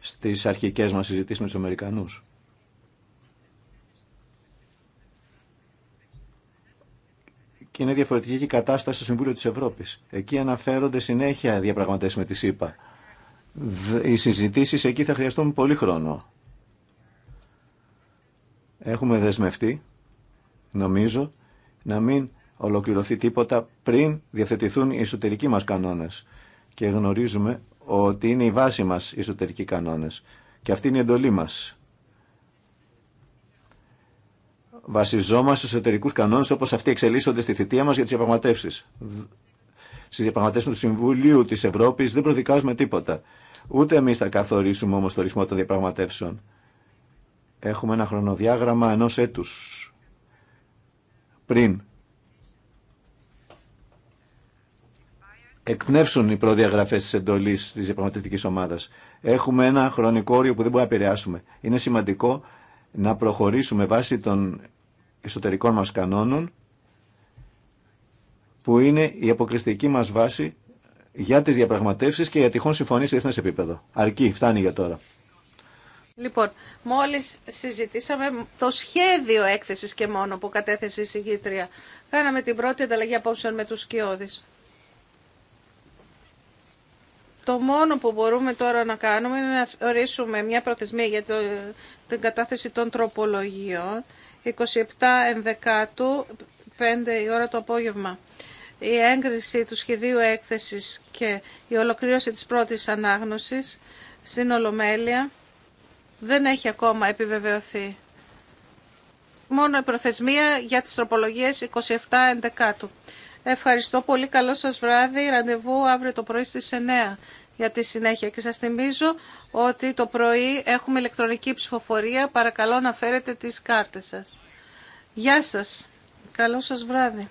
στις αρχικές μας συζητήσεις με τους Αμερικανούς. και είναι διαφορετική και η κατάσταση στο Συμβούλιο της Ευρώπης. Εκεί αναφέρονται συνέχεια διαπραγματεύσεις με τη ΣΥΠΑ. Οι συζητήσεις εκεί θα χρειαστούν πολύ χρόνο. Έχουμε δεσμευτεί, νομίζω, να μην ολοκληρωθεί τίποτα πριν διαθετηθούν οι εσωτερικοί μας κανόνες. Και γνωρίζουμε ότι είναι η βάση μας οι εσωτερικοί κανόνες. Και αυτή είναι η εντολή μας. βασιζόμαστε στου εσωτερικού κανόνε όπω αυτοί εξελίσσονται στη θητεία μα για τι διαπραγματεύσει. Στι διαπραγματεύσει του Συμβουλίου τη Ευρώπη δεν προδικάζουμε τίποτα. Ούτε εμεί θα καθορίσουμε όμω το ρυθμό των διαπραγματεύσεων. Έχουμε ένα χρονοδιάγραμμα ενό έτου πριν εκπνεύσουν οι προδιαγραφέ τη εντολή τη διαπραγματευτικής ομάδα. Έχουμε ένα χρονικό όριο που δεν μπορούμε να επηρεάσουμε. Είναι σημαντικό να προχωρήσουμε βάσει των εσωτερικών μας κανόνων που είναι η αποκλειστική μας βάση για τις διαπραγματεύσεις και για τυχόν συμφωνίες σε διεθνές επίπεδο. Αρκεί, φτάνει για τώρα. Λοιπόν, μόλις συζητήσαμε το σχέδιο έκθεσης και μόνο που κατέθεσε η συγγήτρια. Κάναμε την πρώτη ανταλλαγή απόψεων με τους σκιώδεις. Το μόνο που μπορούμε τώρα να κάνουμε είναι να ορίσουμε μια προθεσμία για την κατάθεση των τροπολογιών 27 ενδεκάτου, 5 η ώρα το απόγευμα. Η έγκριση του σχεδίου έκθεσης και η ολοκλήρωση της πρώτης ανάγνωσης στην Ολομέλεια δεν έχει ακόμα επιβεβαιωθεί. Μόνο η προθεσμία για τις τροπολογίες 27 ενδεκάτου. Ευχαριστώ πολύ. Καλό σας βράδυ. Ραντεβού αύριο το πρωί στις 9 για τη συνέχεια. Και σας θυμίζω ότι το πρωί έχουμε ηλεκτρονική ψηφοφορία. Παρακαλώ να φέρετε τις κάρτες σας. Γεια σας. Καλό σας βράδυ.